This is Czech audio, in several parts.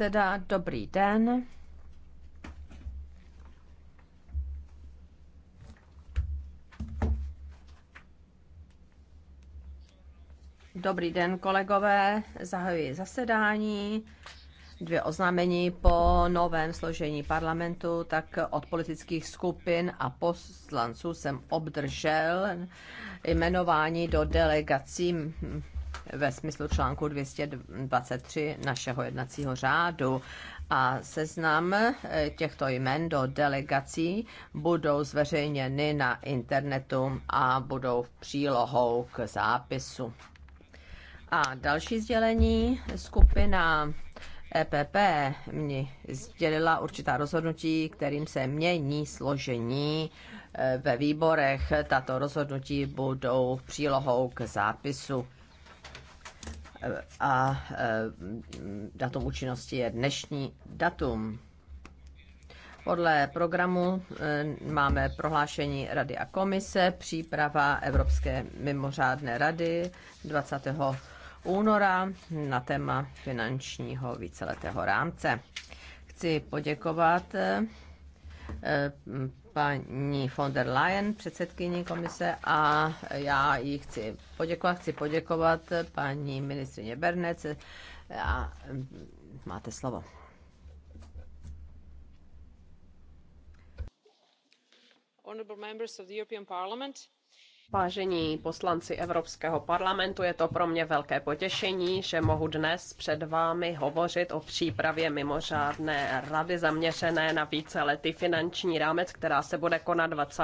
Teda dobrý den. Dobrý den, kolegové. Zahajuji zasedání. Dvě oznámení po novém složení parlamentu, tak od politických skupin a poslanců jsem obdržel jmenování do delegací ve smyslu článku 223 našeho jednacího řádu a seznam eh, těchto jmen do delegací budou zveřejněny na internetu a budou přílohou k zápisu. A další sdělení skupina EPP mě sdělila určitá rozhodnutí, kterým se mění složení eh, ve výborech. Tato rozhodnutí budou přílohou k zápisu a mm, datum účinnosti je dnešní datum. Podle programu e, máme prohlášení Rady a komise, příprava Evropské mimořádné rady 20. února na téma finančního víceletého rámce. Chci poděkovat e, paní von der Leyen, předsedkyni komise, a já jí chci poděkovat, chci poděkovat paní ministrině Bernec a mm, máte slovo. Honorable members of the European Parliament, Vážení poslanci Evropského parlamentu, je to pro mě velké potěšení, že mohu dnes před vámi hovořit o přípravě mimořádné rady zaměřené na víceletý finanční rámec, která se bude konat 20.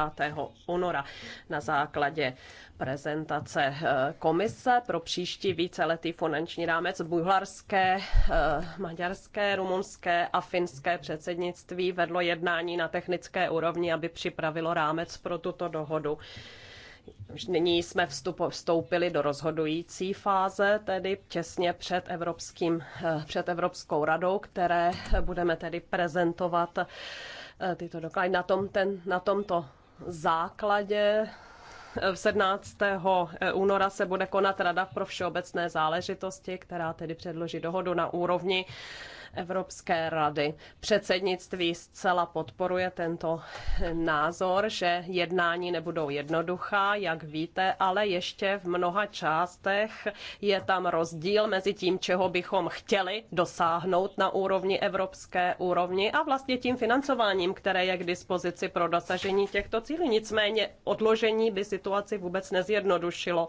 února na základě prezentace eh, komise pro příští víceletý finanční rámec bulharské, eh, maďarské, rumunské a finské předsednictví vedlo jednání na technické úrovni, aby připravilo rámec pro tuto dohodu. Nyní jsme vstupo, vstoupili do rozhodující fáze, tedy těsně před, Evropským, eh, před Evropskou radou, které budeme tedy prezentovat eh, tyto doklady. Na, tom, ten, na tomto základě 17. Eh, února se bude konat Rada pro všeobecné záležitosti, která tedy předloží dohodu na úrovni Evropské rady. Předsednictví zcela podporuje tento názor, že jednání nebudou jednoduchá, jak víte, ale ještě v mnoha částech je tam rozdíl mezi tím, čeho bychom chtěli dosáhnout na úrovni evropské úrovni a vlastně tím financováním, které je k dispozici pro dosažení těchto cílů. Nicméně odložení by situaci vůbec nezjednodušilo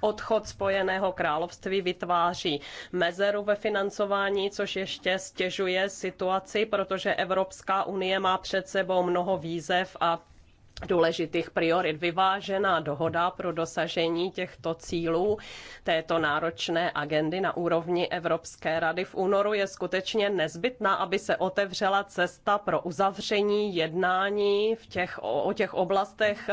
odchod Spojeného království vytváří mezeru ve financování, což ještě stěžuje situaci, protože Evropská unie má před sebou mnoho výzev a důležitých priorit vyvážená dohoda pro dosažení těchto cílů této náročné agendy na úrovni Evropské rady v únoru je skutečně nezbytná, aby se otevřela cesta pro uzavření jednání v těch, o, o těch oblastech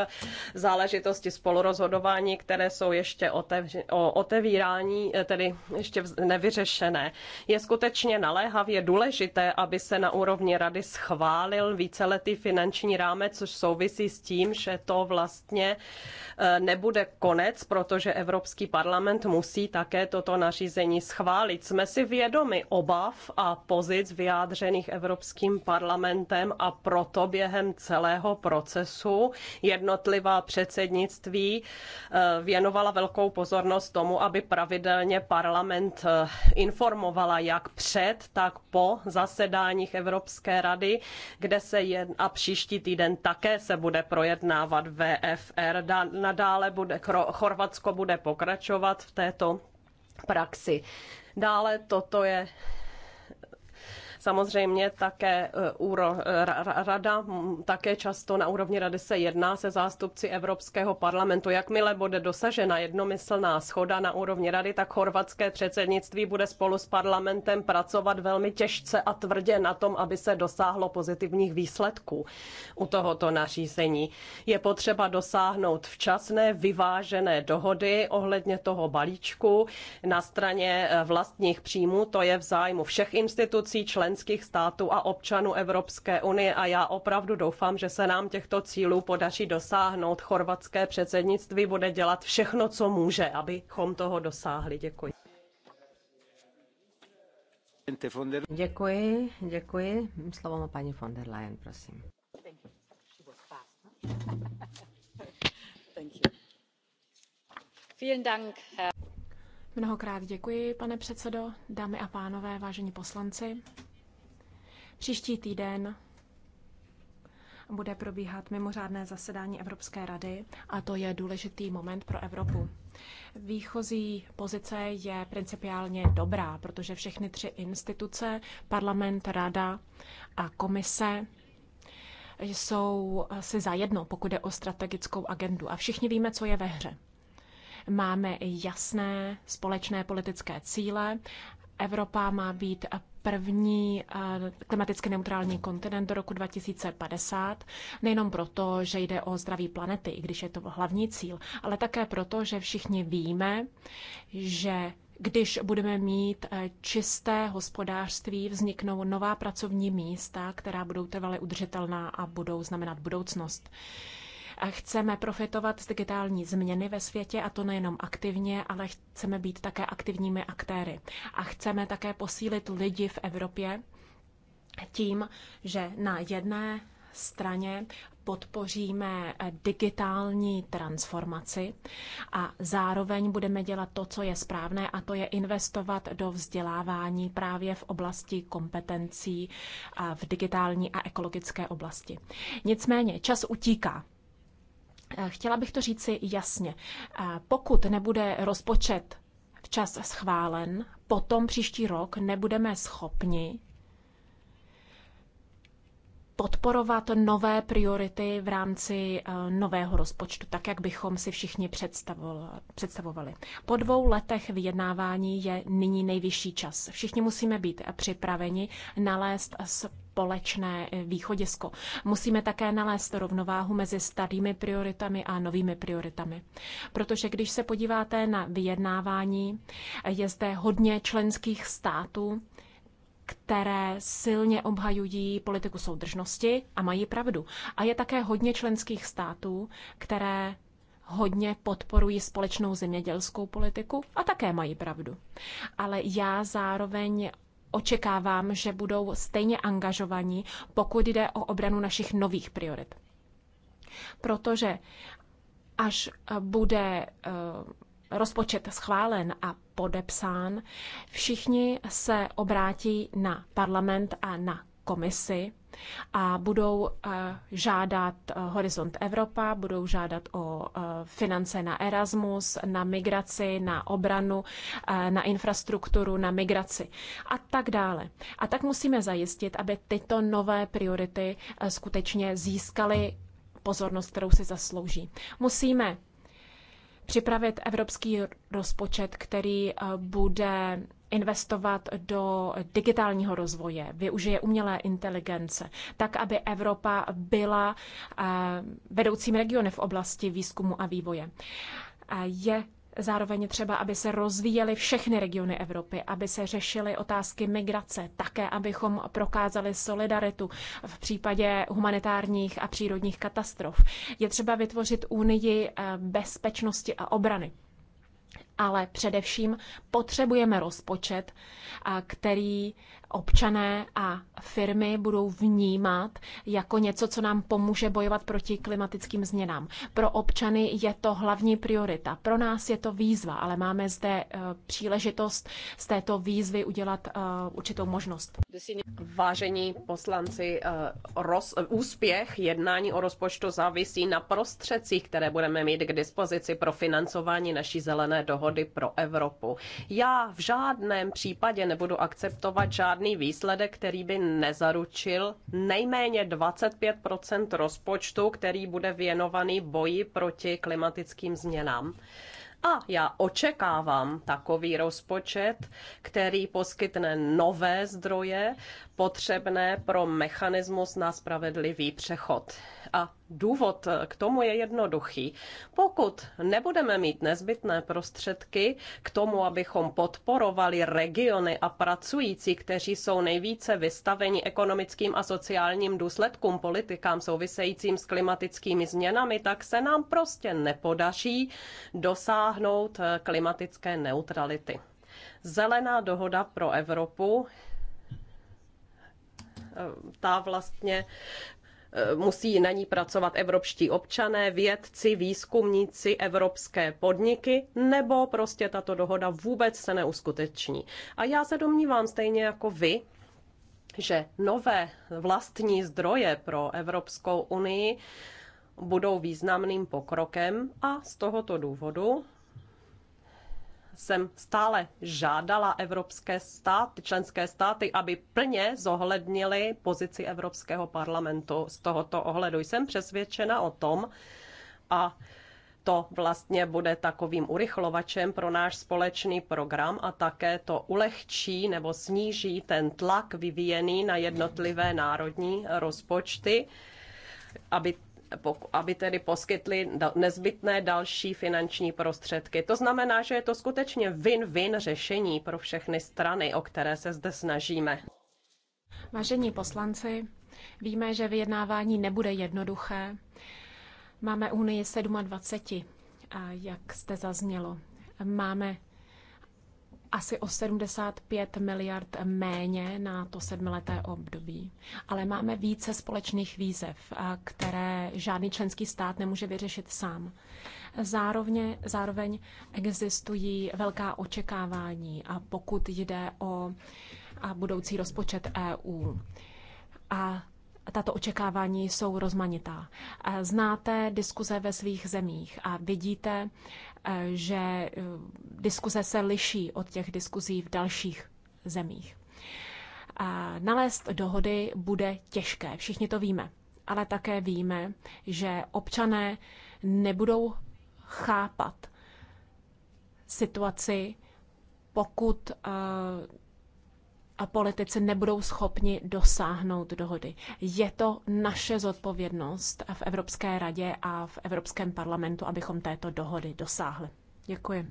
záležitosti spolurozhodování, které jsou ještě otevři, o otevírání, tedy ještě nevyřešené. Je skutečně naléhavě důležité, aby se na úrovni rady schválil víceletý finanční rámec, což souvisí s tím, že to vlastně eh, nebude konec, protože Evropský parlament musí také toto nařízení schválit. Jsme si vědomi obav a pozic vyjádřených Evropským parlamentem a proto během celého procesu jednotlivá předsednictví eh, věnovala velkou pozornost tomu, aby pravidelně parlament eh, informovala jak před, tak po zasedáních Evropské rady, kde se jen a příští týden také se bude projednávat VFR. Nadále bude, Chorvatsko bude pokračovat v této praxi. Dále toto je Samozřejmě také e, úro, e, rada, také často na úrovni rady se jedná se zástupci Evropského parlamentu. Jakmile bude dosažena jednomyslná schoda na úrovni rady, tak chorvatské předsednictví bude spolu s parlamentem pracovat velmi těžce a tvrdě na tom, aby se dosáhlo pozitivních výsledků u tohoto nařízení. Je potřeba dosáhnout včasné vyvážené dohody ohledně toho balíčku na straně e, vlastních příjmů. To je v zájmu všech institucí členů členských států a občanů Evropské unie a já opravdu doufám, že se nám těchto cílů podaří dosáhnout. Chorvatské předsednictví bude dělat všechno, co může, abychom toho dosáhli. Děkuji. Děkuji, děkuji. Slovo má paní von der Leyen, prosím. Mnohokrát děkuji, pane předsedo, dámy a pánové, vážení poslanci. Příští týden bude probíhat mimořádné zasedání Evropské rady a to je důležitý moment pro Evropu. Výchozí pozice je principiálně dobrá, protože všechny tři instituce, parlament, rada a komise, jsou si zajedno, pokud je o strategickou agendu. A všichni víme, co je ve hře. Máme jasné společné politické cíle. Evropa má být první eh, klimaticky neutrální kontinent do roku 2050, nejenom proto, že jde o zdraví planety, i když je to hlavní cíl, ale také proto, že všichni víme, že když budeme mít eh, čisté hospodářství, vzniknou nová pracovní místa, která budou trvale udržitelná a budou znamenat budoucnost. Chceme profitovat z digitální změny ve světě a to nejenom aktivně, ale chceme být také aktivními aktéry. A chceme také posílit lidi v Evropě tím, že na jedné straně podpoříme eh, digitální transformaci a zároveň budeme dělat to, co je správné, a to je investovat do vzdělávání právě v oblasti kompetencí eh, v digitální a ekologické oblasti. Nicméně čas utíká. Eh, chtěla bych to říci jasně. Eh, pokud nebude rozpočet včas schválen, potom příští rok nebudeme schopni podporovat nové priority v rámci eh, nového rozpočtu, tak jak bychom si všichni představovali. Po dvou letech vyjednávání je nyní nejvyšší čas. Všichni musíme být připraveni nalézt společné eh, východisko. Musíme také nalézt rovnováhu mezi starými prioritami a novými prioritami. Protože když se podíváte na vyjednávání, je zde hodně členských států, které silně obhajují politiku soudržnosti a mají pravdu. A je také hodně členských států, které hodně podporují společnou zemědělskou politiku a také mají pravdu. Ale já zároveň očekávám, že budou stejně angažovaní, pokud jde o obranu našich nových priorit. Protože až bude eh, rozpočet schválen a podepsán, všichni se obrátí na parlament a na komisi a budou eh, žádat eh, Horizont Evropa, budou žádat o eh, finance na Erasmus, na migraci, na obranu, na infrastrukturu, na migraci a tak dále. A tak musíme zajistit, aby tyto nové priority skutečně získaly pozornost, kterou si zaslouží. Musíme připravit evropský rozpočet, který bude investovat do digitálního rozvoje, využije umělé inteligence, tak aby Evropa byla eh, vedoucím regionem v oblasti výzkumu a vývoje. Je Zároveň třeba, aby se rozvíjely všechny regiony Evropy, aby se řešily otázky migrace, také abychom prokázali solidaritu v případě humanitárních a přírodních katastrof. Je třeba vytvořit unii eh, bezpečnosti a obrany ale především potřebujeme rozpočet, který občané a firmy budou vnímat jako něco, co nám pomůže bojovat proti klimatickým změnám. Pro občany je to hlavní priorita, pro nás je to výzva, ale máme zde eh, příležitost z této výzvy udělat eh, určitou možnost. Vážení poslanci, eh, roz, úspěch jednání o rozpočtu závisí na prostředcích, které budeme mít k dispozici pro financování naší zelené dohody pro Evropu. Já v žádném případě nebudu akceptovat žádný žádný výsledek, který by nezaručil nejméně 25 rozpočtu, který bude věnovaný boji proti klimatickým změnám. A já očekávám takový rozpočet, který poskytne nové zdroje potřebné pro mechanismus na spravedlivý přechod. A důvod k tomu je jednoduchý. Pokud nebudeme mít nezbytné prostředky k tomu, abychom podporovali regiony a pracující, kteří jsou nejvíce vystaveni ekonomickým a sociálním důsledkům politikám souvisejícím s klimatickými změnami, tak se nám prostě nepodaří dosáhnout klimatické neutrality. Zelená dohoda pro Evropu ta vlastně eh, musí na ní pracovat evropští občané, vědci, výzkumníci, evropské podniky, nebo prostě tato dohoda vůbec se neuskuteční. A já se domnívám stejně jako vy, že nové vlastní zdroje pro Evropskou unii budou významným pokrokem a z tohoto důvodu jsem stále žádala evropské státy, členské státy, aby plně zohlednili pozici Evropského parlamentu. Z tohoto ohledu jsem přesvědčena o tom a to vlastně bude takovým urychlovačem pro náš společný program a také to ulehčí nebo sníží ten tlak vyvíjený na jednotlivé národní rozpočty, aby aby tedy poskytli nezbytné další finanční prostředky. To znamená, že je to skutečně win-win řešení pro všechny strany, o které se zde snažíme. Vážení poslanci, víme, že vyjednávání nebude jednoduché. Máme Unii 27, jak jste zaznělo. Máme asi o 75 miliard méně na to sedmileté období. Ale máme více společných výzev, které žádný členský stát nemůže vyřešit sám. Zároveň, zároveň existují velká očekávání, a pokud jde o budoucí rozpočet EU. A tato očekávání jsou rozmanitá. Znáte diskuze ve svých zemích a vidíte, Eh, že eh, diskuze se liší od těch diskuzí v dalších zemích. A nalézt dohody bude těžké, všichni to víme. Ale také víme, že občané nebudou chápat situaci, pokud eh, a politici nebudou schopni dosáhnout dohody. Je to naše zodpovědnost v Evropské radě a v Evropském parlamentu, abychom této dohody dosáhli. Děkuji.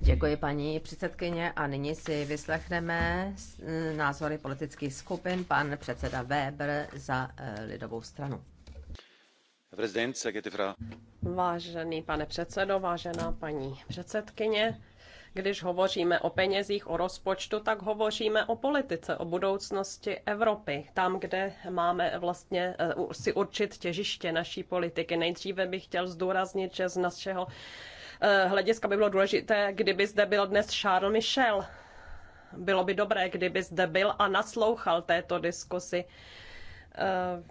Děkuji paní předsedkyně a nyní si vyslechneme eh, názory politických skupin. Pan předseda Weber za eh, lidovou stranu. Vážený pane předsedo, vážená paní předsedkyně, když hovoříme o penězích, o rozpočtu, tak hovoříme o politice, o budoucnosti Evropy, tam, kde máme vlastně eh, si určit těžiště naší politiky. Nejdříve bych chtěl zdůraznit, že z našeho eh, hlediska by bylo důležité, kdyby zde byl dnes Charles Michel. Bylo by dobré, kdyby zde byl a naslouchal této diskusi eh,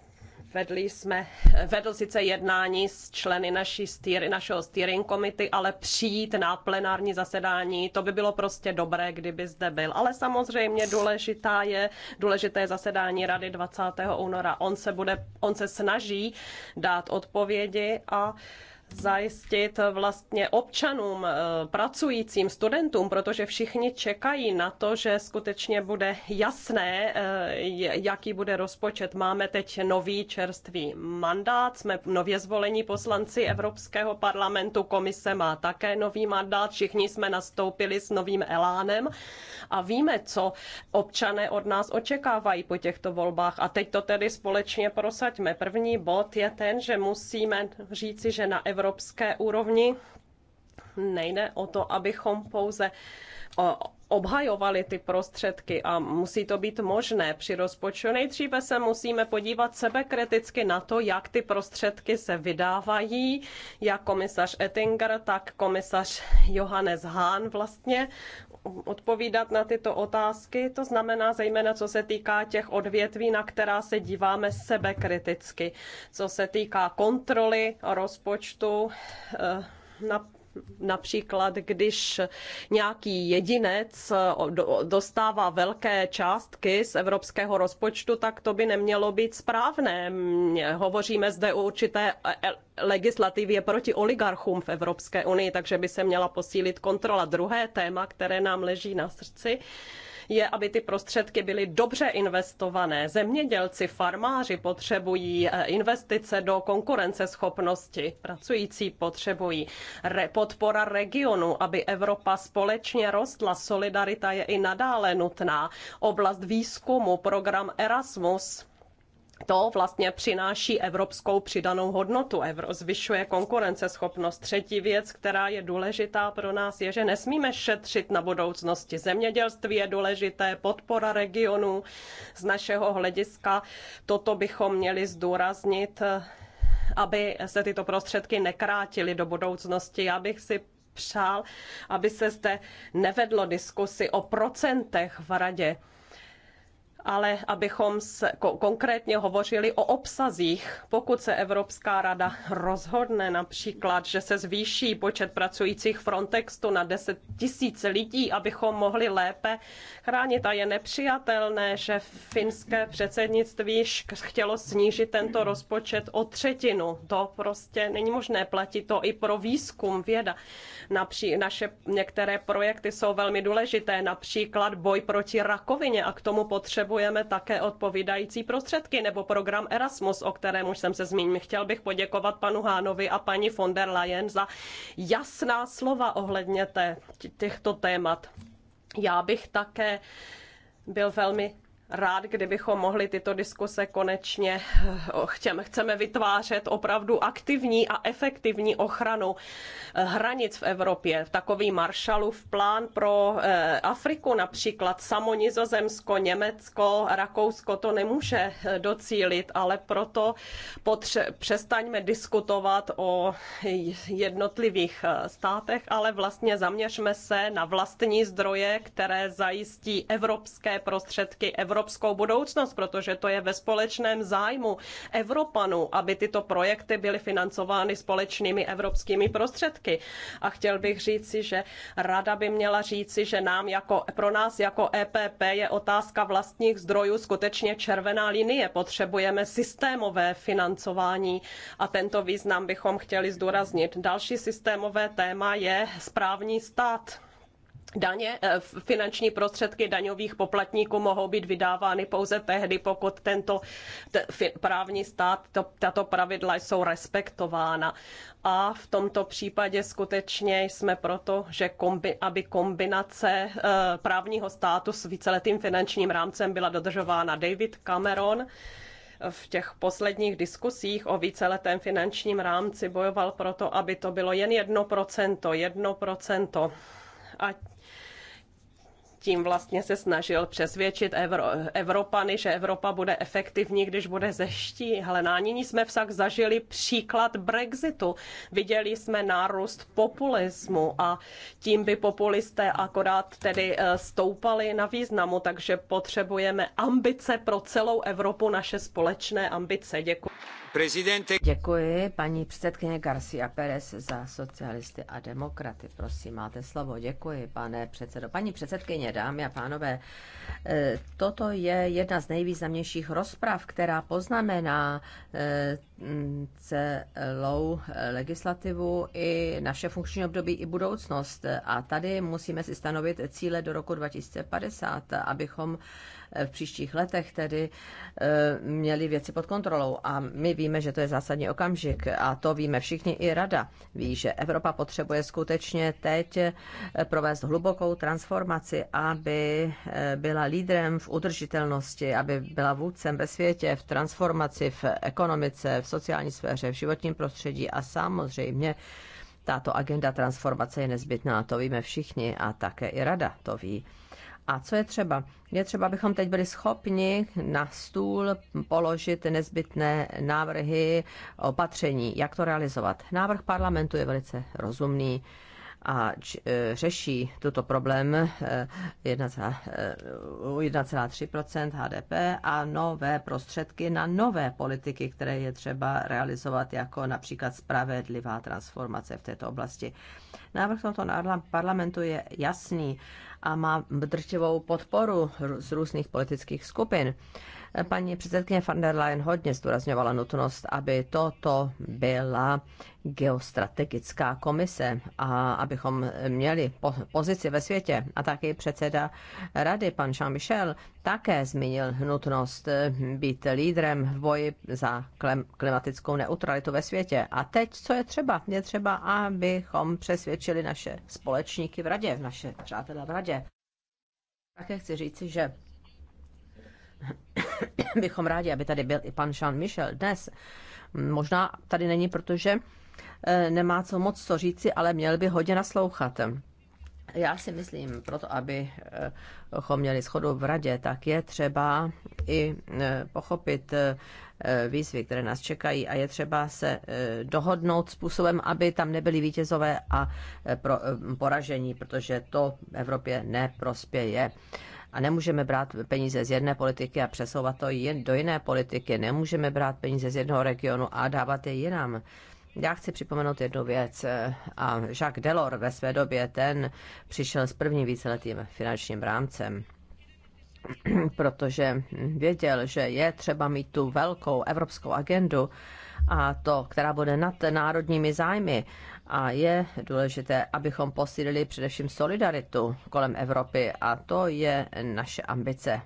Vedli jsme, vedl sice jednání s členy naší stýry, našeho steering komity, ale přijít na plenární zasedání, to by bylo prostě dobré, kdyby zde byl. Ale samozřejmě důležitá je, důležité je zasedání rady 20. února. On se, bude, on se snaží dát odpovědi a uh, zajistit vlastně občanům, eh, pracujícím, studentům, protože všichni čekají na to, že skutečně bude jasné, eh, jaký bude rozpočet. Máme teď nový čerstvý mandát, jsme nově zvolení poslanci Evropského parlamentu, komise má také nový mandát, všichni jsme nastoupili s novým elánem a víme, co občané od nás očekávají po těchto volbách. A teď to tedy společně prosaďme. První bod je ten, že musíme říci, že na Evropě evropské úrovni. Nejde o to, abychom pouze obhajovali ty prostředky a musí to být možné při rozpočtu. Nejdříve se musíme podívat kriticky na to, jak ty prostředky se vydávají. Jak komisař Ettinger, tak komisař Johannes Hahn vlastně odpovídat na tyto otázky, to znamená zejména co se týká těch odvětví, na která se díváme sebekriticky, co se týká kontroly rozpočtu, eh, na Například, když nějaký jedinec eh, dostává velké částky z evropského rozpočtu, tak to by nemělo být správné. Hovoříme zde o určité eh, eh, legislativě proti oligarchům v Evropské unii, takže by se měla posílit kontrola. Druhé téma, které nám leží na srdci, je, aby ty prostředky byly dobře investované. Zemědělci, farmáři potřebují eh, investice do konkurenceschopnosti, pracující potřebují Re, podpora regionu, aby Evropa společně rostla. Solidarita je i nadále nutná. Oblast výzkumu, program Erasmus, to vlastně přináší evropskou přidanou hodnotu, Evro zvyšuje konkurenceschopnost. Třetí věc, která je důležitá pro nás, je, že nesmíme šetřit na budoucnosti. Zemědělství je důležité, podpora regionu z našeho hlediska. Toto bychom měli zdůraznit, aby se tyto prostředky nekrátily do budoucnosti. Já bych si přál, aby se zde nevedlo diskusy o procentech v radě ale abychom se konkrétně hovořili o obsazích. Pokud se Evropská rada rozhodne například, že se zvýší počet pracujících Frontextu na 10 tisíc lidí, abychom mohli lépe chránit a je nepřijatelné, že finské předsednictví chtělo snížit tento rozpočet o třetinu. To prostě není možné, platí to i pro výzkum věda. Napří, naše některé projekty jsou velmi důležité, například boj proti rakovině a k tomu potřebujeme potřebujeme také odpovídající prostředky nebo program Erasmus, o kterém už jsem se zmínil. Chtěl bych poděkovat panu Hánovi a paní von der Leyen za jasná slova ohledně těchto témat. Já bych také byl velmi rád, kdybychom mohli tyto diskuse konečně eh, chtěm, chceme vytvářet opravdu aktivní a efektivní ochranu eh, hranic v Evropě. Takový Marshallův plán pro eh, Afriku například, samo Nizozemsko, Německo, Rakousko to nemůže docílit, ale proto potře- přestaňme diskutovat o jednotlivých státech, ale vlastně zaměřme se na vlastní zdroje, které zajistí evropské prostředky, evropské evropskou budoucnost, protože to je ve společném zájmu Evropanů, aby tyto projekty byly financovány společnými evropskými prostředky. A chtěl bych říci, že rada by měla říci, že nám jako, pro nás jako EPP je otázka vlastních zdrojů skutečně červená linie. Potřebujeme systémové financování a tento význam bychom chtěli zdůraznit. Další systémové téma je správní stát daně, eh, finanční prostředky daňových poplatníků mohou být vydávány pouze tehdy, pokud tento právní stát, to, tato pravidla jsou respektována. A v tomto případě skutečně jsme proto, že kombi, aby kombinace eh, právního státu s víceletým finančním rámcem byla dodržována David Cameron v těch posledních diskusích o víceletém finančním rámci bojoval proto, aby to bylo jen jedno procento, jedno procento tím vlastně se snažil přesvědčit Evro, Evropany, že Evropa bude efektivní, když bude zeští. na Nyní jsme však zažili příklad Brexitu. Viděli jsme nárůst populismu a tím by populisté akorát tedy eh, stoupali na významu, takže potřebujeme ambice pro celou Evropu, naše společné ambice. Děkuji. Děkuji paní předsedkyně Garcia Pérez za socialisty a demokraty. Prosím, máte slovo. Děkuji, pane předsedo. Paní předsedkyně, dámy a pánové, eh, toto je jedna z nejvýznamnějších rozprav, která poznamená eh, mm, celou eh, legislativu i naše funkční období i budoucnost. A tady musíme si stanovit cíle do roku 2050, abychom v příštích letech tedy eh, měli věci pod kontrolou. A my víme, že to je zásadní okamžik a to víme všichni i rada. Ví, že Evropa potřebuje skutečně teď eh, provést hlubokou transformaci, aby eh, byla lídrem v udržitelnosti, aby byla vůdcem ve světě, v transformaci, v ekonomice, v sociální sféře, v životním prostředí a samozřejmě tato agenda transformace je nezbytná, to víme všichni a také i rada to ví. A co je třeba? Je třeba, abychom teď byli schopni na stůl položit nezbytné návrhy opatření, jak to realizovat. Návrh parlamentu je velice rozumný a e, řeší tuto problém 1,3 e, e, HDP a nové prostředky na nové politiky, které je třeba realizovat, jako například spravedlivá transformace v této oblasti. Návrh tohoto parlamentu je jasný a má drtivou podporu z různých politických skupin. Paní předsedkyně van der Leyen hodně zdůrazňovala nutnost, aby toto byla geostrategická komise a abychom měli pozici ve světě. A taky předseda rady, pan Jean-Michel, také zmínil nutnost eh, být lídrem v boji za klimatickou neutralitu ve světě. A teď, co je třeba? Je třeba, abychom přesvědčili naše společníky v radě, naše přátelé v radě. Také chci říci, že bychom rádi, aby tady byl i pan Jean Michel dnes. Možná tady není, protože eh, nemá co moc co říci, ale měl by hodně naslouchat. Já si myslím, proto abychom eh, měli schodu v radě, tak je třeba i eh, pochopit výzvy, které nás čekají a je třeba se dohodnout způsobem, aby tam nebyly vítězové a poražení, protože to Evropě neprospěje. A nemůžeme brát peníze z jedné politiky a přesouvat to jen do jiné politiky. Nemůžeme brát peníze z jednoho regionu a dávat je jinam. Já chci připomenout jednu věc. A Jacques Delors ve své době ten přišel s prvním víceletým finančním rámcem protože věděl, že je třeba mít tu velkou evropskou agendu, a to, která bude nad národními zájmy. A je důležité, abychom posílili především solidaritu kolem Evropy a to je naše ambice.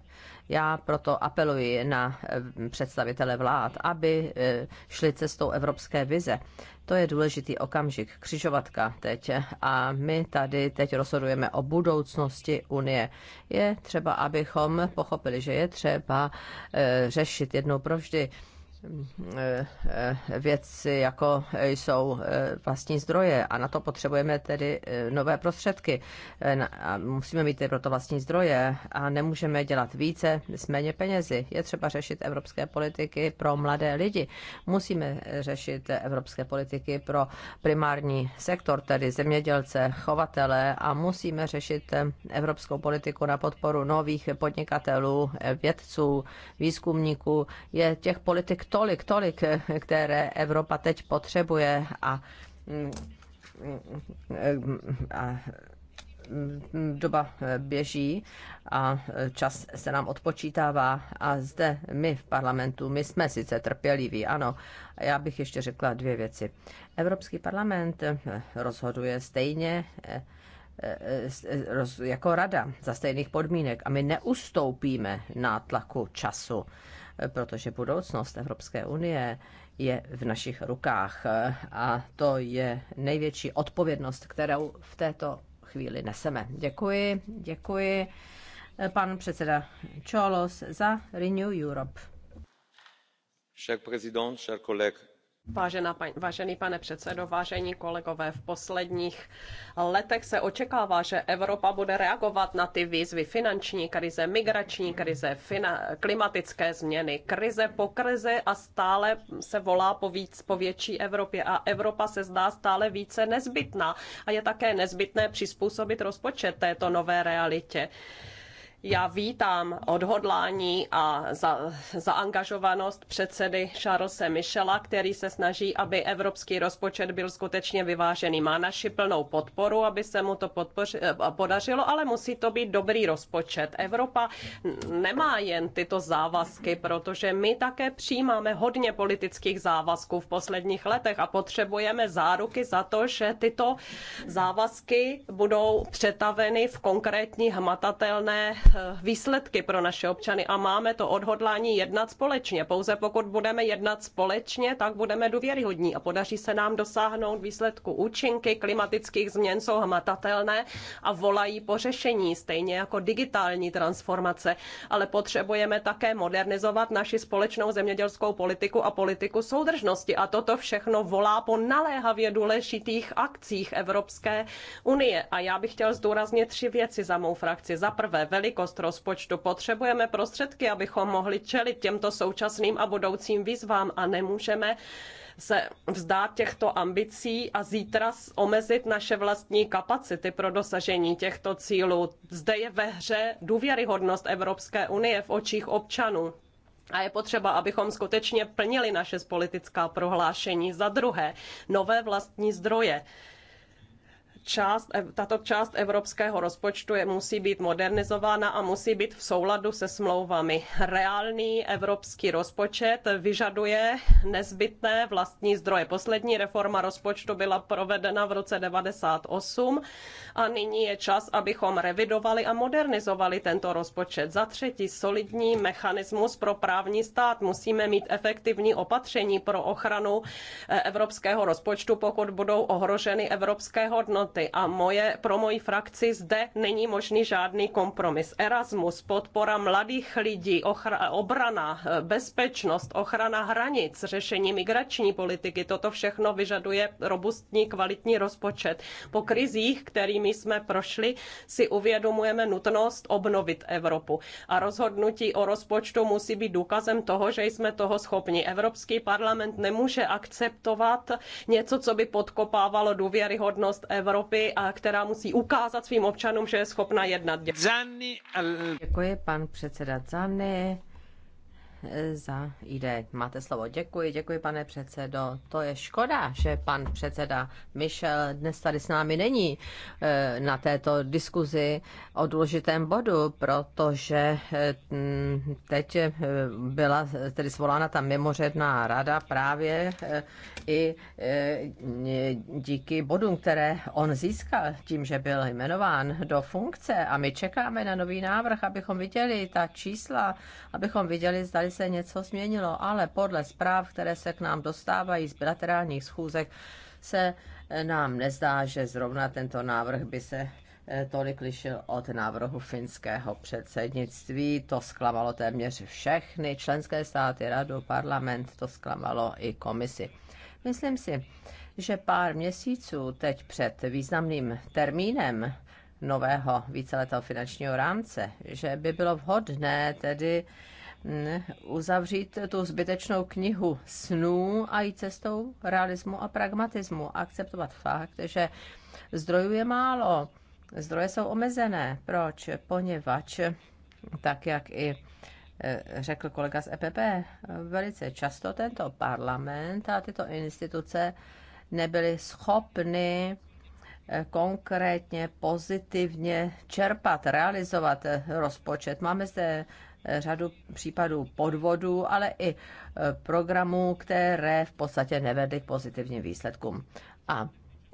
Já proto apeluji na eh, představitele vlád, aby eh, šli cestou evropské vize. To je důležitý okamžik, křižovatka teď. A my tady teď rozhodujeme o budoucnosti Unie. Je třeba, abychom pochopili, že je třeba eh, řešit jednou provždy Eh, věci, jako jsou eh, vlastní zdroje a na to potřebujeme tedy eh, nové prostředky. A musíme mít tedy proto vlastní zdroje a nemůžeme dělat více s méně penězi. Je třeba řešit evropské politiky pro mladé lidi. Musíme řešit evropské politiky pro primární sektor, tedy zemědělce, chovatele a musíme řešit evropskou politiku na podporu nových podnikatelů, vědců, výzkumníků. Je těch politik tolik, tolik, které Evropa teď potřebuje a, a doba běží a čas se nám odpočítává a zde my v parlamentu, my jsme sice trpěliví, ano, já bych ještě řekla dvě věci. Evropský parlament rozhoduje stejně jako rada za stejných podmínek a my neustoupíme na tlaku času protože budoucnost Evropské unie je v našich rukách a to je největší odpovědnost, kterou v této chvíli neseme. Děkuji, děkuji pan předseda Čolos za Renew Europe. Cher président, cher collègue, Vážená, vážený pane předsedo, vážení kolegové, v posledních letech se očekává, že Evropa bude reagovat na ty výzvy finanční krize, migrační krize, klimatické změny, krize po krizi a stále se volá po, víc, po větší Evropě a Evropa se zdá stále více nezbytná a je také nezbytné přizpůsobit rozpočet této nové realitě. Já vítám odhodlání a za, zaangažovanost předsedy Charlesa Michela, který se snaží, aby evropský rozpočet byl skutečně vyvážený. Má naši plnou podporu, aby se mu to podpoři, eh, podařilo, ale musí to být dobrý rozpočet. Evropa nemá jen tyto závazky, protože my také přijímáme hodně politických závazků v posledních letech a potřebujeme záruky za to, že tyto závazky budou přetaveny v konkrétní hmatatelné Eh, výsledky pro naše občany a máme to odhodlání jednat společně. Pouze pokud budeme jednat společně, tak budeme důvěryhodní a podaří se nám dosáhnout výsledku. Účinky klimatických změn jsou hmatatelné a volají po řešení, stejně jako digitální transformace, ale potřebujeme také modernizovat naši společnou zemědělskou politiku a politiku soudržnosti a toto všechno volá po naléhavě důležitých akcích Evropské unie. A já bych chtěl zdůraznit tři věci za mou frakci. Za prvé, velikost velikost rozpočtu. Potřebujeme prostředky, abychom mohli čelit těmto současným a budoucím výzvám a nemůžeme se vzdát těchto ambicí a zítra omezit naše vlastní kapacity pro dosažení těchto cílů. Zde je ve hře důvěryhodnost Evropské unie v očích občanů. A je potřeba, abychom skutečně plnili naše politická prohlášení. Za druhé, nové vlastní zdroje část, tato část evropského rozpočtu je, musí být modernizována a musí být v souladu se smlouvami. Reálný evropský rozpočet vyžaduje nezbytné vlastní zdroje. Poslední reforma rozpočtu byla provedena v roce 98 a nyní je čas, abychom revidovali a modernizovali tento rozpočet. Za třetí, solidní mechanismus pro právní stát. Musíme mít efektivní opatření pro ochranu eh, evropského rozpočtu, pokud budou ohroženy evropské hodnoty hodnoty a moje, pro moji frakci zde není možný žádný kompromis. Erasmus, podpora mladých lidí, ochra, obrana, bezpečnost, ochrana hranic, řešení migrační politiky, toto všechno vyžaduje robustní, kvalitní rozpočet. Po krizích, kterými jsme prošli, si uvědomujeme nutnost obnovit Evropu. A rozhodnutí o rozpočtu musí být důkazem toho, že jsme toho schopni. Evropský parlament nemůže akceptovat něco, co by podkopávalo důvěryhodnost Evropy Evropy, a která musí ukázat svým občanům, že je schopna jednat. Eh, Děkuji, pan předseda Zany za ID. Máte slovo. Děkuji, děkuji, pane předsedo. To je škoda, že pan předseda Michel dnes tady s námi není eh, na této diskuzi o důležitém bodu, protože eh, teď eh, byla tedy zvolána ta mimořádná rada právě i díky bodům, které on získal tím, že byl jmenován do funkce a my čekáme na nový návrh, abychom viděli ta čísla, abychom viděli, zda se něco změnilo, ale podle zpráv, které se k nám dostávají z bilaterálních schůzek, se eh, nám nezdá, že zrovna tento návrh by se eh, tolik lišil od návrhu finského předsednictví. To zklamalo téměř všechny členské státy, radu, parlament, to zklamalo i komisi. Myslím si, že pár měsíců teď před významným termínem nového víceletého finančního rámce, že by bylo vhodné tedy uzavřít tu zbytečnou knihu snů a jít cestou realismu a pragmatismu. Akceptovat fakt, že zdrojů je málo, zdroje jsou omezené. Proč? Poněvadž, tak jak i eh, řekl kolega z EPP, velice často tento parlament a tyto instituce nebyly schopny eh, konkrétně pozitivně čerpat, realizovat eh, rozpočet. Máme zde řadu případů podvodů, ale i e, programů, které v podstatě nevedly k pozitivním výsledkům. A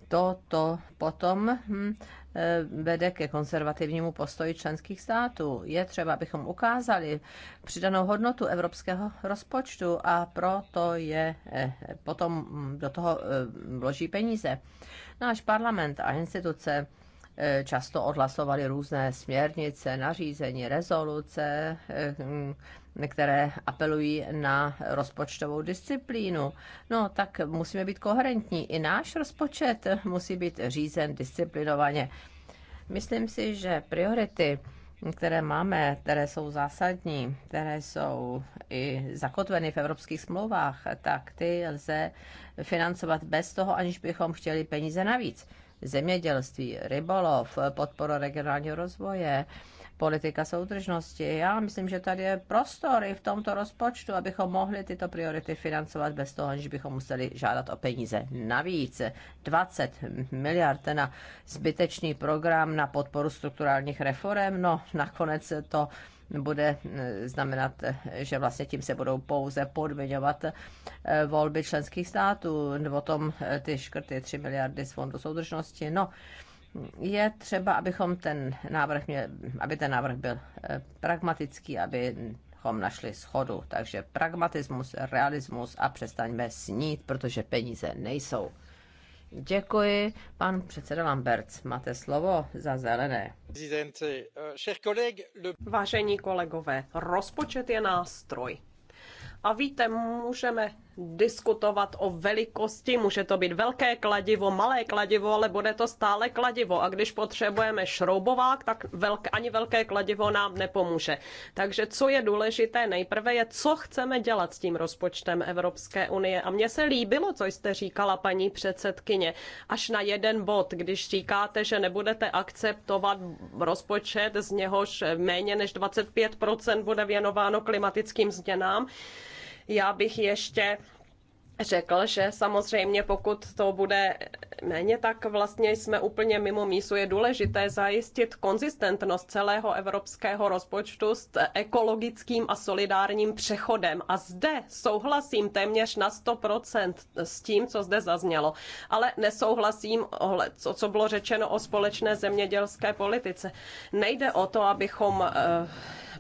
toto potom hm, e, vede ke konzervativnímu postoji členských států. Je třeba, abychom ukázali přidanou hodnotu evropského rozpočtu a proto je e, potom do toho vloží peníze. Náš parlament a instituce Eh, často odhlasovali různé směrnice, nařízení, rezoluce, eh, které apelují na rozpočtovou disciplínu. No tak musíme být koherentní. I náš rozpočet musí být řízen disciplinovaně. Myslím si, že priority, které máme, které jsou zásadní, které jsou i zakotveny v evropských smlouvách, tak ty lze financovat bez toho, aniž bychom chtěli peníze navíc zemědělství, rybolov, podpora regionálního rozvoje, politika soudržnosti. Já myslím, že tady je prostor i v tomto rozpočtu, abychom mohli tyto priority financovat bez toho, že bychom museli žádat o peníze. Navíc 20 miliard na zbytečný program na podporu strukturálních reform, no nakonec to bude eh, znamenat, eh, že vlastně tím se budou pouze podmiňovat eh, volby členských států, nebo tom ty škrty 3 miliardy z fondu soudržnosti. No, je třeba, abychom ten návrh měl, aby ten návrh byl pragmatický, aby našli schodu. Takže pragmatismus, realismus a přestaňme snít, protože peníze nejsou. Děkuji. Pan předseda Lamberts, máte slovo za zelené. Eh, Vážení kolegové, rozpočet je nástroj. A víte, můžeme diskutovat o velikosti, může to být velké kladivo, malé kladivo, ale bude to stále kladivo. A když potřebujeme šroubovák, tak velk, ani velké kladivo nám nepomůže. Takže co je důležité nejprve je, co chceme dělat s tím rozpočtem Evropské unie. A mně se líbilo, co jste říkala, paní předsedkyně, až na jeden bod, když říkáte, že nebudete akceptovat rozpočet, z něhož méně než 25% bude věnováno klimatickým změnám, já bych ještě řekl, že samozřejmě pokud to bude méně, tak vlastně jsme úplně mimo mísu. Je důležité zajistit konzistentnost celého evropského rozpočtu s ekologickým a solidárním přechodem. A zde souhlasím téměř na 100% s tím, co zde zaznělo. Ale nesouhlasím, ohled, co, co bylo řečeno o společné zemědělské politice. Nejde o to, abychom eh,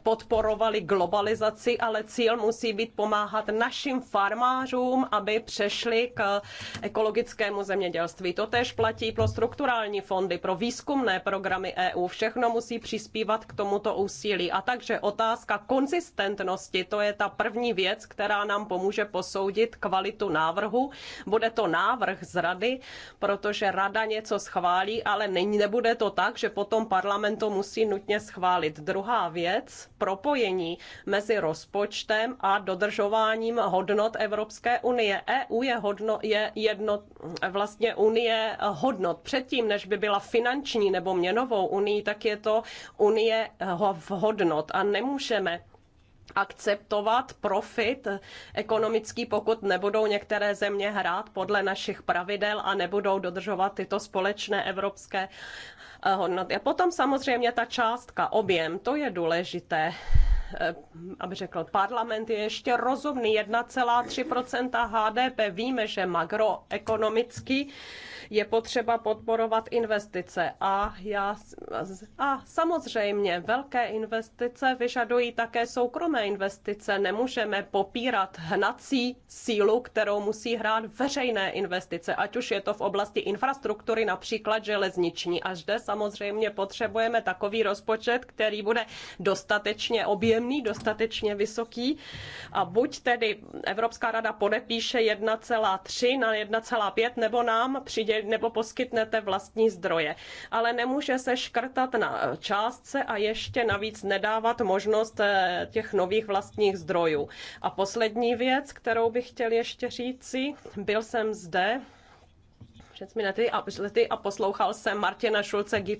podporovali globalizaci, ale cíl musí být pomáhat našim farmářům, aby přešli k ekologickému zemědělství. To tež platí pro strukturální fondy, pro výzkumné programy EU. Všechno musí přispívat k tomuto úsilí. A takže otázka konzistentnosti, to je ta první věc, která nám pomůže posoudit kvalitu návrhu. Bude to návrh z rady, protože rada něco schválí, ale není, nebude to tak, že potom parlament to musí nutně schválit. Druhá věc, propojení mezi rozpočtem a dodržováním hodnot Evropské unie. EU je, hodno, je jedno, vlastně unie hodnot. Předtím, než by byla finanční nebo měnovou unii, tak je to unie hodnot a nemůžeme akceptovat profit ekonomický, pokud nebudou některé země hrát podle našich pravidel a nebudou dodržovat tyto společné evropské eh, hodnoty. A potom samozřejmě ta částka, objem, to je důležité eh, aby řekl, parlament je ještě rozumný, 1,3 HDP. Víme, že makroekonomicky je potřeba podporovat investice a, já, a samozřejmě velké investice vyžadují také soukromé investice. Nemůžeme popírat hnací sílu, kterou musí hrát veřejné investice, ať už je to v oblasti infrastruktury, například železniční. A zde samozřejmě potřebujeme takový rozpočet, který bude dostatečně objemný, dostatečně vysoký. A buď tedy Evropská rada podepíše 1,3 na 1,5, nebo nám přidělí nebo poskytnete vlastní zdroje. Ale nemůže se škrtat na částce a ještě navíc nedávat možnost eh, těch nových vlastních zdrojů. A poslední věc, kterou bych chtěl ještě říci, byl jsem zde před lety a, lety a poslouchal jsem Martina Šulce, Guy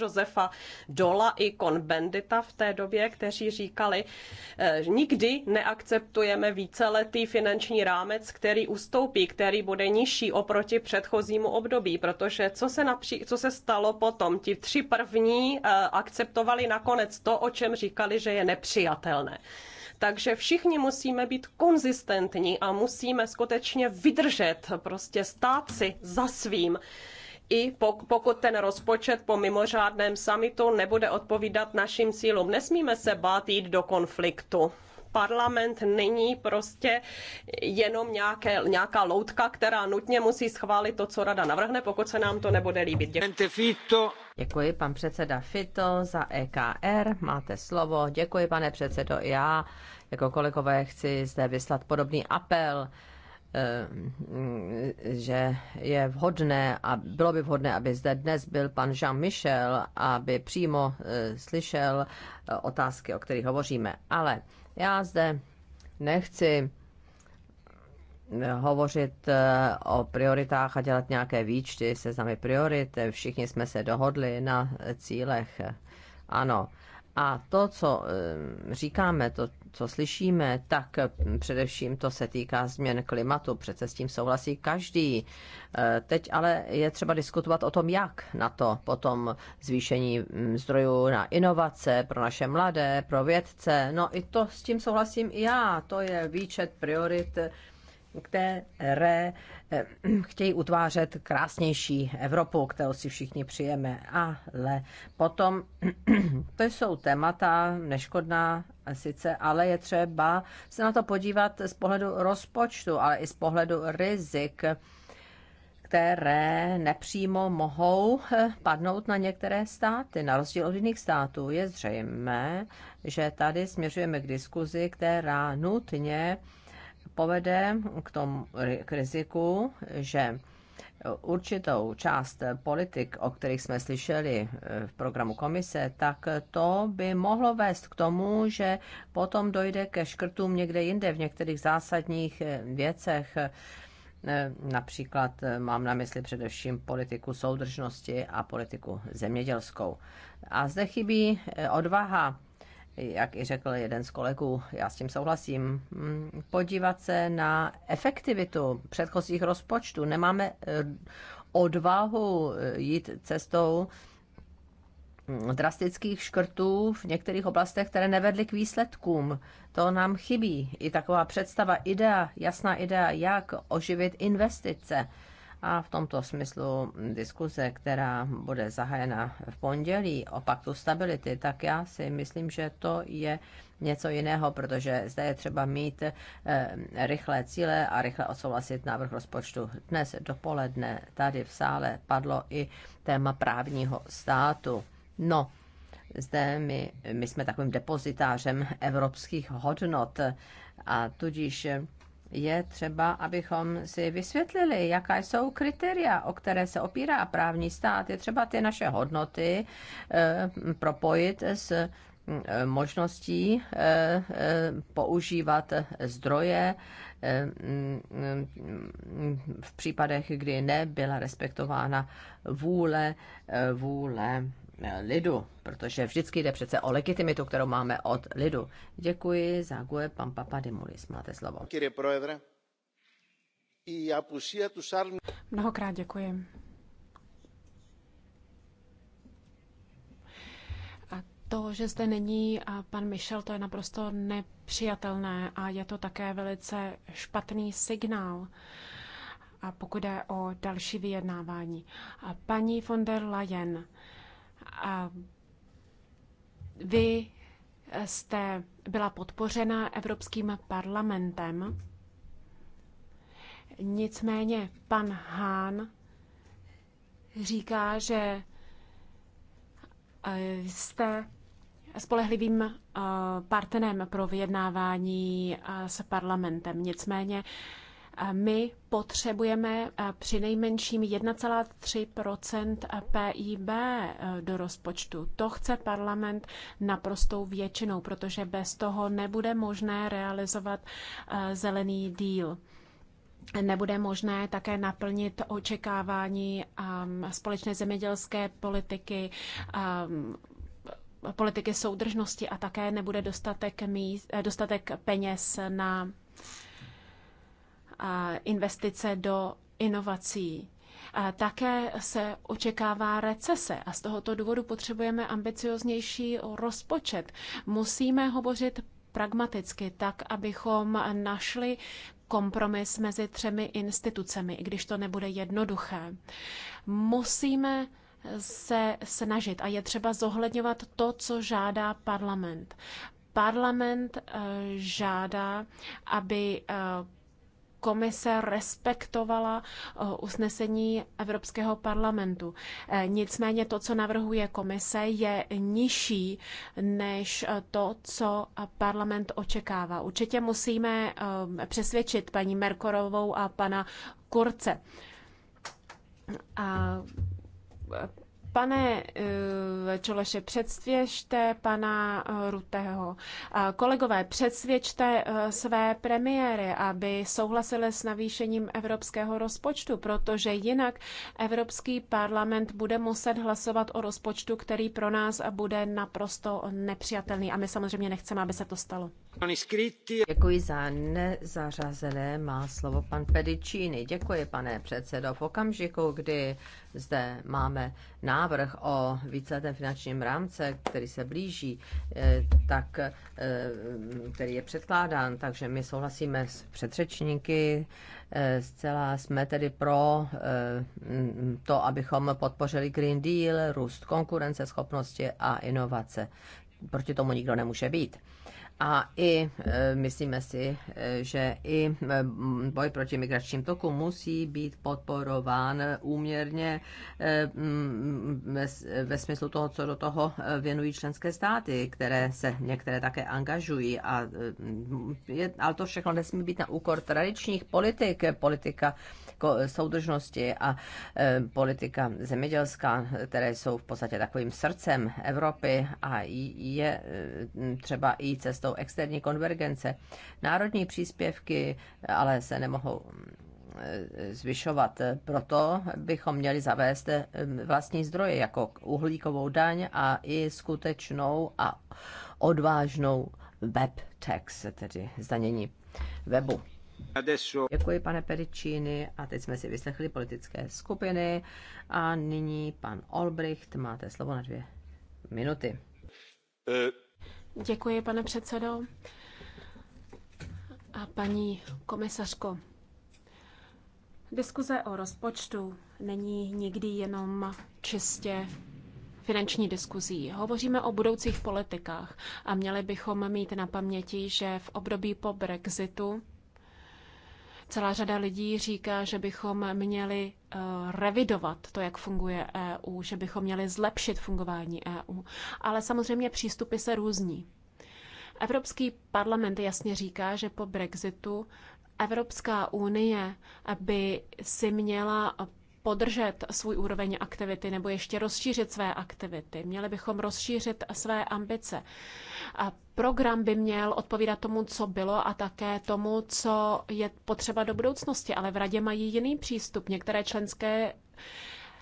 Josefa Dola i Konbendita v té době, kteří říkali, že eh, nikdy neakceptujeme víceletý finanční rámec, který ustoupí, který bude nižší oproti předchozímu období, protože co se, napří, co se stalo potom? Ti tři první eh, akceptovali nakonec to, o čem říkali, že je nepřijatelné. Takže všichni musíme být konzistentní a musíme skutečně vydržet, prostě stát si za svým i pokud ten rozpočet po mimořádném summitu nebude odpovídat našim cílům. Nesmíme se bát jít do konfliktu parlament není prostě jenom nějaké, nějaká loutka, která nutně musí schválit to, co rada navrhne, pokud se nám to nebude líbit. Děkuji. Děkuji, pan předseda Fito za EKR. Máte slovo. Děkuji, pane předsedo. Já jako kolegové chci zde vyslat podobný apel eh, že je vhodné a bylo by vhodné, aby zde dnes byl pan Jean Michel, aby přímo eh, slyšel eh, otázky, o kterých hovoříme. Ale já zde nechci eh, hovořit eh, o prioritách a dělat nějaké výčty, seznamy priorit. Všichni jsme se dohodli na cílech. Ano, a to, co eh, říkáme, to, co slyšíme, tak především to se týká změn klimatu. Přece s tím souhlasí každý. Eh, teď ale je třeba diskutovat o tom, jak na to. Potom zvýšení mm, zdrojů na inovace pro naše mladé, pro vědce. No i to s tím souhlasím i já. To je výčet priorit které eh, chtějí utvářet krásnější Evropu, kterou si všichni přijeme. Ale potom to jsou témata neškodná sice, ale je třeba se na to podívat z pohledu rozpočtu, ale i z pohledu rizik které nepřímo mohou eh, padnout na některé státy, na rozdíl od jiných států. Je zřejmé, že tady směřujeme k diskuzi, která nutně povede k tomu k riziku, že určitou část politik, o kterých jsme slyšeli eh, v programu komise, tak to by mohlo vést k tomu, že potom dojde ke škrtům někde jinde v některých zásadních eh, věcech. Eh, například mám na mysli především politiku soudržnosti a politiku zemědělskou. A zde chybí odvaha jak i řekl jeden z kolegů, já s tím souhlasím, mm, podívat se na efektivitu předchozích rozpočtů. Nemáme eh, odvahu eh, jít cestou mm, drastických škrtů v některých oblastech, které nevedly k výsledkům. To nám chybí. I taková představa, idea, jasná idea, jak oživit investice a v tomto smyslu diskuze, která bude zahájena v pondělí o paktu stability, tak já si myslím, že to je něco jiného, protože zde je třeba mít eh, rychlé cíle a rychle odsouhlasit návrh rozpočtu. Dnes dopoledne tady v sále padlo i téma právního státu. No, zde my, my jsme takovým depozitářem evropských hodnot a tudíž eh, je třeba, abychom si vysvětlili, jaká jsou kritéria, o které se opírá právní stát. Je třeba ty naše hodnoty eh, propojit s mm, eh, možností eh, používat zdroje mm, v případech, kdy nebyla respektována vůle, vůle lidu, protože vždycky jde přece o legitimitu, kterou máme od lidu. Děkuji za GUE, pan Papadimulis, máte slovo. Mnohokrát děkuji. A to, že zde není a pan Michel, to je naprosto nepřijatelné a je to také velice špatný signál a pokud jde o další vyjednávání. A paní von der Leyen, a vy jste byla podpořena Evropským parlamentem. Nicméně pan Hán říká, že eh, jste spolehlivým eh, partnerem pro vyjednávání eh, s parlamentem. Nicméně my potřebujeme při nejmenším 1,3 PIB do rozpočtu. To chce parlament naprostou většinou, protože bez toho nebude možné realizovat zelený díl nebude možné také naplnit očekávání společné zemědělské politiky, politiky soudržnosti a také nebude dostatek, míst, dostatek peněz na investice do inovací. A také se očekává recese a z tohoto důvodu potřebujeme ambicioznější rozpočet. Musíme hovořit pragmaticky, tak abychom našli kompromis mezi třemi institucemi, i když to nebude jednoduché. Musíme se snažit a je třeba zohledňovat to, co žádá parlament. Parlament eh, žádá, aby eh, komise respektovala eh, usnesení Evropského parlamentu. Eh, nicméně to, co navrhuje komise, je nižší než eh, to, co parlament očekává. Určitě musíme přesvědčit paní Merkorovou a pana Kurce. A Pane eh, Čoleše, předsvěžte pana eh, Rutého. Eh, kolegové, předsvědčte své premiéry, aby souhlasili s navýšením evropského rozpočtu, protože jinak Evropský parlament bude muset hlasovat o rozpočtu, který pro nás bude naprosto nepřijatelný. A my samozřejmě nechceme, aby se to stalo. Děkuji za nezařazené. Má slovo pan Pedicini. Děkuji, pane předsedo. V okamžiku, kdy zde máme návrh o víceletém finančním rámce, který se blíží, eh, tak, eh, který je předkládán, takže my souhlasíme s předřečníky, eh, zcela jsme tedy pro to, abychom podpořili Green Deal, růst konkurenceschopnosti a inovace. Proti tomu nikdo nemůže být. A i e, myslíme si, e, že i e, boj proti migračním tokům musí být podporován úměrně ve smyslu toho, co do toho věnují členské státy, které se některé také angažují. A, je, ale to všechno nesmí být na úkor tradičních politik, politika soudržnosti a politika zemědělská, které jsou v podstatě takovým srdcem Evropy a je třeba i cestou cestou externí konvergence. Národní příspěvky ale se nemohou eh, zvyšovat. Proto bychom měli zavést eh, vlastní zdroje jako uhlíkovou daň a i skutečnou a odvážnou web tax, tedy zdanění webu. Děkuji, pane Pericini. A teď jsme si vyslechli politické skupiny. A nyní pan Olbricht, máte slovo na dvě minuty. Uh Děkuji, pane předsedo. A paní komisařko, diskuze o rozpočtu není nikdy jenom čistě finanční diskuzí. Hovoříme o budoucích politikách a měli bychom mít na paměti, že v období po Brexitu Celá řada lidí říká, že bychom měli eh, revidovat to, jak funguje EU, že bychom měli zlepšit fungování EU. Ale samozřejmě přístupy se různí. Evropský parlament jasně říká, že po Brexitu Evropská unie by si měla podržet svůj úroveň aktivity nebo ještě rozšířit své aktivity. Měli bychom rozšířit své ambice. A program by měl odpovídat tomu, co bylo a také tomu, co je potřeba do budoucnosti, ale v radě mají jiný přístup. Některé členské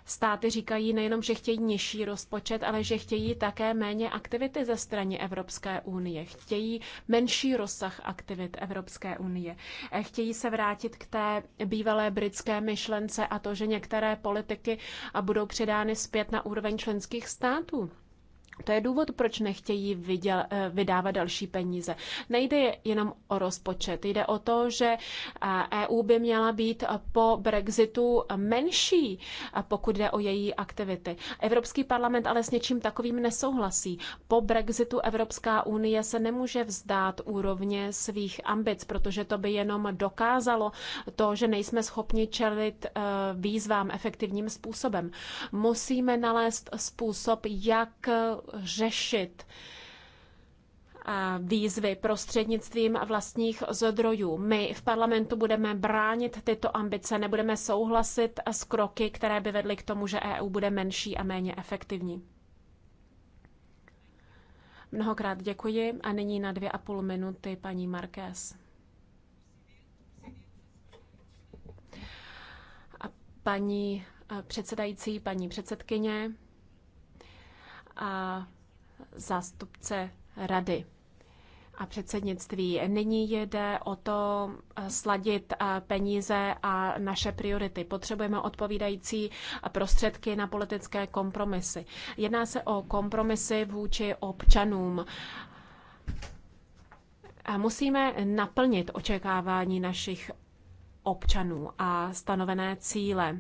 Státy říkají nejenom, že chtějí nižší rozpočet, ale že chtějí také méně aktivity ze strany Evropské unie. Chtějí menší rozsah aktivit Evropské unie. Eh, chtějí se vrátit k té bývalé britské myšlence a to, že některé politiky budou předány zpět na úroveň členských států. To je důvod, proč nechtějí vyděl, eh, vydávat další peníze. Nejde jenom o rozpočet, jde o to, že EU eh, e by měla být eh, po Brexitu menší, pokud jde o její aktivity. Evropský parlament ale s něčím takovým nesouhlasí. Po Brexitu Evropská unie se nemůže vzdát úrovně svých ambic, protože to by jenom dokázalo to, že nejsme schopni čelit výzvám efektivním způsobem. Musíme nalézt způsob, jak řešit eh, výzvy prostřednictvím vlastních zdrojů. My v parlamentu budeme bránit tyto ambice, nebudeme souhlasit s kroky, které by vedly k tomu, že EU bude menší a méně efektivní. Mnohokrát děkuji a nyní na dvě a půl minuty paní Marquez. A paní eh, předsedající, paní předsedkyně, a zástupce rady a předsednictví. Nyní jde o to eh, sladit eh, peníze a naše priority. Potřebujeme odpovídající prostředky na politické kompromisy. Jedná se o kompromisy vůči občanům. A musíme naplnit očekávání našich občanů a stanovené cíle.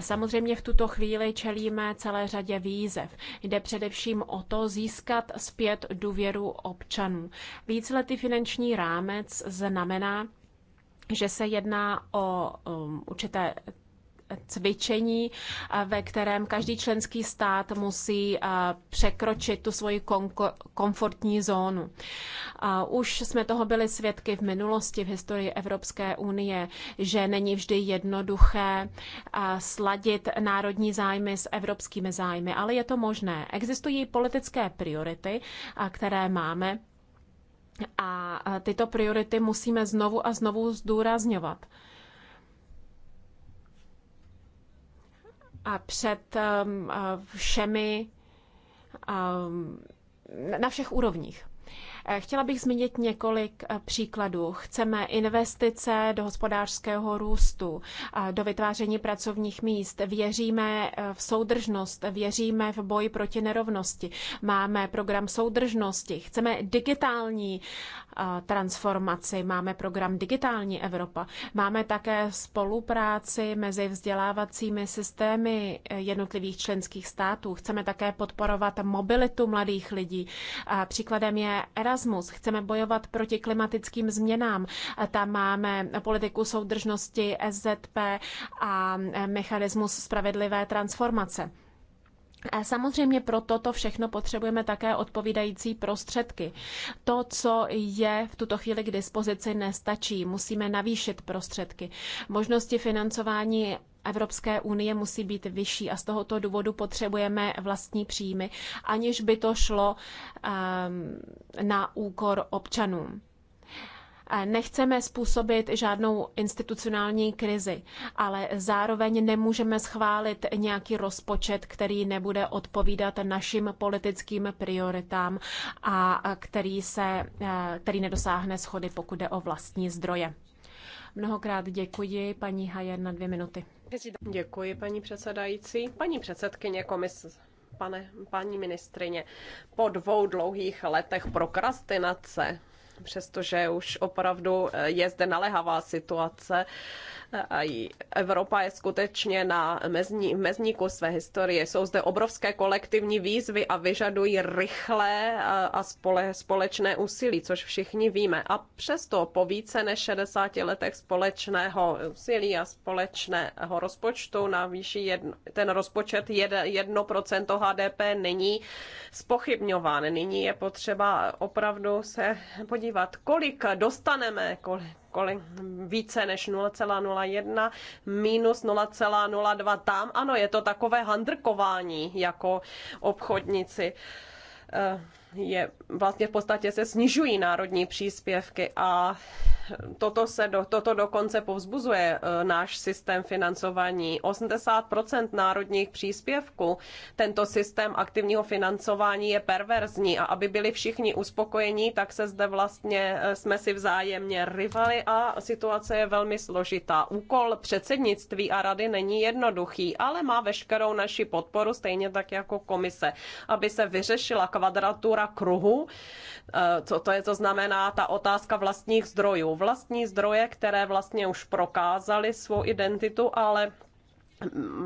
Samozřejmě v tuto chvíli čelíme celé řadě výzev. Jde především o to získat zpět důvěru občanů. Víceletý finanční rámec znamená, že se jedná o um, určité cvičení, ve kterém každý členský stát musí překročit tu svoji komfortní zónu. Už jsme toho byli svědky v minulosti, v historii Evropské unie, že není vždy jednoduché sladit národní zájmy s evropskými zájmy, ale je to možné. Existují politické priority, které máme a tyto priority musíme znovu a znovu zdůrazňovat. a před um, všemi um, na všech úrovních. Eh, chtěla bych zmínit několik eh, příkladů. Chceme investice do hospodářského růstu, do vytváření pracovních míst. Věříme eh, v soudržnost, věříme v boj proti nerovnosti. Máme program soudržnosti. Chceme digitální transformaci, máme program Digitální Evropa. Máme také spolupráci mezi vzdělávacími systémy jednotlivých členských států. Chceme také podporovat mobilitu mladých lidí. Příkladem je Erasmus Erasmus, chceme bojovat proti klimatickým změnám. Tam máme politiku soudržnosti SZP a e, mechanismus spravedlivé transformace. samozřejmě pro toto všechno potřebujeme také odpovídající prostředky. To, co je v tuto chvíli k dispozici, nestačí. Musíme navýšit prostředky. Možnosti financování Evropské unie musí být vyšší a z tohoto důvodu potřebujeme vlastní příjmy, aniž by to šlo ehm, na úkor občanů. Nechceme způsobit žádnou institucionální krizi, ale zároveň nemůžeme schválit nějaký rozpočet, který nebude odpovídat našim politickým prioritám a který, se, eh, který nedosáhne schody, pokud jde o vlastní zdroje. Mnohokrát děkuji paní Hajer na dvě minuty. Děkuji paní předsedající. Paní předsedkyně komise, pane, paní ministrině, po dvou dlouhých letech prokrastinace, přestože už opravdu je zde naléhavá situace, Evropa je skutečně na mezní, mezníku své historie. Jsou zde obrovské kolektivní výzvy a vyžadují rychlé a spole, společné úsilí, což všichni víme. A přesto po více než 60 letech společného úsilí a společného rozpočtu na výši jedno, ten rozpočet 1% HDP není spochybňován. Nyní je potřeba opravdu se podívat, kolik dostaneme, kolik kolik, více než 0,01, minus 0,02 tam. Ano, je to takové handrkování jako obchodníci eh, je vlastně v podstatě se snižují národní příspěvky a toto, se do, toto dokonce povzbuzuje e, náš systém financování. 80% národních příspěvků, tento systém aktivního financování je perverzní a aby byli všichni uspokojení, tak se zde vlastně e, jsme si vzájemně rivali a situace je velmi složitá. Úkol předsednictví a rady není jednoduchý, ale má veškerou naši podporu, stejně tak jako komise, aby se vyřešila kvadratura kruhu, e, co to je, to znamená ta otázka vlastních zdrojů vlastní zdroje, které vlastně už prokázaly svou identitu, ale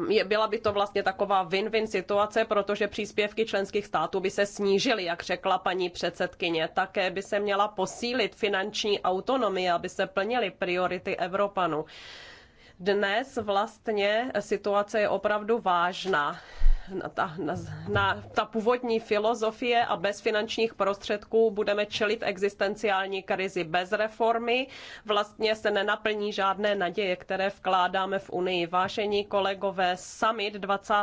je, byla by to vlastně taková win-win situace, protože příspěvky členských států by se snížily, jak řekla paní předsedkyně. Také by se měla posílit finanční autonomie, aby se plnily priority Evropanů. Dnes vlastně situace je opravdu vážná na ta, na, na ta původní filozofie a bez finančních prostředků budeme čelit existenciální krizi bez reformy. Vlastně se nenaplní žádné naděje, které vkládáme v Unii. Vážení kolegové, summit 20.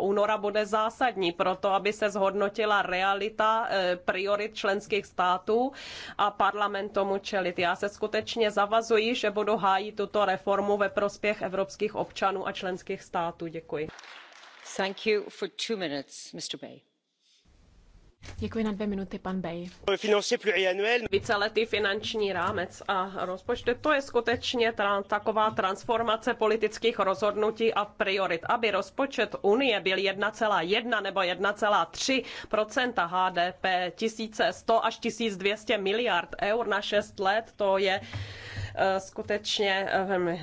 února bude zásadní pro to, aby se zhodnotila realita eh, priorit členských států a parlament tomu čelit. Já se skutečně zavazuji, že budu hájit tuto reformu ve prospěch evropských občanů a členských států. Děkuji. Děkuji na dvě minuty, Víceletý finanční rámec a rozpočet, to je skutečně taková transformace politických rozhodnutí a priorit. Aby rozpočet Unie byl 1,1 nebo 1,3 HDP, 1100 až 1200 miliard eur na 6 let, to je Eh, skutečně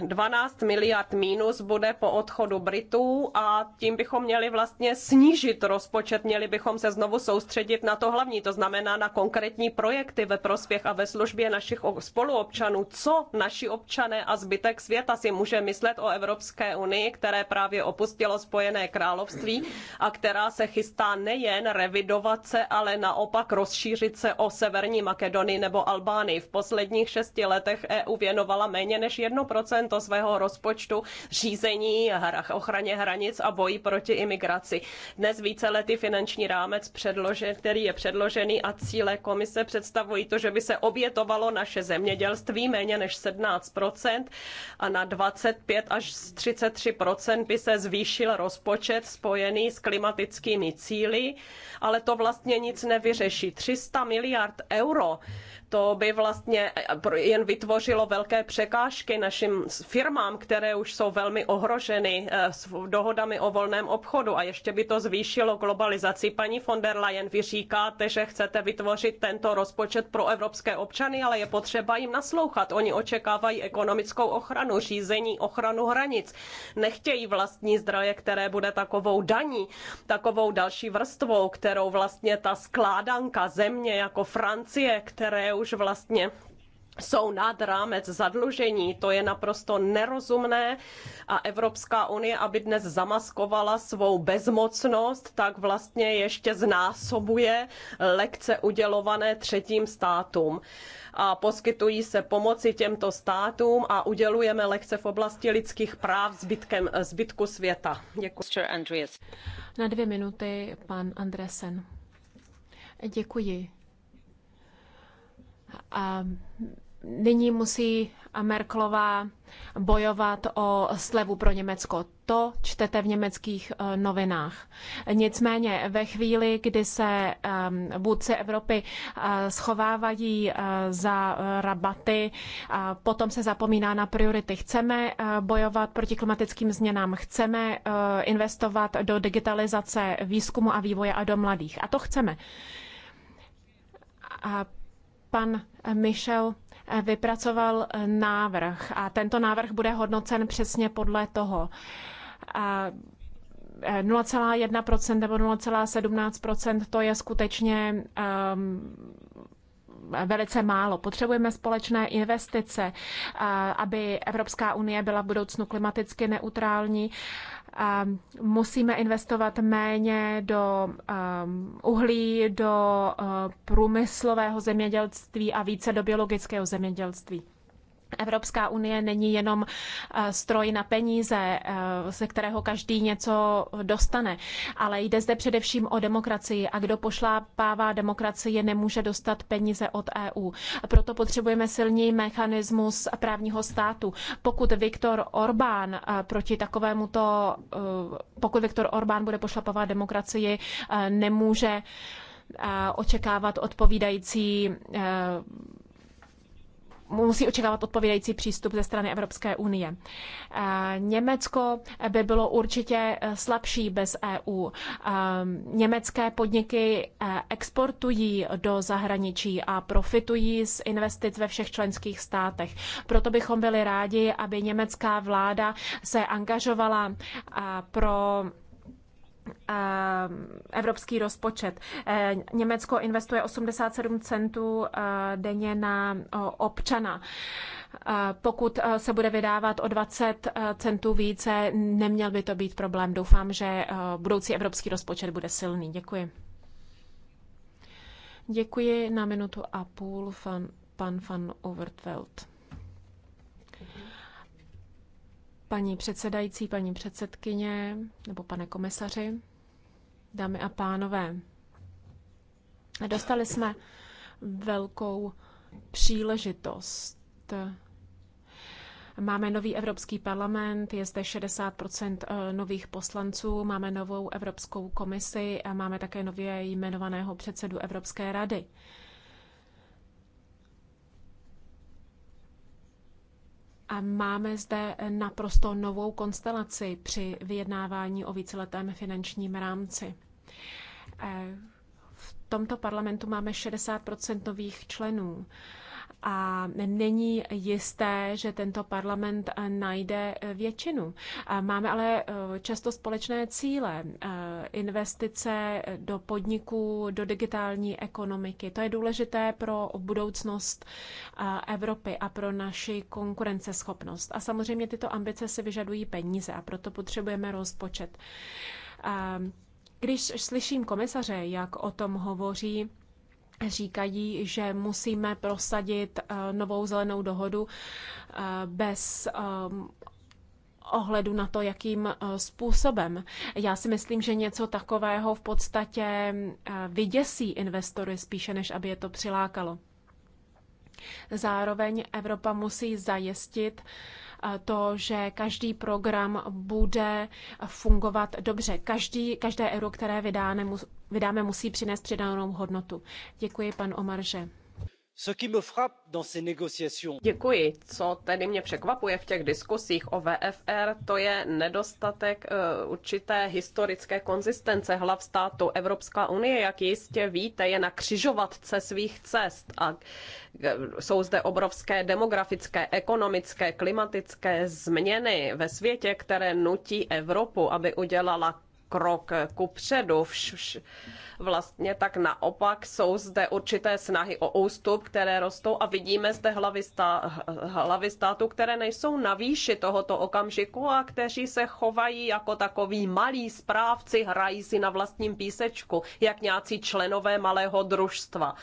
12 eh, miliard mínus bude po odchodu Britů a tím bychom měli vlastně snížit rozpočet, měli bychom se znovu soustředit na to hlavní, to znamená na konkrétní projekty ve prospěch a ve službě našich spoluobčanů. Co naši občané a zbytek světa si může myslet o Evropské unii, které právě opustilo Spojené království a která se chystá nejen revidovat se, ale naopak rozšířit se o Severní Makedonii nebo Albánii. V posledních šesti letech EU věnovala méně než 1% svého rozpočtu řízení, ochraně hranic a boji proti imigraci. Dnes víceletý finanční rámec, předložen, který je předložený a cíle komise představují to, že by se obětovalo naše zemědělství méně než 17% a na 25 až 33% by se zvýšil rozpočet spojený s klimatickými cíly, ale to vlastně nic nevyřeší. 300 miliard euro to by vlastně eh, jen vytvořilo velké překážky našim firmám, které už jsou velmi ohroženy eh, s dohodami o volném obchodu a ještě by to zvýšilo globalizaci. Paní von der Leyen, vy říkáte, že chcete vytvořit tento rozpočet pro evropské občany, ale je potřeba jim naslouchat. Oni očekávají ekonomickou ochranu, řízení, ochranu hranic. Nechtějí vlastní zdroje, které bude takovou daní, takovou další vrstvou, kterou vlastně ta skládanka země jako Francie, které už už vlastně jsou nad rámec zadlužení. To je naprosto nerozumné a Evropská unie, aby dnes zamaskovala svou bezmocnost, tak vlastně ještě znásobuje lekce udělované třetím státům. A poskytují se pomoci těmto státům a udělujeme lekce v oblasti lidských práv zbytkem, zbytku světa. Děkuji. Na dvě minuty pan Andresen. Děkuji. A nyní musí Merklová bojovat o slevu pro Německo. To čtete v německých eh, novinách. Nicméně ve chvíli, kdy se ehm, vůdci Evropy eh, schovávají eh, za rabaty, potom se zapomíná na priority. Chceme bojovat proti klimatickým změnám, chceme investovat do digitalizace, výzkumu a vývoje a do mladých. A to chceme. A Pan Michel eh, vypracoval eh, návrh a tento návrh bude hodnocen přesně podle toho. 0,1% eh, nebo 0,17% to je skutečně um, velice málo. Potřebujeme společné investice, aby Evropská unie byla v budoucnu klimaticky neutrální musíme investovat méně do um, uhlí, do uh, průmyslového zemědělství a více do biologického zemědělství. Evropská unie není jenom eh, stroj na peníze, eh, ze kterého každý něco dostane, ale jde zde především o demokracii a kdo pošlápává demokracii, nemůže dostat peníze od EU. Proto potřebujeme silný mechanismus právního státu. Pokud Viktor Orbán eh, proti takovému to, pokud Viktor Orbán bude pošlapovat demokracii, nemůže očekávat odpovídající musí očekávat odpovídající přístup ze strany Evropské unie. Eh, Německo by bylo určitě eh, slabší bez EU. Eh, Německé podniky exportují do zahraničí a profitují z investic ve všech členských státech. Proto bychom byli rádi, aby německá vláda se angažovala pro evropský rozpočet. E, Německo investuje 87 centů e, denně na občana. E, pokud se bude vydávat o 20 centů více, neměl by to být problém. Doufám, že budoucí evropský rozpočet bude silný. Děkuji. Děkuji na minutu a půl fan, pan van Overtveld. Paní předsedající, paní předsedkyně nebo pane komisaři, dámy a pánové, dostali jsme velkou příležitost. Máme nový Evropský parlament, je zde 60 eh, nových poslanců, máme novou Evropskou komisi a máme také nově jmenovaného předsedu Evropské rady. A máme zde naprosto novou konstelaci při vyjednávání o víceletém finančním rámci. Eh, v tomto parlamentu máme 60 nových členů a není jisté, že tento parlament eh, najde eh, většinu. Máme ale eh, často společné cíle, investice do podniků, do digitální ekonomiky. To je důležité pro budoucnost Evropy a pro naši konkurenceschopnost. A samozřejmě tyto ambice si vyžadují peníze a proto potřebujeme rozpočet. Když slyším komisaře, jak o tom hovoří, říkají, že musíme prosadit eh, novou zelenou dohodu eh, bez ehm, ohledu na to, jakým eh, způsobem. Já si myslím, že něco takového v podstatě vyděsí investory spíše, než aby je to přilákalo. Zároveň Evropa musí zajistit, to, že každý program bude fungovat dobře. Každý, každé euro, které vydáme, musí přinést přidanou hodnotu. Děkuji, pan Omarže. Děkuji. Co tedy mě překvapuje v těch diskusích o VFR, to je nedostatek eh, určité historické konzistence hlav státu. Evropská unie, jak jistě víte, je na křižovatce svých cest a eh, jsou zde obrovské demografické, ekonomické, klimatické změny ve světě, které nutí Evropu, aby udělala krok kupředu. předu Vlastně tak naopak jsou zde určité snahy o ústup, které rostou a vidíme zde hlavy, stá, hlavy státu, které nejsou na výši tohoto okamžiku a kteří se chovají jako takový malí správci, hrají si na vlastním písečku, jak nějací členové malého družstva.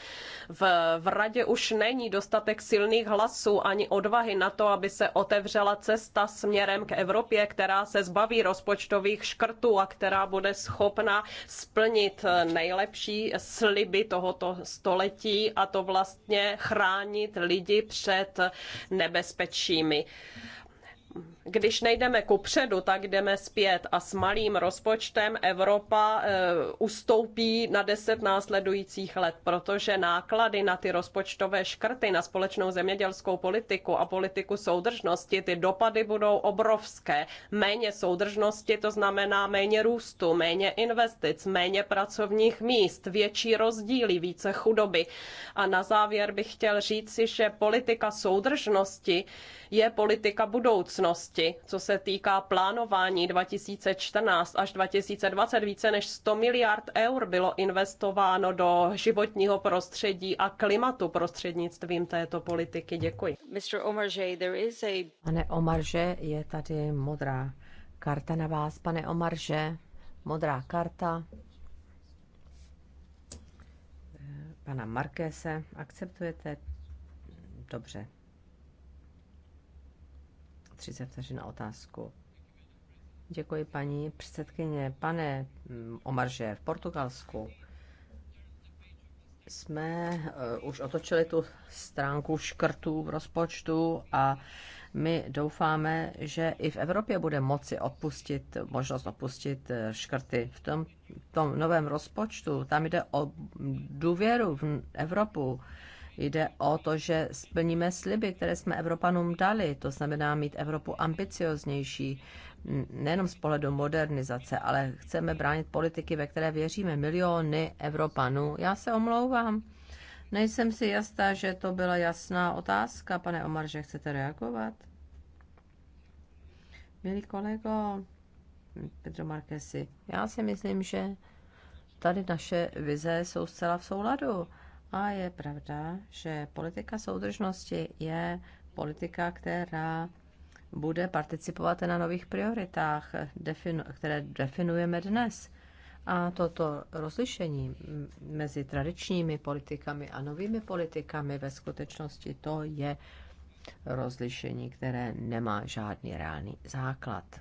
V, v radě už není dostatek silných hlasů ani odvahy na to, aby se otevřela cesta směrem k Evropě, která se zbaví rozpočtových škrtů a která bude schopna splnit nej nejlepší sliby tohoto století a to vlastně chránit lidi před nebezpečími když nejdeme kupředu, tak jdeme zpět a s malým rozpočtem Evropa eh, ustoupí na deset následujících let, protože náklady na ty rozpočtové škrty, na společnou zemědělskou politiku a politiku soudržnosti, ty dopady budou obrovské. Méně soudržnosti, to znamená méně růstu, méně investic, méně pracovních míst, větší rozdíly, více chudoby. A na závěr bych chtěl říci, že politika soudržnosti je politika budoucnosti budoucnosti, co se týká plánování 2014 až 2020, více než 100 miliard eur bylo investováno do životního prostředí a klimatu prostřednictvím této politiky. Děkuji. Pane Omarže, je tady modrá karta na vás, pane Omarže. Modrá karta eh, pana Markése. Akceptujete? Dobře, 30 vteřin na otázku. Děkuji paní předsedkyně. Pane mm, Omarže, v Portugalsku jsme eh, už otočili tu stránku škrtů v rozpočtu a my doufáme, že i v Evropě bude moci odpustit, možnost odpustit eh, škrty. V tom, tom novém rozpočtu tam jde o důvěru v Evropu Jde o to, že splníme sliby, které jsme Evropanům dali, to znamená mít Evropu ambicioznější, nejenom z pohledu modernizace, ale chceme bránit politiky, ve které věříme miliony Evropanů. Já se omlouvám. Nejsem si jistá, že to byla jasná otázka, pane Omar, že chcete reagovat. Milý kolego, Pedro Marquesi, já si myslím, že tady naše vize jsou zcela v souladu. A je pravda, že politika soudržnosti je politika, která bude participovat na nových prioritách, které definujeme dnes. A toto rozlišení mezi tradičními politikami a novými politikami ve skutečnosti to je rozlišení, které nemá žádný reálný základ.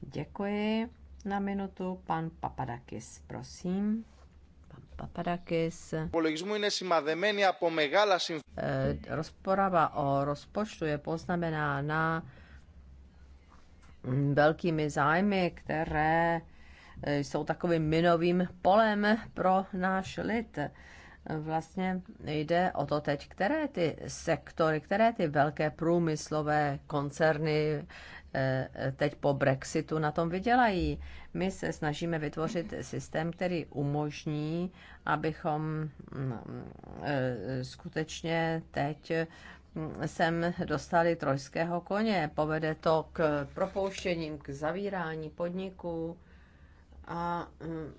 Děkuji. Na minutu pan Papadakis, prosím. Papadakis. Eh, rozprava o rozpočtu je poznamenána velkými zájmy, které eh, jsou takovým minovým polem pro náš lid. Vlastně jde o to teď, které ty sektory, které ty velké průmyslové koncerny, Eh, teď po Brexitu na tom vydělají. My se snažíme vytvořit systém, který umožní, abychom mm, eh, skutečně teď mm, sem dostali trojského koně. Povede to k propouštěním, k zavírání podniků a mm,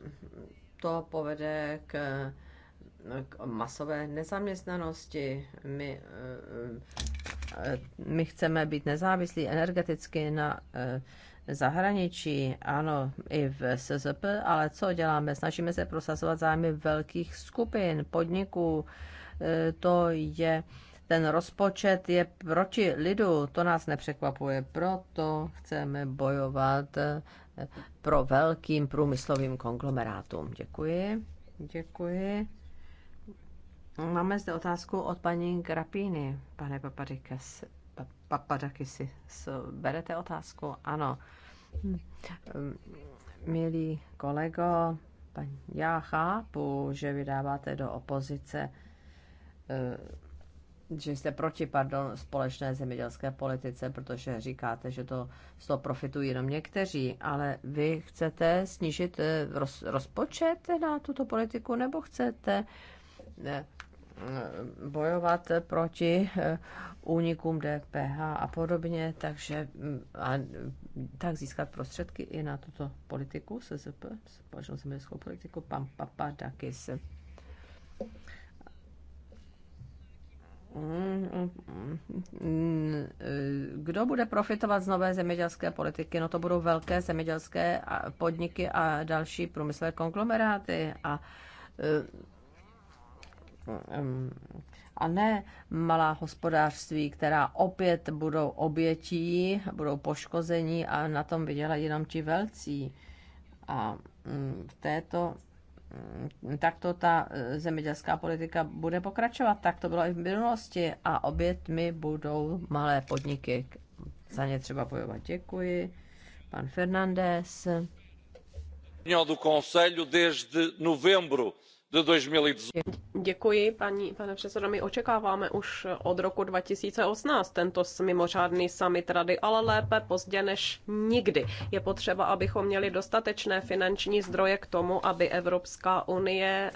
to povede k, k masové nezaměstnanosti. My eh, Eh, my chceme být nezávislí energeticky na eh, zahraničí, ano, i v SZP, ale co děláme? Snažíme se prosazovat zájmy velkých skupin, podniků. Eh, to je, ten rozpočet je proti lidu, to nás nepřekvapuje, proto chceme bojovat pro velkým průmyslovým konglomerátům. Děkuji. Děkuji. Máme zde otázku od paní Grapíny, pane Papadikis. Papadakisi, berete otázku? Ano. Hm. Milý kolego, paní, já chápu, že vydáváte do opozice, eh, že jste proti, pardon, společné zemědělské politice, protože říkáte, že to z toho profitují jenom někteří, ale vy chcete snížit eh, roz, rozpočet na tuto politiku, nebo chcete ne, eh, bojovat proti eh, únikům DPH a podobně, takže mm, a tak získat prostředky i na tuto politiku SZP, společnou zemědělskou politiku, pan Papadakis. Kdo bude profitovat z nové zemědělské politiky? No to budou velké zemědělské podniky a další průmyslové konglomeráty a eh, a ne malá hospodářství, která opět budou obětí, budou poškození a na tom vydělají jenom ti velcí. A mm, v této mm, takto ta e, zemědělská politika bude pokračovat. Tak to bylo i v minulosti a obětmi budou malé podniky. Za ně třeba bojovat. Děkuji. Pan Fernandez. do Conselho desde novembro do 2018. Děkuji, paní, pane předsedo. My očekáváme už od roku 2018 tento mimořádný summit rady, ale lépe pozdě než nikdy. Je potřeba, abychom měli dostatečné finanční zdroje k tomu, aby Evropská unie eh,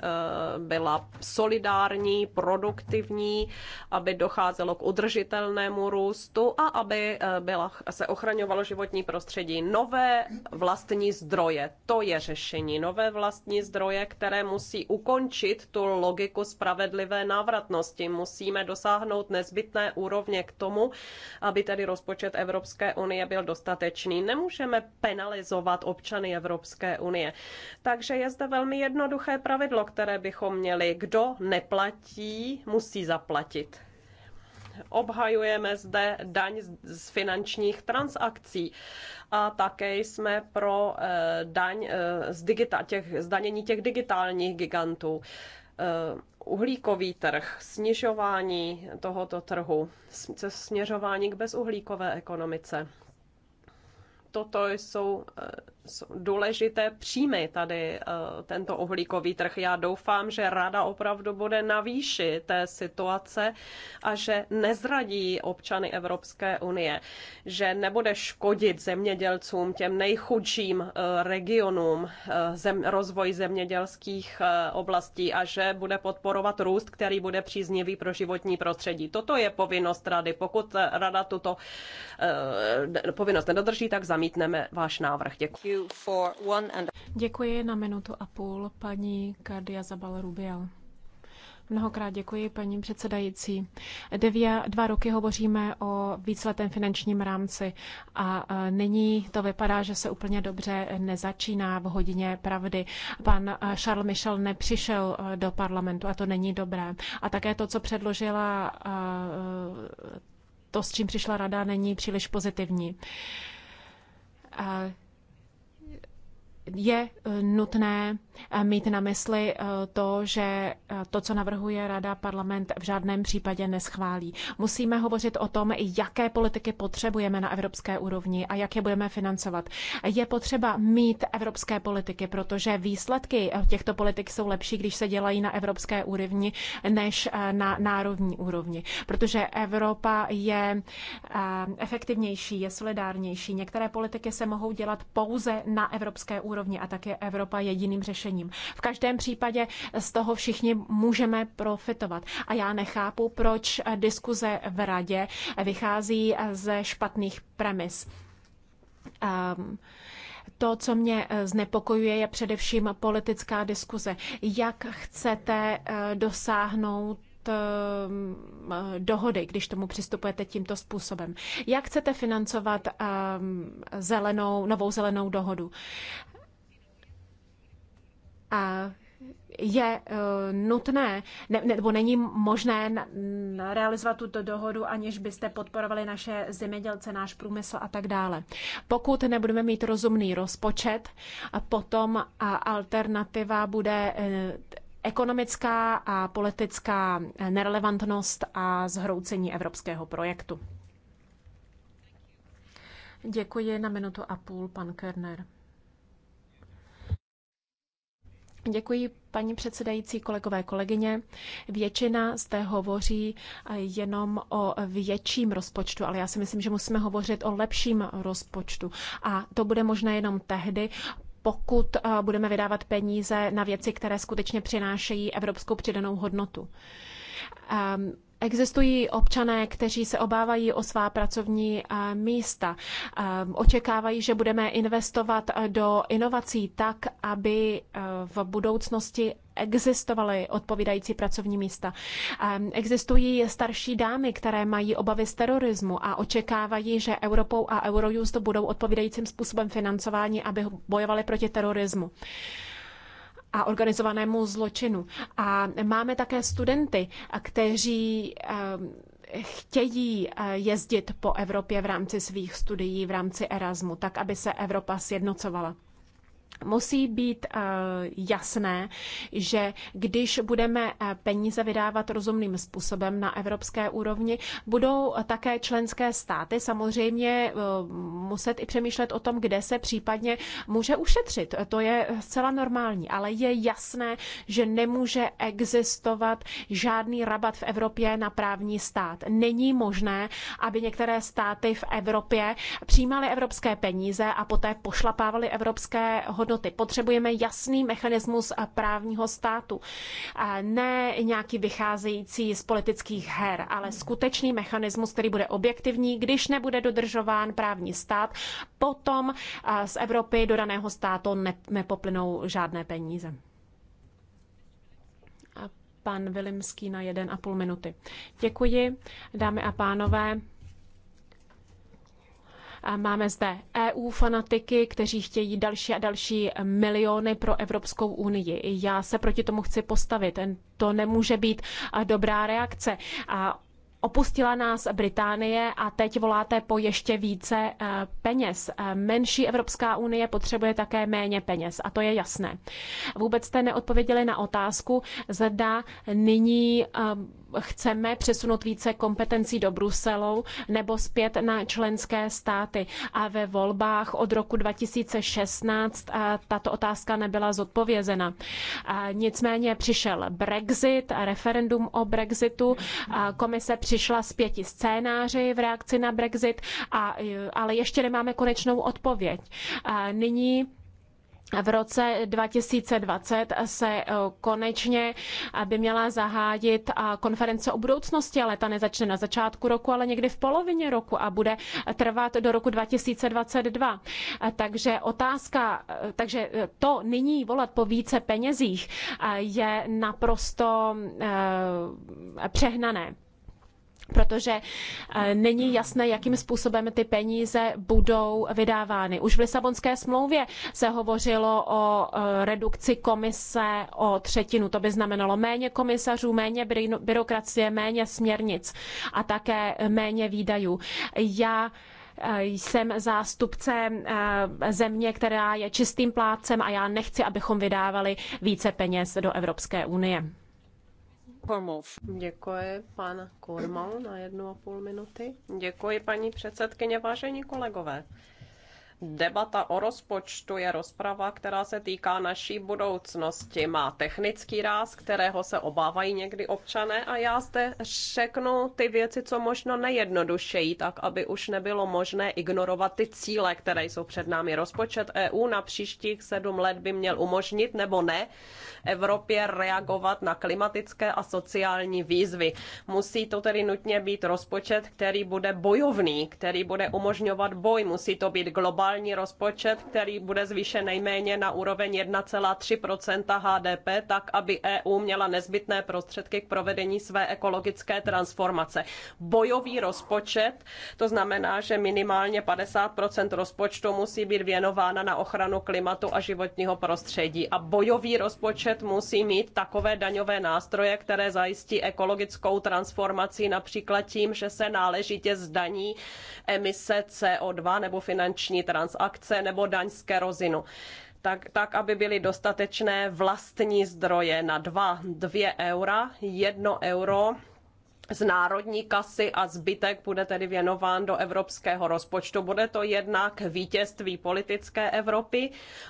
byla solidární, produktivní, aby docházelo k udržitelnému růstu a aby eh, byla, se ochraňovalo životní prostředí. Nové vlastní zdroje, to je řešení. Nové vlastní zdroje, které musí ukončit tu logiku spravedlivé návratnosti. Musíme dosáhnout nezbytné úrovně k tomu, aby tedy rozpočet Evropské unie byl dostatečný. Nemůžeme penalizovat občany Evropské unie. Takže je zde velmi jednoduché pravidlo, které bychom měli. Kdo neplatí, musí zaplatit. Obhajujeme zde daň z finančních transakcí a také jsme pro eh, daň eh, z digita- těch, zdanění těch digitálních gigantů eh, uhlíkový trh, snižování tohoto trhu, směřování k bezuhlíkové ekonomice. Toto jsou důležité příjmy tady eh, tento uhlíkový trh. Já doufám, že rada opravdu bude na výši té situace a že nezradí občany Evropské unie, že nebude škodit zemědělcům, těm nejchudším eh, regionům eh, zem, rozvoj zemědělských oblastí a že bude podporovat růst, který bude příznivý pro životní prostředí. Toto je povinnost rady. Pokud rada tuto povinnost nedodrží, tak zamítneme váš návrh. Děkuji. Děkuji na minutu a půl paní Kadia Zabal Rubial. Mnohokrát děkuji, paní předsedající. Devě, dva roky hovoříme o víceletém finančním rámci a nyní to vypadá, že se úplně dobře nezačíná v hodině pravdy. Pan Charles Michel nepřišel do parlamentu a to není dobré. A také to, co předložila, to, s čím přišla rada, není příliš pozitivní je eh, nutné eh, mít na mysli eh, to, že to, co navrhuje Rada, parlament v žádném případě neschválí. Musíme hovořit o tom, jaké politiky potřebujeme na evropské úrovni a jak je budeme financovat. Je potřeba mít evropské politiky, protože výsledky těchto politik jsou lepší, když se dělají na evropské úrovni než na národní úrovni, protože Evropa je efektivnější, je solidárnější. Některé politiky se mohou dělat pouze na evropské úrovni úrovni a také Evropa jediným řešením. V každém případě z toho všichni můžeme profitovat. A já nechápu, proč diskuze v radě vychází ze špatných premis. Um, to, co mě eh, znepokojuje, je především politická diskuze. Jak chcete eh, dosáhnout ehm, eh, dohody, když tomu přistupujete tímto způsobem. Jak chcete financovat ehm, zelenou, novou zelenou dohodu? je eh, nutné, ne, nebo není možné realizovat tuto dohodu, aniž byste podporovali naše zemědělce, náš průmysl a tak dále. Pokud nebudeme mít rozumný rozpočet, potom alternativa bude eh, ekonomická a politická eh, nerelevantnost a zhroucení evropského projektu. Děkuji na minutu a půl, pan Kerner. Děkuji, paní předsedající, kolegové, kolegyně. Většina zde hovoří jenom o větším rozpočtu, ale já si myslím, že musíme hovořit o lepším rozpočtu. A to bude možné jenom tehdy, pokud eh, budeme vydávat peníze na věci, které skutečně přinášejí evropskou přidanou hodnotu. Um, Existují občané, kteří se obávají o svá pracovní eh, místa. Eh, očekávají, že budeme investovat eh, do inovací tak, aby v budoucnosti existovaly odpovídající pracovní místa. Existují starší dámy, které mají obavy z terorismu a očekávají, že Europou a Eurojust budou odpovídajícím způsobem financování, aby bojovali proti terorismu a organizovanému zločinu. A máme také studenty, kteří ehm, chtějí eh, jezdit po Evropě v rámci svých studií, v rámci Erasmu, tak aby se Evropa sjednocovala musí být eh, jasné, že když budeme eh, peníze vydávat rozumným způsobem na evropské úrovni, budou také členské státy samozřejmě eh, muset i přemýšlet o tom, kde se případně může ušetřit. To je zcela normální, ale je jasné, že nemůže existovat žádný rabat v Evropě na právní stát. Není možné, aby některé státy v Evropě přijímaly evropské peníze a poté pošlapávaly evropské hodnoty hodnoty. Potřebujeme jasný mechanismus právního státu. Ne nějaký vycházející z politických her, ale skutečný mechanismus, který bude objektivní. Když nebude dodržován právní stát, potom z Evropy do daného státu nepoplynou žádné peníze pan Vilimský na 1,5 minuty. Děkuji, dámy a pánové. Máme zde EU fanatiky, kteří chtějí další a další miliony pro Evropskou unii. Já se proti tomu chci postavit. To nemůže být dobrá reakce. A Opustila nás Británie a teď voláte po ještě více e, peněz. E, menší Evropská unie potřebuje také méně peněz a to je jasné. Vůbec jste neodpověděli na otázku, zda nyní e, chceme přesunout více kompetencí do Bruselu nebo zpět na členské státy. A ve volbách od roku 2016 tato otázka nebyla zodpovězena. Nicméně přišel Brexit, referendum o Brexitu, komise přišla s pěti scénáři v reakci na Brexit, a, ale ještě nemáme konečnou odpověď. Nyní v roce 2020 se eh, konečně by měla zahájit eh, konference o budoucnosti, ale ta nezačne na začátku roku, ale někdy v polovině roku a bude trvat do roku 2022. Eh, takže otázka, takže to nyní volat po více penězích je naprosto přehnané protože eh, není jasné, jakým způsobem ty peníze budou vydávány. Už v Lisabonské smlouvě se hovořilo o eh, redukci komise o třetinu. To by znamenalo méně komisařů, méně byrokracie, méně směrnic a také méně výdajů. Já eh, jsem zástupce země, která je čistým plátcem a já nechci, abychom vydávali více peněz do Evropské unie. Děkuji, pan Kormal, na jednu a půl minuty. Děkuji, paní předsedkyně, vážení kolegové debata o rozpočtu je rozprava, která se týká naší budoucnosti. Má technický ráz, kterého se obávají někdy občané a já zde řeknu ty věci, co možno nejjednodušeji, tak aby už nebylo možné ignorovat ty cíle, které jsou před námi. Rozpočet EU na příštích sedm let by měl umožnit nebo ne Evropě reagovat na klimatické a sociální výzvy. Musí to tedy nutně být rozpočet, který bude bojovný, který bude umožňovat boj. Musí to být globální globální rozpočet, který bude zvýšen nejméně na úroveň 1,3 HDP, tak aby EU měla nezbytné prostředky k provedení své ekologické transformace. Bojový rozpočet, to znamená, že minimálně 50 rozpočtu musí být věnována na ochranu klimatu a životního prostředí. A bojový rozpočet musí mít takové daňové nástroje, které zajistí ekologickou transformaci například tím, že se náležitě zdaní emise CO2 nebo finanční transformace transakce nebo daň z kerozinu tak, tak, aby byly dostatečné vlastní zdroje na 2, 2 eura, 1 euro z národní kasy a zbytek bude tedy věnován do evropského rozpočtu. Bude to jednak vítězství politické Evropy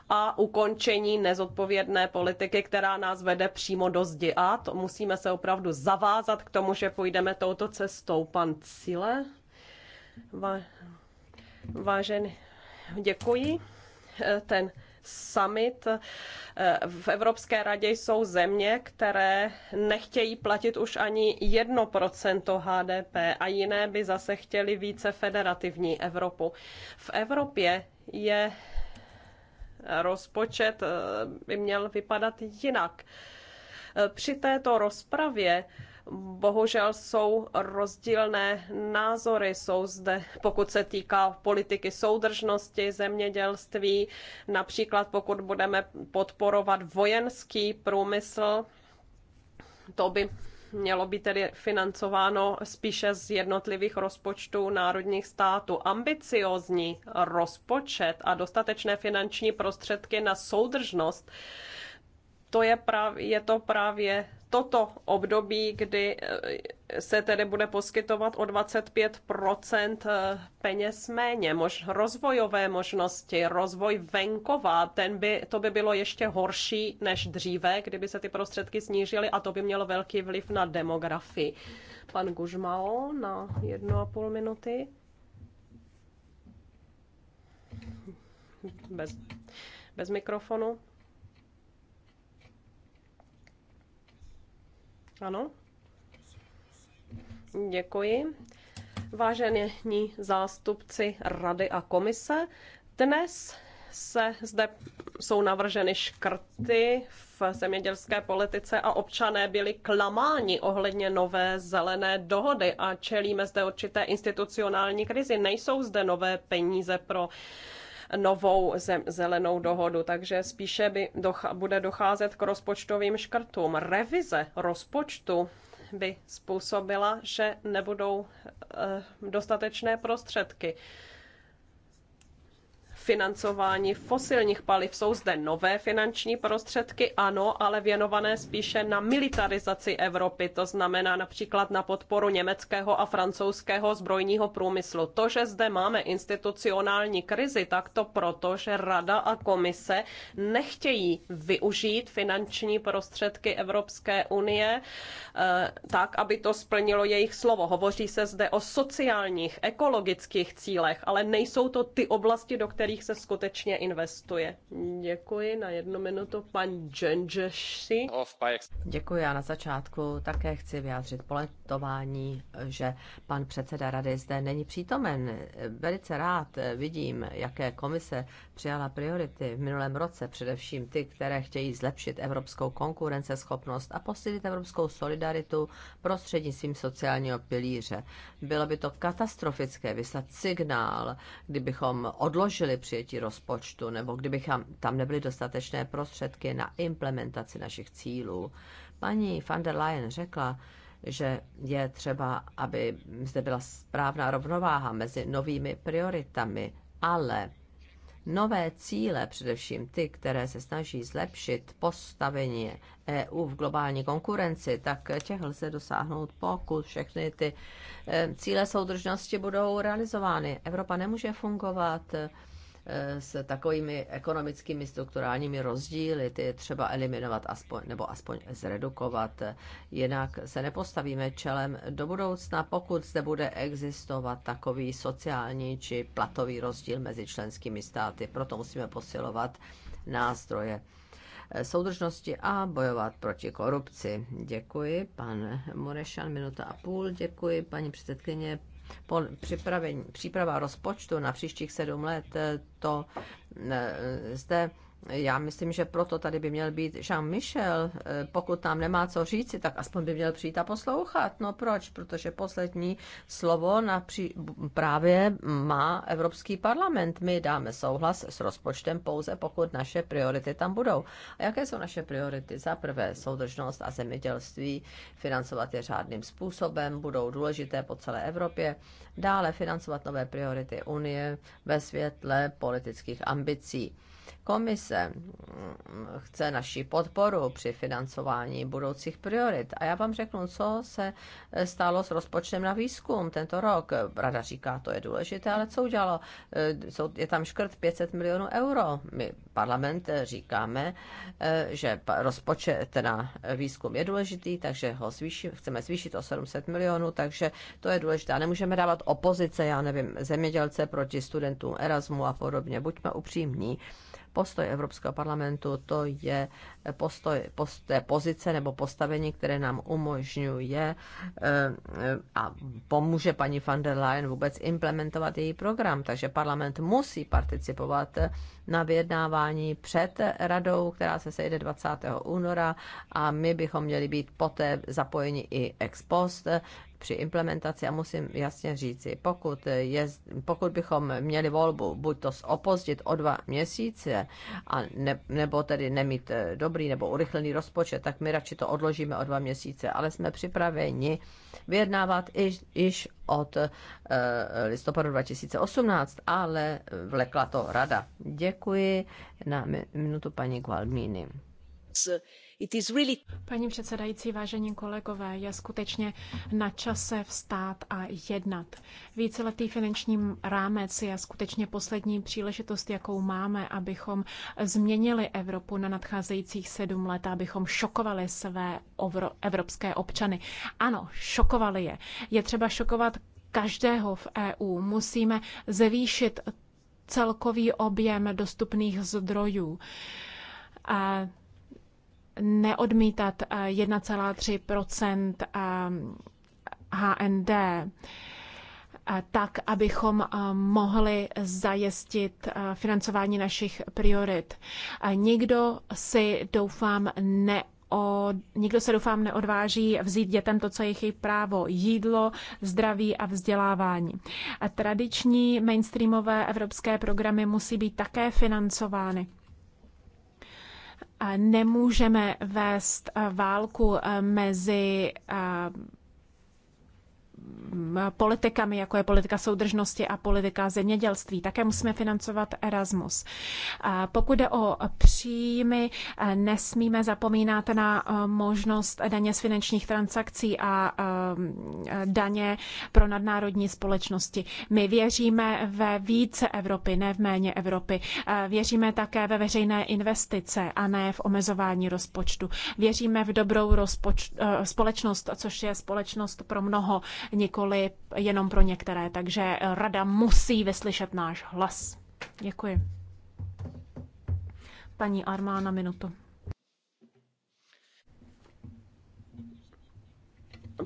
a ukončení nezodpovědné politiky, která nás vede přímo do zdi. A to musíme se opravdu zavázat k tomu, že půjdeme touto cestou. Pan Cile? Vážený Děkuji. Ten summit eh, v Evropské radě jsou země, které nechtějí platit už ani 1% HDP a jiné by zase chtěli více federativní Evropu. V Evropě je eh, rozpočet eh, by měl vypadat jinak. Při této rozpravě Bohužel jsou rozdílné názory, jsou zde, pokud se týká politiky soudržnosti, zemědělství, například pokud budeme podporovat vojenský průmysl, to by mělo být tedy financováno spíše z jednotlivých rozpočtů národních států. Ambiciozní rozpočet a dostatečné finanční prostředky na soudržnost, to je, právě, je to právě toto období, kdy eh, se tedy bude poskytovat o 25 eh, peněz méně, mož, rozvojové možnosti, rozvoj venkova, ten by, to by bylo ještě horší než dříve, kdyby se ty prostředky snížily a to by mělo velký vliv na demografii. Pan Gužmao na jednu a půl minuty. Bez, bez mikrofonu. Ano. Děkuji. Vážení zástupci Rady a komise, dnes se zde jsou navrženy škrty v zemědělské politice a občané byli klamáni ohledně nové zelené dohody a čelíme zde určité institucionální krizi. Nejsou zde nové peníze pro novou zem, zelenou dohodu, takže spíše by docha, bude docházet k rozpočtovým škrtům. Revize rozpočtu by způsobila, že nebudou eh, dostatečné prostředky financování fosilních paliv. Jsou zde nové finanční prostředky, ano, ale věnované spíše na militarizaci Evropy, to znamená například na podporu německého a francouzského zbrojního průmyslu. To, že zde máme institucionální krizi, tak to proto, že Rada a komise nechtějí využít finanční prostředky Evropské unie eh, tak, aby to splnilo jejich slovo. Hovoří se zde o sociálních, ekologických cílech, ale nejsou to ty oblasti, do kterých kterých se skutečně investuje. Děkuji na jednu minutu pan Dženžeši. Děkuji a na začátku také chci vyjádřit poletování, že pan předseda rady zde není přítomen. Velice rád vidím, jaké komise přijala priority v minulém roce, především ty, které chtějí zlepšit evropskou konkurenceschopnost a posílit evropskou solidaritu prostřednictvím sociálního pilíře. Bylo by to katastrofické vyslat signál, kdybychom odložili přijetí rozpočtu, nebo kdyby tam nebyly dostatečné prostředky na implementaci našich cílů. Paní van der Leyen řekla, že je třeba, aby zde byla správná rovnováha mezi novými prioritami, ale nové cíle, především ty, které se snaží zlepšit postavení EU v globální konkurenci, tak těch lze dosáhnout, pokud všechny ty eh, cíle soudržnosti budou realizovány. Evropa nemůže fungovat s takovými ekonomickými strukturálními rozdíly, ty je třeba eliminovat aspoň, nebo aspoň zredukovat. Jinak se nepostavíme čelem do budoucna, pokud zde bude existovat takový sociální či platový rozdíl mezi členskými státy. Proto musíme posilovat nástroje soudržnosti a bojovat proti korupci. Děkuji, pan Morešan, minuta a půl. Děkuji, paní předsedkyně, připravení, příprava rozpočtu na příštích sedm let, eh, to eh, zde já myslím, že proto tady by měl být Jean-Michel. Eh, pokud nám nemá co říci, tak aspoň by měl přijít a poslouchat. No proč? Protože poslední slovo na při... právě má Evropský parlament. My dáme souhlas s rozpočtem pouze, pokud naše priority tam budou. A jaké jsou naše priority? Za prvé soudržnost a zemědělství, financovat je řádným způsobem, budou důležité po celé Evropě. Dále financovat nové priority Unie ve světle politických ambicí Komise mm, chce naši podporu při financování budoucích priorit. A já vám řeknu, co se eh, stalo s rozpočtem na výzkum tento rok. Rada říká, to je důležité, ale co udělalo? Eh, je tam škrt 500 milionů euro. My parlament eh, říkáme, že rozpočet na výzkum je důležitý, takže ho zvýši, chceme zvýšit o 700 milionů, takže to je důležité. A nemůžeme dávat opozice, já nevím, zemědělce proti studentům Erasmu a podobně. Buďme upřímní. Postoj Evropského parlamentu to je postoj, post, pozice nebo postavení, které nám umožňuje eh, eh, a pomůže paní van der Leyen vůbec implementovat její program. Takže parlament musí participovat na vyjednávání před radou, která se sejde 20. února a my bychom měli být poté zapojeni i ex post při implementaci a musím jasně říci, pokud, je, pokud bychom měli volbu buď to opozdit o dva měsíce, a ne, nebo tedy nemít eh, dobrý nebo urychlený rozpočet, tak my radši to odložíme o dva měsíce, ale jsme připraveni vyjednávat již, již od e, listopadu 2018, ale vlekla to rada. Děkuji na minutu paní Gualmini. Paní předsedající, vážení kolegové, je skutečně na čase vstát a jednat. Víceletý finanční rámec je skutečně poslední příležitost, jakou máme, abychom změnili Evropu na nadcházejících sedm let, abychom šokovali své evropské občany. Ano, šokovali je. Je třeba šokovat každého v EU. Musíme zvýšit celkový objem dostupných zdrojů. A neodmítat 1,3 eh, eh, HND, eh, tak abychom mohli zajistit financování našich priorit. Nikdo si doufám ne o, nikdo se doufám neodváží vzít dětem to, co je jejich právo, jídlo, zdraví a vzdělávání. A tradiční mainstreamové evropské programy musí být také financovány nemůžeme vést eh, válku eh, mezi eh, politikami, jako je politika soudržnosti a politika zemědělství. Také musíme financovat Erasmus. Pokud jde o příjmy, nesmíme zapomínat na možnost daně z finančních transakcí a daně pro nadnárodní společnosti. My věříme ve více Evropy, ne v méně Evropy. Věříme také ve veřejné investice a ne v omezování rozpočtu. Věříme v dobrou rozpoč- společnost, což je společnost pro mnoho, nikoli nikoli jenom pro některé, takže rada musí vyslyšet náš hlas. Děkuji. Paní Armá na minutu.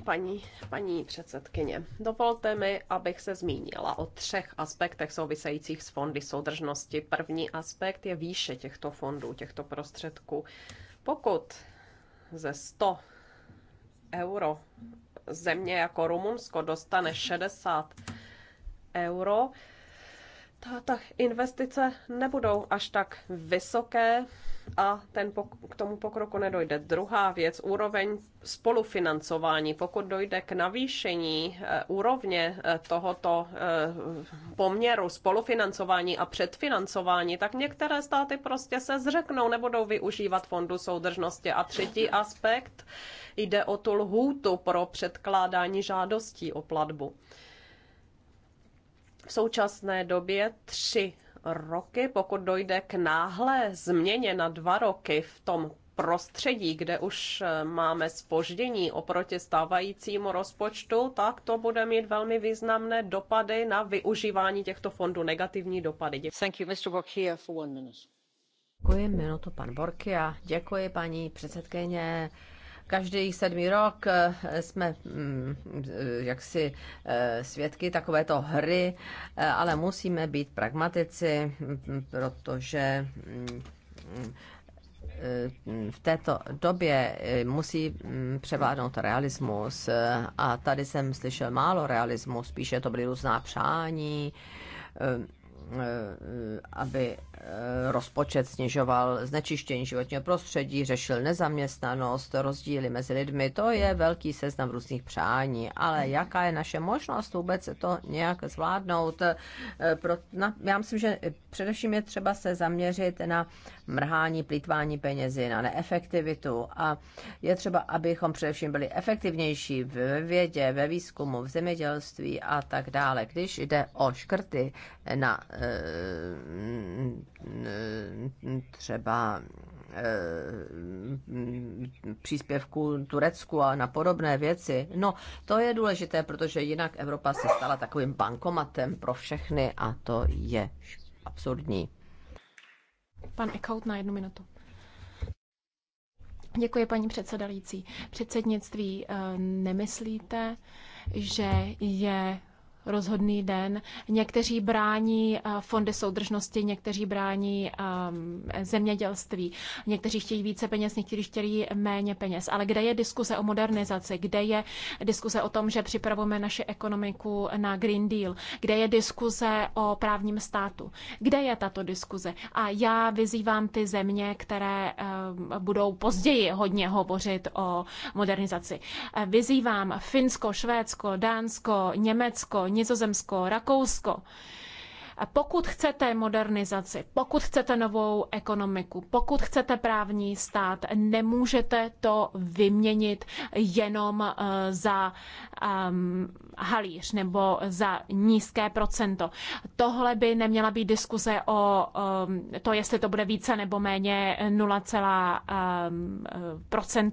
Paní, paní předsedkyně, dovolte mi, abych se zmínila o třech aspektech souvisejících s fondy soudržnosti. První aspekt je výše těchto fondů, těchto prostředků. Pokud ze 100 euro země jako Rumunsko dostane 60 euro, ta investice nebudou až tak vysoké, a ten k tomu pokroku nedojde. Druhá věc, úroveň spolufinancování. Pokud dojde k navýšení eh, úrovně eh, tohoto eh, poměru spolufinancování a předfinancování, tak některé státy prostě se zřeknou, nebudou využívat fondu soudržnosti. A třetí aspekt, jde o tu lhůtu pro předkládání žádostí o platbu. V současné době tři roky, pokud dojde k náhlé změně na dva roky v tom prostředí, kde už eh, máme spoždění oproti stávajícímu rozpočtu, tak to bude mít velmi významné dopady na využívání těchto fondů, negativní dopady. Děkuji. Thank you, Mr. Borkia, for one minute. Děkuji, minutu pan Borkia. Děkuji, paní předsedkyně. Každý sedmý rok eh, jsme mm, eh, jaksi eh, svědky takovéto hry, ale musíme být pragmatici, mm, protože mm, v této době musí převládnout realismus a tady jsem slyšel málo realismu, spíše to byly různá přání, Eh, aby eh, rozpočet snižoval znečištění životního prostředí, řešil nezaměstnanost, rozdíly mezi lidmi. To je velký seznam různých přání, ale jaká je naše možnost vůbec to nějak zvládnout? Eh, já myslím, že především je třeba se zaměřit na mrhání, plítvání penězi, na neefektivitu. A je třeba, abychom především byli efektivnější ve vědě, ve výzkumu, v zemědělství a tak dále. Když jde o škrty na eh, třeba eh, příspěvku Turecku a na podobné věci. No, to je důležité, protože jinak Evropa se stala takovým bankomatem pro všechny a to je absurdní. Pan Eckhout na jednu minutu. Děkuji, paní předsedající. Předsednictví eh, nemyslíte, že je rozhodný den. Někteří brání eh, fondy soudržnosti, někteří brání eh, zemědělství, někteří chtějí více peněz, někteří chtějí méně peněz. Ale kde je diskuse o modernizaci? Kde je diskuse o tom, že připravujeme naši ekonomiku na Green Deal? Kde je diskuse o právním státu? Kde je tato diskuze? A já vyzývám ty země, které eh, budou později hodně hovořit o modernizaci. Vyzývám Finsko, Švédsko, Dánsko, Německo, Nizozemsko, Rakousko. Pokud chcete modernizaci, pokud chcete novou ekonomiku, pokud chcete právní stát, nemůžete to vyměnit jenom eh, za um, halíř nebo za nízké procento. Tohle by neměla být diskuze o um, to, jestli to bude více nebo méně 0,1%. Ehm,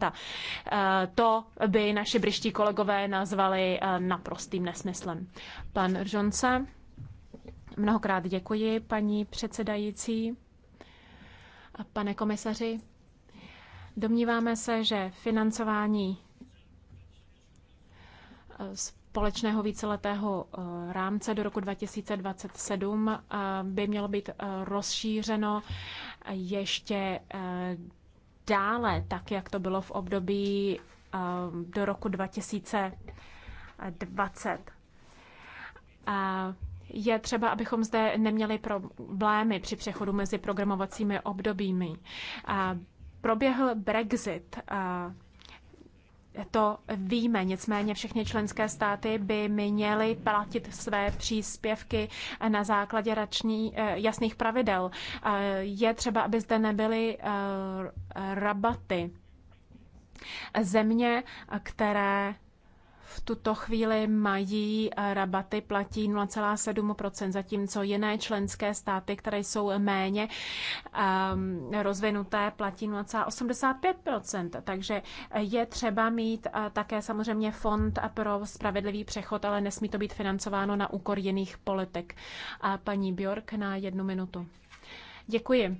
eh, to by naši briští kolegové nazvali eh, naprostým nesmyslem. Pan Žonce. Mnohokrát děkuji, paní předsedající. A pane komisaři, domníváme se, že financování eh, společného víceletého eh, rámce do roku 2027 eh, by mělo být rozšířeno ještě dále, tak jak to bylo v období do roku 2020 je třeba, abychom zde neměli problémy při přechodu mezi programovacími obdobími. Proběhl Brexit. To víme, nicméně všechny členské státy by měly platit své příspěvky na základě rační, eh, jasných pravidel. Je třeba, aby zde nebyly eh, rabaty. Země, které v tuto chvíli mají eh, rabaty, platí 0,7%, zatímco jiné členské státy, které jsou méně um, rozvinuté, platí 0,85%. Takže eh, je třeba mít eh, také samozřejmě fond pro spravedlivý přechod, ale nesmí to být financováno na úkor jiných politik. A paní Bjork na jednu minutu. Děkuji.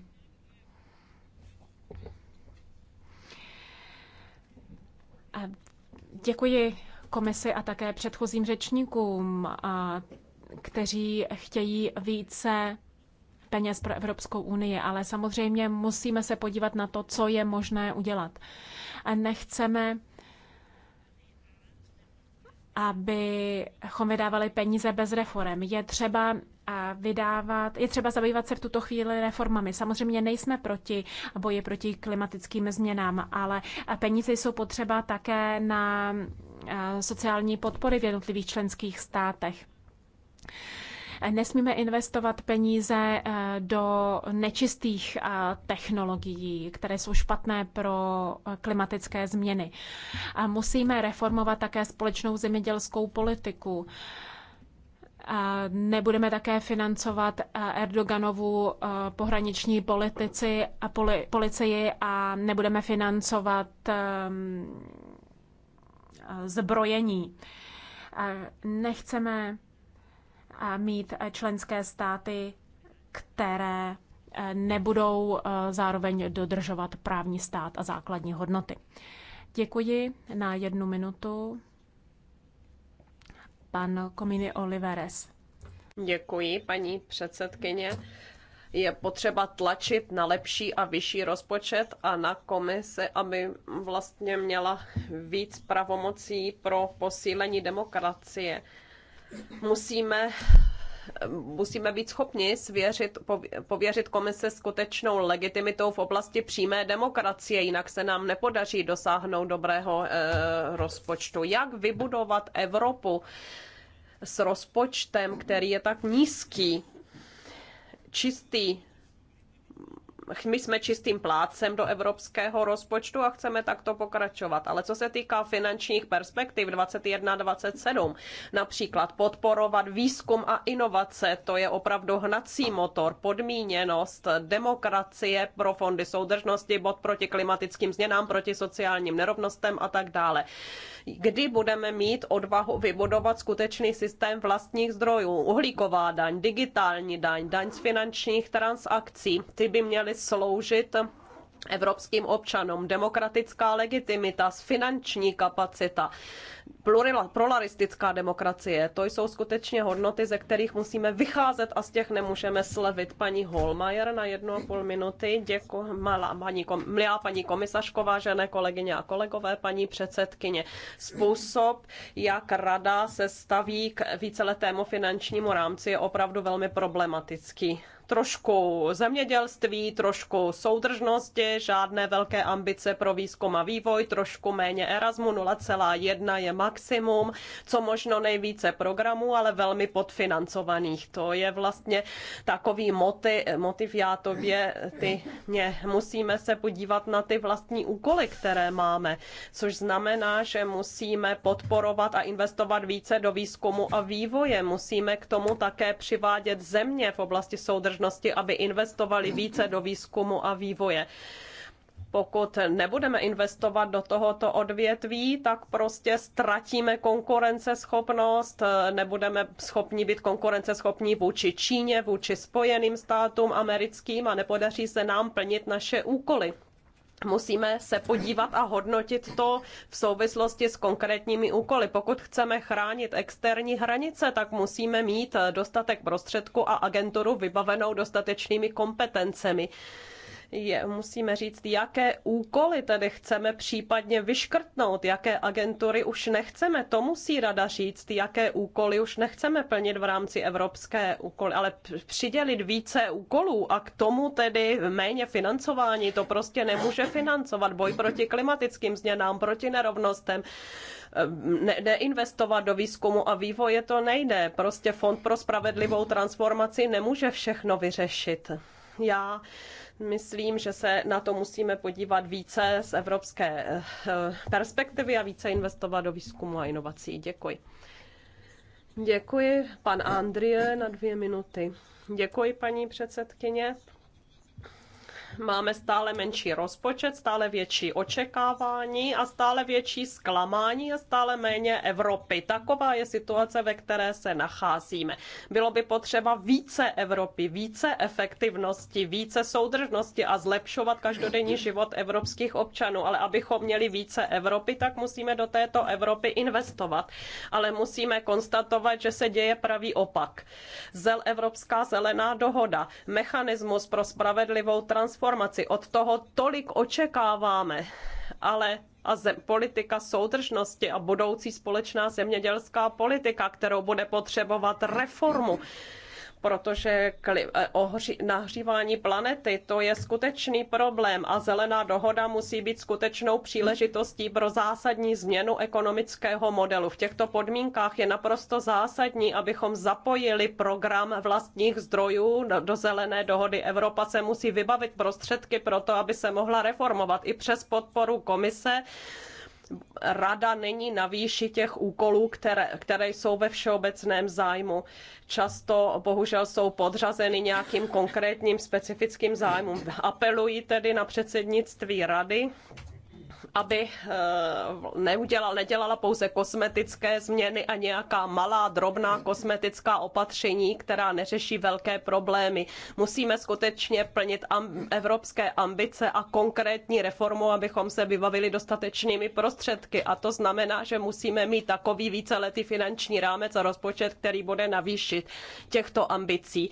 děkuji komisi a také předchozím řečníkům, kteří chtějí více peněz pro Evropskou unii, ale samozřejmě musíme se podívat na to, co je možné udělat. A nechceme, abychom vydávali peníze bez reform. Je třeba vydávat, je třeba zabývat se v tuto chvíli reformami. Samozřejmě nejsme proti boji proti klimatickým změnám, ale peníze jsou potřeba také na eh, sociální podpory v jednotlivých členských státech. Nesmíme investovat peníze eh, do nečistých eh, technologií, které jsou špatné pro klimatické změny. Musíme reformovat také společnou zemědělskou politiku Nebudeme také financovat eh, Erdoganovu eh, pohraniční politici a poli, policii a nebudeme financovat ehm, eh, zbrojení. Nechceme mít členské státy, které nebudou zároveň dodržovat právní stát a základní hodnoty. Děkuji na jednu minutu pan Kominy Oliveres. Děkuji, paní předsedkyně je potřeba tlačit na lepší a vyšší rozpočet a na komise, aby vlastně měla víc pravomocí pro posílení demokracie. Musíme musíme být schopni svěřit, pověřit komise skutečnou legitimitou v oblasti přímé demokracie, jinak se nám nepodaří dosáhnout dobrého eh, rozpočtu. Jak vybudovat Evropu s rozpočtem, který je tak nízký, čistý my jsme čistým plátcem do evropského rozpočtu a chceme takto pokračovat. Ale co se týká finančních perspektiv 21-27, například podporovat výzkum a inovace, to je opravdu hnací motor, podmíněnost, demokracie pro fondy soudržnosti, bod proti klimatickým změnám, proti sociálním nerovnostem a tak dále kdy budeme mít odvahu vybudovat skutečný systém vlastních zdrojů, uhlíková daň, digitální daň, daň z finančních transakcí, ty by měly sloužit evropským občanům, demokratická legitimita, finanční kapacita, pluralistická demokracie. To jsou skutečně hodnoty, ze kterých musíme vycházet a z těch nemůžeme slevit. Paní Holmajer na jednu a půl minuty. Děkuji, malá paní, milá paní komisařko, vážené kolegyně a kolegové, paní předsedkyně. Způsob, jak rada se staví k víceletému finančnímu rámci, je opravdu velmi problematický trošku zemědělství, trošku soudržnosti, žádné velké ambice pro výzkum a vývoj, trošku méně Erasmu, 0,1 je maximum, co možno nejvíce programů, ale velmi podfinancovaných. To je vlastně takový motiv, motiv já tobě, ty mě. Musíme se podívat na ty vlastní úkoly, které máme, což znamená, že musíme podporovat a investovat více do výzkumu a vývoje. Musíme k tomu také přivádět země v oblasti soudržnosti soudržnosti, aby investovali více do výzkumu a vývoje pokud nebudeme investovat do tohoto odvětví, tak prostě ztratíme konkurenceschopnost, nebudeme schopni být konkurenceschopní vůči Číně, vůči Spojeným státům americkým a nepodaří se nám plnit naše úkoly musíme se podívat a hodnotit to v souvislosti s konkrétními úkoly. Pokud chceme chránit externí hranice, tak musíme mít dostatek prostředků a agenturu vybavenou dostatečnými kompetencemi je, musíme říct, jaké úkoly tedy chceme případně vyškrtnout, jaké agentury už nechceme. To musí rada říct, jaké úkoly už nechceme plnit v rámci evropské úkoly, ale přidělit více úkolů a k tomu tedy méně financování, to prostě nemůže financovat boj proti klimatickým změnám, proti nerovnostem ehm, ne, neinvestovat do výzkumu a vývoje to nejde. Prostě Fond pro spravedlivou transformaci nemůže všechno vyřešit. Já Myslím, že se na to musíme podívat více z evropské eh, perspektivy a více investovat do výzkumu a inovací. Děkuji. Děkuji, pan Andrie, na dvě minuty. Děkuji, paní předsedkyně máme stále menší rozpočet, stále větší očekávání a stále větší zklamání a stále méně Evropy. Taková je situace, ve které se nacházíme. Bylo by potřeba více Evropy, více efektivnosti, více soudržnosti a zlepšovat každodenní život evropských občanů. Ale abychom měli více Evropy, tak musíme do této Evropy investovat. Ale musíme konstatovat, že se děje pravý opak. Zel Evropská zelená dohoda, mechanismus pro spravedlivou transformaci transformaci. Od toho tolik očekáváme, ale a zem, politika soudržnosti a budoucí společná zemědělská politika, kterou bude potřebovat reformu protože eh, nahřívání planety to je skutečný problém a zelená dohoda musí být skutečnou příležitostí pro zásadní změnu ekonomického modelu. V těchto podmínkách je naprosto zásadní, abychom zapojili program vlastních zdrojů do zelené dohody. Evropa se musí vybavit prostředky pro to, aby se mohla reformovat i přes podporu komise rada není na výši těch úkolů, které, které jsou ve všeobecném zájmu. Často bohužel jsou podřazeny nějakým konkrétním specifickým zájmům. Apeluji tedy na předsednictví rady, aby eh, neudělala, nedělala pouze kosmetické změny a nějaká malá, drobná kosmetická opatření, která neřeší velké problémy. Musíme skutečně plnit evropské ambice a konkrétní reformu, abychom se vybavili dostatečnými prostředky. A to znamená, že musíme mít takový víceletý finanční rámec a rozpočet, který bude navýšit těchto ambicí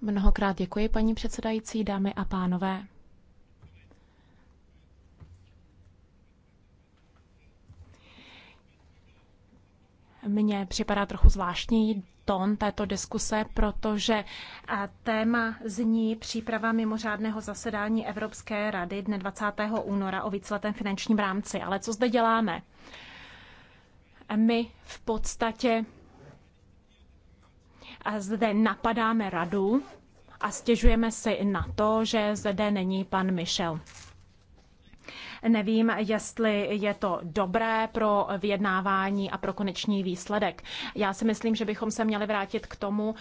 Mnohokrát děkuji, paní předsedající, dámy a pánové. Mně připadá trochu zvláštní tón této diskuse, protože téma zní příprava mimořádného zasedání Evropské rady dne 20. února o víceletém finančním rámci. Ale co zde děláme? My v podstatě a zde napadáme radu a stěžujeme si na to, že zde není pan Michel. Nevím, jestli je to dobré pro vyjednávání a pro konečný výsledek. Já si myslím, že bychom se měli vrátit k tomu,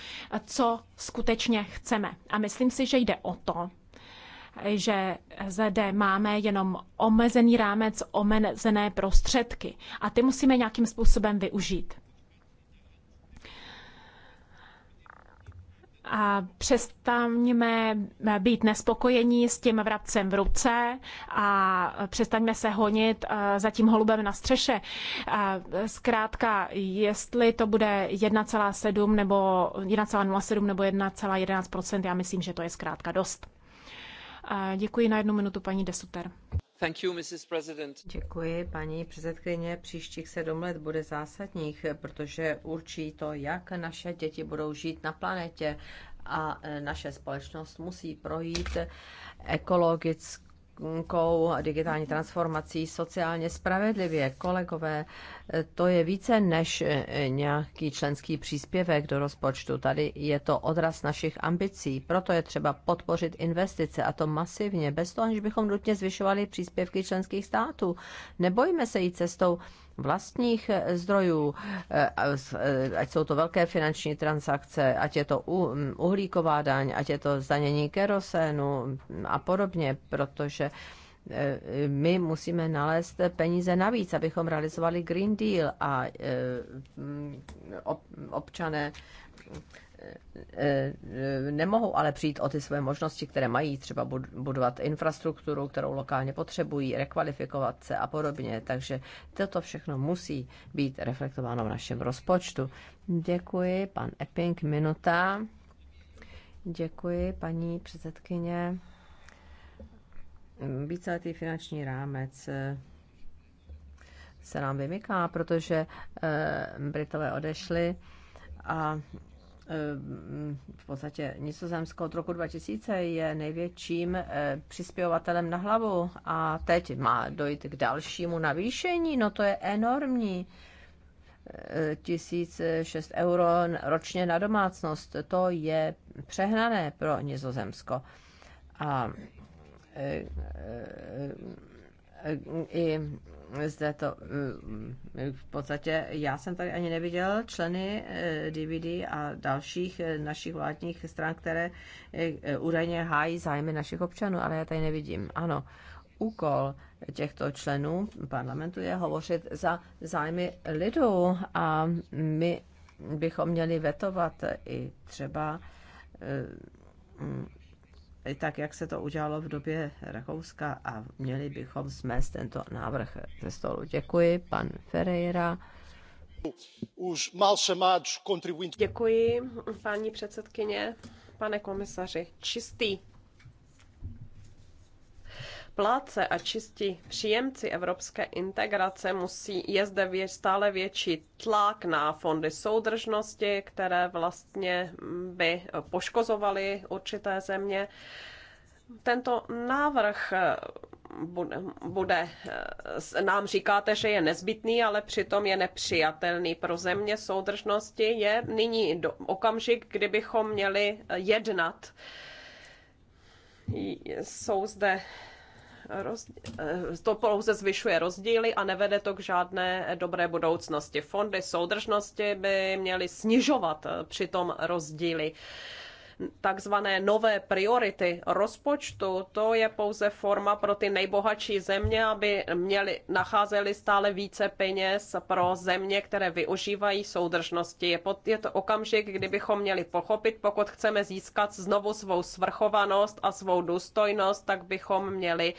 co skutečně chceme. A myslím si, že jde o to, že zde máme jenom omezený rámec, omezené prostředky a ty musíme nějakým způsobem využít. a přestaňme být nespokojení s tím vrabcem v ruce a přestaňme se honit eh, za tím holubem na střeše. Eh, zkrátka, jestli to bude 1,7 nebo 1,07 nebo 1,11%, já myslím, že to je zkrátka dost. Eh, děkuji na jednu minutu paní Desuter. Děkuji, paní předsedající Příštích sedm let bude zásadních, protože určí to, jak naše děti budou žít na planetě a e, naše společnost musí projít ekologicky ekonomikou a digitální transformací sociálně spravedlivě. Kolegové, to je více než nějaký členský příspěvek do rozpočtu. Tady je to odraz našich ambicí. Proto je třeba podpořit investice a to masivně, bez toho, aniž bychom nutně zvyšovali příspěvky členských států. Nebojíme se jít cestou vlastních eh, zdrojů, eh, eh, ať jsou to velké finanční transakce, ať je to uhlíková daň, ať je to zdanění kerosénu a podobně, protože my musíme nalézt peníze navíc, abychom realizovali Green Deal a občané Eh, eh, nemohou ale přijít o ty své možnosti, které mají, třeba budovat infrastrukturu, kterou lokálně potřebují, rekvalifikovat se a podobně. Takže toto všechno musí být reflektováno v našem rozpočtu. Děkuji, pan Epping, minuta. Děkuji, paní předsedkyně. Víceletý finanční rámec eh, se nám vymyká, protože Britové odešli a Ehm, v podstatě Nizozemsko od roku 2000 je největším eh, přispěvatelem na hlavu a teď má dojít k dalšímu navýšení, no to je enormní. 1006 eh, euro ročně na domácnost, to je přehnané pro Nizozemsko. A eh, i zde to mm, v podstatě já jsem tady ani neviděl členy DVD eh, a dalších eh, našich vládních stran, které eh, údajně hájí zájmy našich občanů, ale já tady nevidím. Ano, úkol těchto členů parlamentu je hovořit za zájmy lidu a my bychom měli vetovat i třeba tak jak se to udělalo v době Rakouska a měli bychom smést tento návrh ze stolu. Děkuji, pan Ferreira. Děkuji, paní předsedkyně, pane komisaři. Čistý plátce a čistí příjemci evropské integrace musí, je zde vě, stále větší tlak na fondy soudržnosti, které vlastně by poškozovaly určité země. Tento návrh eh, bude, bude, eh, nám říkáte, že je nezbytný, ale přitom je nepřijatelný pro země soudržnosti, je nyní do, okamžik, kdybychom měli jednat. Jsou zde roz, eh, to pouze zvyšuje rozdíly a nevede to k žádné dobré budoucnosti. Fondy soudržnosti by měly snižovat eh, přitom rozdíly takzvané nové priority rozpočtu, to je pouze forma pro ty nejbohatší země, aby měli, nacházeli stále více peněz pro země, které využívají soudržnosti. Je, pod, je to okamžik, kdybychom měli pochopit, pokud chceme získat znovu svou svrchovanost a svou důstojnost, tak bychom měli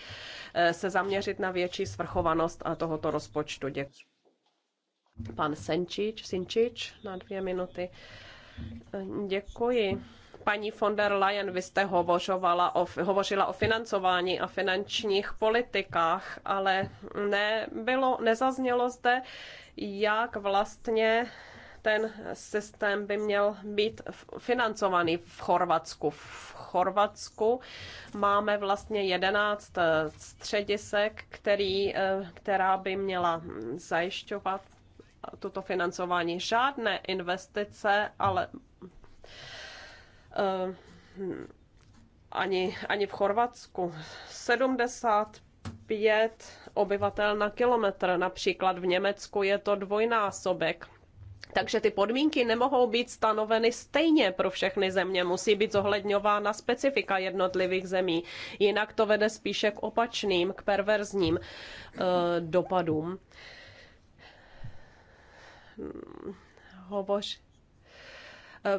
eh, se zaměřit na větší svrchovanost a tohoto rozpočtu. Děkuji. Pan Senčič, Sinčič na dvě minuty. Děkuji. Paní von der Leyen, vy jste hovořovala o, hovořila o financování a finančních politikách, ale nebylo, nezaznělo zde, jak vlastně ten systém by měl být financovaný v Chorvatsku. V Chorvatsku máme vlastně 11 eh, středisek, který, eh, která by měla zajišťovat toto financování. Žádné investice, ale Eh, ani, ani v Chorvatsku. 75 obyvatel na kilometr, například v Německu je to dvojnásobek. Takže ty podmínky nemohou být stanoveny stejně pro všechny země, musí být zohledňována specifika jednotlivých zemí, jinak to vede spíše k opačným, k perverzním uh, dopadům. Hm, hovoř.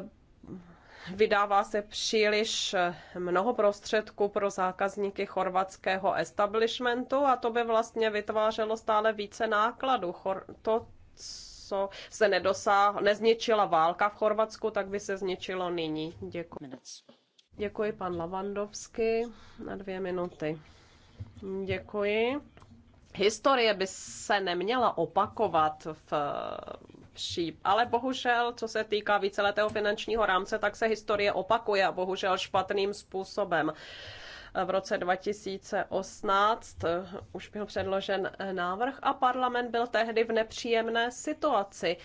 Uh, vydává se příliš mnoho prostředků pro zákazníky chorvatského establishmentu a to by vlastně vytvářelo stále více nákladů. To, co se nedosáh, nezničila válka v Chorvatsku, tak by se zničilo nyní. Děkuji. Děkuji pan Lavandovský na dvě minuty. Děkuji. Historie by se neměla opakovat v lepší. Ale bohužel, co se týká víceletého finančního rámce, tak se historie opakuje a bohužel špatným způsobem v roce 2018 eh, už byl předložen eh, návrh a parlament byl tehdy v nepříjemné situaci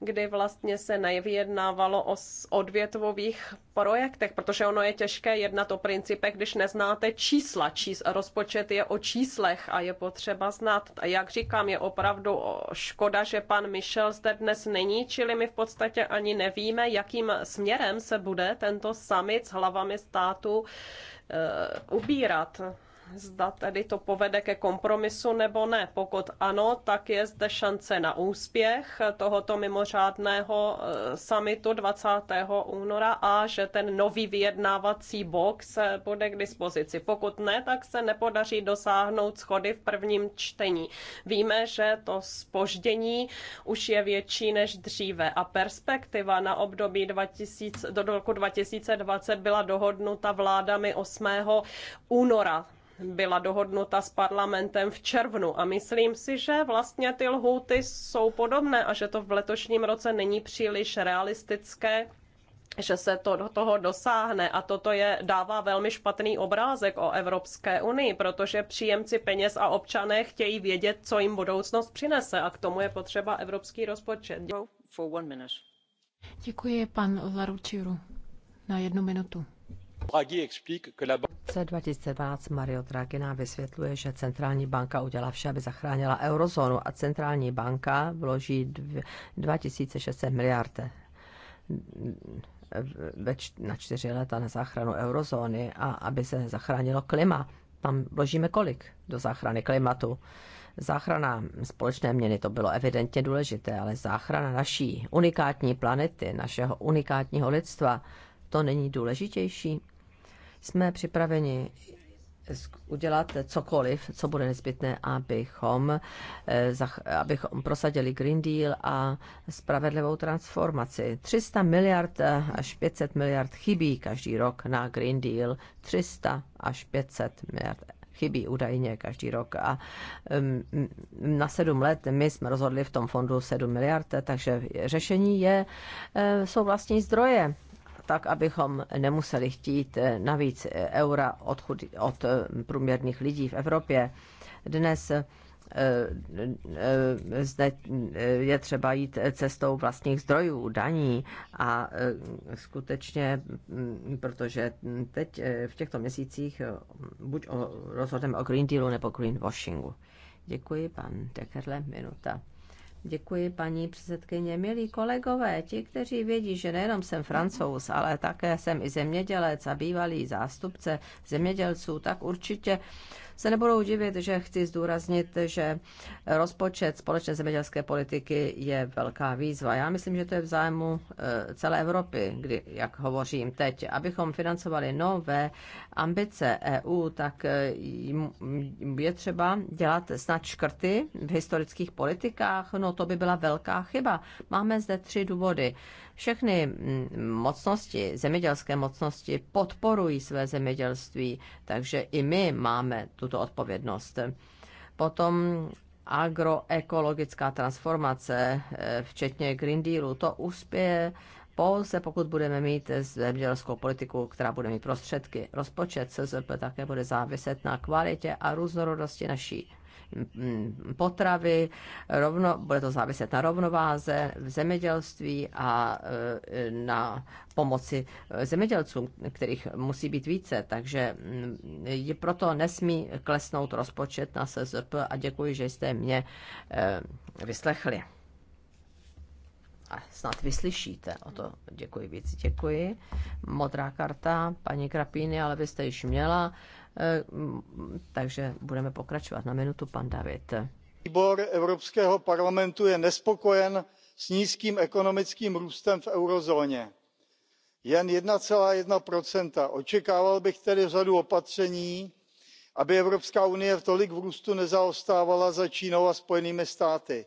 kdy vlastně se nevyjednávalo o odvětvových projektech, protože ono je těžké jednat o principech, když neznáte čísla. Čís, rozpočet je o číslech a je potřeba znát. A jak říkám, je opravdu škoda, že pan Michel zde dnes není, čili my v podstatě ani nevíme, jakým směrem se bude tento summit s hlavami státu e, ubírat zda tedy to povede ke kompromisu nebo ne. Pokud ano, tak je zde šance na úspěch tohoto mimořádného eh, samitu 20. února a že ten nový vyjednávací box bude k dispozici. Pokud ne, tak se nepodaří dosáhnout schody v prvním čtení. Víme, že to spoždění už je větší než dříve a perspektiva na období 2000, do roku 2020 byla dohodnuta vládami 8. února byla dohodnuta s parlamentem v červnu. A myslím si, že vlastně ty lhůty jsou podobné a že to v letošním roce není příliš realistické že se to do toho dosáhne a toto je, dává velmi špatný obrázek o Evropské unii, protože příjemci peněz a občané chtějí vědět, co jim budoucnost přinese a k tomu je potřeba evropský rozpočet. Děkuji, pan Laručiru na jednu minutu. V roce 2012 Mario Draghi nám vysvětluje, že centrální banka udělá vše, aby zachránila eurozónu a centrální banka vloží 2600 miliard eh, na čtyři leta na záchranu eurozóny a aby se zachránilo klima. Tam vložíme kolik do záchrany klimatu? Záchrana společné měny, to bylo evidentně důležité, ale záchrana naší unikátní planety, našeho unikátního lidstva, to není důležitější? jsme připraveni udělat cokoliv, co bude nezbytné, abychom, eh, abychom prosadili Green Deal a spravedlivou transformaci. 300 miliard až 500 miliard chybí každý rok na Green Deal. 300 až 500 miliard chybí údajně každý rok. A na sedm let my jsme rozhodli v tom fondu 7 miliard, takže řešení je, eh, jsou vlastní zdroje tak abychom nemuseli chtít eh, navíc eh, eura od, chud, eh, od průměrných lidí v Evropě. Dnes zde je třeba jít cestou vlastních zdrojů, daní a skutečně, mm, protože teď v těchto měsících buď rozhodneme o Green Dealu nebo Greenwashingu. Děkuji, pan Dekerle, minuta. Děkuji, paní předsedkyně. Milí kolegové, ti, kteří vědí, že nejenom jsem francouz, ale také jsem i zemědělec a bývalý zástupce zemědělců, tak určitě se nebudou divit, že chci zdůraznit, že rozpočet společné zemědělské politiky je velká výzva. Já myslím, že to je v zájmu eh, celé Evropy, kdy, jak hovořím teď, abychom financovali nové ambice EU, tak e, je třeba dělat snad škrty v historických politikách, no to by byla velká chyba. Máme zde tři důvody. Všechny mm, mocnosti, zemědělské mocnosti podporují své zemědělství, takže i my máme tuto odpovědnost. Potom agroekologická transformace, e, včetně Green Dealu, to uspěje pouze pokud budeme mít zemědělskou politiku, která bude mít prostředky. Rozpočet CZP také bude záviset na kvalitě a různorodosti naší mm, mm, potravy, rovno, bude to záviset na rovnováze v zemědělství a e, na pomoci e, zemědělcům, kterých musí být více, takže mm, je proto nesmí klesnout rozpočet na SZP a děkuji, že jste mě e, vyslechli a snad vyslyšíte. O to děkuji víc. Děkuji. Modrá karta, paní Krapíny, ale vy jste již měla, eh, takže budeme pokračovat na minutu, pan David. Výbor Evropského parlamentu je nespokojen s nízkým ekonomickým růstem v eurozóně. Jen 1,1 Očekával bych tedy řadu opatření, aby Evropská unie v tolik v růstu nezaostávala za Čínou a Spojenými státy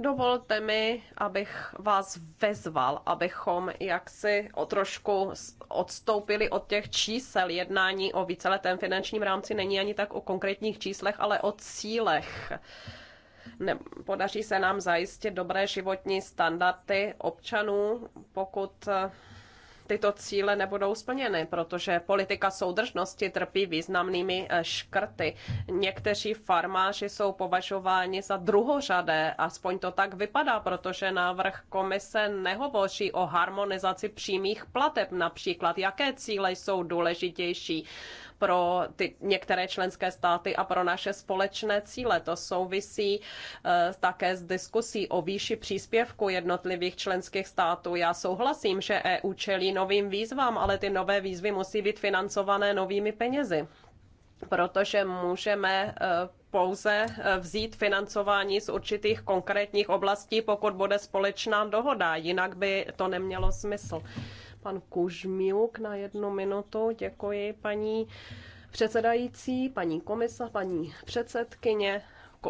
Dovolte mi, abych vás vezval, abychom jaksi o trošku odstoupili od těch čísel. Jednání o víceletém finančním rámci není ani tak o konkrétních číslech, ale o cílech. Ne, podaří se nám zajistit dobré životní standardy občanů, pokud eh, tyto cíle nebudou splněny, protože politika soudržnosti trpí významnými eh, škrty. Někteří farmáři jsou považováni za druhořadé, aspoň to tak vypadá, protože návrh komise nehovoří o harmonizaci přímých plateb například, jaké cíle jsou důležitější pro ty některé členské státy a pro naše společné cíle. To souvisí eh, také s diskusí o výši příspěvku jednotlivých členských států. Já souhlasím, že EU čelí novým výzvám, ale ty nové výzvy musí být financované novými penězi protože můžeme eh, pouze eh, vzít financování z určitých konkrétních oblastí, pokud bude společná dohoda, jinak by to nemělo smysl. Pan Kužmiuk na jednu minutu. Děkuji, paní předsedající, paní komisa, paní předsedkyně,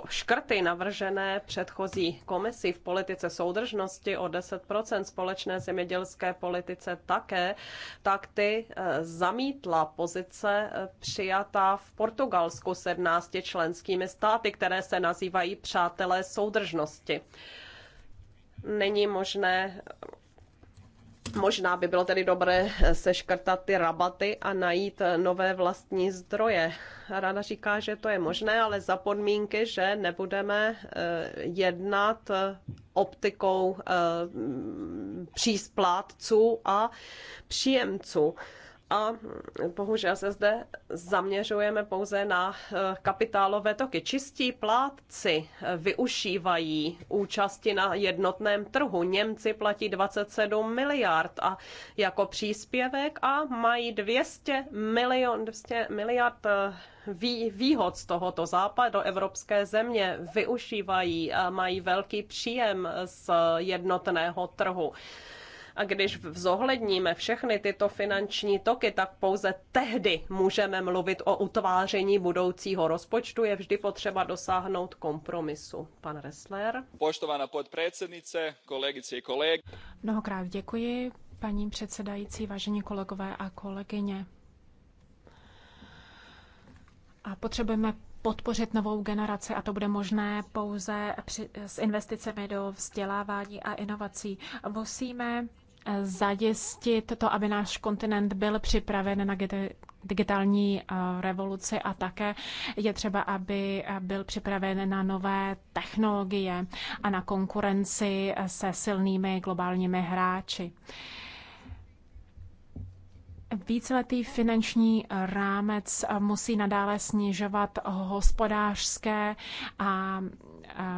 škrty navržené předchozí komisi v politice soudržnosti o 10% společné zemědělské politice také, tak ty eh, zamítla pozice eh, přijatá v Portugalsku 17 členskými státy, které se nazývají přátelé soudržnosti. Není možné Možná by bylo tedy dobré eh, seškrtat ty rabaty a najít eh, nové vlastní zdroje. Rada říká, že to je možné, ale za podmínky, že nebudeme eh, jednat optikou přísplátců a příjemců a bohužel se zde zaměřujeme pouze na eh, kapitálové toky. Čistí plátci eh, využívají účasti na jednotném trhu. Němci platí 27 miliard a jako příspěvek a mají 200, milion, 200 miliard eh, vý, výhod z tohoto západu. Evropské země využívají a mají velký příjem z jednotného trhu. A když vzohledníme všechny tyto finanční toky, tak pouze tehdy můžeme mluvit o utváření budoucího rozpočtu. Je vždy potřeba dosáhnout kompromisu. Pan Ressler. Poštovaná podpredsednice, kolegice i kolegy. Mnohokrát děkuji, paní předsedající, vážení kolegové a kolegyně. A potřebujeme podpořit novou generaci a to bude možné pouze při, s investicemi do vzdělávání a inovací. Musíme zajistit to, aby náš kontinent byl připraven na digitální eh, revoluci a také je třeba, aby eh, byl připraven na nové technologie a na konkurenci eh, se silnými globálními hráči. Víceletý finanční rámec musí nadále snižovat hospodářské a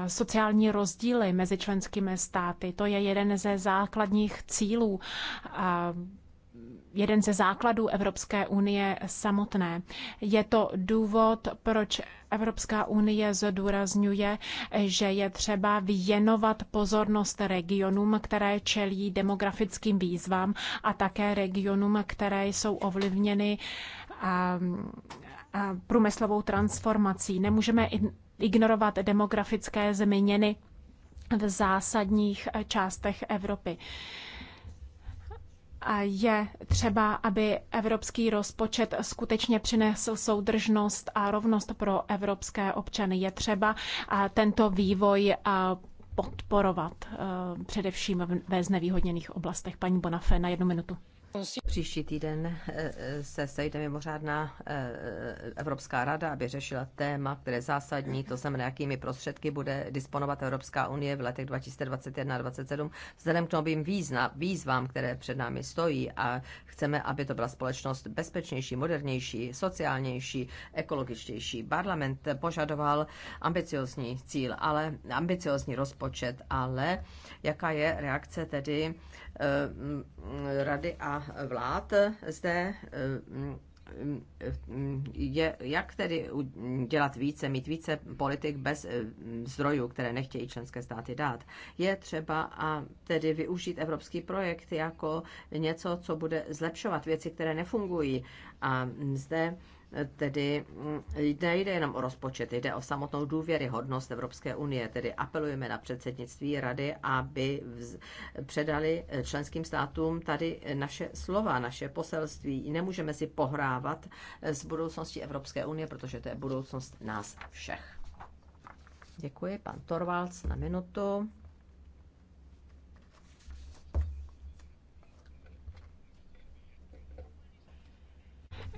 sociální rozdíly mezi členskými státy. To je jeden ze základních cílů, jeden ze základů Evropské unie samotné. Je to důvod, proč Evropská unie zdůrazňuje, že je třeba věnovat pozornost regionům, které čelí demografickým výzvám a také regionům, které jsou ovlivněny a, a průmyslovou transformací. Nemůžeme ignorovat demografické změny v zásadních částech Evropy. A je třeba, aby evropský rozpočet skutečně přinesl soudržnost a rovnost pro evropské občany. Je třeba tento vývoj podporovat především ve znevýhodněných oblastech. Paní Bonafé, na jednu minutu. Příští týden eh, eh, se sejde mimořádná eh, Evropská rada, aby řešila téma, které je zásadní, to znamená, jakými prostředky bude disponovat Evropská unie v letech 2021 a 2027 vzhledem k novým výzvám, které před námi stojí a chceme, aby to byla společnost bezpečnější, modernější, sociálnější, ekologičtější. Parlament požadoval ambiciozní cíl, ale ambiciozní rozpočet, ale jaká je reakce tedy Eh, rady a vlád zde eh, je, jak tedy dělat více, mít více politik bez eh, zdrojů, které nechtějí členské státy dát. Je třeba a tedy využít evropský projekt jako něco, co bude zlepšovat věci, které nefungují. A zde tedy nejde mm, jenom o rozpočet, jde o samotnou důvěryhodnost Evropské unie, tedy apelujeme na předsednictví rady, aby vz, předali eh, členským státům tady eh, naše slova, naše poselství. Nemůžeme si pohrávat eh, s budoucností Evropské unie, protože to je budoucnost nás všech. Děkuji, pan Torvalds na minutu.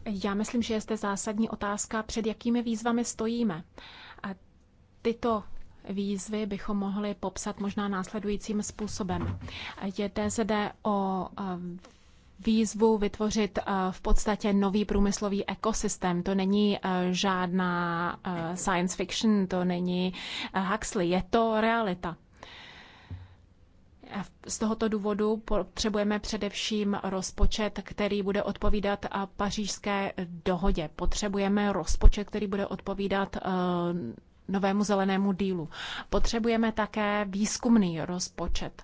Já myslím, že je zde zásadní otázka, před jakými výzvami stojíme. A tyto výzvy bychom mohli popsat možná následujícím způsobem. Jde zde o výzvu vytvořit v podstatě nový průmyslový ekosystém. To není žádná science fiction, to není Huxley, je to realita. Z tohoto důvodu potřebujeme především rozpočet, který bude odpovídat a pařížské dohodě. Potřebujeme rozpočet, který bude odpovídat e, novému zelenému dílu. Potřebujeme také výzkumný rozpočet,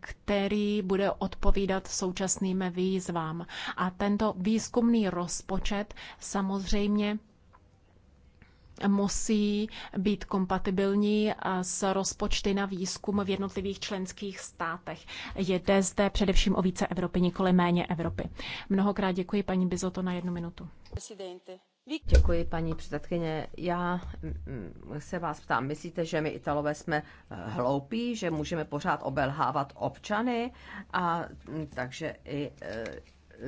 který bude odpovídat současným výzvám. A tento výzkumný rozpočet samozřejmě musí být kompatibilní s rozpočty na výzkum v jednotlivých členských státech. Jde zde především o více Evropy, nikoli méně Evropy. Mnohokrát děkuji paní Bizoto na jednu minutu. Děkuji, paní předsedkyně. Já mm, se vás ptám, myslíte, že my Italové jsme eh, hloupí, že můžeme pořád obelhávat občany? A mm, takže i eh,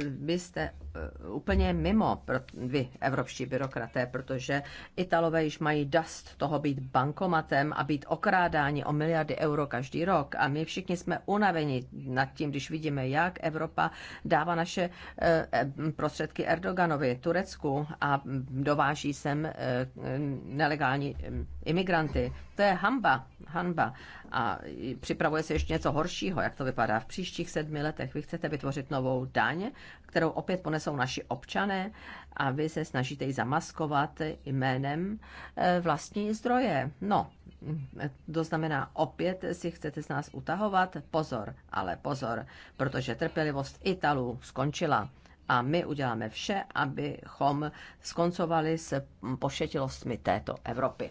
vy jste eh, úplně mimo, vy evropští byrokraté, protože Italové již mají dost toho být bankomatem a být okrádáni o miliardy euro každý rok. A my všichni jsme unaveni nad tím, když vidíme, jak Evropa dává naše eh, eh, prostředky Erdoganovi, Turecku a dováží sem nelegální imigranty. To je hamba, hanba. A připravuje se ještě něco horšího, jak to vypadá. V příštích sedmi letech vy chcete vytvořit novou daň, kterou opět ponesou naši občané a vy se snažíte ji zamaskovat jménem eh, vlastní zdroje. No, to znamená, opět si chcete z nás utahovat. Pozor, ale pozor, protože trpělivost Italů skončila. A my uděláme vše, abychom skoncovali s pošetilostmi této Evropy.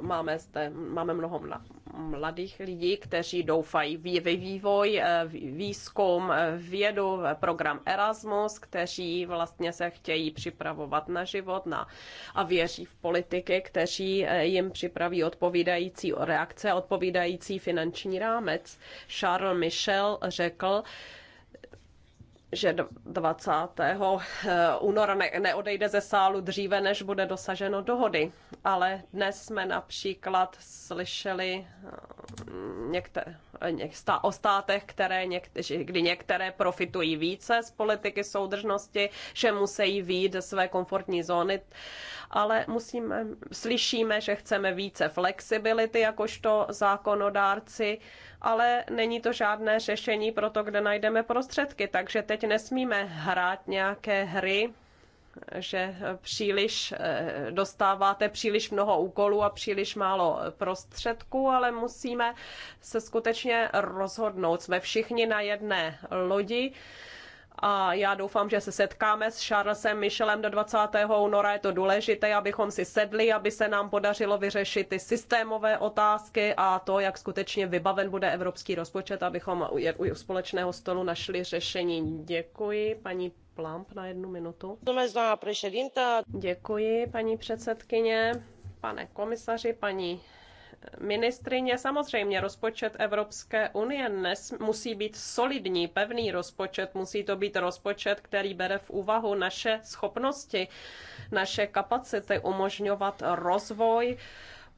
Máme zde máme mnoho mladých lidí, kteří doufají v vývoj, eh, výzkum, eh, vědu, program Erasmus, kteří vlastně se chtějí připravovat na život na, a věří v politiky, kteří eh, jim připraví odpovídající reakce, odpovídající finanční rámec. Charles Michel řekl, že 20. Eh, února ne- neodejde ze sálu dříve, než bude dosaženo dohody. Ale dnes jsme například slyšeli eh, některé, eh, stá, o státech, které někte- kdy některé profitují více z politiky soudržnosti, že musí výjít ze své komfortní zóny, ale musíme, slyšíme, že chceme více flexibility jakožto zákonodárci, ale není to žádné řešení pro to, kde najdeme prostředky. Takže teď nesmíme hrát nějaké hry, že příliš eh, dostáváte příliš mnoho úkolů a příliš málo prostředků, ale musíme se skutečně rozhodnout. Jsme všichni na jedné lodi a já doufám, že se setkáme s Charlesem Michelem do 20. února. Je to důležité, abychom si sedli, aby se nám podařilo vyřešit ty systémové otázky a to, jak skutečně vybaven bude evropský rozpočet, abychom u společného stolu našli řešení. Děkuji, paní Plamp, na jednu minutu. Děkuji, paní předsedkyně, pane komisaři, paní ministrině, samozřejmě rozpočet Evropské unie nes, musí být solidní, pevný rozpočet, musí to být rozpočet, který bere v úvahu naše schopnosti, naše kapacity umožňovat rozvoj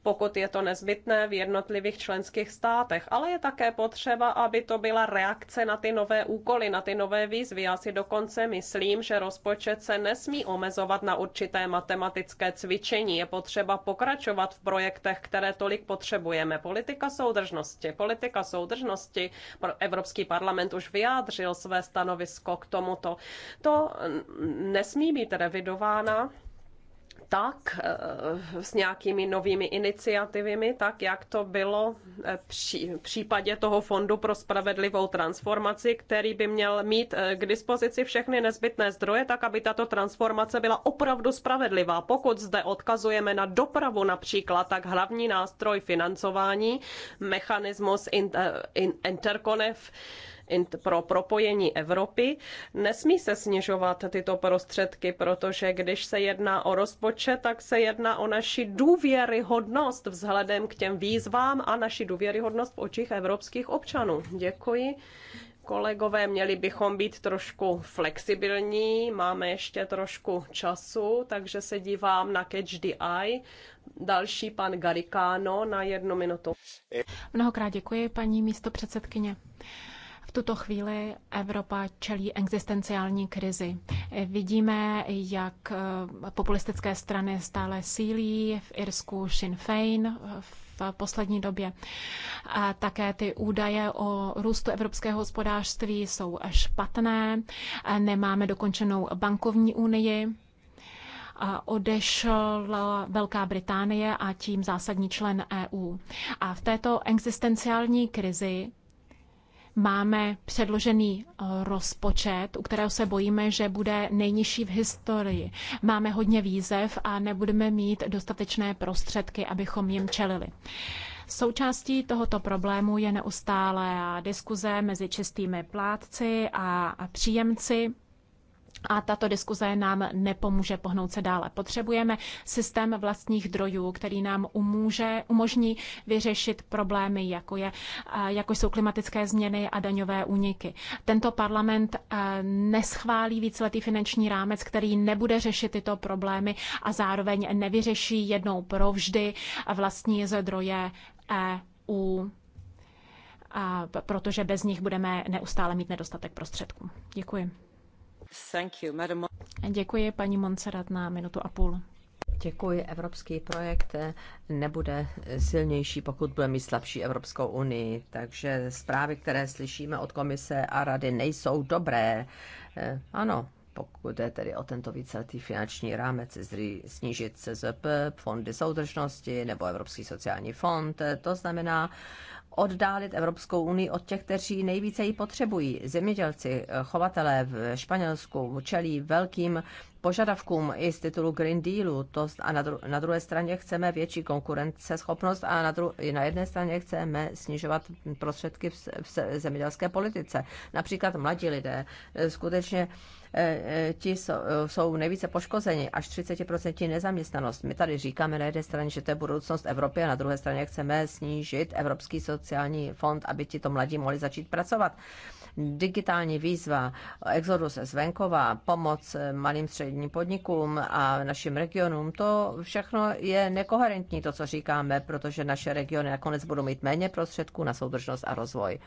pokud je to nezbytné v jednotlivých členských státech, ale je také potřeba, aby to byla reakce na ty nové úkoly, na ty nové výzvy. Já si dokonce myslím, že rozpočet se nesmí omezovat na určité matematické cvičení. Je potřeba pokračovat v projektech, které tolik potřebujeme. Politika soudržnosti. Politika soudržnosti. Evropský parlament už vyjádřil své stanovisko k tomuto. To nesmí být revidována tak eh, s nějakými novými iniciativami, tak jak to bylo eh, v případě toho Fondu pro spravedlivou transformaci, který by měl mít eh, k dispozici všechny nezbytné zdroje, tak aby tato transformace byla opravdu spravedlivá. Pokud zde odkazujeme na dopravu například, tak hlavní nástroj financování, mechanismus in, interkonev, pro propojení Evropy. Nesmí se snižovat tyto prostředky, protože když se jedná o rozpočet, tak se jedná o naši důvěryhodnost vzhledem k těm výzvám a naši důvěryhodnost v očích evropských občanů. Děkuji kolegové, měli bychom být trošku flexibilní, máme ještě trošku času, takže se dívám na Catch the Eye. Další pan Garikáno na jednu minutu. Mnohokrát děkuji, paní místo předsedkyně tuto chvíli Evropa čelí existenciální krizi. Vidíme, jak eh, populistické strany stále sílí v Irsku Sinn Féin, eh, v poslední době. A také ty údaje o růstu evropského hospodářství jsou špatné, eh, nemáme dokončenou bankovní unii. A odešla Velká Británie a tím zásadní člen EU. A v této existenciální krizi máme předložený eh, rozpočet, u kterého se bojíme, že bude nejnižší v historii. Máme hodně výzev a nebudeme mít dostatečné prostředky, abychom jim čelili. Součástí tohoto problému je neustále diskuze mezi čistými plátci a příjemci a tato diskuze nám nepomůže pohnout se dále. Potřebujeme systém vlastních drojů, který nám umůže, umožní vyřešit problémy, jako, je, jako jsou klimatické změny a daňové úniky. Tento parlament neschválí víceletý finanční rámec, který nebude řešit tyto problémy a zároveň nevyřeší jednou provždy vlastní zdroje EU protože bez nich budeme neustále mít nedostatek prostředků. Děkuji. Děkuji paní na minutu a půl. Děkuji. Evropský projekt eh, nebude silnější, pokud bude mít slabší Evropskou unii. Takže zprávy, které slyšíme od komise a rady, nejsou dobré. Eh, ano, pokud je tedy o tento víceletý finanční rámec, snížit CZP, fondy soudržnosti nebo Evropský sociální fond. Eh, to znamená, oddálit Evropskou unii od těch, kteří nejvíce ji potřebují. Zemědělci, chovatelé v Španělsku čelí velkým požadavkům i z titulu Green Dealu. To a na, dru, na druhé straně chceme větší konkurenceschopnost a na, dru, na jedné straně chceme snižovat prostředky v, v zemědělské politice. Například mladí lidé eh, skutečně eh, eh, ti jsou nejvíce poškozeni, až 30% nezaměstnanost. My tady říkáme na jedné straně, že to je budoucnost Evropy a na druhé straně chceme snížit Evropský sociální fond, aby ti to mladí mohli začít pracovat digitální výzva, exodus z venkova, pomoc malým středním podnikům a našim regionům, to všechno je nekoherentní, to, co říkáme, protože naše regiony nakonec budou mít méně prostředků na soudržnost a rozvoj.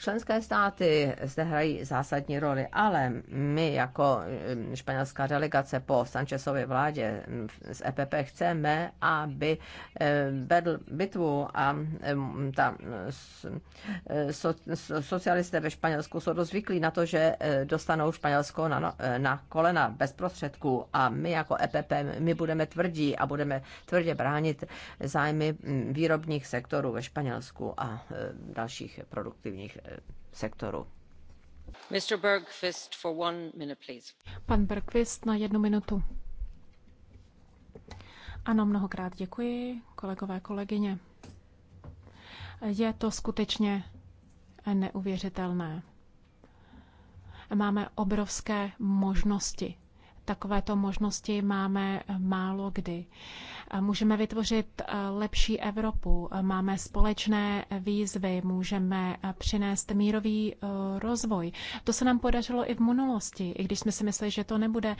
Členské státy zde hrají zásadní roli, ale my jako španělská delegace po Sančesově vládě z EPP chceme, aby vedl bitvu a ta e, socialisté ve Španělsku jsou dost zvyklí na to, že e, dostanou Španělsko na, no, e, na kolena bez prostředků a my jako EPP, my budeme tvrdí a budeme tvrdě bránit zájmy výrobních sektorů ve Španělsku a dalších produktivních Eh, sektoru. Mr. Bergfist Pan Bergfist na jednu minutu. Ano, mnohokrát děkuji, kolegové, kolegyně. Je to skutečně neuvěřitelné. Máme obrovské možnosti Takovéto možnosti máme málo kdy. Můžeme vytvořit eh, lepší Evropu, eh, máme společné výzvy, můžeme eh, přinést mírový rozvoj. To se nám podařilo i v minulosti, i když jsme si mysleli, že to nebude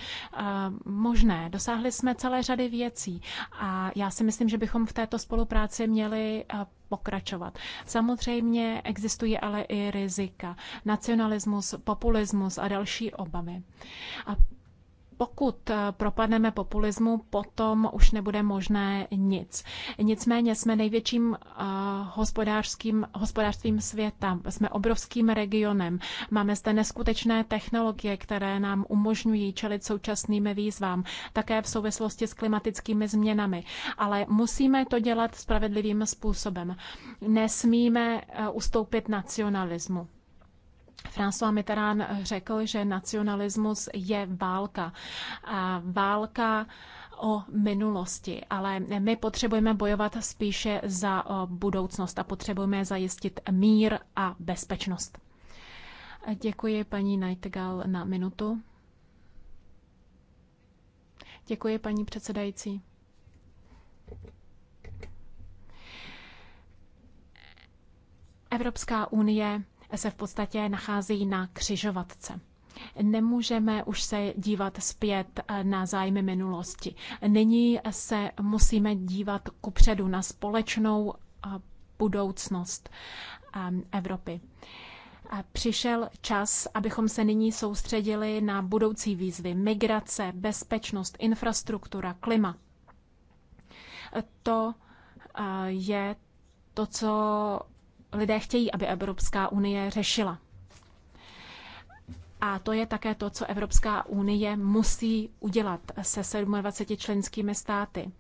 možné. Dosáhli jsme celé řady věcí a já si myslím, že bychom v této spolupráci měli pokračovat. Samozřejmě existují ale i rizika. Nacionalismus, populismus a další obavy. A pokud eh, propadneme populismu, potom už nebude možné nic. Nicméně jsme největším eh, hospodářským, hospodářstvím světa, jsme obrovským regionem, máme zde neskutečné technologie, které nám umožňují čelit současným výzvám, také v souvislosti s klimatickými změnami. Ale musíme to dělat spravedlivým způsobem. Nesmíme eh, ustoupit nacionalismu. François Mitterrand řekl, že nacionalismus je válka. A válka o minulosti, ale my potřebujeme bojovat spíše za budoucnost a potřebujeme zajistit mír a bezpečnost. Děkuji paní Nightgal na minutu. Děkuji paní předsedající. Evropská unie se v podstatě nacházejí na křižovatce. Nemůžeme už se dívat zpět eh, na zájmy minulosti. Nyní se musíme dívat kupředu na společnou eh, budoucnost ehm, Evropy. Přišel čas, abychom se nyní soustředili na budoucí výzvy migrace, bezpečnost, infrastruktura, klima. To eh, je to, co lidé chtějí, aby Evropská unie řešila. A to je také to, co Evropská unie musí udělat se 27 členskými státy.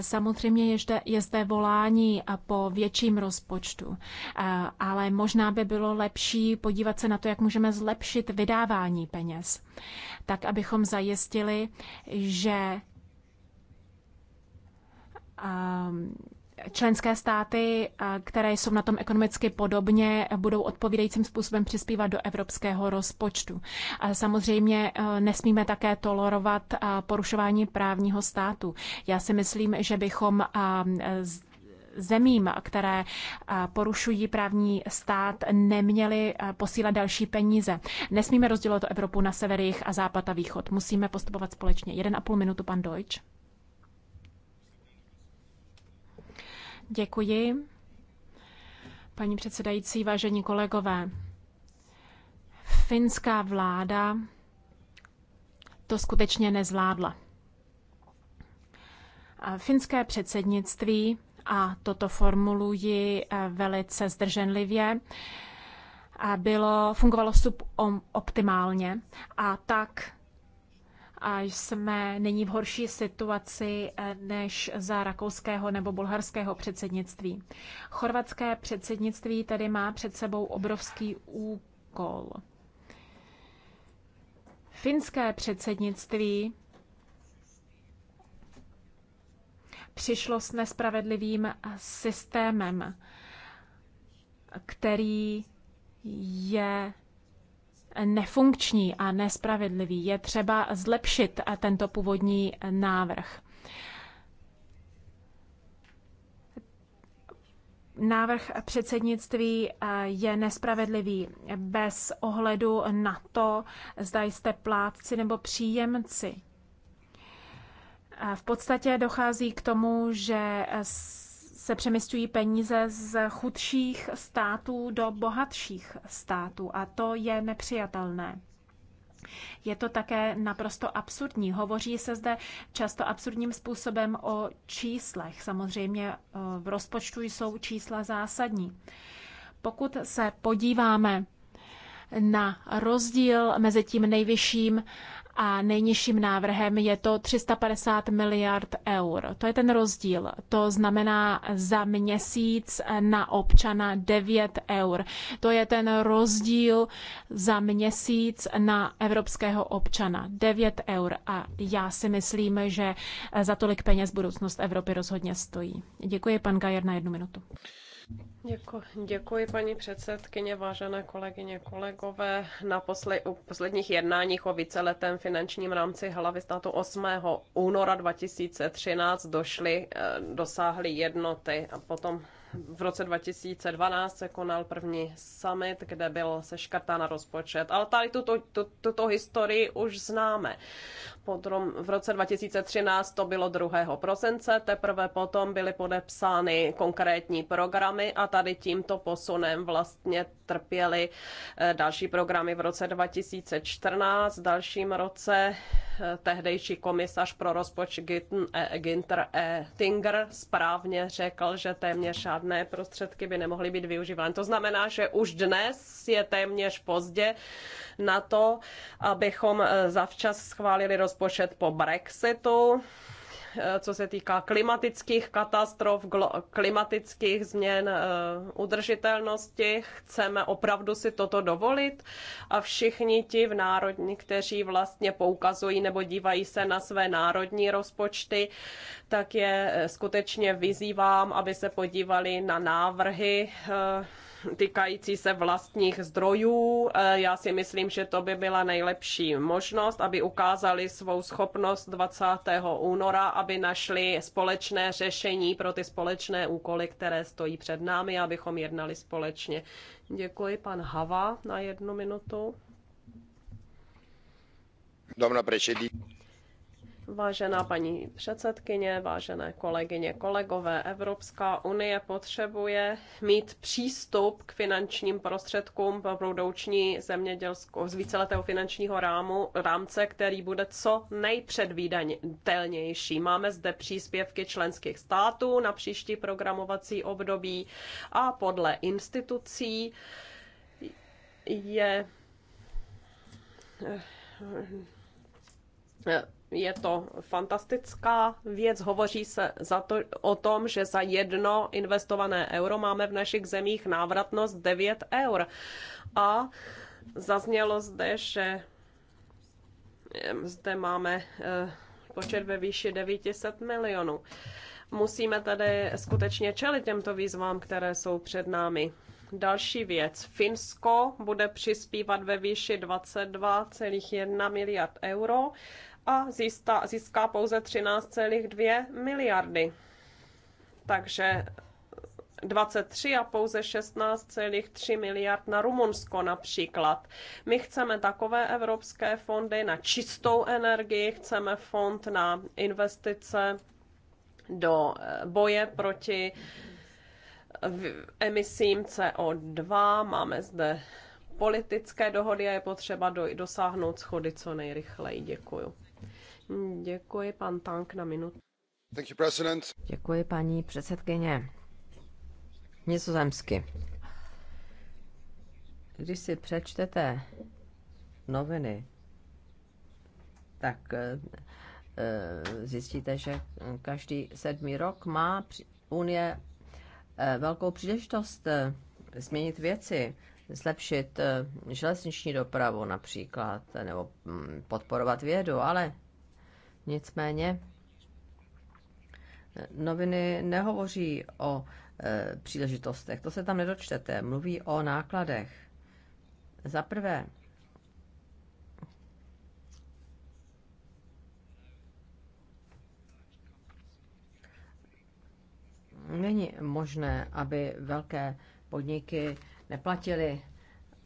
Samozřejmě je zde, je zde volání po větším rozpočtu, ale možná by bylo lepší podívat se na to, jak můžeme zlepšit vydávání peněz, tak abychom zajistili, že um, členské státy, které jsou na tom ekonomicky podobně, budou odpovídajícím způsobem přispívat do evropského rozpočtu. Samozřejmě e, nesmíme také tolerovat porušování právního státu. Já si myslím, že bychom zemím, které porušují právní stát, neměli posílat další peníze. Nesmíme rozdělovat Evropu na sever, a západ a východ. Musíme postupovat společně. Jeden a půl minutu, pan Deutsch. Děkuji. Paní předsedající, vážení kolegové, finská vláda to skutečně nezvládla. Finské předsednictví, a toto formuluji eh, velice zdrženlivě, eh, bylo, fungovalo suboptimálně a tak a jsme nyní v horší situaci eh, než za rakouského nebo bulharského předsednictví. Chorvatské předsednictví tedy má před sebou obrovský úkol. Finské předsednictví přišlo s nespravedlivým systémem, který je nefunkční a nespravedlivý. Je třeba zlepšit tento původní návrh. návrh předsednictví eh, je nespravedlivý bez ohledu na to, zda jste plátci nebo příjemci. Eh, v podstatě dochází k tomu, že se přemysťují peníze z chudších států do bohatších států a to je nepřijatelné. Je to také naprosto absurdní. Hovoří se zde často absurdním způsobem o číslech. Samozřejmě eh, v rozpočtu jsou čísla zásadní. Pokud se podíváme na rozdíl mezi tím nejvyšším a nejnižším návrhem je to 350 miliard eur. To je ten rozdíl. To znamená za měsíc na občana 9 eur. To je ten rozdíl za měsíc na evropského občana 9 eur. A já si myslím, že za tolik peněz budoucnost Evropy rozhodně stojí. Děkuji, pan Gajer, na jednu minutu. Děkuji, paní předsedkyně, vážené kolegyně, kolegové. Na posle, u posledních jednáních o víceletém finančním rámci hlavy státu 8. února 2013 došly, eh, dosáhly jednoty a potom v roce 2012 se konal první summit, kde byl seškrtán rozpočet. Ale tady tuto, tuto, tuto historii už známe potom v roce 2013 to bylo 2. prosince, teprve potom byly podepsány konkrétní programy a tady tímto posunem vlastně trpěly eh, další programy v roce 2014, v dalším roce eh, tehdejší komisař pro rozpočet Ginter eh, Tinger správně řekl, že téměř žádné prostředky by nemohly být využívány. To znamená, že už dnes je téměř pozdě na to, abychom eh, zavčas schválili rozpočet po Brexitu eh, co se týká klimatických katastrof, klimatických změn, eh, udržitelnosti. Chceme opravdu si toto dovolit a všichni ti v národní, kteří vlastně poukazují nebo dívají se na své národní rozpočty, tak je skutečně vyzývám, aby se podívali na návrhy týkající se vlastních zdrojů. E, já si myslím, že to by byla nejlepší možnost, aby ukázali svou schopnost 20. února, aby našli společné řešení pro ty společné úkoly, které stojí před námi, abychom jednali společně. Děkuji, pan Hava, na jednu minutu. Doamna Vážená paní předsedkyně, vážené kolegyně, kolegové, Evropská unie potřebuje mít přístup k finančním prostředkům pro budoucí zemědělskou z víceletého finančního rámu, rámce, který bude co nejpředvídatelnější. Máme zde příspěvky členských států na příští programovací období a podle institucí je eh, je to fantastická věc. Hovoří se za to, o tom, že za jedno investované euro máme v našich zemích návratnost 9 eur. A zaznělo zde, že zde máme eh, počet ve výši 900 milionů. Musíme tedy skutečně čelit těmto výzvám, které jsou před námi. Další věc. Finsko bude přispívat ve výši 22,1 miliard euro a získá, získá pouze 13,2 miliardy. Takže 23 a pouze 16,3 miliard na Rumunsko například. My chceme takové evropské fondy na čistou energii, chceme fond na investice do eh, boje proti eh, emisím CO2. Máme zde politické dohody a je potřeba dosáhnout schody co nejrychleji. Děkuju. Děkuji, pan Tank, na minutu. Děkuji, paní předsedkyně. Nizozemsky. Když si přečtete noviny, tak eh, eh, zjistíte, že každý sedmý rok má Unie eh, velkou příležitost změnit věci, zlepšit železniční dopravu například, nebo mm, podporovat vědu, ale Nicméně eh, noviny nehovoří o e, příležitostech, to se tam nedočtete, mluví o nákladech. Za prvé, není možné, aby velké podniky neplatily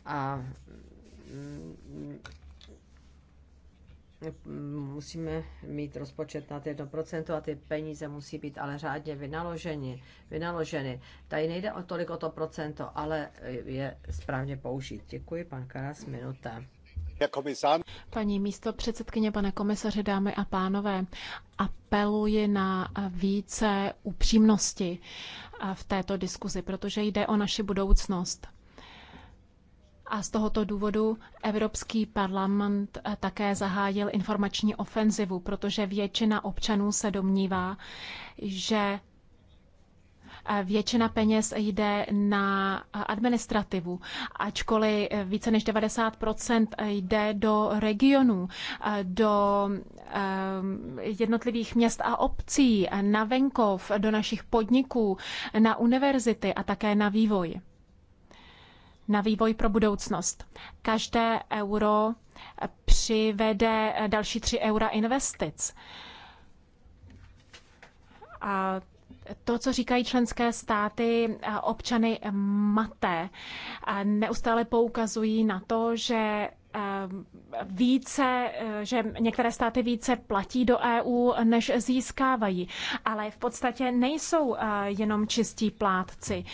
a mm, musíme mít rozpočet na 1% a ty peníze musí být ale řádně vynaloženy. vynaloženy. Tady nejde o tolik o to procento, ale je správně použít. Děkuji, pan Karas, minuta. Paní místo předsedkyně, pane komisaři, dámy a pánové, apeluji na více upřímnosti v této diskuzi, protože jde o naši budoucnost. A z tohoto důvodu Evropský parlament eh, také zahájil informační ofenzivu, protože většina občanů se domnívá, že eh, Většina peněz jde na eh, administrativu, ačkoliv více než 90 jde do regionů, do jednotlivých měst a obcí, na venkov, do našich podniků, na univerzity a také na vývoj na vývoj pro budoucnost. Každé euro přivede eh, další 3 eura investic. A to, co říkají členské státy, eh, občany eh, maté, neustále poukazují na to, že Eh, více, eh, že některé státy více platí do EU, než získávají. Ale v podstatě nejsou eh, jenom čistí plátci,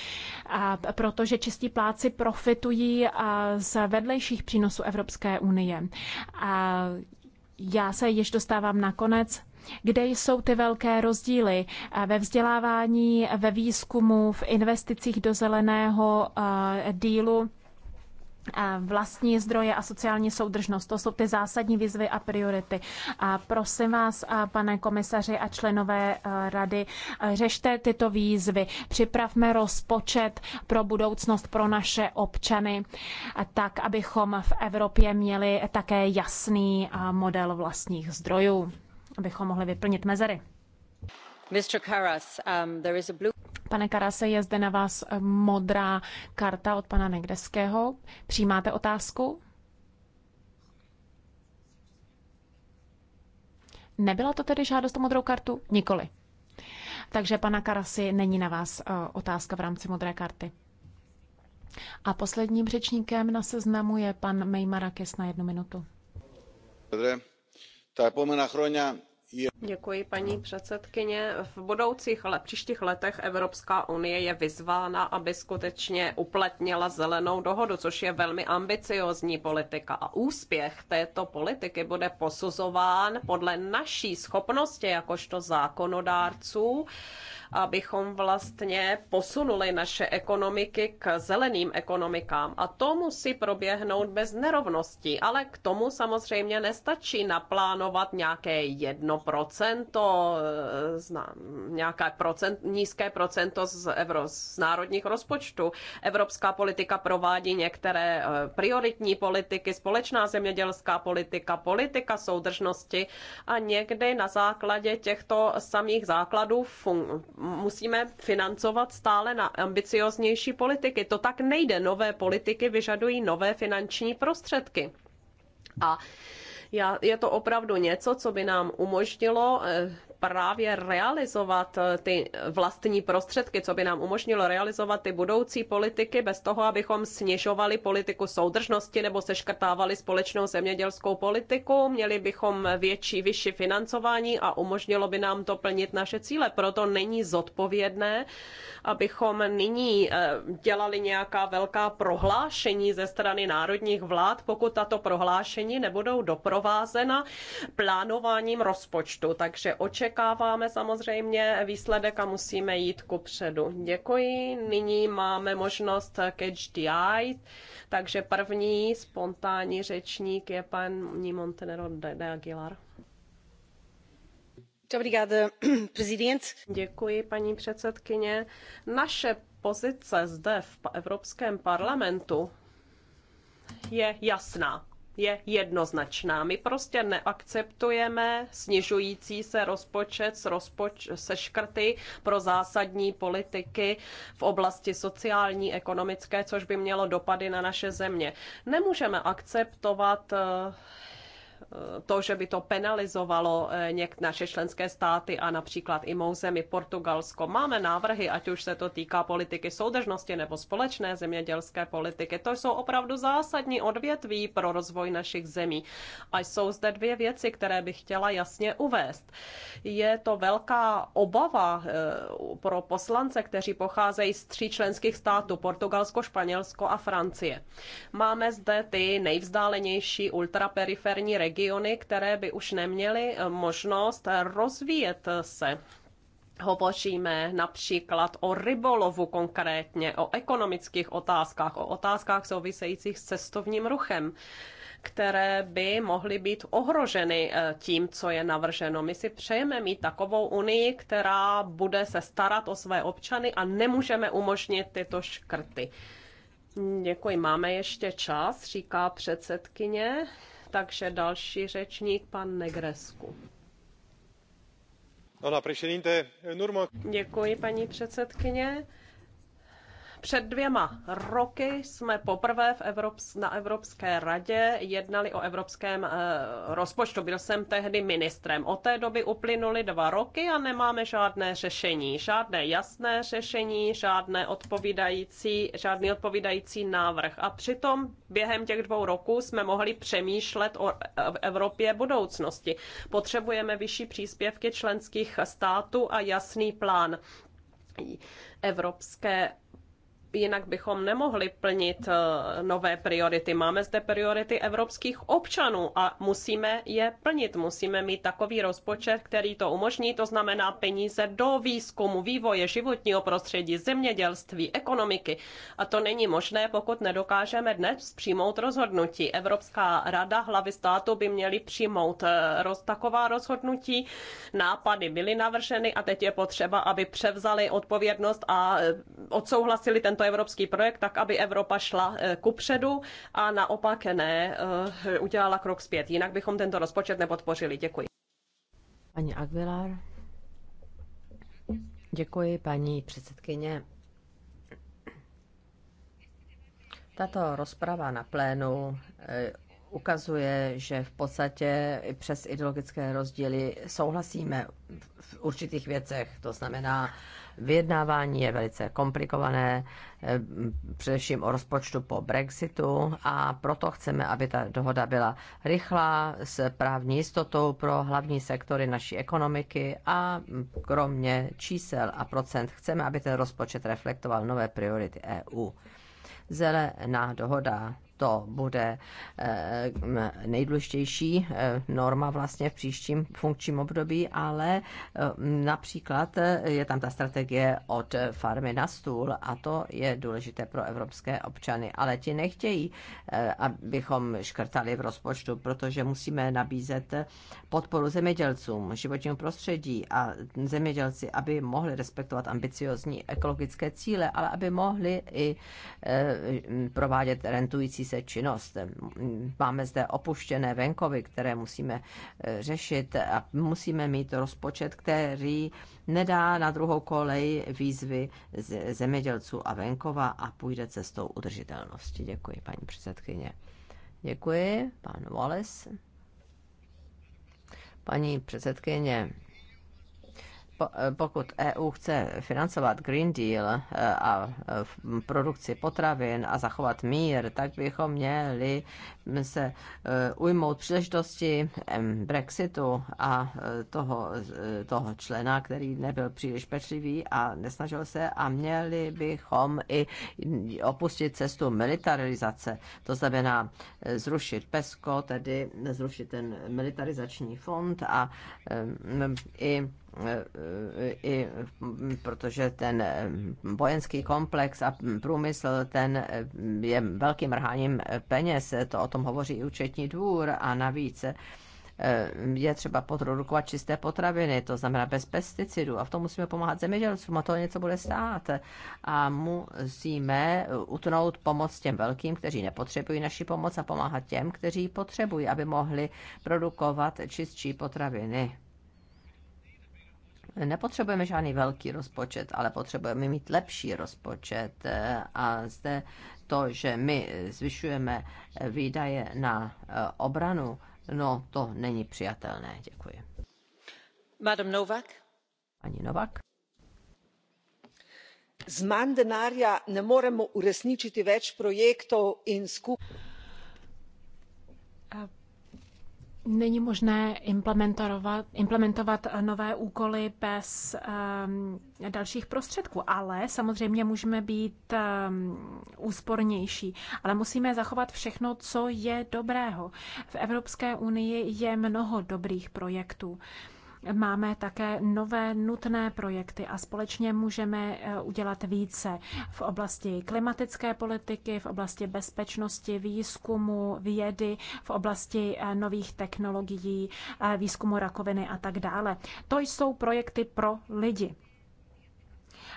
protože čistí plátci profitují z vedlejších přínosů Evropské unie. Já se již dostávám na konec. Kde jsou ty velké rozdíly ve vzdělávání, ve výzkumu, v investicích do zeleného dílu? vlastní zdroje a sociální soudržnost. To jsou ty zásadní výzvy a priority. A prosím vás, pane komisaři a členové e, rady, e, řešte tyto výzvy. Připravme rozpočet pro budoucnost pro naše občany, tak abychom v Evropě měli také jasný e, model vlastních zdrojů, abychom mohli vyplnit mezery. Mr. Karas, um, there is a blue... Pane Karase, je zde na vás eh, modrá karta od pana Negreského. Přijímáte otázku? Nebyla to tedy žádost o modrou kartu? Nikoli. Takže pana Karasi, není na vás eh, otázka v rámci modré karty. A posledním řečníkem na seznamu je pan Mejmarakis na jednu minutu. Pane, ta pomena chroně Děkuji, paní předsedkyně. V budoucích ale příštích letech Evropská unie je vyzvána, aby skutečně uplatnila zelenou dohodu, což je velmi ambiciozní politika. A úspěch této politiky bude posuzován podle naší schopnosti jakožto zákonodárců abychom vlastně posunuli naše ekonomiky k zeleným ekonomikám. A to musí proběhnout bez nerovností, ale k tomu samozřejmě nestačí naplánovat nějaké jedno procento, eh, nějaké procent, nízké procento z, euro, z národních rozpočtů. Evropská politika provádí některé eh, prioritní politiky, společná zemědělská politika, politika soudržnosti a někdy na základě těchto samých základů fun- musíme financovat stále na ambicioznější politiky. To tak nejde. Nové politiky vyžadují nové finanční prostředky. A já, je to opravdu něco, co by nám umožnilo eh, právě realizovat eh, ty vlastní prostředky, co by nám umožnilo realizovat ty budoucí politiky bez toho, abychom snižovali politiku soudržnosti nebo seškrtávali společnou zemědělskou politiku. Měli bychom větší, vyšší financování a umožnilo by nám to plnit naše cíle. Proto není zodpovědné, abychom nyní eh, dělali nějaká velká prohlášení ze strany národních vlád, pokud tato prohlášení nebudou doprovázena plánováním rozpočtu. Takže očekávám, očekáváme samozřejmě výsledek a musíme jít ku předu. Děkuji. Nyní máme možnost catch the eye, takže první spontánní řečník je paní Montenero de Aguilar. Děkuji, paní předsedkyně. Naše pozice zde v Evropském parlamentu je jasná je jednoznačná. My prostě neakceptujeme snižující se rozpočet s rozpoč- se škrty pro zásadní politiky v oblasti sociální, ekonomické, což by mělo dopady na naše země. Nemůžeme akceptovat eh, to, že by to penalizovalo eh, něk naše členské státy a například i mou zemi Portugalsko. Máme návrhy, ať už se to týká politiky soudržnosti nebo společné zemědělské politiky. To jsou opravdu zásadní odvětví pro rozvoj našich zemí. A jsou zde dvě věci, které bych chtěla jasně uvést. Je to velká obava eh, pro poslance, kteří pocházejí z tří členských států Portugalsko, Španělsko a Francie. Máme zde ty nejvzdálenější ultraperiferní regiony, regiony, které by už neměly eh, možnost rozvíjet se. Hovoříme například o rybolovu konkrétně, o ekonomických otázkách, o otázkách souvisejících s cestovním ruchem které by mohly být ohroženy eh, tím, co je navrženo. My si přejeme mít takovou unii, která bude se starat o své občany a nemůžeme umožnit tyto škrty. Děkuji, máme ještě čas, říká předsedkyně takže další řečník, pan Negresku. Děkuji, paní předsedkyně. Před dvěma roky jsme poprvé v Evrops- na Evropské radě jednali o evropském e, rozpočtu. Byl jsem tehdy ministrem. Od té doby uplynuly dva roky a nemáme žádné řešení. Žádné jasné řešení, žádné odpovídající, žádný odpovídající návrh. A přitom během těch dvou roků jsme mohli přemýšlet o eh, Evropě budoucnosti. Potřebujeme vyšší příspěvky členských států a jasný plán evropské jinak bychom nemohli plnit eh, nové priority. Máme zde priority evropských občanů a musíme je plnit. Musíme mít takový rozpočet, který to umožní, to znamená peníze do výzkumu, vývoje životního prostředí, zemědělství, ekonomiky. A to není možné, pokud nedokážeme dnes přijmout rozhodnutí. Evropská rada hlavy státu by měly přijmout eh, roz, taková rozhodnutí. Nápady byly navrženy a teď je potřeba, aby převzali odpovědnost a eh, odsouhlasili ten tento evropský projekt tak, aby Evropa šla eh, kupředu a naopak ne, eh, udělala krok zpět. Jinak bychom tento rozpočet nepodpořili. Děkuji. Pani Aguilar. Děkuji, paní předsedkyně. Tato rozprava na plénu eh, ukazuje, že v podstatě přes ideologické rozdíly souhlasíme v určitých věcech. To znamená, Vyjednávání je velice komplikované, eh, především o rozpočtu po Brexitu a proto chceme, aby ta dohoda byla rychlá, s právní jistotou pro hlavní sektory naší ekonomiky a kromě čísel a procent chceme, aby ten rozpočet reflektoval nové priority EU. Zelená dohoda to bude eh, nejdůležitější eh, norma vlastně v příštím funkčním období, ale eh, například je tam ta strategie od farmy na stůl a to je důležité pro evropské občany. Ale ti nechtějí, abychom škrtali v rozpočtu, protože musíme nabízet podporu zemědělcům, životnímu prostředí a zemědělci, aby mohli respektovat ambiciozní ekologické cíle, ale aby mohli i provádět rentující se činnost. Máme zde opuštěné venkovy, které musíme eh, řešit a musíme mít rozpočet, který nedá na druhou kolej výzvy zemědělců a venkova a půjde cestou udržitelnosti. Děkuji, paní předsedkyně. Děkuji, pan Wallace. Paní předsedkyně, pokud EU chce financovat Green Deal eh, a eh, produkci potravin a zachovat mír, tak bychom měli se eh, ujmout příležitosti Brexitu a eh, toho, eh, toho člena, který nebyl příliš pečlivý a nesnažil se a měli bychom i opustit cestu militarizace. To znamená zrušit PESCO, tedy zrušit ten militarizační fond a i i protože ten vojenský komplex a průmysl, ten je velkým rháním peněz, to o tom tom hovoří i účetní dvůr a navíc eh, je třeba produkovat čisté potraviny, to znamená bez pesticidů. A v tom musíme pomáhat zemědělcům a to něco bude stát. A musíme utnout pomoc těm velkým, kteří nepotřebují naši pomoc a pomáhat těm, kteří ji potřebují, aby mohli produkovat čistší potraviny. Nepotřebujeme žádný velký rozpočet, ale potřebujeme mít lepší rozpočet. A zde to, že my zvyšujeme výdaje na eh, obranu, no to není přijatelné. Děkuji. Madam Novak. Pani Novak. Z Mandenária nemůžeme uresničit več projektů in skupaj. není možné implementovat, implementovat nové úkoly bez um, dalších prostředků, ale samozřejmě můžeme být um, úspornější. Ale musíme zachovat všechno, co je dobrého. V Evropské unii je mnoho dobrých projektů. Um, Máme také nové nutné projekty a společně můžeme eh, udělat více v oblasti klimatické politiky, v oblasti bezpečnosti, výzkumu, vědy, v oblasti eh, nových technologií, eh, výzkumu rakoviny a tak dále. To jsou projekty pro lidi.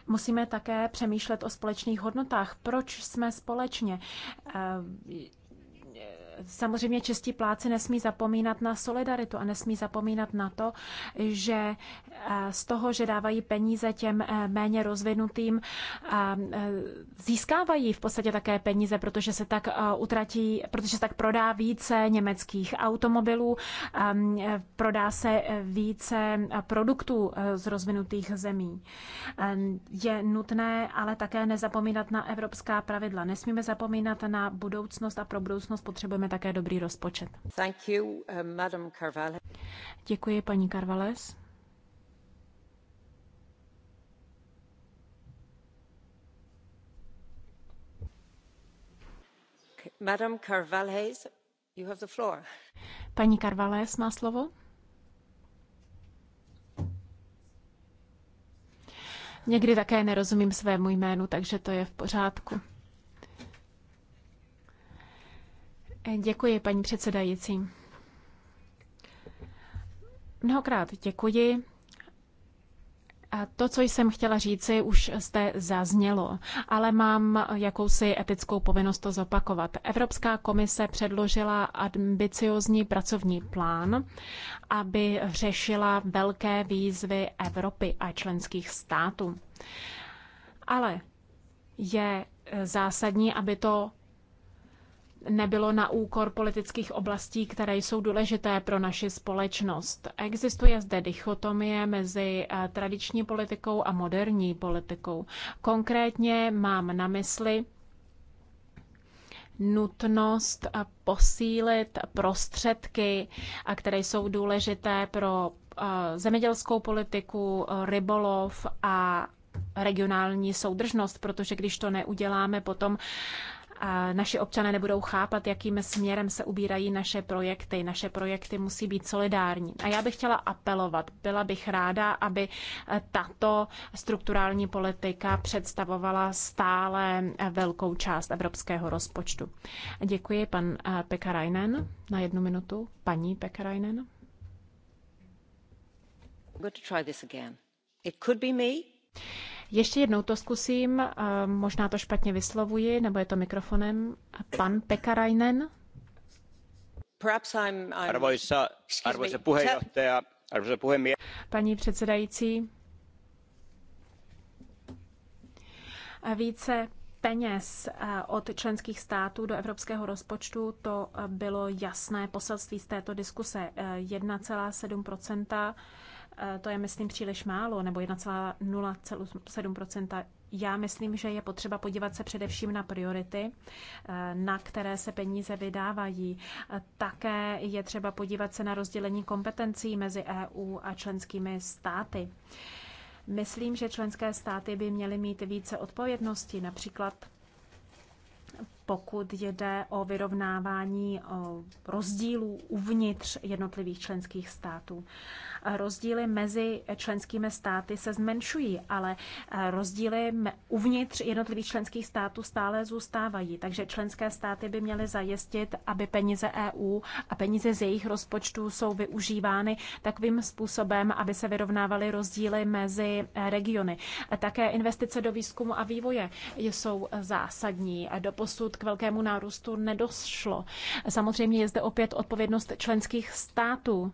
Musíme také přemýšlet o společných hodnotách. Proč jsme společně? samozřejmě čestí pláci nesmí zapomínat na solidaritu a nesmí zapomínat na to, že eh, z toho, že dávají peníze těm eh, méně rozvinutým, eh, získávají v podstatě také peníze, protože se tak utratí, protože se tak prodá více německých automobilů, prodá se více produktů z rozvinutých zemí. Je nutné ale také nezapomínat na evropská pravidla. Nesmíme zapomínat na budoucnost a pro budoucnost potřebujeme potřebujeme také dobrý rozpočet. Thank you, uh, Madam Děkuji, paní Carvales. Madam Carvalhes, you have the floor. Paní Carvalhes má slovo. Někdy také nerozumím svému jménu, takže to je v pořádku. Děkuji, paní předsedající. Mnohokrát děkuji. A to, co jsem chtěla říci, už zde zaznělo, ale mám jakousi etickou povinnost to zopakovat. Evropská komise předložila ambiciozní pracovní plán, aby řešila velké výzvy Evropy a členských států. Ale je zásadní, aby to nebylo na úkor politických oblastí, které jsou důležité pro naši společnost. Existuje zde dichotomie mezi eh, tradiční politikou a moderní politikou. Konkrétně mám na mysli nutnost eh, posílit prostředky, eh, které jsou důležité pro zemědělskou politiku, rybolov a regionální soudržnost, protože když to neuděláme, potom naši občané nebudou chápat, jakým směrem se ubírají naše projekty. Naše projekty musí být solidární. A já bych chtěla apelovat. Byla bych ráda, aby tato strukturální politika představovala stále velkou část evropského rozpočtu. Děkuji, pan eh, Pekarajnen, na jednu minutu. Paní Pekarajnen. I'm going to try this again. It could be me. Ještě jednou to zkusím, možná to špatně vyslovuji, nebo je to mikrofonem. Pan Pekarainen. Arvoisa, arvoisa puheenjohtaja, arvoisa puhemies. Paní předsedající, více peněz od členských států do evropského rozpočtu, to bylo jasné poselství z této diskuse. 1,7 Eh, to je, myslím, příliš málo, nebo 1,07 Já myslím, že je potřeba podívat se především na priority, eh, na které se peníze vydávají. Eh, také je třeba podívat se na rozdělení kompetencí mezi EU a členskými státy. Myslím, že členské státy by měly mít více odpovědnosti, například pokud jde o vyrovnávání rozdílů uvnitř jednotlivých členských států rozdíly mezi členskými státy se zmenšují, ale eh, rozdíly uvnitř jednotlivých členských států stále zůstávají. Takže členské státy by měly zajistit, aby peníze EU a peníze z jejich rozpočtů jsou využívány takovým způsobem, aby se vyrovnávaly rozdíly mezi eh, regiony. Také investice do výzkumu a vývoje jsou zásadní. Doposud k velkému nárůstu nedošlo. Samozřejmě je zde opět odpovědnost členských států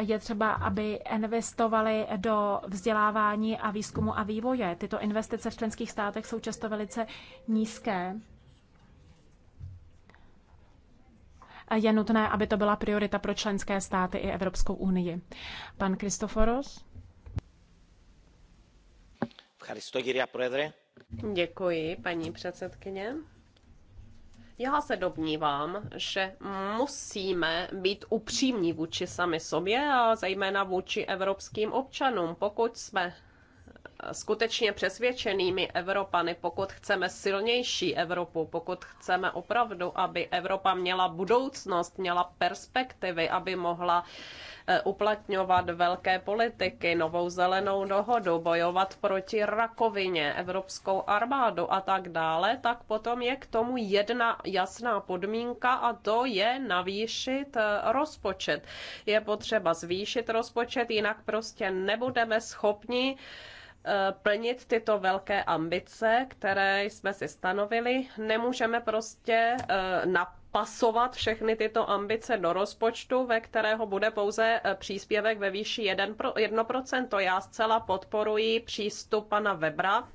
je třeba, aby investovali do vzdělávání a výzkumu a vývoje. Tyto investice v členských státech jsou často velice nízké. Je nutné, aby to byla priorita pro členské státy i Evropskou unii. Pan Kristoforos. Děkuji, paní předsedkyně. Já se domnívám, že musíme být upřímní vůči sami sobě a zejména vůči evropským občanům. Pokud jsme eh, skutečně přesvědčenými Evropany, pokud chceme silnější Evropu, pokud chceme opravdu, aby Evropa měla budoucnost, měla perspektivy, aby mohla uh, Eh, uplatňovat velké politiky, novou zelenou dohodu, bojovat proti rakovině, evropskou armádu a tak dále, tak potom je k tomu jedna jasná podmínka a to je navýšit eh, rozpočet. Je potřeba zvýšit rozpočet, jinak prostě nebudeme schopni eh, plnit tyto velké ambice, které jsme si stanovili. Nemůžeme prostě naplnit pasovat všechny tyto ambice do rozpočtu, ve kterého bude pouze e, příspěvek ve výši 1%. To Já zcela podporuji přístup pana Webra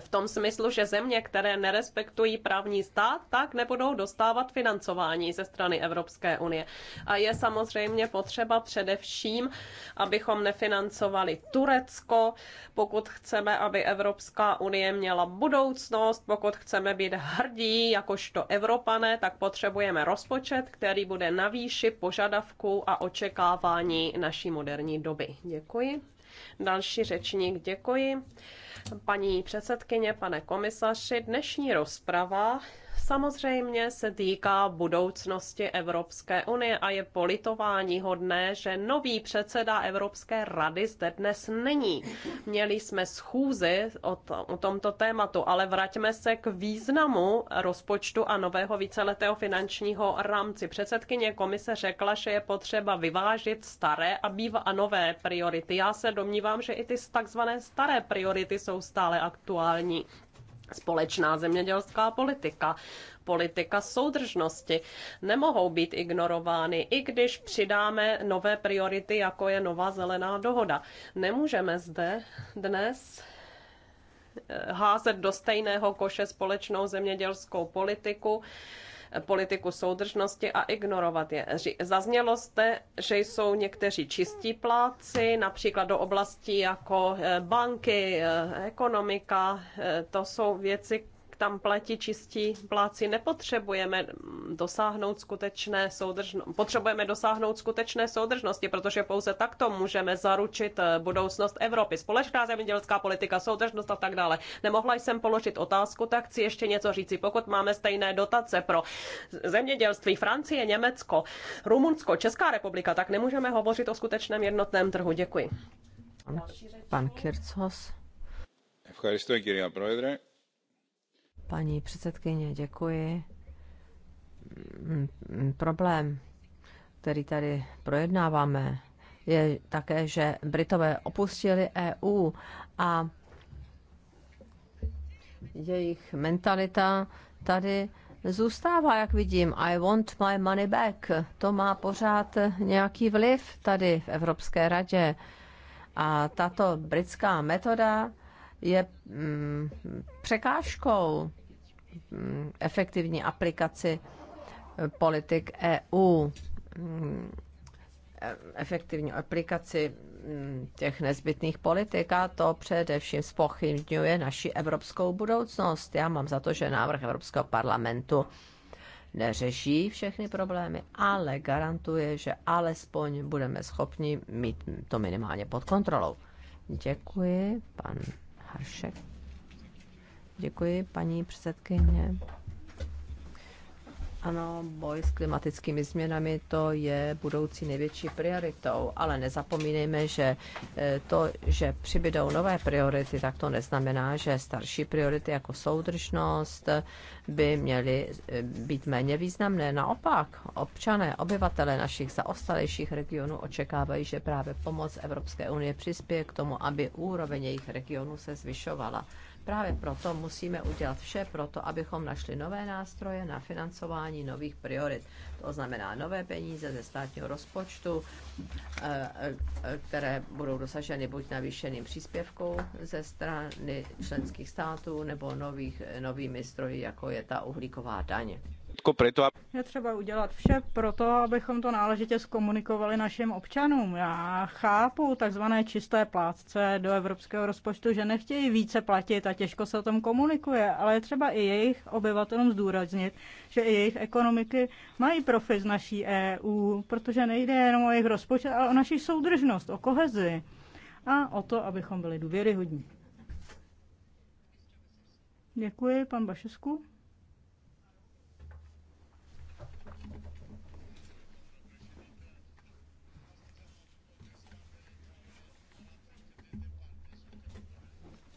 v tom smyslu, že země, které nerespektují právní stát, tak nebudou dostávat financování ze strany Evropské unie. A je samozřejmě potřeba především, abychom nefinancovali Turecko, pokud chceme, aby Evropská unie měla budoucnost, pokud chceme být hrdí jakožto Evropané, tak potřebujeme rozpočet, který bude na výši požadavků a očekávání naší moderní doby. Děkuji. Další řečník, děkuji. Paní předsedkyně, pane komisaři, dnešní rozprava samozřejmě se týká budoucnosti Evropské unie a je politování hodné, že nový předseda Evropské rady zde dnes není. Měli jsme schůzy o, to, o tomto tématu, ale vraťme se k významu rozpočtu a nového víceletého finančního rámci. Předsedkyně komise řekla, že je potřeba vyvážit staré a, býva a nové priority. Já se domnívám, že i ty takzvané staré priority jsou stále aktuální společná zemědělská politika, politika soudržnosti nemohou být ignorovány, i když přidáme nové priority, jako je nová zelená dohoda. Nemůžeme zde dnes eh, házet do stejného koše společnou zemědělskou politiku, politiku soudržnosti a ignorovat je. Zaznělo jste, že jsou někteří čistí pláci, například do oblasti jako eh, banky, eh, ekonomika. Eh, to jsou věci, tam platí čistí pláci. Nepotřebujeme dosáhnout skutečné soudržnosti, potřebujeme dosáhnout skutečné soudržnosti, protože pouze takto můžeme zaručit eh, budoucnost Evropy. Společná zemědělská politika, soudržnost a tak dále. Nemohla jsem položit otázku, tak chci ještě něco říci. Pokud máme stejné dotace pro zemědělství Francie, Německo, Rumunsko, Česká republika, tak nemůžeme hovořit o skutečném jednotném trhu. Děkuji. Pan Kircos. Ευχαριστώ κυρία Πρόεδρε. Paní předsedkyně, děkuji. Mm, mm, problém, který tady projednáváme, je také, že Britové opustili EU a jejich mentalita tady zůstává, jak vidím. I want my money back. To má pořád nějaký vliv tady v Evropské radě. A tato britská metoda je mm, překážkou efektivní aplikaci eh, politik EU, eh, efektivní aplikaci mm, těch nezbytných politik a to především spochybňuje naši evropskou budoucnost. Já mám za to, že návrh Evropského parlamentu neřeší všechny problémy, ale garantuje, že alespoň budeme schopni mít to minimálně pod kontrolou. Děkuji, pan Haršek. Děkuji, paní předsedkyně. Ano, boj s klimatickými změnami to je budoucí největší prioritou, ale nezapomínejme, že e, to, že přibydou nové priority, tak to neznamená, že starší priority jako soudržnost by měly e, být méně významné. Naopak, občané, obyvatele našich zaostalejších regionů očekávají, že právě pomoc Evropské unie přispěje k tomu, aby úroveň jejich regionů se zvyšovala právě proto musíme udělat vše proto, abychom našli nové nástroje na financování nových priorit. To znamená nové peníze ze státního rozpočtu, eh, eh, které budou dosaženy buď navýšeným příspěvkou ze strany členských států nebo nových, novými stroji, jako je ta uhlíková daň všechno preto, aby... Je třeba udělat vše pro to, abychom to náležitě zkomunikovali našim občanům. Já chápu takzvané čisté plátce do evropského rozpočtu, že nechtějí více platit a těžko se o tom komunikuje, ale je třeba i jejich obyvatelům zdůraznit, že i jejich ekonomiky mají profit z naší EU, protože nejde jenom o jejich rozpočet, ale o naši soudržnost, o kohezi a o to, abychom byli důvěryhodní. Děkuji, pan Bašesku.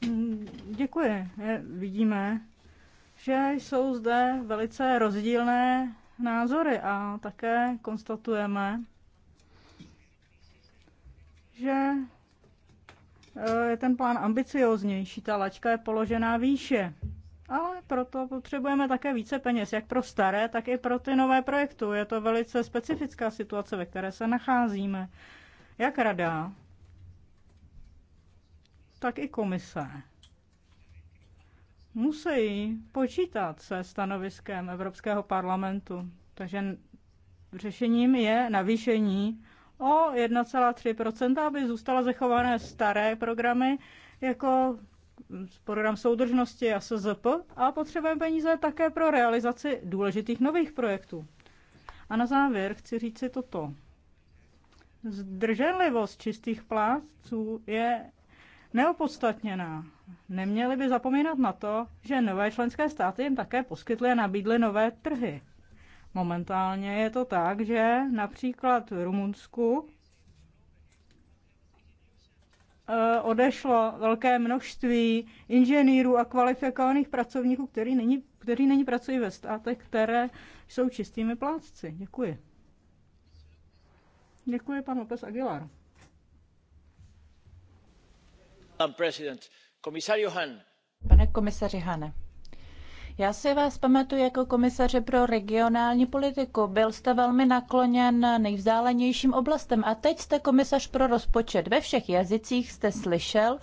Mm, děkuji. Vidíme, že jsou zde velice rozdílné názory a také konstatujeme, že eh, je ten plán ambicioznější, ta laťka je položená výše. Ale proto potřebujeme také více peněz, jak pro staré, tak i pro ty nové projekty. Je to velice specifická situace, ve které se nacházíme. Jak rada, tak i komise musí počítat se stanoviskem Evropského parlamentu. Takže řešením je navýšení o 1,3%, aby zůstala zachované staré programy jako program soudržnosti a SZP a potřebujeme peníze také pro realizaci důležitých nových projektů. A na závěr chci říci toto. Zdrženlivost čistých plátců je neopodstatněná. Neměli by zapomínat na to, že nové členské státy jim také poskytly a nabídly nové trhy. Momentálně je to tak, že například v Rumunsku eh, odešlo velké množství inženýrů a kvalifikovaných pracovníků, který není, kteří není pracují ve státech, které jsou čistými plátci. Děkuji. Děkuji, pan Lopez Aguilar. Pane komisaři Hane, já si vás pamatuji, jako komisaře pro regionální politiku. Byl jste velmi nakloněn nejvzdálenějším oblastem a teď jste komisař pro rozpočet. Ve všech jazycích jste slyšel,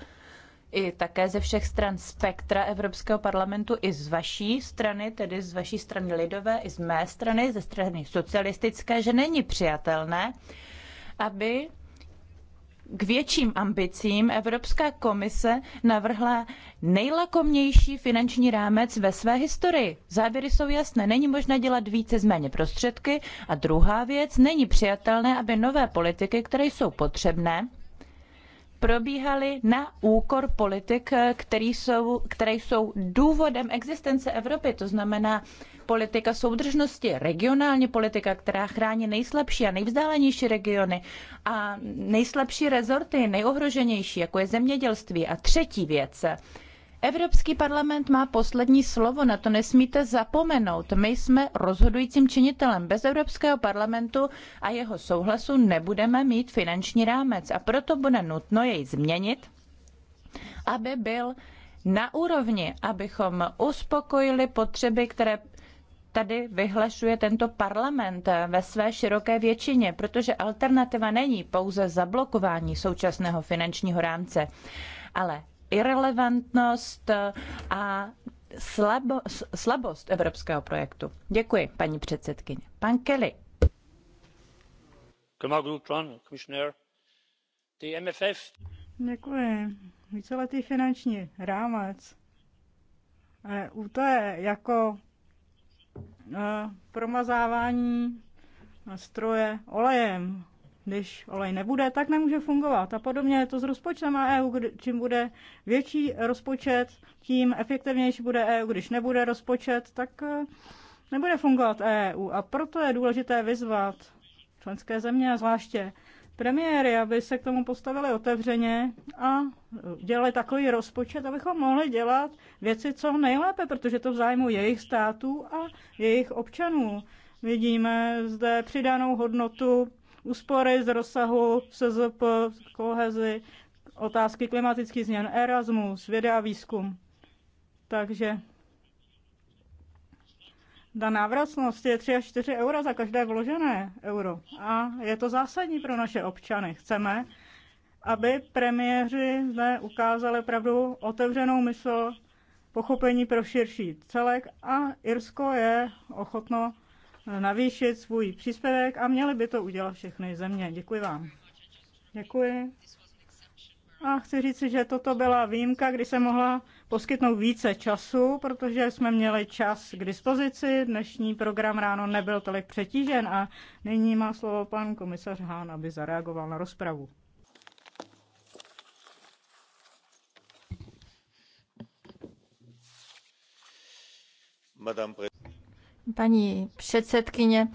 i také ze všech stran spektra Evropského parlamentu, i z vaší strany, tedy z vaší strany lidové, i z mé strany, ze strany socialistické, že není přijatelné, aby k větším ambicím Evropská komise navrhla nejlakomnější finanční rámec ve své historii. Závěry jsou jasné, není možné dělat více z méně prostředky. A druhá věc, není přijatelné, aby nové politiky, které jsou potřebné, probíhaly na úkor politik, který jsou, které jsou důvodem existence Evropy, to znamená politika soudržnosti, regionální politika, která chrání nejslabší a nejvzdálenější regiony a nejslabší rezorty, nejohroženější, jako je zemědělství. A třetí věc, Evropský parlament má poslední slovo, na to nesmíte zapomenout. My jsme rozhodujícím činitelem. Bez Evropského parlamentu a jeho souhlasu nebudeme mít finanční rámec a proto bude nutno jej změnit, aby byl na úrovni, abychom uspokojili potřeby, které tady vyhlašuje tento parlament ve své široké většině, protože alternativa není pouze zablokování současného finančního rámce, ale irrelevantnost eh, a slabo, slabost evropského projektu. Děkuji, paní předsedkyně. Pan Kelly. Děkuji. Víceletý finanční rámec EU eh, to je jako eh, promazávání stroje olejem. Když olej nebude, tak nemůže fungovat. A podobně je to s rozpočtem a EU. Čím bude větší rozpočet, tím efektivnější bude EU. Když nebude rozpočet, tak eh, nebude fungovat EU. A proto je důležité vyzvat členské země a zvláště premiéry, aby se k tomu postavili otevřeně a eh, dělali takový rozpočet, abychom mohli dělat věci co nejlépe, protože to v zájmu jejich států a jejich občanů. Vidíme zde přidanou hodnotu úspory z rozsahu SZP, kohezi, otázky klimatických změn, Erasmus, věda a výzkum. Takže ta návratnost je 3 až 4 eura za každé vložené euro. A je to zásadní pro naše občany. Chceme, aby premiéři zde ukázali pravdu otevřenou mysl, pochopení pro širší celek a Irsko je ochotno navýšit svůj příspěvek a měly by to udělat všechny země. Děkuji vám. Děkuji. A chci říct, že toto byla výjimka, kdy se mohla poskytnout více času, protože jsme měli čas k dispozici. Dnešní program ráno nebyl tolik přetížen a nyní má slovo pan komisař Hán, aby zareagoval na rozpravu. Madame Paní předsedkyně,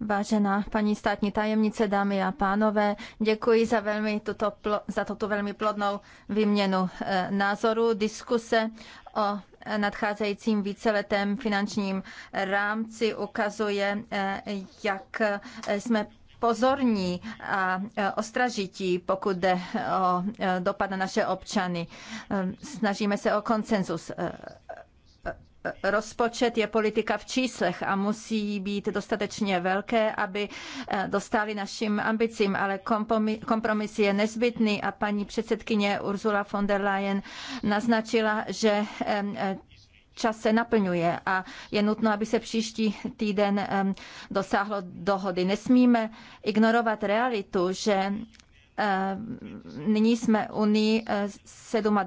Vážená paní státní tajemnice, dámy a pánové, děkuji za, velmi tuto, za tuto velmi plodnou výměnu eh, názoru, diskuse o eh, nadcházejícím víceletém finančním eh, rámci ukazuje, jak jsme pozorní a ostražití, pokud jde o dopad na naše občany. Snažíme se o konsenzus rozpočet je politika v číslech a musí být dostatečně velké, aby eh, dostali našim ambicím, ale kompromis je nezbytný a paní předsedkyně Ursula von der Leyen naznačila, že eh, čas se naplňuje a je nutno, aby se příští týden dosáhlo dohody. Nesmíme ignorovat realitu, že Eh, nyní jsme Unii 27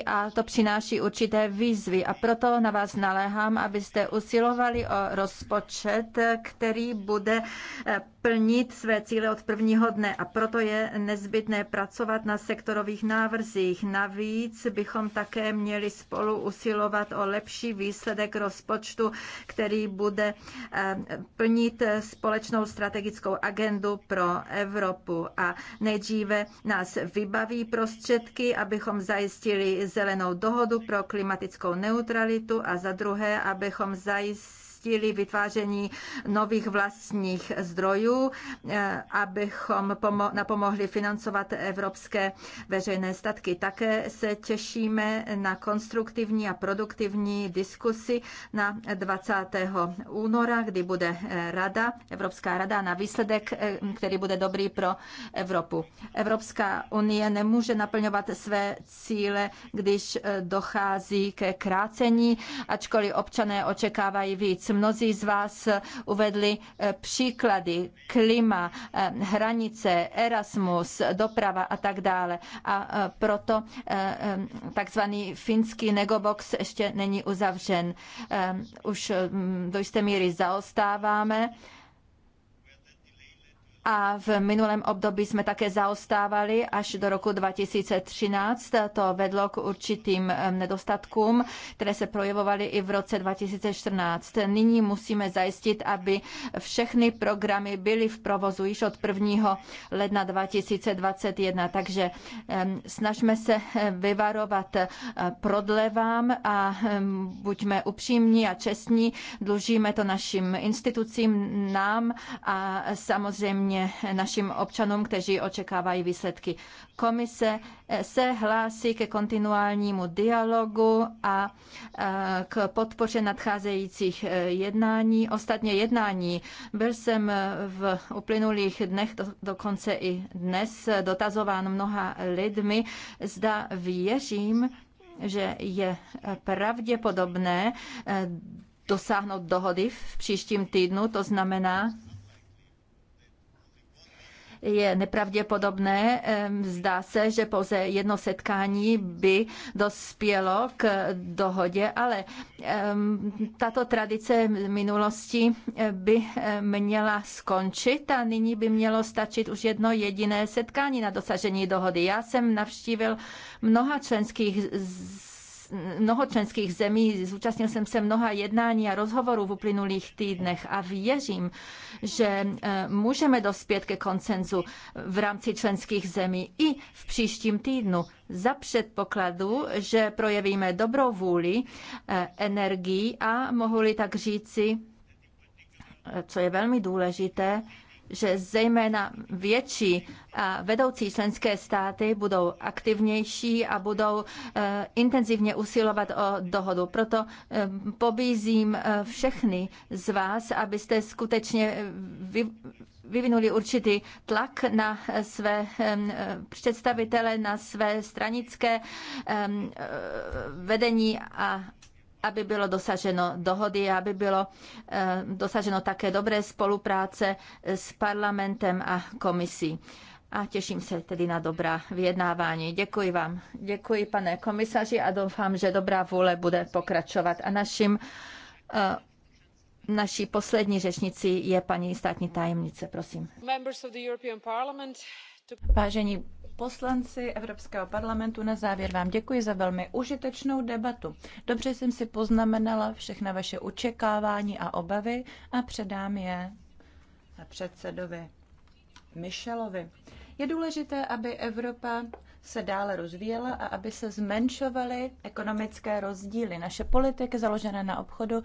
eh, a to přináší určité výzvy a proto na vás naléhám, abyste usilovali o rozpočet, který bude eh, plnit své cíle od prvního dne a proto je nezbytné pracovat na sektorových návrzích. Navíc bychom také měli spolu usilovat o lepší výsledek rozpočtu, který bude eh, plnit společnou strategickou agendu pro Evropu a nejdříve nás vybaví prostředky, abychom zajistili zelenou dohodu pro klimatickou neutralitu a za druhé, abychom zajistili zajistili vytváření nových vlastních zdrojů, eh, abychom napomohli financovat evropské veřejné statky. Také se těšíme na konstruktivní a produktivní diskusi na 20. února, kdy bude eh, rada, Evropská rada na výsledek, eh, který bude dobrý pro Evropu. Evropská unie nemůže naplňovat své cíle, když dochází ke krácení, ačkoliv občané očekávají víc mnozí z vás uvedli eh, příklady, klima, eh, hranice, Erasmus, doprava a tak dále. A eh, proto takzvaný finský negobox ještě není uzavřen. Už hm, do jisté míry zaostáváme a v minulém období jsme také zaostávali až do roku 2013. To vedlo k určitým nedostatkům, které se projevovaly i v roce 2014. Nyní musíme zajistit, aby všechny programy byly v provozu již od 1. ledna 2021. Takže snažme se eh, vyvarovat eh, prodlevám a buďme upřímní a čestní. Dlužíme to našim institucím, nám a samozřejmě hlavně našim občanům, kteří očekávají výsledky. Komise se hlásí ke kontinuálnímu dialogu a k podpoře nadcházejících e, jednání. Ostatně jednání byl jsem v uplynulých dnech, do, dokonce i dnes, dotazován mnoha lidmi, zda věřím, že je pravděpodobné e, dosáhnout dohody v příštím týdnu, to znamená je nepravděpodobné. Zdá se, že pouze jedno setkání by dospělo k dohodě, ale tato tradice minulosti by měla skončit a nyní by mělo stačit už jedno jediné setkání na dosažení dohody. Já jsem navštívil mnoha členských mnoho členských zemí, zúčastnil jsem se mnoha jednání a rozhovorů v uplynulých týdnech a věřím, že eh, můžeme dospět ke koncenzu v rámci členských zemí i v příštím týdnu za předpokladu, že projevíme dobrou vůli, eh, energii a mohli tak říci, eh, co je velmi důležité, že zejména větší a vedoucí členské státy budou aktivnější a budou e, intenzivně usilovat o dohodu. Proto e, pobízím e, všechny z vás, abyste skutečně vy vyvinuli určitý tlak na své představitele, na své stranické vedení a aby bylo dosaženo dohody, aby bylo eh, dosaženo také dobré spolupráce s parlamentem a komisí. A těším se tedy na dobrá vyjednávání. Děkuji vám. Děkuji, pane komisaři, a doufám, že dobrá vůle bude pokračovat. A naším, eh, naší poslední řečnici je paní státní tajemnice. Prosím. Vážení poslanci Evropského parlamentu, na závěr vám děkuji za velmi užitečnou debatu. Dobře jsem si poznamenala všechna vaše očekávání a obavy a předám je předsedovi Michelovi. Je důležité, aby Evropa se dále rozvíjela a aby se zmenšovaly ekonomické rozdíly. Naše politika založená na obchodu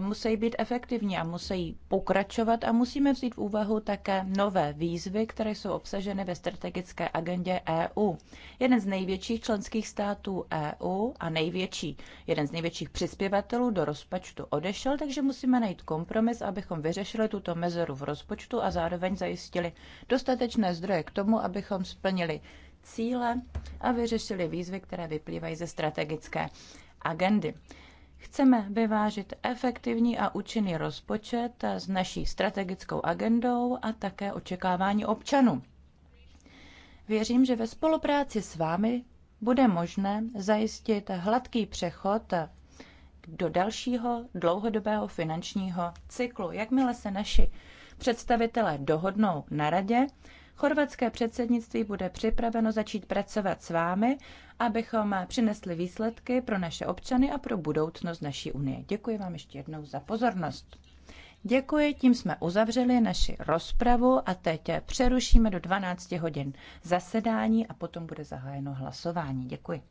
musí být efektivní a musí pokračovat a musíme vzít v úvahu také nové výzvy, které jsou obsaženy ve strategické agendě EU. Jeden z největších členských států EU a největší, jeden z největších přispěvatelů do rozpočtu odešel, takže musíme najít kompromis, abychom vyřešili tuto mezeru v rozpočtu a zároveň zajistili dostatečné zdroje k tomu, abychom splnili cíle a vyřešili výzvy, které vyplývají ze strategické agendy. Chceme vyvážit efektivní a účinný rozpočet s naší strategickou agendou a také očekávání občanů. Věřím, že ve spolupráci s vámi bude možné zajistit hladký přechod do dalšího dlouhodobého finančního cyklu. Jakmile se naši představitelé dohodnou na radě, Chorvatské předsednictví bude připraveno začít pracovat s vámi, abychom přinesli výsledky pro naše občany a pro budoucnost naší unie. Děkuji vám ještě jednou za pozornost. Děkuji, tím jsme uzavřeli naši rozpravu a teď přerušíme do 12 hodin zasedání a potom bude zahájeno hlasování. Děkuji.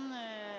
on eh,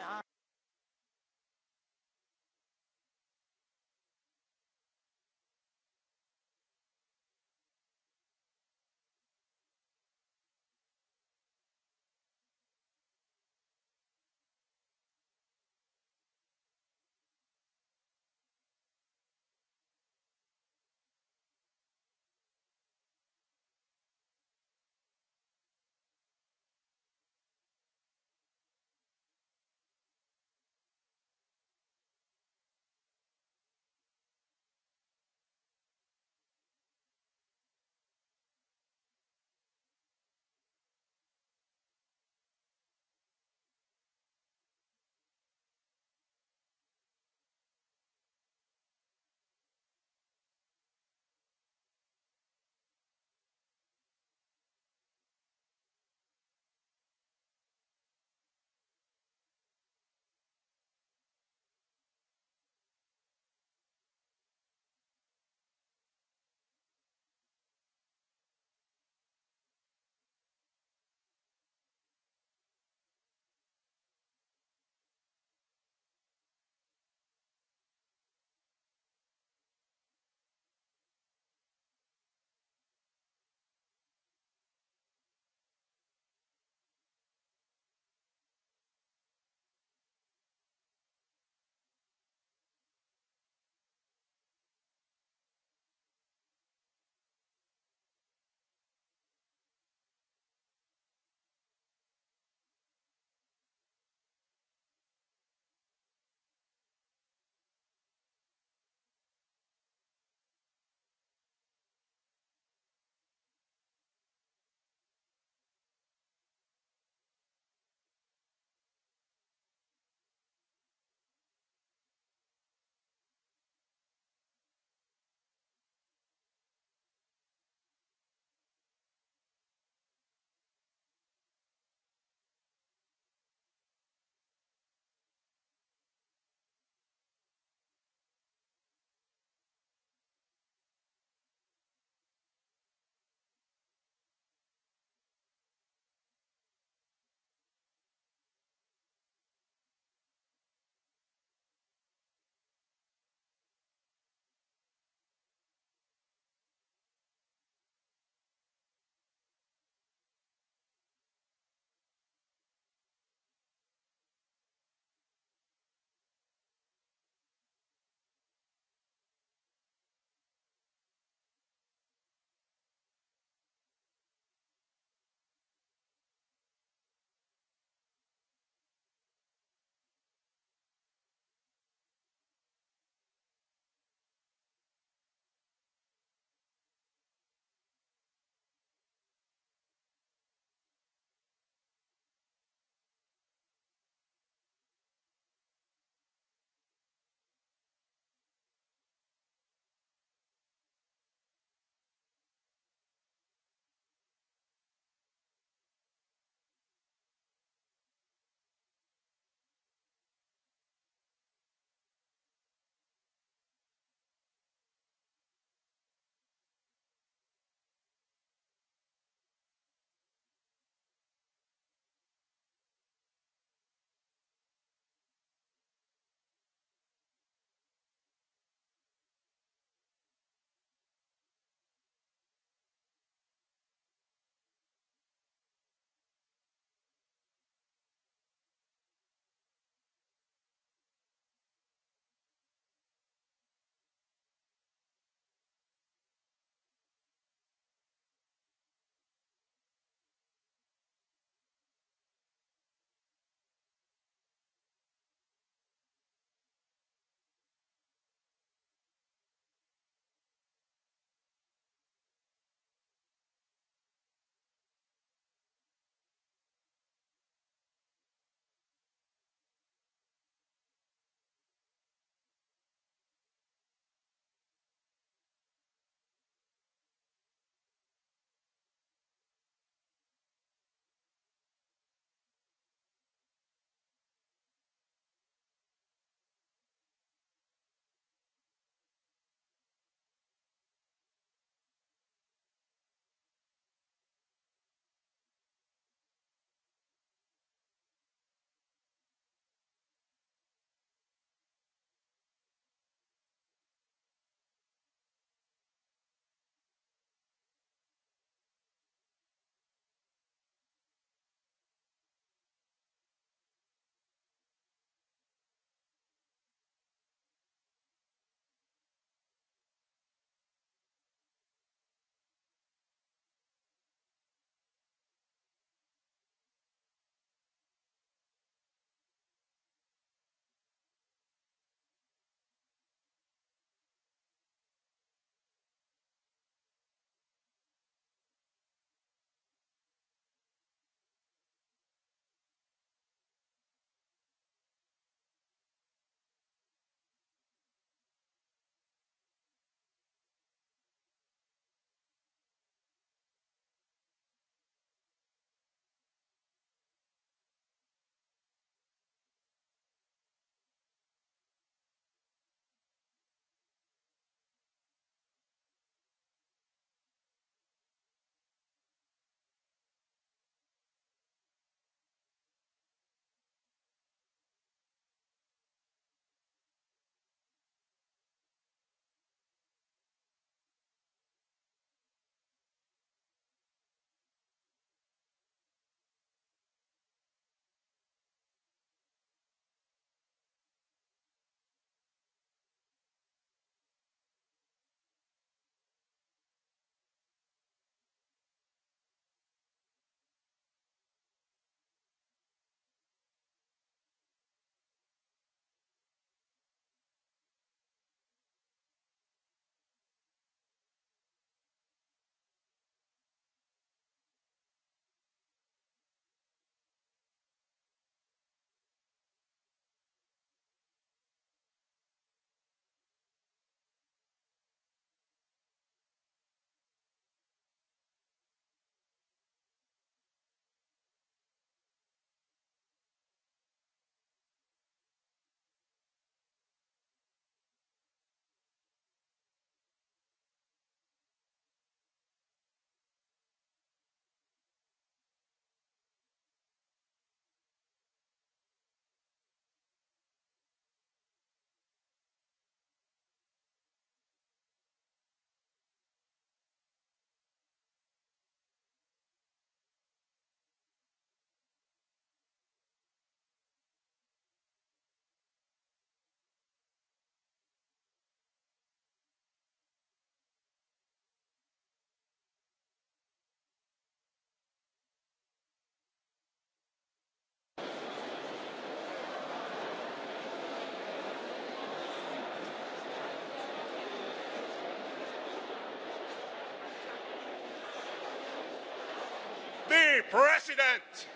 president!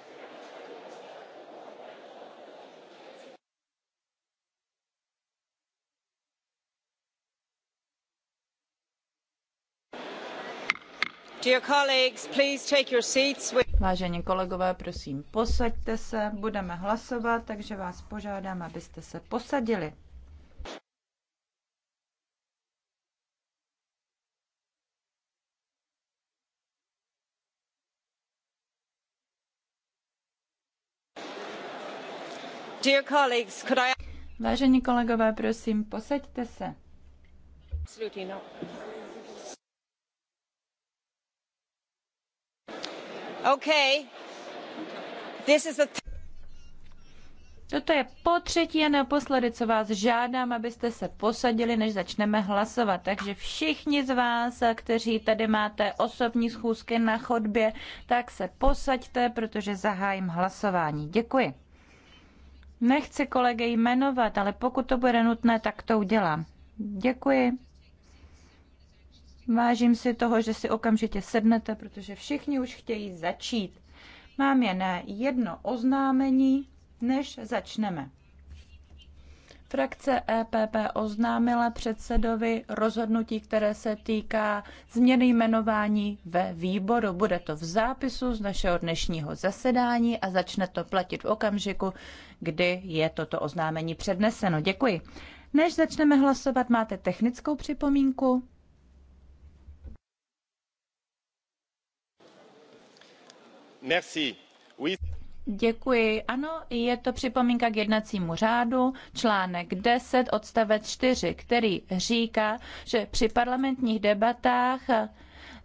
Vážení kolegové, prosím, posaďte se, budeme hlasovat, takže vás požádám, abyste se posadili. Vážení kolegové, prosím, posaďte se. Toto je po třetí a naposledy, co vás žádám, abyste se posadili, než začneme hlasovat. Takže všichni z vás, kteří tady máte osobní schůzky na chodbě, tak se posaďte, protože zahájím hlasování. Děkuji. Nechci kolegy jmenovat, ale pokud to bude nutné, tak to udělám. Děkuji. Vážím si toho, že si okamžitě sednete, protože všichni už chtějí začít. Mám jen jedno oznámení, než začneme. Frakce EPP oznámila předsedovi rozhodnutí, které se týká změny jmenování ve výboru. Bude to v zápisu z našeho dnešního zasedání a začne to platit v okamžiku, kdy je toto oznámení předneseno. Děkuji. Než začneme hlasovat, máte technickou připomínku? Merci. Oui. Děkuji. Ano, je to připomínka k jednacímu řádu, článek 10, odstavec 4, který říká, že při parlamentních debatách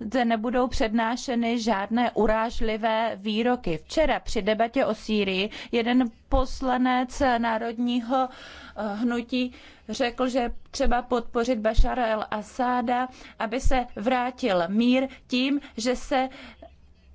zde nebudou přednášeny žádné urážlivé výroky. Včera při debatě o Sýrii jeden poslanec národního eh, hnutí řekl, že třeba podpořit Bašara el-Asáda, aby se vrátil mír tím, že se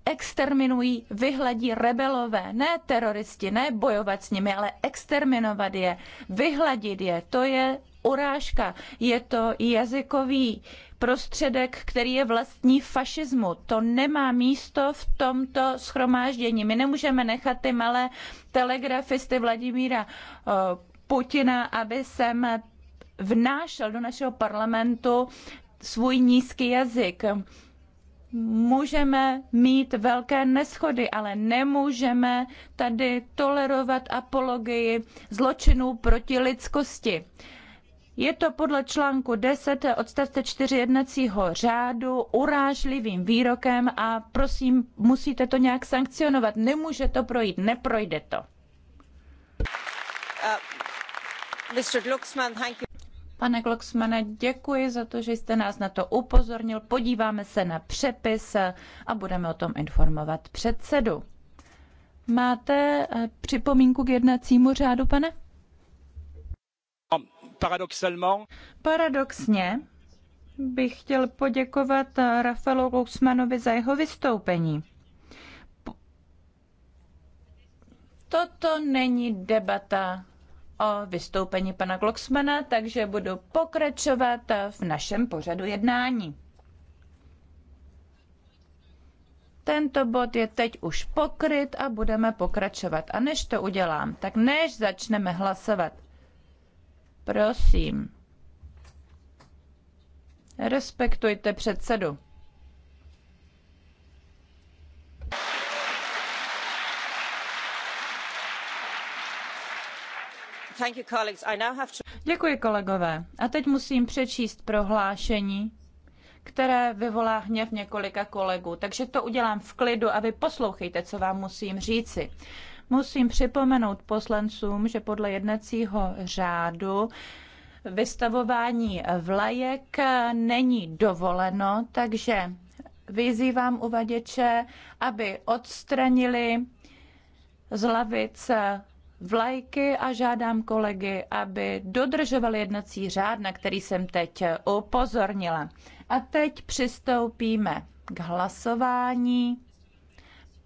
exterminují, vyhladí rebelové, ne teroristi, ne bojovat s nimi, ale exterminovat je, vyhladit je, to je urážka, je to jazykový prostředek, který je vlastní fašismu. To nemá místo v tomto schromáždění. My nemůžeme nechat ty malé telegrafisty Vladimíra eh, Putina, aby sem vnášel do našeho parlamentu svůj nízký jazyk můžeme mít velké neschody, ale nemůžeme tady tolerovat apologii zločinů proti lidskosti. Je to podle článku 10 odstavce 4 jednacího řádu urážlivým výrokem a prosím, musíte to nějak sankcionovat. Nemůže to projít, neprojde to. Uh, Mr. Glucksmann, thank you. Pane Glocksmane, děkuji za to, že jste nás na to upozornil. Podíváme se na přepis a budeme o tom informovat předsedu. Máte eh, připomínku k jednacímu řádu, pane? Um, Paradoxně bych chtěl poděkovat eh, Rafaelu Glusmanovi za jeho vystoupení. Toto není debata o vystoupení pana Glocksmana, takže budu pokračovat v našem pořadu jednání. Tento bod je teď už pokryt a budeme pokračovat. A než to udělám, tak než začneme hlasovat, prosím, respektujte předsedu. Děkuji, kolegové. A teď musím přečíst prohlášení, které vyvolá hněv několika kolegů. Takže to udělám v klidu a vy poslouchejte, co vám musím říci. Musím připomenout poslancům, že podle jednacího řádu vystavování vlajek není dovoleno, takže vyzývám uvaděče, aby odstranili z lavic vlajky a žádám kolegy, aby dodržovali jednací řád, na který jsem teď upozornila. A teď přistoupíme k hlasování.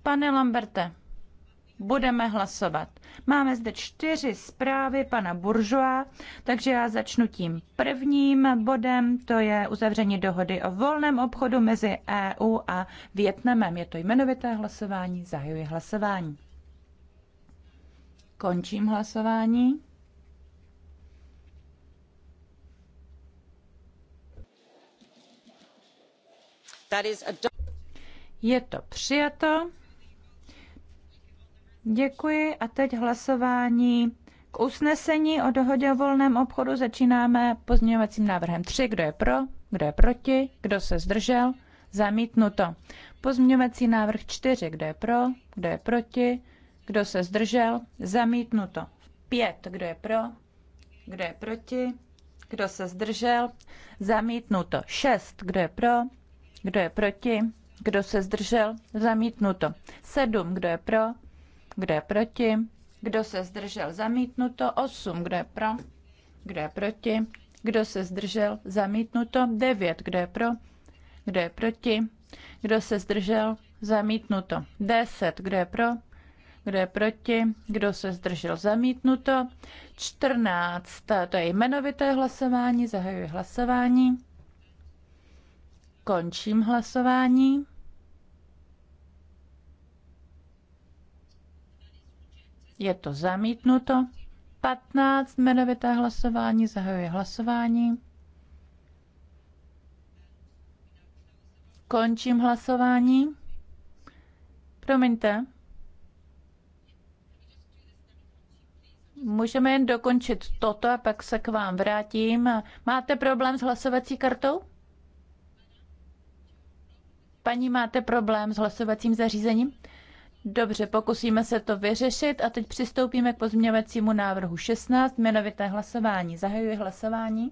Pane Lamberte, budeme hlasovat. Máme zde čtyři zprávy pana Buržoa, takže já začnu tím prvním bodem, to je uzavření dohody o volném obchodu mezi EU a Větnamem. Je to jmenovité hlasování, zahajuji hlasování. Končím hlasování. Je to přijato. Děkuji a teď hlasování k usnesení o dohodě o volném obchodu začínáme pozměňovacím návrhem 3. Kdo je pro? Kdo je proti? Kdo se zdržel? Zamítnuto. Pozměňovací návrh 4. Kdo je pro? Kdo je proti? Kdo se zdržel? Zamítnuto. Pět. Kdo je pro? Kdo je proti? Kdo se zdržel? Zamítnuto. Šest. Kdo je pro? Kdo je proti? Kdo se zdržel? Zamítnuto. Sedm. Kdo je pro? Kdo je proti? Kdo se zdržel? Zamítnuto. Osm. Kdo je pro? Kdo je proti? Kdo se zdržel? Zamítnuto. Devět. Kdo je pro? Kdo je proti? Kdo se zdržel? Zamítnuto. Deset. Kdo je pro? kdo je proti, kdo se zdržel zamítnuto. 14. To je jmenovité hlasování, zahajuji hlasování. Končím hlasování. Je to zamítnuto. 15. Jmenovité hlasování, zahajuji hlasování. Končím hlasování. Promiňte, Můžeme jen dokončit toto a pak se k vám vrátím. Máte problém s hlasovací kartou? Paní, máte problém s hlasovacím zařízením? Dobře, pokusíme se to vyřešit a teď přistoupíme k pozměňovacímu návrhu 16, jmenovité hlasování. Zahajuji hlasování.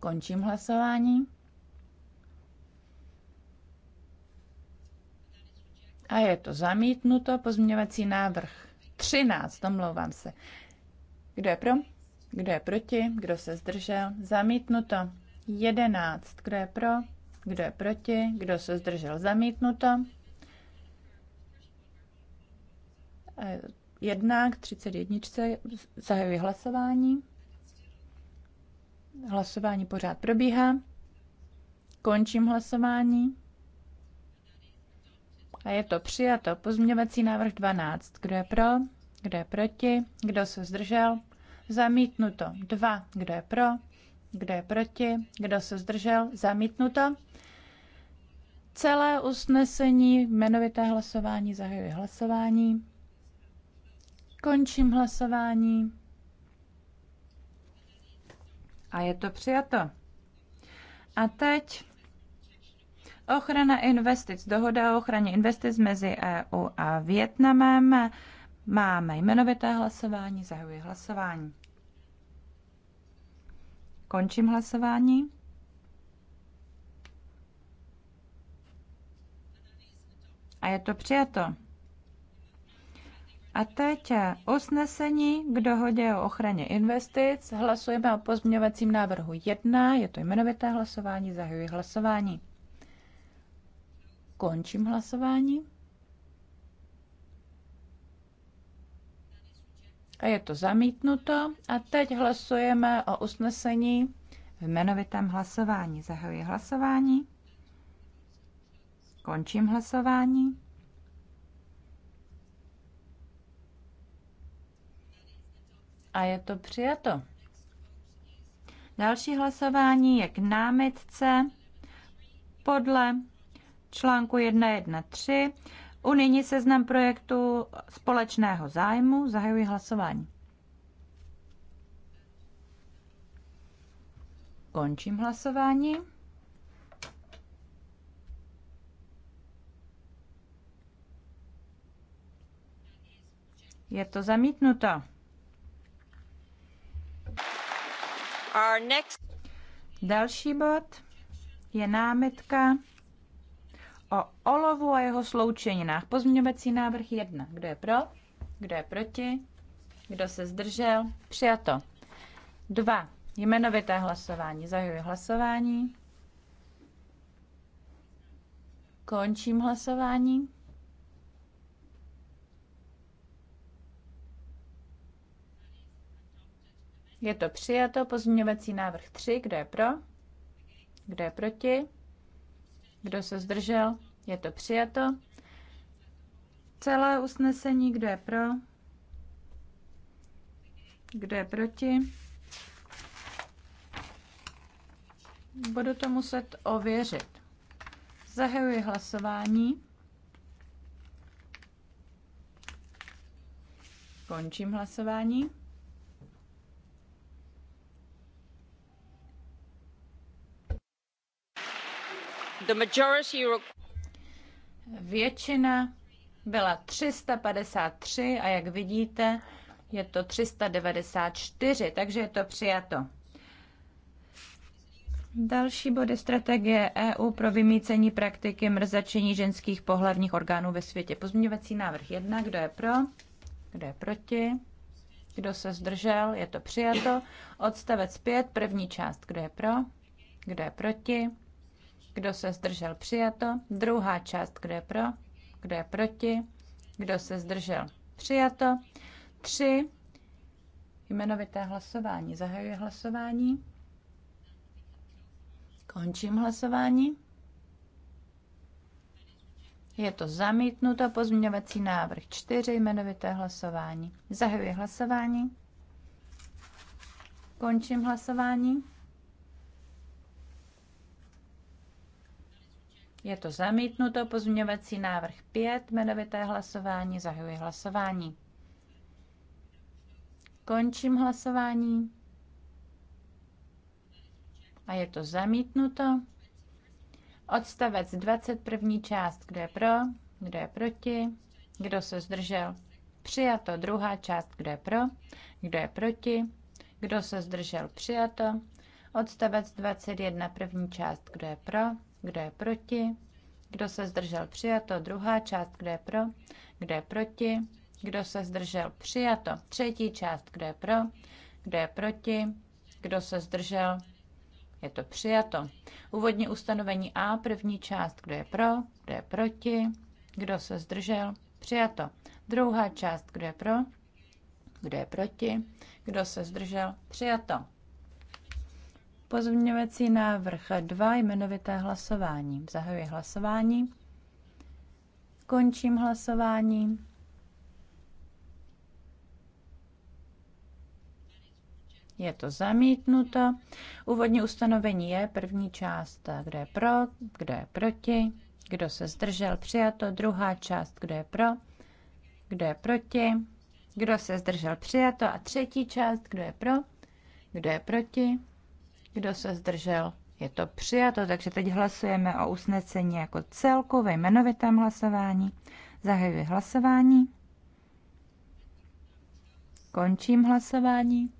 Končím hlasování. A je to zamítnuto. Pozměňovací návrh 13, omlouvám se. Kdo je pro? Kdo je proti? Kdo se zdržel? Zamítnuto. 11. Kdo je pro? Kdo je proti? Kdo se zdržel? Zamítnuto. 1 eh, k 31. Zahajuji hlasování. Hlasování pořád probíhá. Končím hlasování. A je to přijato. Pozměňovací návrh 12. Kdo je pro? Kdo je proti? Kdo se zdržel? Zamítnuto. 2. Kdo je pro? Kdo je proti? Kdo se zdržel? Zamítnuto. Celé usnesení, jmenovité hlasování, zahajuji hlasování. Končím hlasování. A je to přijato. A teď Ochrana investic. Dohoda o ochraně investic mezi EU a Větnamem. Máme jmenovité hlasování, zahajuji hlasování. Končím hlasování. A je to přijato. A teď usnesení k dohodě o ochraně investic. Hlasujeme o pozměňovacím návrhu 1. Je to jmenovité hlasování. Zahajuji hlasování. Končím hlasování. A je to zamítnuto. A teď hlasujeme o usnesení v jmenovitém hlasování. Zahajuji hlasování. Končím hlasování. A je to přijato. Další hlasování je k námitce podle článku 1.1.3 unijní seznam projektu společného zájmu. Zahajuji hlasování. Končím hlasování. Je to zamítnuto. Our next... Další bod je námitka o olovu a jeho sloučeninách. Pozměňovací návrh 1. Kdo je pro? Kdo je proti? Kdo se zdržel? Přijato. 2. Jmenovité hlasování. Zahajuji hlasování. Končím hlasování. Je to přijato. Pozměňovací návrh 3. Kdo je pro? Kdo je proti? Kdo se zdržel? Je to přijato. Celé usnesení, kdo je pro? Kdo je proti? Budu to muset ověřit. Zahajuji hlasování. Končím hlasování. Většina byla 353 a jak vidíte, je to 394, takže je to přijato. Další body strategie EU pro vymícení praktiky mrzačení ženských pohlavních orgánů ve světě. Pozměňovací návrh 1. Kdo je pro? Kdo je proti? Kdo se zdržel? Je to přijato. Odstavec 5. První část. Kdo je pro? Kdo je proti? Kdo se zdržel? Přijato. Druhá část. Kdo je pro? Kdo je proti? Kdo se zdržel? Přijato. Tři. Jmenovité hlasování. Zahajuji hlasování. Končím hlasování. Je to zamítnuto pozměňovací návrh čtyři jmenovité hlasování. Zahajuji hlasování. Končím hlasování. Je to zamítnuto. Pozměňovací návrh 5, jmenovité hlasování, zahajuji hlasování. Končím hlasování. A je to zamítnuto. Odstavec 21. část, kdo je pro, kdo je proti, kdo se zdržel. Přijato druhá část, kdo je pro, kdo je proti, kdo se zdržel. Přijato. Odstavec 21. první část, kdo je pro, kdo je proti, kdo se zdržel přijato, druhá část, kdo je pro, kdo je proti, kdo se zdržel přijato, třetí část, kdo je pro, kdo je proti, kdo se zdržel, je to přijato. Úvodní ustanovení A, první část, kdo je pro, kdo je proti, kdo se zdržel, přijato. Druhá část, kdo je pro, kdo je proti, kdo se zdržel, přijato. Pozměňovací návrh 2, jmenovité hlasování. Zahajuji hlasování. Končím hlasování. Je to zamítnuto. Úvodní ustanovení je první část, kde je pro, kde je proti, kdo se zdržel, přijato. Druhá část, kde je pro, kdo je proti, kdo se zdržel, přijato. A třetí část, kdo je pro, kdo je proti, kdo se zdržel? Je to přijato, takže teď hlasujeme o usnesení jako celku ve jmenovitém hlasování. Zahajuji hlasování. Končím hlasování.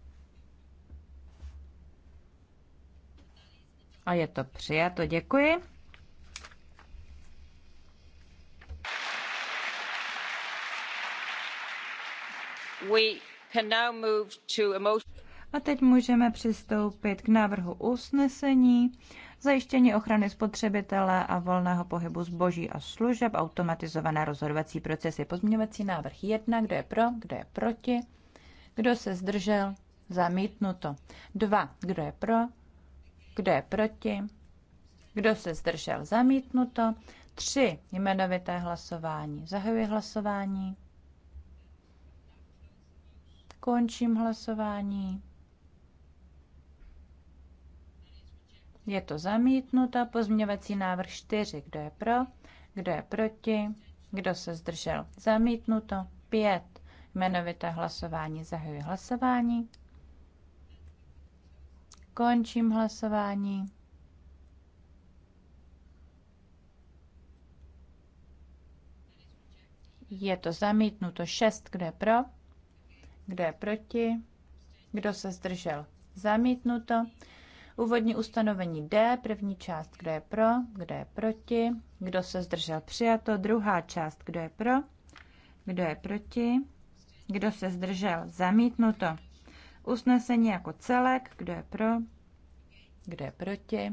A je to přijato, děkuji. We can now move to emotion. A teď můžeme přistoupit k návrhu usnesení zajištění ochrany spotřebitele a volného pohybu zboží a služeb, automatizované rozhodovací procesy. Pozměňovací návrh 1, kdo je pro, kdo je proti, kdo se zdržel, zamítnuto. 2, kdo je pro, kdo je proti, kdo se zdržel, zamítnuto. 3, jmenovité hlasování. Zahajuji hlasování. Končím hlasování. Je to zamítnuto. Pozměňovací návrh 4. Kdo je pro? Kdo je proti? Kdo se zdržel? Zamítnuto. 5. Jmenovité hlasování. Zahajuji hlasování. Končím hlasování. Je to zamítnuto 6, kdo je pro, kdo je proti, kdo se zdržel. Zamítnuto Úvodní ustanovení D, první část, kdo je pro, kdo je proti, kdo se zdržel přijato, druhá část, kdo je pro, kdo je proti, kdo se zdržel zamítnuto. Usnesení jako celek, kdo je pro, kdo je proti,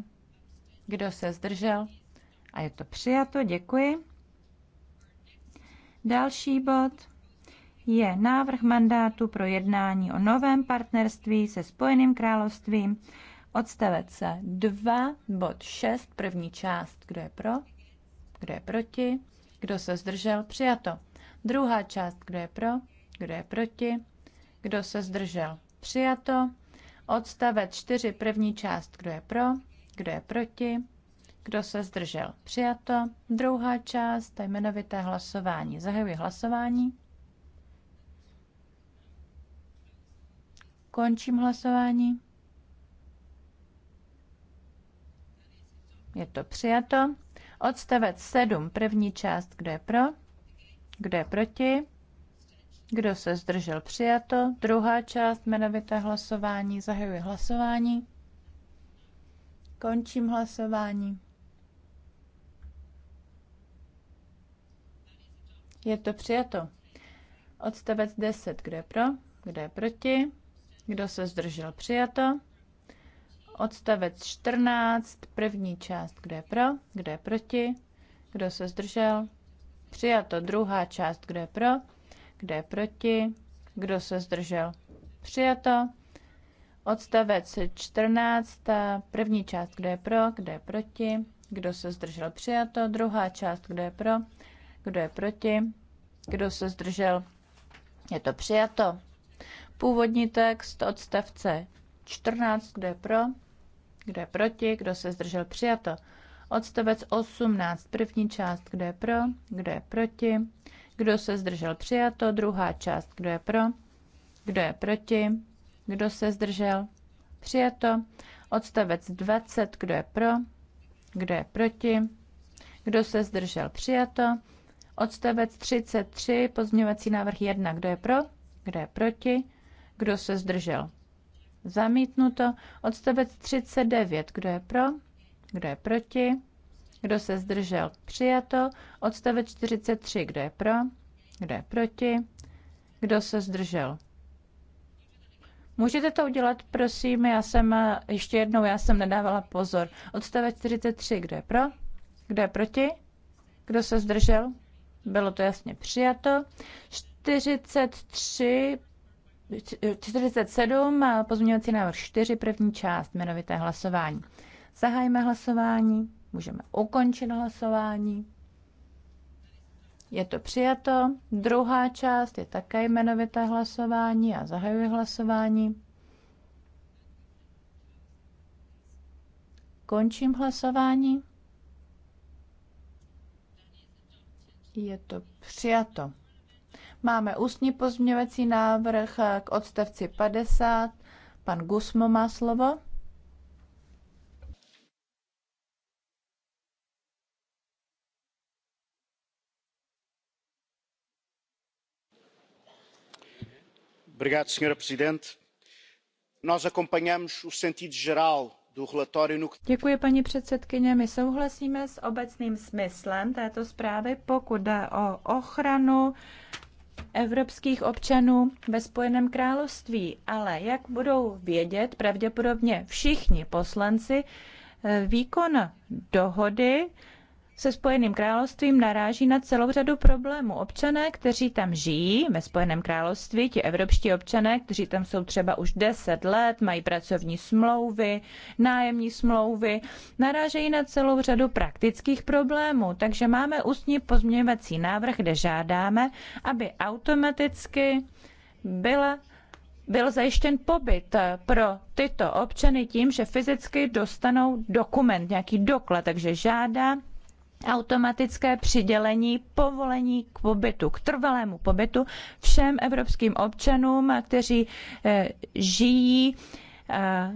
kdo se zdržel a je to přijato, děkuji. Další bod je návrh mandátu pro jednání o novém partnerství se Spojeným královstvím Odstavec 2, bod 6, první část. Kdo je pro? Kdo je proti? Kdo se zdržel? Přijato. Druhá část. Kdo je pro? Kdo je proti? Kdo se zdržel? Přijato. Odstavec 4, první část. Kdo je pro? Kdo je proti? Kdo se zdržel? Přijato. Druhá část, jmenovité hlasování. Zahajuji hlasování. Končím hlasování. Je to přijato. Odstavec 7, první část, kdo je pro? Kdo je proti? Kdo se zdržel přijato? Druhá část, jmenovité hlasování, zahajuji hlasování. Končím hlasování. Je to přijato. Odstavec 10, kdo je pro? Kdo je proti? Kdo se zdržel přijato? Odstavec 14, první část, kde je pro, kde je proti, kdo se zdržel. Přijato druhá část, kde je pro, kde je proti, kdo se zdržel. Přijato. Odstavec 14, první část, kde je pro, kde je proti, kdo se zdržel. Přijato. Druhá část, kde je pro, kdo je proti, kdo se zdržel. Je to přijato. Původní text odstavce 14, kde je pro, kdo je proti? Kdo se zdržel? Přijato. Odstavec 18, první část, kdo je pro, kdo je proti, kdo se zdržel přijato, druhá část, kdo je pro, kdo je proti, kdo se zdržel přijato, odstavec 20, kdo je pro, kdo je proti, kdo se zdržel přijato, odstavec 33, pozměňovací návrh 1, kdo je pro, kdo je proti, kdo se zdržel Zamítnuto. Odstavec 39. Kdo je pro? Kdo je proti? Kdo se zdržel? Přijato. Odstavec 43. Kdo je pro? Kdo je proti? Kdo se zdržel? Můžete to udělat, prosím, já jsem, eh, ještě jednou, já jsem nedávala pozor. Odstavec 43, kdo je pro? Kdo je proti? Kdo se zdržel? Bylo to jasně přijato. 43 47, eh, pozměňovací návrh 4, první část, jmenovité hlasování. Zahájíme hlasování, můžeme ukončit hlasování. Je to přijato. Druhá část je také jmenovité hlasování a zahajuji hlasování. Končím hlasování. Je to přijato. Máme ústní pozměňovací návrh k odstavci 50. Pan Gusmo má slovo. senhora presidente nós acompanhamos o sentido geral do relatório no Děkuji paní předsedkyně, my souhlasíme s obecným smyslem této zprávy, pokud jde o ochranu evropských občanů ve Spojeném království, ale jak budou vědět pravděpodobně všichni poslanci, eh, výkon dohody se Spojeným královstvím naráží na celou řadu problémů. Občané, kteří tam žijí ve Spojeném království, ti evropští občané, kteří tam jsou třeba už 10 let, mají pracovní smlouvy, nájemní smlouvy, narážejí na celou řadu praktických problémů. Takže máme ústní pozměňovací návrh, kde žádáme, aby automaticky byla byl zajištěn pobyt pro tyto občany tím, že fyzicky dostanou dokument, nějaký doklad, takže žádá automatické přidělení povolení k pobytu, k trvalému pobytu všem evropským občanům, kteří eh, žijí eh,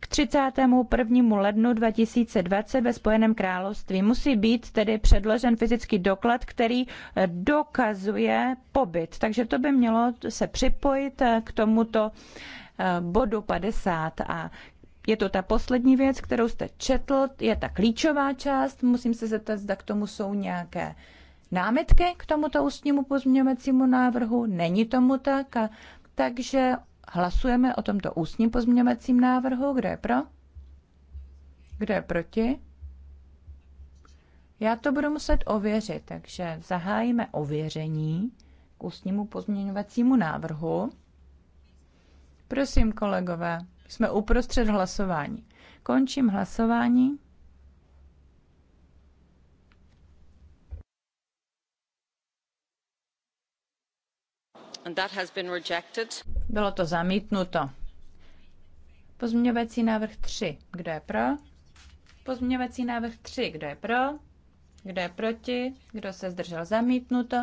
k 31. lednu 2020 ve Spojeném království. Musí být tedy předložen fyzický doklad, který dokazuje pobyt. Takže to by mělo se připojit eh, k tomuto bodu 50 a je to ta poslední věc, kterou jste četl, je ta klíčová část. Musím se zeptat, zda k tomu jsou nějaké námitky k tomuto ústnímu pozměňovacímu návrhu. Není tomu tak, a takže hlasujeme o tomto ústním pozměňovacím návrhu. Kdo je pro? Kdo je proti? Já to budu muset ověřit, takže zahájíme ověření k ústnímu pozměňovacímu návrhu. Prosím, kolegové, jsme uprostřed hlasování. Končím hlasování. Bylo to zamítnuto. Pozměňovací návrh 3. Kdo je pro? Pozměňovací návrh 3. Kdo je pro? Kdo je proti? Kdo se zdržel zamítnuto?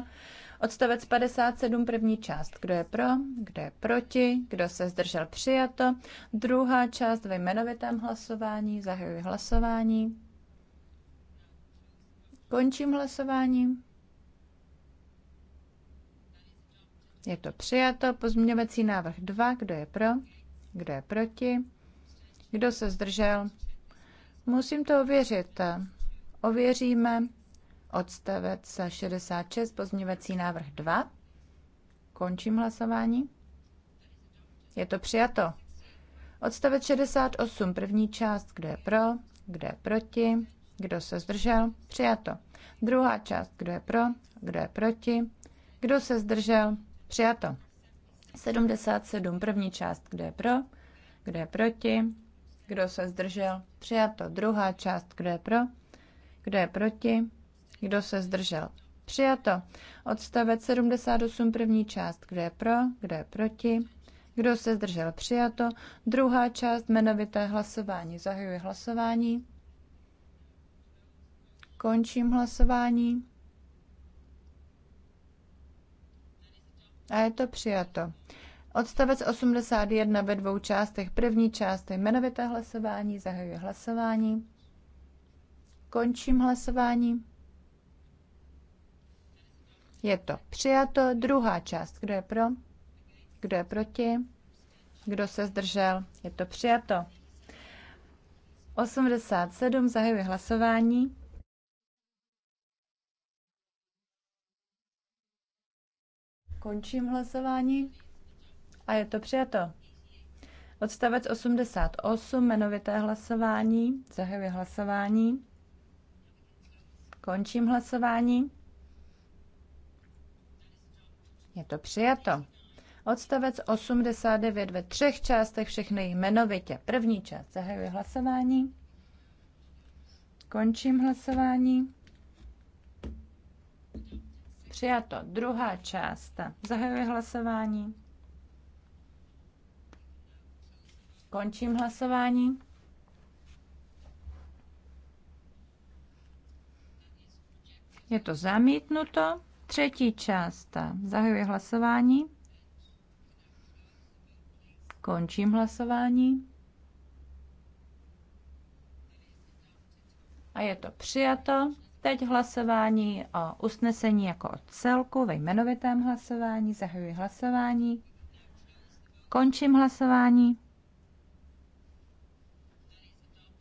Odstavec 57, první část. Kdo je pro, kdo je proti, kdo se zdržel přijato. Druhá část ve jmenovitém hlasování. Zahajuji hlasování. Končím hlasování. Je to přijato. Pozměňovací návrh 2. Kdo je pro? Kdo je proti? Kdo se zdržel? Musím to ověřit. Ověříme odstavec 66, pozměvací návrh 2. Končím hlasování. Je to přijato. Odstavec 68, první část, kdo je pro, kdo je proti, kdo se zdržel, přijato. Druhá část, kdo je pro, kdo je proti, kdo se zdržel, přijato. 77, první část, kdo je pro, kdo je proti, kdo se zdržel, přijato. Druhá část, kdo je pro, kdo je proti, kdo se zdržel? Přijato. Odstavec 78 první část. Kdo je pro? Kdo je proti? Kdo se zdržel? Přijato. Druhá část jmenovité hlasování. Zahajuji hlasování. Končím hlasování. A je to přijato. Odstavec 81 ve dvou částech. První část je jmenovité hlasování. Zahajuji hlasování. Končím hlasování. Je to přijato. Druhá část. Kdo je pro? Kdo je proti? Kdo se zdržel? Je to přijato. 87. Zahajuji hlasování. Končím hlasování a je to přijato. Odstavec 88, jmenovité hlasování. Zahajuji hlasování. Končím hlasování. Je to přijato. Odstavec 89 ve třech částech, všechny jmenovitě. První část zahajuje hlasování. Končím hlasování. Přijato. Druhá část. Zahajuji hlasování. Končím hlasování. Je to zamítnuto. Třetí část. Zahajuji hlasování. Končím hlasování. A je to přijato. Teď hlasování o usnesení jako o celku ve jmenovitém hlasování. Zahajuji hlasování. Končím hlasování.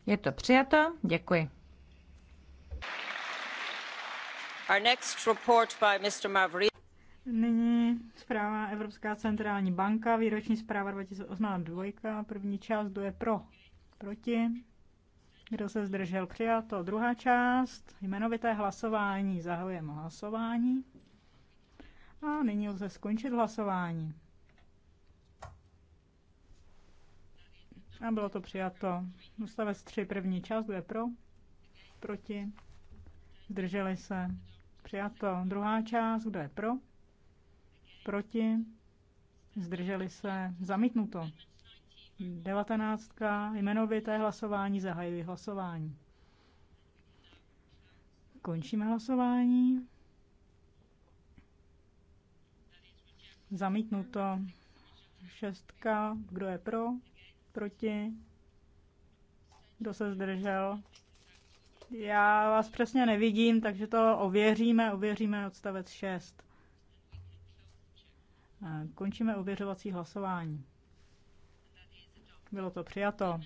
Je to přijato. Děkuji. Nyní zpráva Evropská centrální banka, výroční zpráva 2018, první část, kdo je pro, proti, kdo se zdržel, přijato. Druhá část, jmenovité hlasování, zahajujeme hlasování. A nyní lze skončit hlasování. A bylo to přijato. Ustavec 3, první část, kdo je pro, proti, zdrželi se, Přijato. Druhá část, kdo je pro? Proti? Zdrželi se. Zamítnuto. Devatenáctka, jmenovité hlasování, zahajuji hlasování. Končíme hlasování. Zamítnuto. Šestka, kdo je pro? Proti? Kdo se zdržel? Já vás přesně nevidím, takže to ověříme, ověříme odstavec 6. Končíme ověřovací hlasování. Bylo to přijato.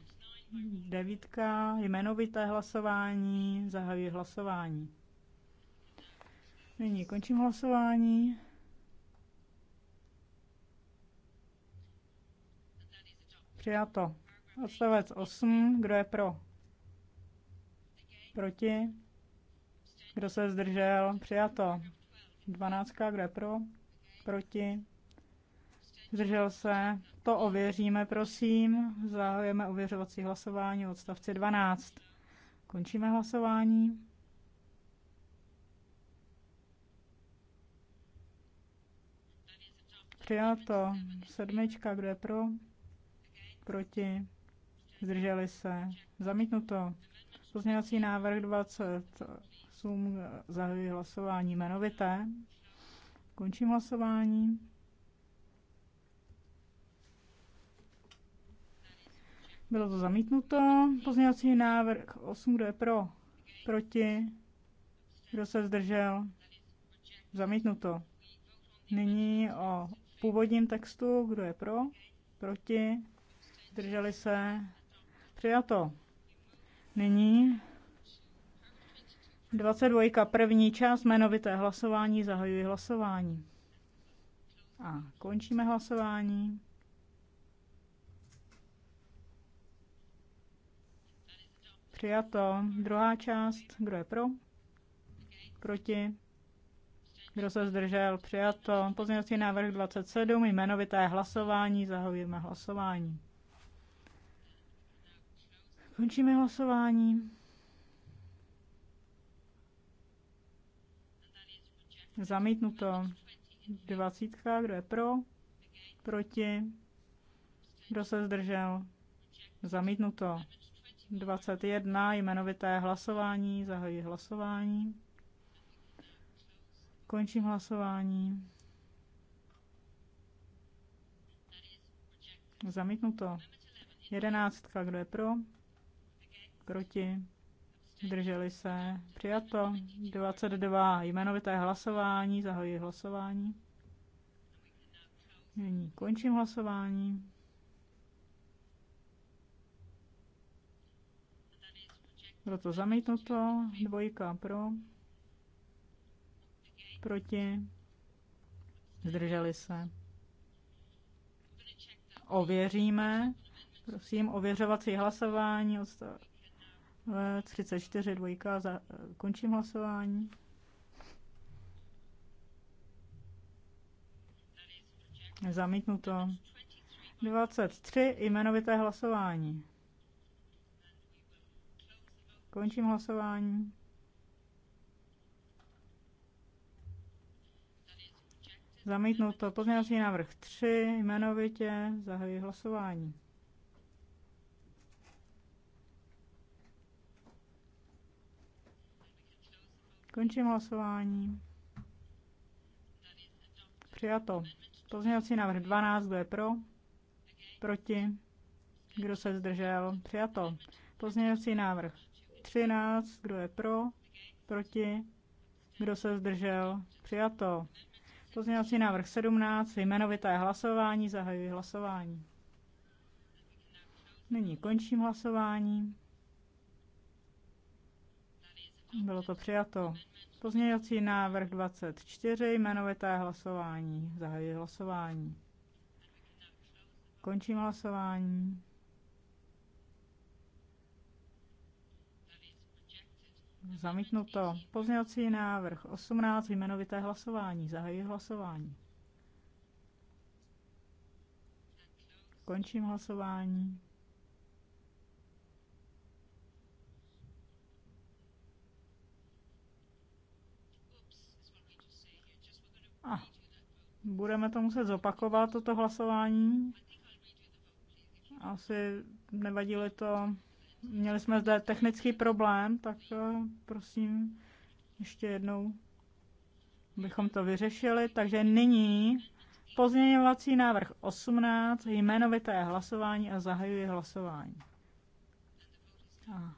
Devítka, jmenovité hlasování, zahajuji hlasování. Nyní končím hlasování. Přijato. Odstavec 8, kdo je pro? Proti? Kdo se zdržel? Přijato. 12. Kdo je pro? Proti? Zdržel se? To ověříme, prosím. Zahajujeme ověřovací hlasování odstavci 12. Končíme hlasování. Přijato. Sedmička, kdo je pro? Proti? Zdrželi se. Zamítnuto. Pozměňovací návrh 28 zahajuji hlasování jmenovité. Končím hlasování. Bylo to zamítnuto. Pozměňovací návrh 8, kdo je pro? Proti? Kdo se zdržel? Zamítnuto. Nyní o původním textu, kdo je pro? Proti? Zdrželi se? Přijato. Nyní 22. první část jmenovité hlasování. Zahajuji hlasování. A končíme hlasování. Přijato. Druhá část. Kdo je pro? Proti? Kdo se zdržel? Přijato. Pozměňovací návrh 27. Jmenovité hlasování. Zahajujeme hlasování. Končíme hlasování. Zamítnuto. Dvacítka, kdo je pro? Proti? Kdo se zdržel? Zamítnuto. 21 jmenovité hlasování, zahajuji hlasování. Končím hlasování. Zamítnuto. Jedenáctka, kdo je pro? proti, zdrželi se, přijato. 22 jmenovité hlasování, zahojí hlasování. Nyní končím hlasování. Bylo to zamítnuto, dvojka pro, proti, zdrželi se. Ověříme, prosím, ověřovací hlasování, odstav 34 dvojka, za, končím hlasování. Zamítnuto. 23 jmenovité hlasování. Končím hlasování. Zamítnuto. Pozměňovací návrh 3 jmenovitě. Zahajuji hlasování. Končím hlasování. Přijato. Pozměňovací návrh 12, kdo je pro? Proti? Kdo se zdržel? Přijato. Pozměňovací návrh 13, kdo je pro? Proti? Kdo se zdržel? Přijato. Pozměňovací návrh 17, jmenovité hlasování, zahajuji hlasování. Nyní končím hlasování. Bylo to přijato. Pozměňovací návrh 24, jmenovité hlasování. Zahajuji hlasování. Končím hlasování. Zamítnuto. Pozměňovací návrh 18, jmenovité hlasování. Zahajuji hlasování. Končím hlasování. Budeme to muset zopakovat, toto hlasování. Asi nevadili to. Měli jsme zde technický problém, tak eh, prosím ještě jednou bychom to vyřešili. Takže nyní pozměňovací návrh 18, jmenovité hlasování a zahajuji hlasování. A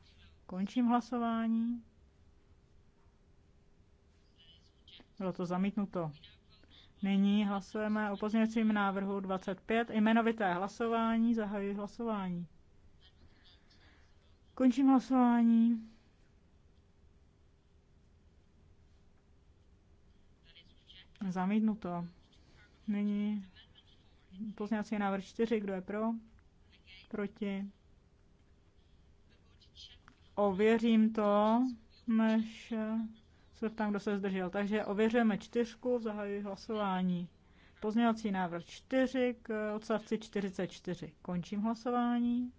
končím hlasování. Bylo to zamítnuto. Nyní hlasujeme o pozměňovacím návrhu 25. Jmenovité hlasování. Zahajuji hlasování. Končím hlasování. Zamítnuto. Nyní pozměňovací návrh 4. Kdo je pro? Proti? Ověřím to, než se ptám, kdo se zdržel. Takže ověřujeme čtyřku, zahajuji hlasování. Pozměňovací návrh 4 k odstavci 44. Končím hlasování.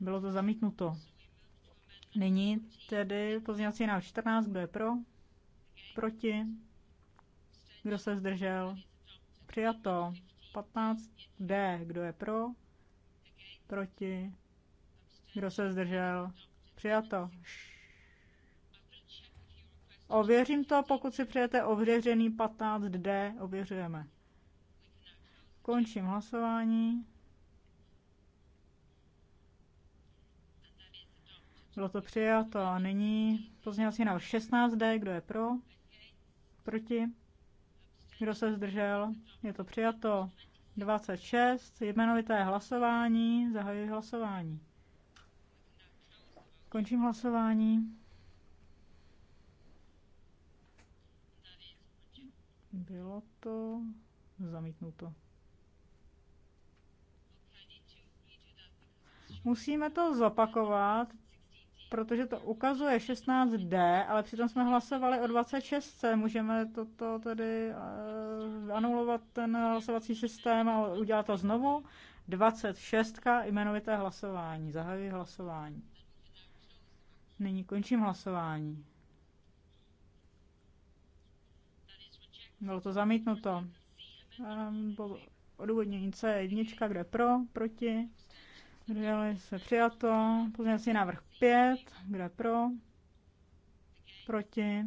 Bylo to zamítnuto. Nyní tedy pozměňovací návrh 14. Kdo je pro? Proti? Kdo se zdržel? Přijato. 15D. Kdo je pro? Proti? Kdo se zdržel? Přijato. Ověřím to, pokud si přejete ověřený 15D, ověřujeme. Končím hlasování. Bylo to přijato a nyní pozměňovací návrh 16D, kdo je pro? Proti? Kdo se zdržel? Je to přijato. 26, jmenovité hlasování, zahajuji hlasování. Končím hlasování. Bylo to zamítnuto. Musíme to zopakovat, protože to ukazuje 16D, ale přitom jsme hlasovali o 26. Můžeme toto tedy uh, anulovat ten hlasovací systém a udělat to znovu. 26. jmenovité hlasování. Zahajuji hlasování. Nyní končím hlasování. Bylo to zamítnuto. Bylo ehm, odůvodnění C1, kde pro, proti. Drželi se přijato. Pozměňovací návrh 5, kde pro, proti.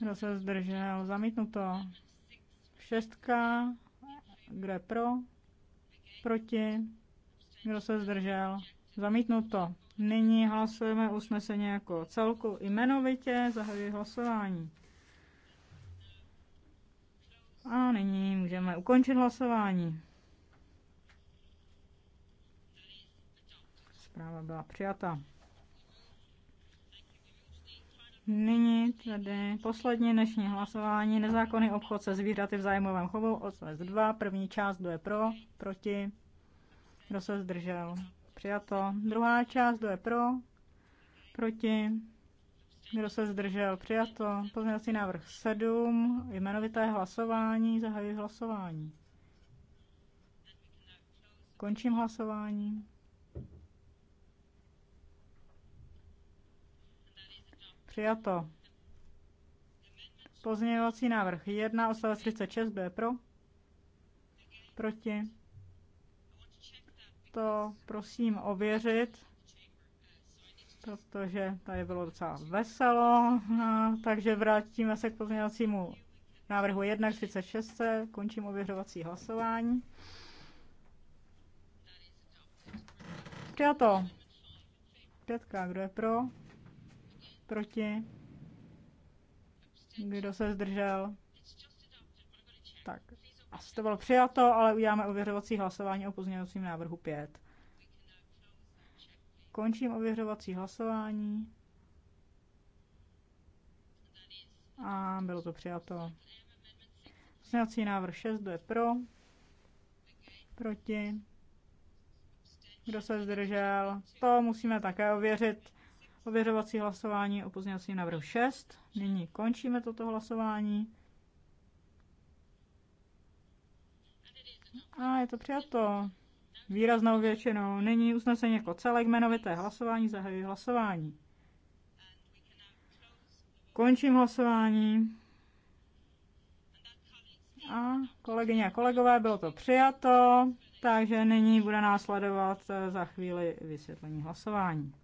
Kdo se zdržel? Zamítnuto. Šestka, kde pro, proti. Kdo se zdržel? Zamítnuto. Nyní hlasujeme usnesení jako celku jmenovitě. Zahajuji hlasování. A nyní můžeme ukončit hlasování. Zpráva byla přijata. Nyní tedy poslední dnešní hlasování. Nezákonný obchod se zvířaty v zájmovém chovu, odstavec 2, první část, kdo je pro, proti, kdo se zdržel. Přijato. Druhá část, kdo je pro, proti, kdo se zdržel? Přijato. Pozměňovací návrh 7. Jmenovité hlasování. Zahajuji hlasování. Končím hlasování. Přijato. Pozměňovací návrh 1, odstavec 36, B. pro? Proti? To prosím ověřit protože tady bylo docela veselo, no, takže vrátíme se k pozměňovacímu návrhu 1 36. Končím ověřovací hlasování. Přijato. Pětka, kdo je pro? Proti? Kdo se zdržel? Tak, asi to bylo přijato, ale uděláme ověřovací hlasování o pozměňovacím návrhu 5. Končím ověřovací hlasování. A bylo to přijato. Pozměňovací návrh 6, kdo je pro? Proti? Kdo se zdržel? To musíme také ověřit. Ověřovací hlasování o pozměňovacím návrhu 6. Nyní končíme toto hlasování. A je to přijato výraznou většinou. Není usnesení jako celé jmenovité hlasování zahajuji hlasování. Končím hlasování. A kolegyně a kolegové, bylo to přijato, takže nyní bude následovat eh, za chvíli vysvětlení hlasování.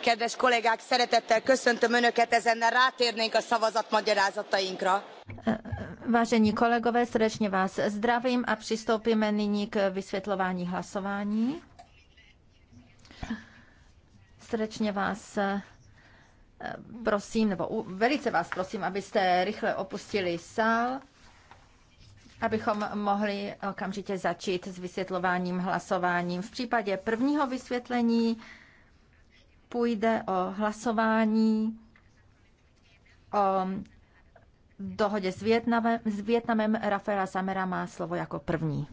Kedves kollégák, szeretettel köszöntöm Önöket, ezennel rátérnénk a szavazatmagyarázatainkra. Vážení kolegové, srdečně vás zdravím a přistoupíme nyní k vysvětlování hlasování. Srdečně vás eh, prosím, nebo velice vás prosím, abyste rychle opustili sál, abychom mohli okamžitě začít s vysvětlováním hlasováním. V případě prvního vysvětlení půjde o hlasování o dohodě s Větnamem. S Větnamem Rafaela Samera má slovo jako první.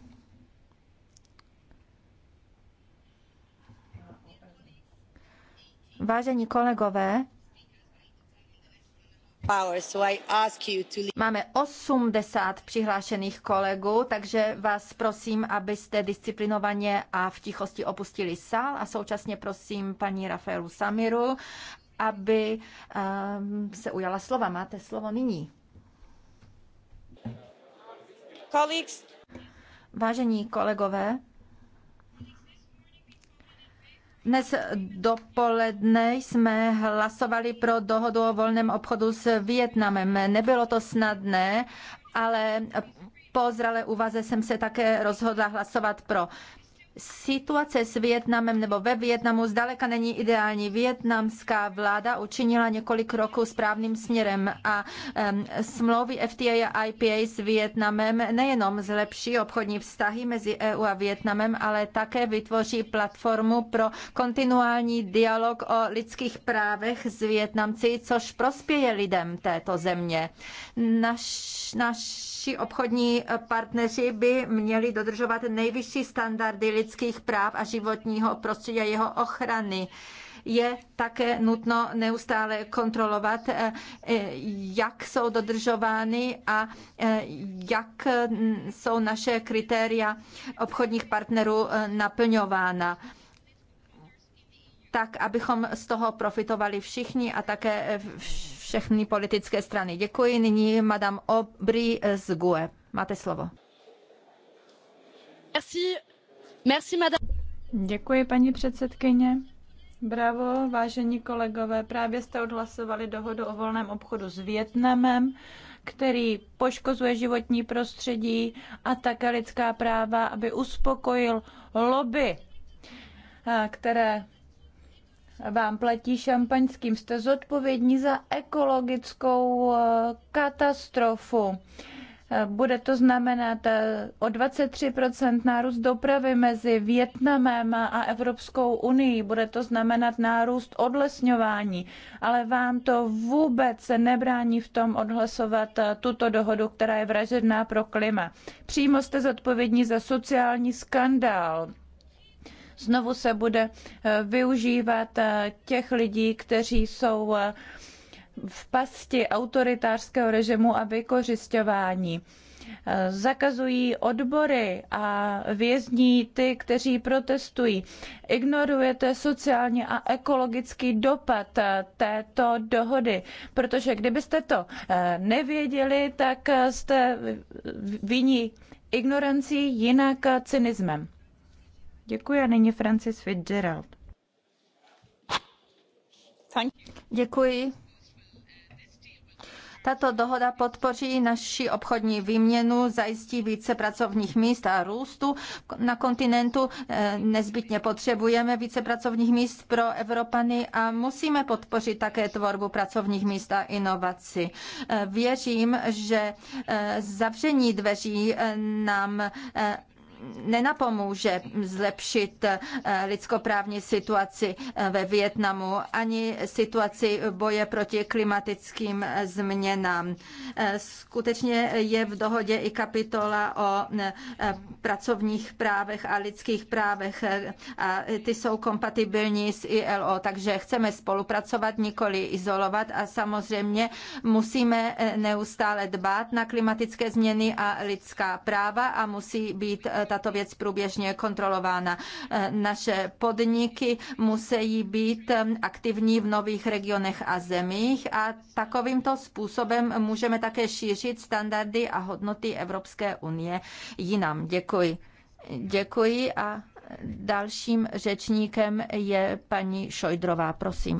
Vážení kolegové, Máme 80 přihlášených kolegů, takže vás prosím, abyste disciplinovaně a v tichosti opustili sál a současně prosím paní Rafaelu Samiru, aby ehm, se ujala slova. Máte slovo nyní. Vážení kolegové, dnes dopoledne jsme hlasovali pro dohodu o volném obchodu s Vietnamem. Nebylo to snadné, ale po zralé úvaze jsem se také rozhodla hlasovat pro. Situace s Vietnamem nebo ve Vietnamu zdaleka není ideální. Vietnamská vláda učinila několik kroků správným směrem a um, smlouvy FTA a IPA s Vietnamem nejenom zlepší obchodní vztahy mezi EU a Vietnamem, ale také vytvoří platformu pro kontinuální dialog o lidských právech s Vietnamci, což prospěje lidem této země. Naš, naši obchodní partneři by měli dodržovat nejvyšší standardy lidských lidských práv a životního prostředí a jeho ochrany je také nutno neustále kontrolovat, eh, jak jsou dodržovány a eh, jak mm, jsou naše kritéria obchodních partnerů eh, naplňována tak, abychom z toho profitovali všichni a také všechny politické strany. Děkuji. Nyní madame Aubry z GUE. Máte slovo. Merci. Děkuji, paní předsedkyně. Bravo, vážení kolegové, právě jste odhlasovali dohodu o volném obchodu s Větnamem, který poškozuje životní prostředí a také lidská práva, aby uspokojil lobby, které vám platí šampaňským. Jste zodpovědní za ekologickou katastrofu. Bude to znamenat eh, o 23% nárůst dopravy mezi Větnamem a Evropskou unii. Bude to znamenat nárůst odlesňování. Ale vám to vůbec nebrání v tom odhlasovat eh, tuto dohodu, která je vražedná pro klima. Přímo jste zodpovědní za sociální skandál znovu se bude eh, využívat těch lidí, kteří jsou v pasti autoritářského režimu a vykořišťování. Zakazují odbory a vězní ty, kteří protestují. Ignorujete sociální a ekologický dopad této dohody, protože kdybyste to eh, nevěděli, tak jste viní ignorancí, jinak cynismem. Děkuji a nyní Francis Fitzgerald. Děkuji. Tato dohoda podpoří naši obchodní výměnu, zajistí více pracovních míst a růstu na kontinentu. Eh, nezbytně potřebujeme více pracovních míst pro Evropany a musíme podpořit také tvorbu pracovních míst a inovaci. Eh, věřím, že eh, zavření dveří nám nenapomůže zlepšit eh, lidskoprávní situaci eh, ve Vietnamu ani situaci boje proti klimatickým eh, změnám. Skutečně je v dohodě i kapitola o pracovních právech a lidských právech a ty jsou kompatibilní s ILO, takže chceme spolupracovat, nikoli izolovat a samozřejmě musíme neustále dbát na klimatické změny a lidská práva a musí být tato věc průběžně kontrolována. Eh, naše podniky musí být eh, aktivní v nových regionech a zemích a takovýmto způsobem můžeme také šířit standardy a hodnoty Evropské unie jinam. Děkuji. Děkuji a dalším řečníkem je paní Šojdrová, prosím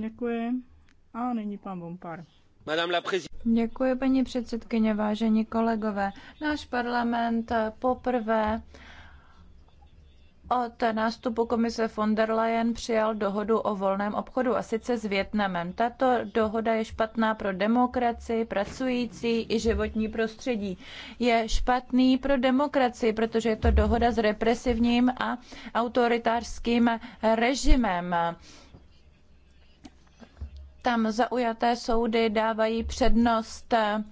Děkuji. A nyní pan Bompar. Děkuji, paní předsedkyně, vážení kolegové. Náš parlament poprvé od nástupu komise von der Leyen přijal dohodu o volném obchodu a sice s Větnamem. Tato dohoda je špatná pro demokracii, pracující i životní prostředí. Je špatný pro demokracii, protože je to dohoda s represivním a autoritářským režimem tam zaujaté soudy dávají přednost eh,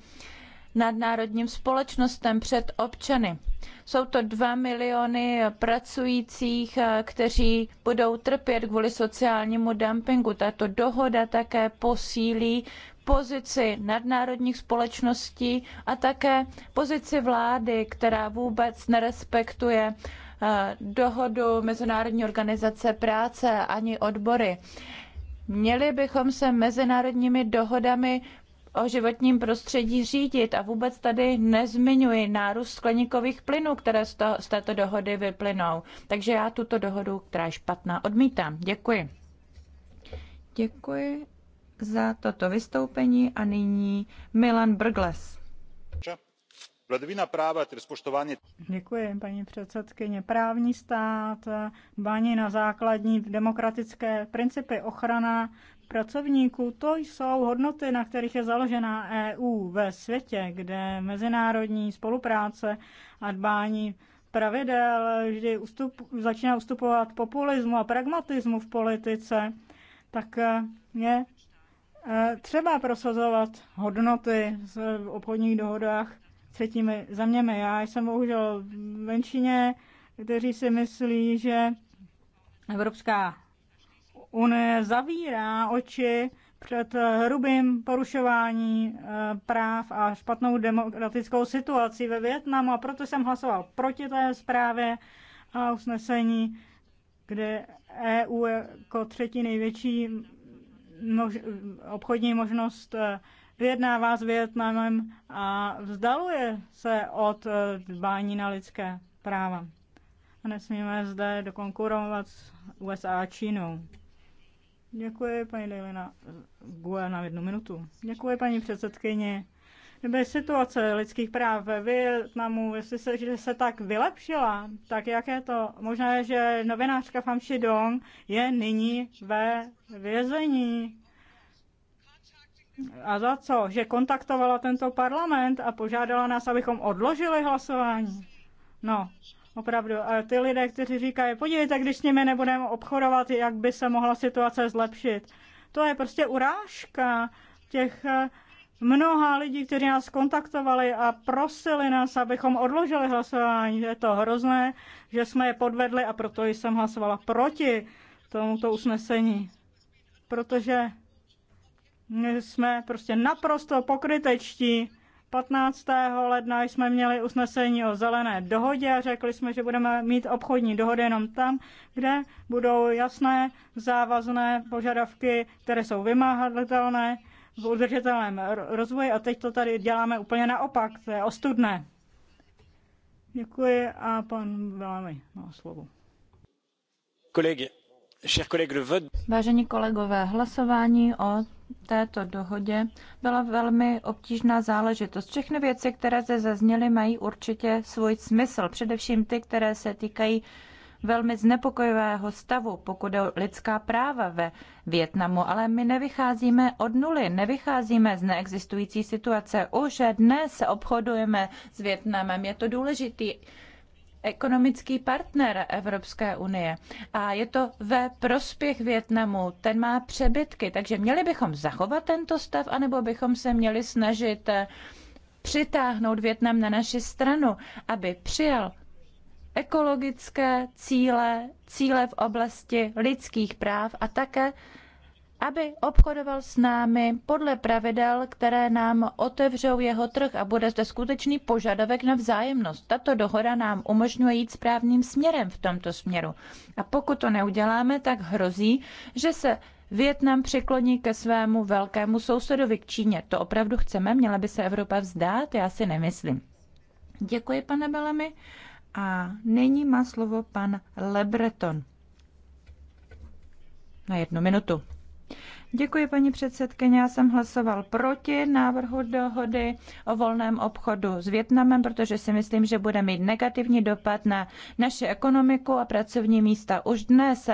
nadnárodním společnostem před občany. Jsou to dva miliony pracujících, eh, kteří budou trpět kvůli sociálnímu dumpingu. Tato dohoda také posílí pozici nadnárodních společností a také pozici vlády, která vůbec nerespektuje eh, dohodu Mezinárodní organizace práce ani odbory. Měli bychom se mezinárodními dohodami o životním prostředí řídit a vůbec tady nezmiňuji nárůst skleníkových plynů, které z, to, z této dohody vyplynou. Takže já tuto dohodu, která je špatná, odmítám. Děkuji. Děkuji za toto vystoupení a nyní Milan Brgles vladavina práva, tedy spoštování. Děkuji, paní předsedkyně. Právní stát, dbání na základní demokratické principy, ochrana pracovníků, to jsou hodnoty, na kterých je založená EU ve světě, kde mezinárodní spolupráce a dbání pravidel vždy ustup, začíná ustupovat populismu a pragmatismu v politice, tak je eh, třeba prosazovat hodnoty v obchodních dohodách třetími zeměmi. Já jsem bohužel v menšině, kteří si myslí, že Evropská unie zavírá oči před hrubým porušování eh, práv a špatnou demokratickou situací ve Větnamu a proto jsem hlasoval proti té zprávě a usnesení, kde EU jako třetí největší mož- obchodní možnost eh, vyjednává s Větnamem a vzdaluje se od eh, dbání na lidské práva. A nesmíme zde dokonkurovat s USA a Čínou. Děkuji, paní Dejlina Gue, na jednu minutu. Děkuji, paní předsedkyně. Kdyby situace lidských práv ve Větnamu, jestli se, že se tak vylepšila, tak jak je to je, že novinářka Pham Dong je nyní ve vězení a za co? Že kontaktovala tento parlament a požádala nás, abychom odložili hlasování. No, opravdu. A ty lidé, kteří říkají, podívejte, když s nimi nebudeme obchodovat, jak by se mohla situace zlepšit. To je prostě urážka těch eh, mnoha lidí, kteří nás kontaktovali a prosili nás, abychom odložili hlasování. Je to hrozné, že jsme je podvedli a proto jsem hlasovala proti tomuto usnesení. Protože my jsme prostě naprosto pokrytečtí. 15. ledna jsme měli usnesení o zelené dohodě a řekli jsme, že budeme mít obchodní dohody jenom tam, kde budou jasné závazné požadavky, které jsou vymáhatelné v udržitelném rozvoji a teď to tady děláme úplně naopak, to je ostudné. Děkuji a pan Velami má slovo. Kolegy, Vážení kolegové, hlasování o této dohodě byla velmi obtížná záležitost. Všechny věci, které zde zazněly, mají určitě svůj smysl, především ty, které se týkají velmi znepokojivého stavu, pokud je o lidská práva ve Větnamu, ale my nevycházíme od nuly, nevycházíme z neexistující situace. Už dnes obchodujeme s Větnamem, je to důležitý ekonomický partner Evropské unie a je to ve prospěch Větnamu. Ten má přebytky, takže měli bychom zachovat tento stav, anebo bychom se měli snažit eh, přitáhnout Větnam na naši stranu, aby přijal ekologické cíle, cíle v oblasti lidských práv a také aby obchodoval s námi podle pravidel, které nám otevřou jeho trh a bude zde skutečný požadavek na vzájemnost. Tato dohoda nám umožňuje jít správným směrem v tomto směru. A pokud to neuděláme, tak hrozí, že se Větnam přikloní ke svému velkému sousedovi k Číně. To opravdu chceme? Měla by se Evropa vzdát? Já si nemyslím. Děkuji, pane Belemi. A nyní má slovo pan Lebreton. Na jednu minutu. Děkuji, paní předsedkyně. Já jsem hlasoval proti návrhu dohody o volném obchodu s Větnamem, protože si myslím, že bude mít negativní dopad na naši ekonomiku a pracovní místa. Už dnes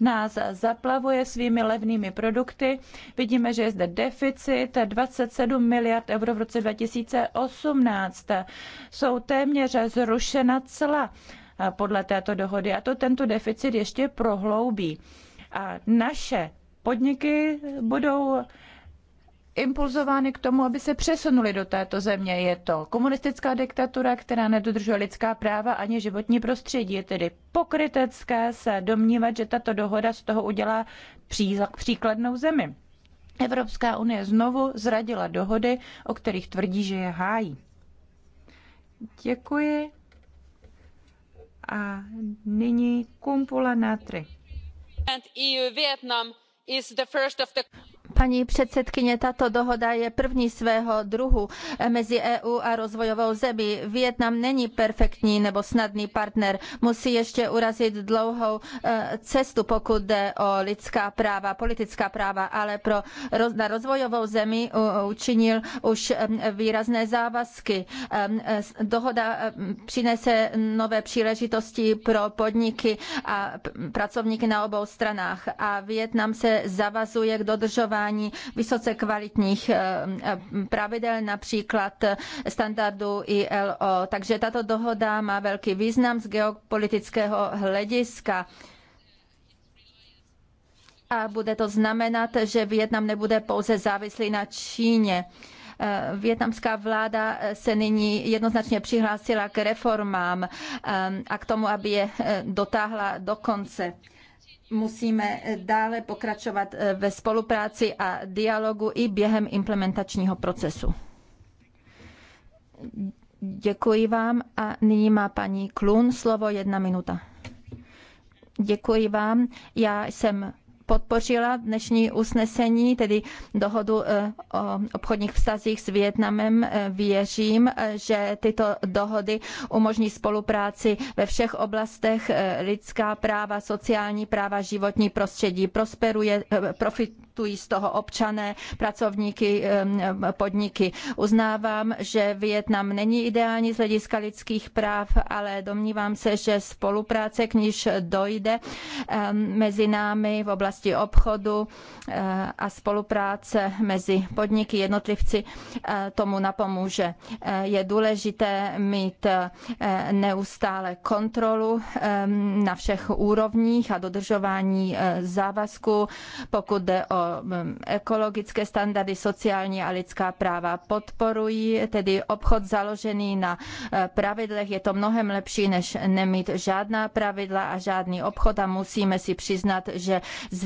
nás zaplavuje svými levnými produkty. Vidíme, že je zde deficit 27 miliard euro v roce 2018. Jsou téměř zrušena cla podle této dohody a to tento deficit ještě prohloubí. A naše podniky budou impulzovány k tomu, aby se přesunuli do této země. Je to komunistická diktatura, která nedodržuje lidská práva ani životní prostředí. Je tedy pokrytecké se domnívat, že tato dohoda z toho udělá příkladnou zemi. Evropská unie znovu zradila dohody, o kterých tvrdí, že je hájí. Děkuji. A nyní Kumpula Natry. EU Vietnam je the first of Paní předsedkyně, tato dohoda je první svého druhu mezi EU a rozvojovou zemí. Vietnam není perfektní nebo snadný partner. Musí ještě urazit dlouhou e, cestu, pokud jde o lidská práva, politická práva, ale pro, na rozvojovou zemi učinil už e, výrazné závazky. E, dohoda přinese nové příležitosti pro podniky a pracovníky na obou stranách a Vietnam se zavazuje k dodržování dodržování vysoce kvalitních eh, eh, pravidel, například standardu ILO. Takže tato dohoda má velký význam z geopolitického hlediska a bude to znamenat, že Vietnam nebude pouze závislý na Číně. Eh, vietnamská vláda se nyní jednoznačně přihlásila k reformám a k tomu, aby je dotáhla do konce musíme eh, dále pokračovat eh, ve spolupráci a dialogu i během implementačního procesu. Děkuji vám a nyní má paní Klun slovo jedna minuta. Děkuji vám. Já jsem podpořila dnešní usnesení, tedy dohodu eh, o obchodních vztazích s Vietnamem. Eh, věřím, eh, že tyto dohody umožní spolupráci ve všech oblastech lidská práva, sociální práva, životní prostředí. Prosperuje, profitují z toho občané, pracovníky, podniky. Uznávám, že Vietnam není ideální z hlediska lidských práv, ale domnívám se, že spolupráce, k níž dojde mezi námi v oblasti oblasti obchodu eh, a spolupráce mezi podniky jednotlivci eh, tomu napomůže. Eh, je důležité mít neustále kontrolu na všech úrovních a dodržování závazků, pokud jde o ekologické standardy, sociální a lidská práva. Podporují tedy obchod založený na pravidlech. Je to mnohem lepší, než nemít žádná pravidla a žádný obchod a musíme si přiznat, že z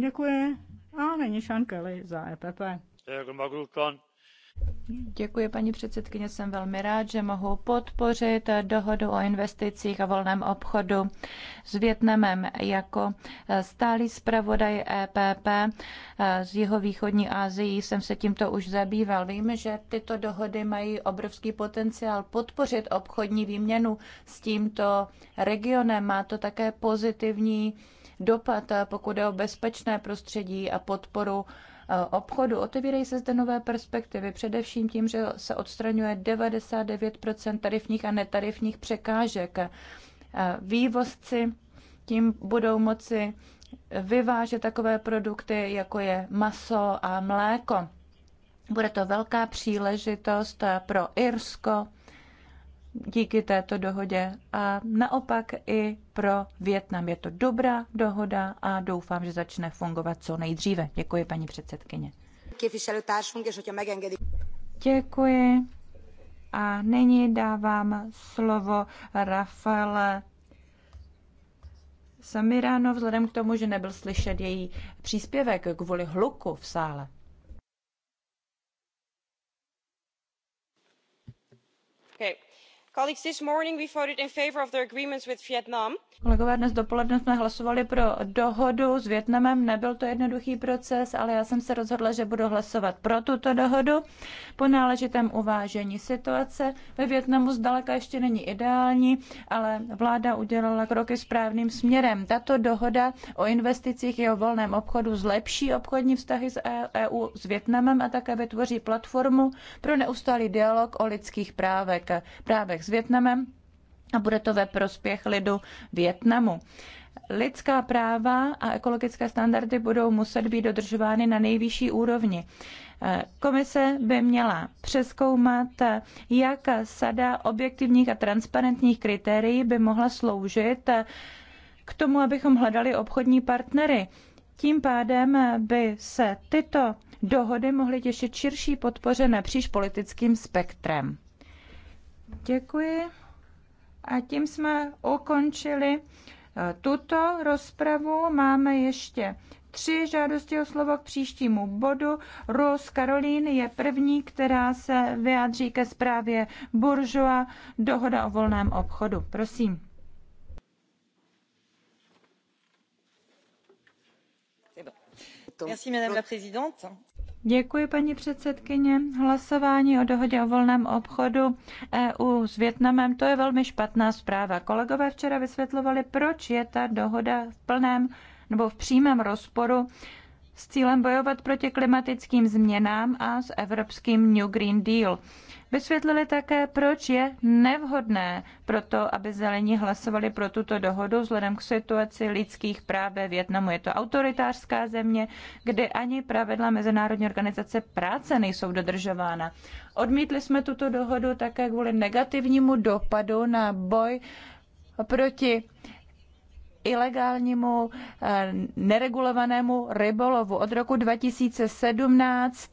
Děkuji. A není Sean Kelly za EPP. Děkuji, paní předsedkyně. Jsem velmi rád, že mohu podpořit dohodu o investicích a volném obchodu s Větnamem jako stálý zpravodaj EPP z jeho východní Asií. Jsem se tímto už zabýval. Víme, že tyto dohody mají obrovský potenciál podpořit obchodní výměnu s tímto regionem. Má to také pozitivní dopad, eh, pokud je o bezpečné prostředí a podporu eh, obchodu. Otevírají se zde nové perspektivy, především tím, že se odstraňuje 99 tarifních a netarifních překážek. Eh, Vývozci tím budou moci vyvážet takové produkty, jako je maso a mléko. Bude to velká příležitost pro Irsko, díky této dohodě a naopak i pro Větnam. Je to dobrá dohoda a doufám, že začne fungovat co nejdříve. Děkuji, paní předsedkyně. Děkuji. A nyní dávám slovo Rafaele Samiránov, vzhledem k tomu, že nebyl slyšet její příspěvek kvůli hluku v sále. Kolegové, dnes dopoledne jsme hlasovali pro dohodu s Vietnamem. Nebyl to jednoduchý proces, ale já jsem se rozhodla, že budu hlasovat pro tuto dohodu. Po náležitém uvážení situace ve vietnamu zdaleka ještě není ideální, ale vláda udělala kroky správným směrem. Tato dohoda o investicích i o volném obchodu zlepší obchodní vztahy s EU e s Vietnamem a také vytvoří platformu pro neustálý dialog o lidských právech. právech s Větnamem a bude to ve prospěch lidu Větnamu. Lidská práva a ekologické standardy budou muset být dodržovány na nejvyšší úrovni. Komise by měla přeskoumat, jak sada objektivních a transparentních kritérií by mohla sloužit k tomu, abychom hledali obchodní partnery. Tím pádem by se tyto dohody mohly těšit širší podpoře napříč politickým spektrem. Děkuji. A tím jsme ukončili eh, tuto rozpravu. Máme ještě tři žádosti o slovo k příštímu bodu. Rus Karolín je první, která se vyjádří ke zprávě Buržoa, dohoda o volném obchodu. Prosím. Merci, madame la présidente Děkuji, paní předsedkyně. Hlasování o dohodě o volném obchodu EU s Větnamem, to je velmi špatná zpráva. Kolegové včera vysvětlovali, proč je ta dohoda v plném nebo v přímém rozporu s cílem bojovat proti klimatickým změnám a s evropským New Green Deal. Vysvětlili také, proč je nevhodné pro to, aby zelení hlasovali pro tuto dohodu vzhledem k situaci lidských práv ve Větnamu. Je to autoritářská země, kde ani pravidla Mezinárodní organizace práce nejsou dodržována. Odmítli jsme tuto dohodu také kvůli negativnímu dopadu na boj proti ilegálnímu eh, neregulovanému rybolovu. Od roku 2017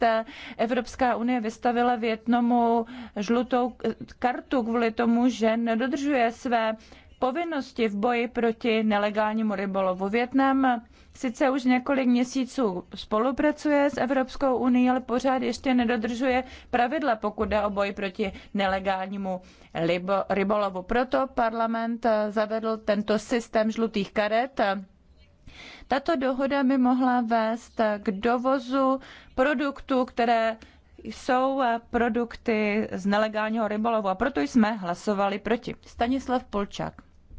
eh, Evropská unie vystavila Větnamu žlutou kartu kvůli tomu, že nedodržuje své povinnosti v boji proti nelegálnímu rybolovu. Větnam sice už několik měsíců spolupracuje s Evropskou unii, ale pořád ještě nedodržuje pravidla, pokud jde o boj proti nelegálnímu libo rybolovu. Proto parlament eh, zavedl tento systém žlutých karet. Tato dohoda by mohla vést k dovozu produktů, které jsou eh, produkty z nelegálního rybolovu a proto jsme hlasovali proti. Stanislav Polčák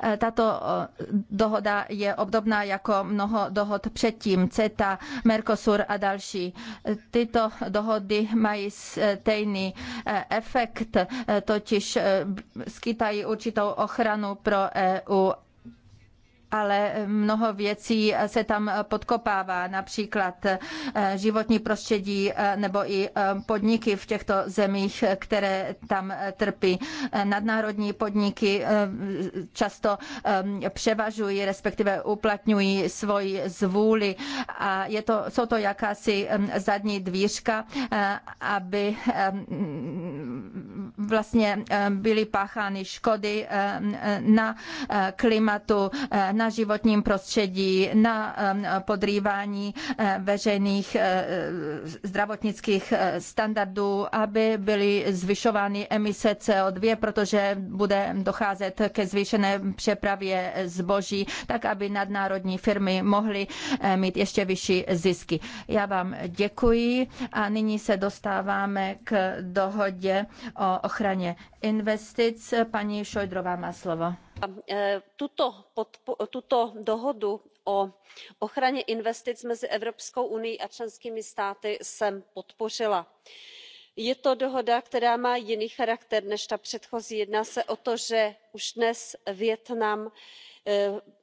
Eh, tato eh, dohoda je obdobná jako mnoho dohod předtím, CETA, Mercosur a další. Eh, tyto dohody mají stejný efekt, totiž skytají určitou ochranu pro EU ale mnoho věcí se tam podkopává, například eh, životní prostředí eh, nebo i eh, podniky v těchto zemích, které tam trpí. Nadnárodní podniky často převažují, respektive uplatňují svoji zvůli a je to, jsou to jakási zadní dvířka, aby vlastně byly páchány škody na klimatu, na životním prostředí, na podrývání eh, veřejných eh, zdravotnických eh, standardů, aby byly zvyšovány emise CO2, protože bude docházet ke zvýšené přepravě zboží, tak aby nadnárodní firmy mohly mít ještě vyšší zisky. Já vám děkuji a nyní se dostáváme k dohodě o ochraně investic. Paní Šojdrová má slovo. Tuto, dohodu o ochraně investic mezi Evropskou unií a členskými státy jsem podpořila. Je to dohoda, která má jiný charakter než ta předchozí. Jedná se o to, že už dnes Vietnam eh,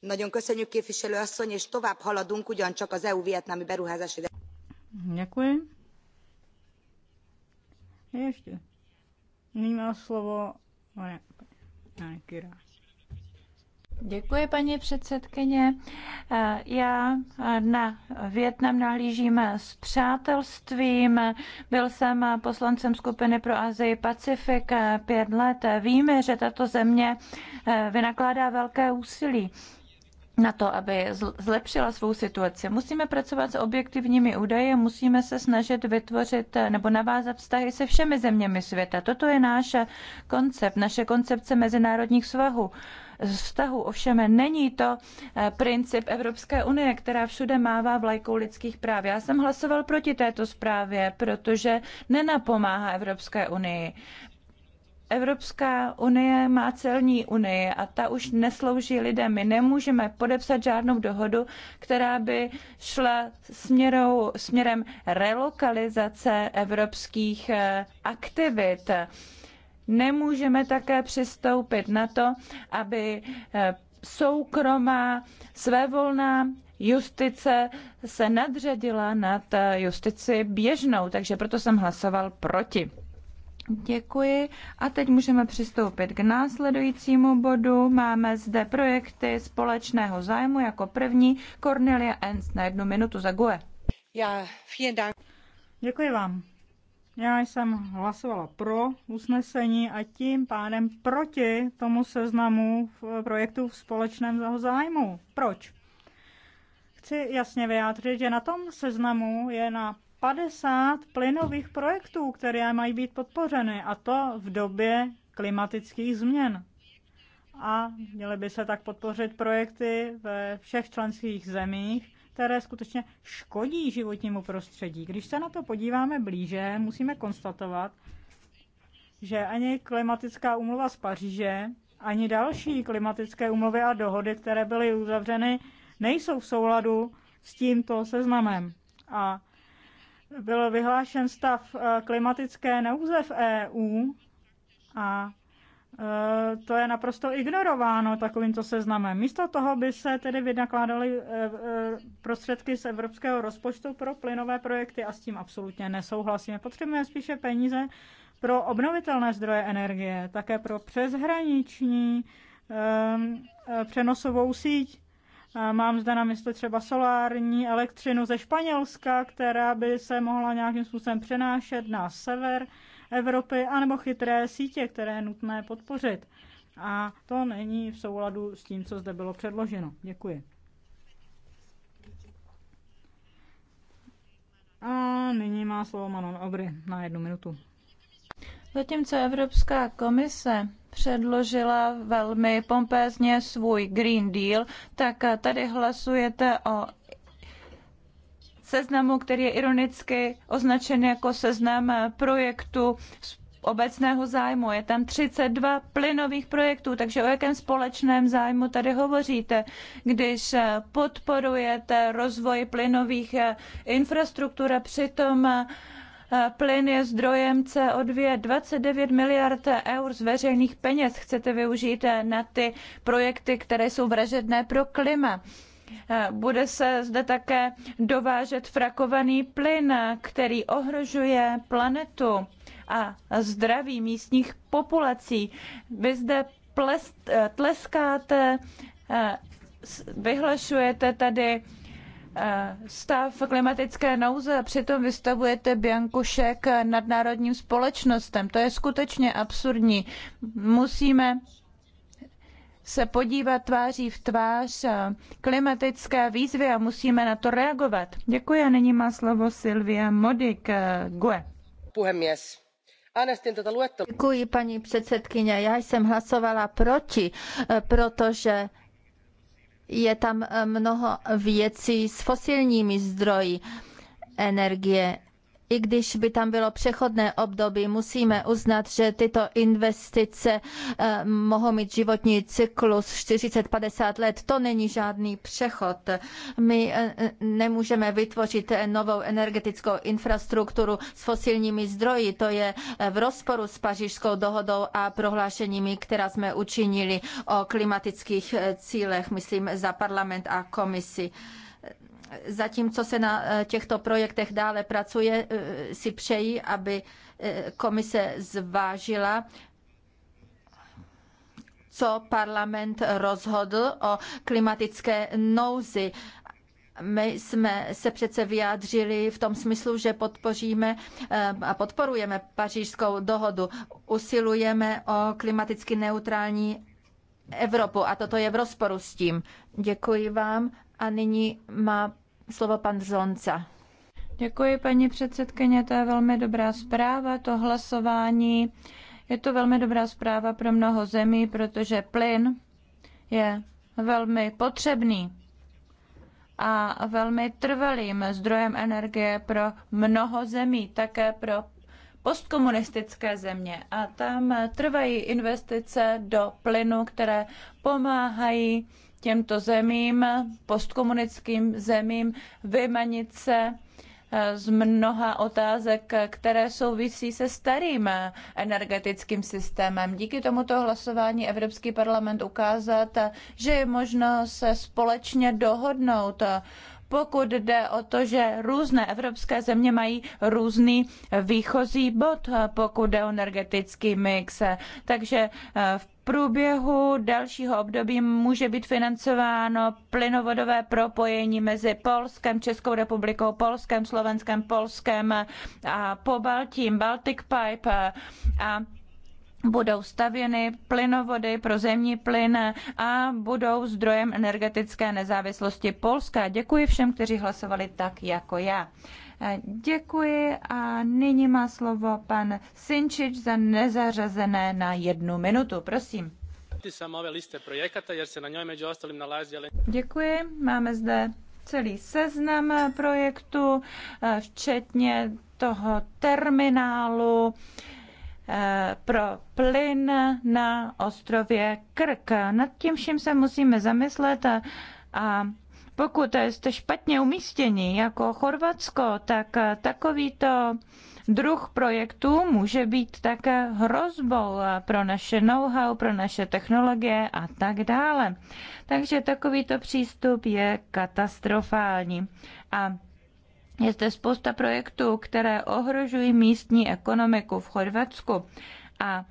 Nagyon köszönjük képviselő asszony, és tovább haladunk ugyancsak az EU-vietnámi beruházási... Děkuji. Ještě. Nyní slovo Děkuji, paní předsedkyně. Já na Větnam nahlížím s přátelstvím. Byl jsem poslancem skupiny pro Azii Pacifik pět let. Víme, že tato země eh, vynakládá velké úsilí na to, aby zlepšila svou situaci. Musíme pracovat s objektivními údaji, musíme se snažit vytvořit eh, nebo navázat vztahy se všemi zeměmi světa. Toto je náš koncept, naše koncepce mezinárodních svahů. Vztahu ovšem není to eh, princip Evropské unie, která všude mává vlajkou lidských práv. Já jsem hlasoval proti této zprávě, protože nenapomáhá Evropské unii. Evropská unie má celní unii a ta už neslouží lidem. My nemůžeme podepsat žádnou dohodu, která by šla směrou, směrem relokalizace evropských eh, aktivit. Nemůžeme také přistoupit na to, aby eh, soukromá, svévolná justice se nadřadila nad eh, justici běžnou, takže proto jsem hlasoval proti. Děkuji. A teď můžeme přistoupit k následujícímu bodu. Máme zde projekty společného zájmu jako první. Cornelia Ernst na jednu minutu za GUE. Já, dank. Děkuji vám. Já jsem hlasovala pro usnesení a tím pádem proti tomu seznamu projektů v společném zájmu. Proč? Chci jasně vyjádřit, že na tom seznamu je na 50 plynových projektů, které mají být podpořeny, a to v době klimatických změn. A měly by se tak podpořit projekty ve všech členských zemích, které skutečně škodí životnímu prostředí. Když se na to podíváme blíže, musíme konstatovat, že ani klimatická umluva z Paříže, ani další klimatické umluvy a dohody, které byly uzavřeny, nejsou v souladu s tímto seznamem. A byl vyhlášen stav eh, klimatické nouze v EU a eh, to je naprosto ignorováno takovýmto seznamem. Místo toho by se tedy vynakládaly eh, prostředky z evropského rozpočtu pro plynové projekty a s tím absolutně nesouhlasíme. Potřebujeme spíše peníze pro obnovitelné zdroje energie, také pro přeshraniční přenosovou síť Mám zde na mysli třeba solární elektřinu ze Španělska, která by se mohla nějakým způsobem přenášet na sever Evropy, anebo chytré sítě, které je nutné podpořit. A to není v souladu s tím, co zde bylo předloženo. Děkuji. A nyní má slovo Manon Obry na jednu minutu. Zatímco Evropská komise předložila velmi pompézně svůj Green Deal, tak tady hlasujete o seznamu, který je ironicky označen jako seznam projektu obecného zájmu. Je tam 32 plynových projektů, takže o jakém společném zájmu tady hovoříte, když podporujete rozvoj plynových infrastruktur a přitom Plyn je zdrojem CO2 29 miliard eur z veřejných peněz. Chcete využít na ty projekty, které jsou vražedné pro klima. Bude se zde také dovážet frakovaný plyn, který ohrožuje planetu a zdraví místních populací. Vy zde plest, tleskáte, eh, vyhlašujete tady stav klimatické nouze a přitom vystavujete biankušek nadnárodním společnostem. To je skutečně absurdní. Musíme se podívat tváří v tvář klimatické výzvy a musíme na to reagovat. Děkuji a nyní má slovo Silvia Modik Gue. Puhemies. Děkuji, paní předsedkyně. Já jsem hlasovala proti, protože je tam eh, mnoho věcí s fosilními zdroji energie i když by tam bylo přechodné období, musíme uznat, že tyto investice eh, mohou mít životní cyklus 40-50 let. To není žádný přechod. My eh, eh, nemůžeme vytvořit novou energetickou infrastrukturu s fosilními zdroji. To je v rozporu s pařížskou dohodou a prohlášeními, která jsme učinili o klimatických cílech, myslím, za parlament a komisi. Zatímco se na eh, těchto projektech dále pracuje, eh, si přeji, aby eh, komise zvážila co parlament rozhodl o klimatické nouzi. My jsme se přece vyjádřili v tom smyslu, že podpoříme a podporujeme pařížskou dohodu. Usilujeme o klimaticky neutrální Evropu a toto je v rozporu s tím. Děkuji vám a nyní má slovo pan Zonca. Děkuji, paní předsedkyně, to je velmi dobrá zpráva, to hlasování. Je to velmi dobrá zpráva pro mnoho zemí, protože plyn je velmi potřebný a velmi trvalým zdrojem energie pro mnoho zemí, také pro postkomunistické země. A tam trvají investice do plynu, které pomáhají těmto zemím, postkomunickým zemím, vymanit se eh, z mnoha otázek, které souvisí se starým energetickým systémem. Díky tomuto hlasování Evropský parlament ukázat, že je možno se společně dohodnout pokud jde o to, že různé evropské země mají různý výchozí bod, pokud jde o energetický mix. Takže eh, v průběhu dalšího období může být financováno plynovodové propojení mezi Polskem, Českou republikou, Polskem, Slovenskem, Polskem a po Baltím, Baltic Pipe a budou stavěny plynovody pro zemní plyn a budou zdrojem energetické nezávislosti Polska. Děkuji všem, kteří hlasovali tak jako já. Děkuji a nyní má slovo pan Sinčič za nezařazené na jednu minutu. Prosím. Děkuji. Máme zde celý seznam projektu, eh, včetně toho terminálu Eh, pro plyn na ostrově Krk. Nad tím vším se musíme zamyslet a, a pokud jste špatně umístěni jako Chorvatsko, tak takovýto druh projektů může být také hrozbou pro naše know-how, pro naše technologie a tak dále. Takže takovýto přístup je katastrofální. A je zde spousta projektů, které ohrožují místní ekonomiku v Chorvatsku a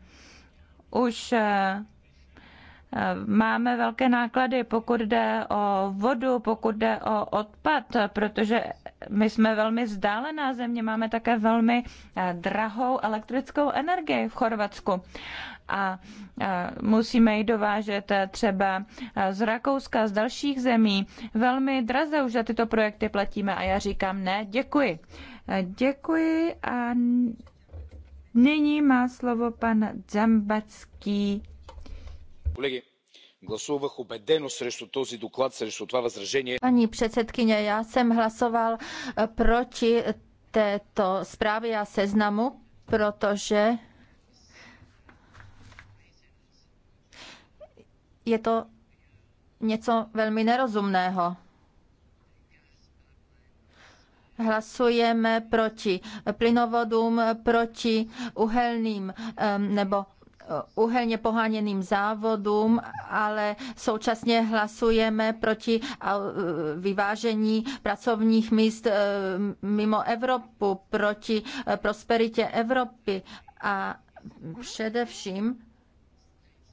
už eh, eh, máme velké náklady, pokud jde o vodu, pokud jde o odpad, protože my jsme velmi vzdálená země, máme také velmi eh, drahou elektrickou energii v Chorvatsku a musíme ji dovážet třeba z Rakouska, z dalších zemí. Velmi draze už za tyto projekty platíme a já říkám ne, děkuji. Děkuji a nyní má slovo pan Zambacký. Kolegy, Paní předsedkyně, já jsem hlasoval eh, proti této zprávě a seznamu, protože je to něco velmi nerozumného. Hlasujeme proti plynovodům, proti uhelným nebo eh, uhelně poháněným závodům, ale současně hlasujeme proti eh, vyvážení pracovních míst eh, mimo Evropu, proti prosperitě Evropy a především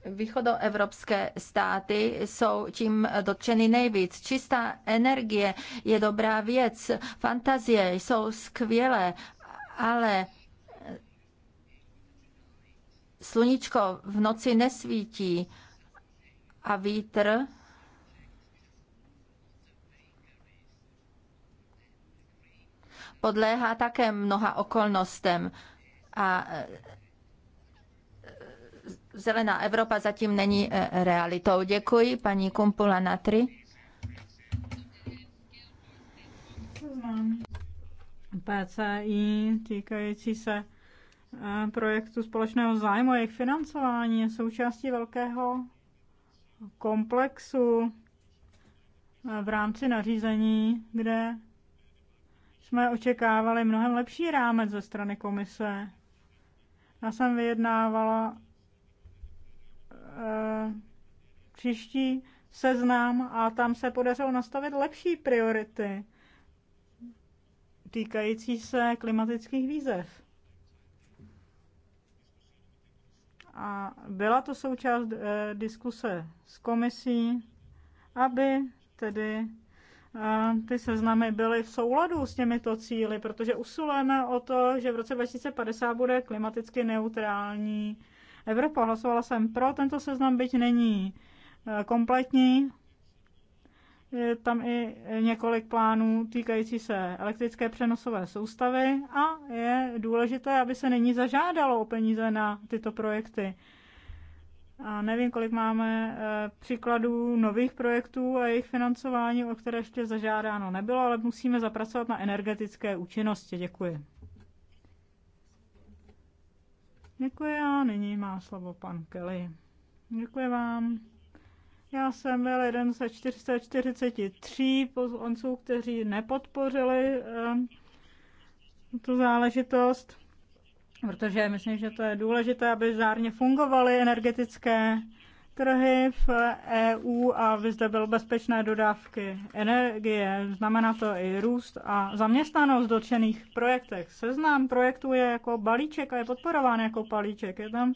Východoevropské státy jsou tím dotčeny nejvíc. Čistá energie je dobrá věc, fantazie jsou skvělé, ale sluníčko v noci nesvítí a vítr podléhá také mnoha okolnostem a zelená Evropa zatím není e, realitou. Děkuji, paní Kumpula Natry. PCI týkající se e, projektu společného zájmu a jejich financování je součástí velkého komplexu e, v rámci nařízení, kde jsme očekávali mnohem lepší rámec ze strany komise. Já jsem vyjednávala Eh, příští seznam a tam se podařilo nastavit lepší priority týkající se klimatických výzev. A byla to součást eh, diskuse s komisí, aby tedy eh, ty seznamy byly v souladu s těmito cíly, protože usilujeme o to, že v roce 2050 bude klimaticky neutrální Evropa. Hlasovala jsem pro tento seznam, byť není eh, kompletní. Je tam i několik plánů týkající se elektrické přenosové soustavy a je důležité, aby se nyní zažádalo o peníze na tyto projekty. A nevím, kolik máme eh, příkladů nových projektů a jejich financování, o které ještě zažádáno nebylo, ale musíme zapracovat na energetické účinnosti. Děkuji. Děkuji a nyní má slovo pan Kelly. Děkuji vám. Já jsem byl jeden ze 443 poslanců, kteří nepodpořili eh, tu záležitost, protože myslím, že to je důležité, aby zárně fungovaly energetické trhy v EU a zde byl bezpečné dodávky energie. Znamená to i růst a zaměstnanost v dotčených projektech. Seznam projektů je jako balíček a je podporován jako balíček. Je tam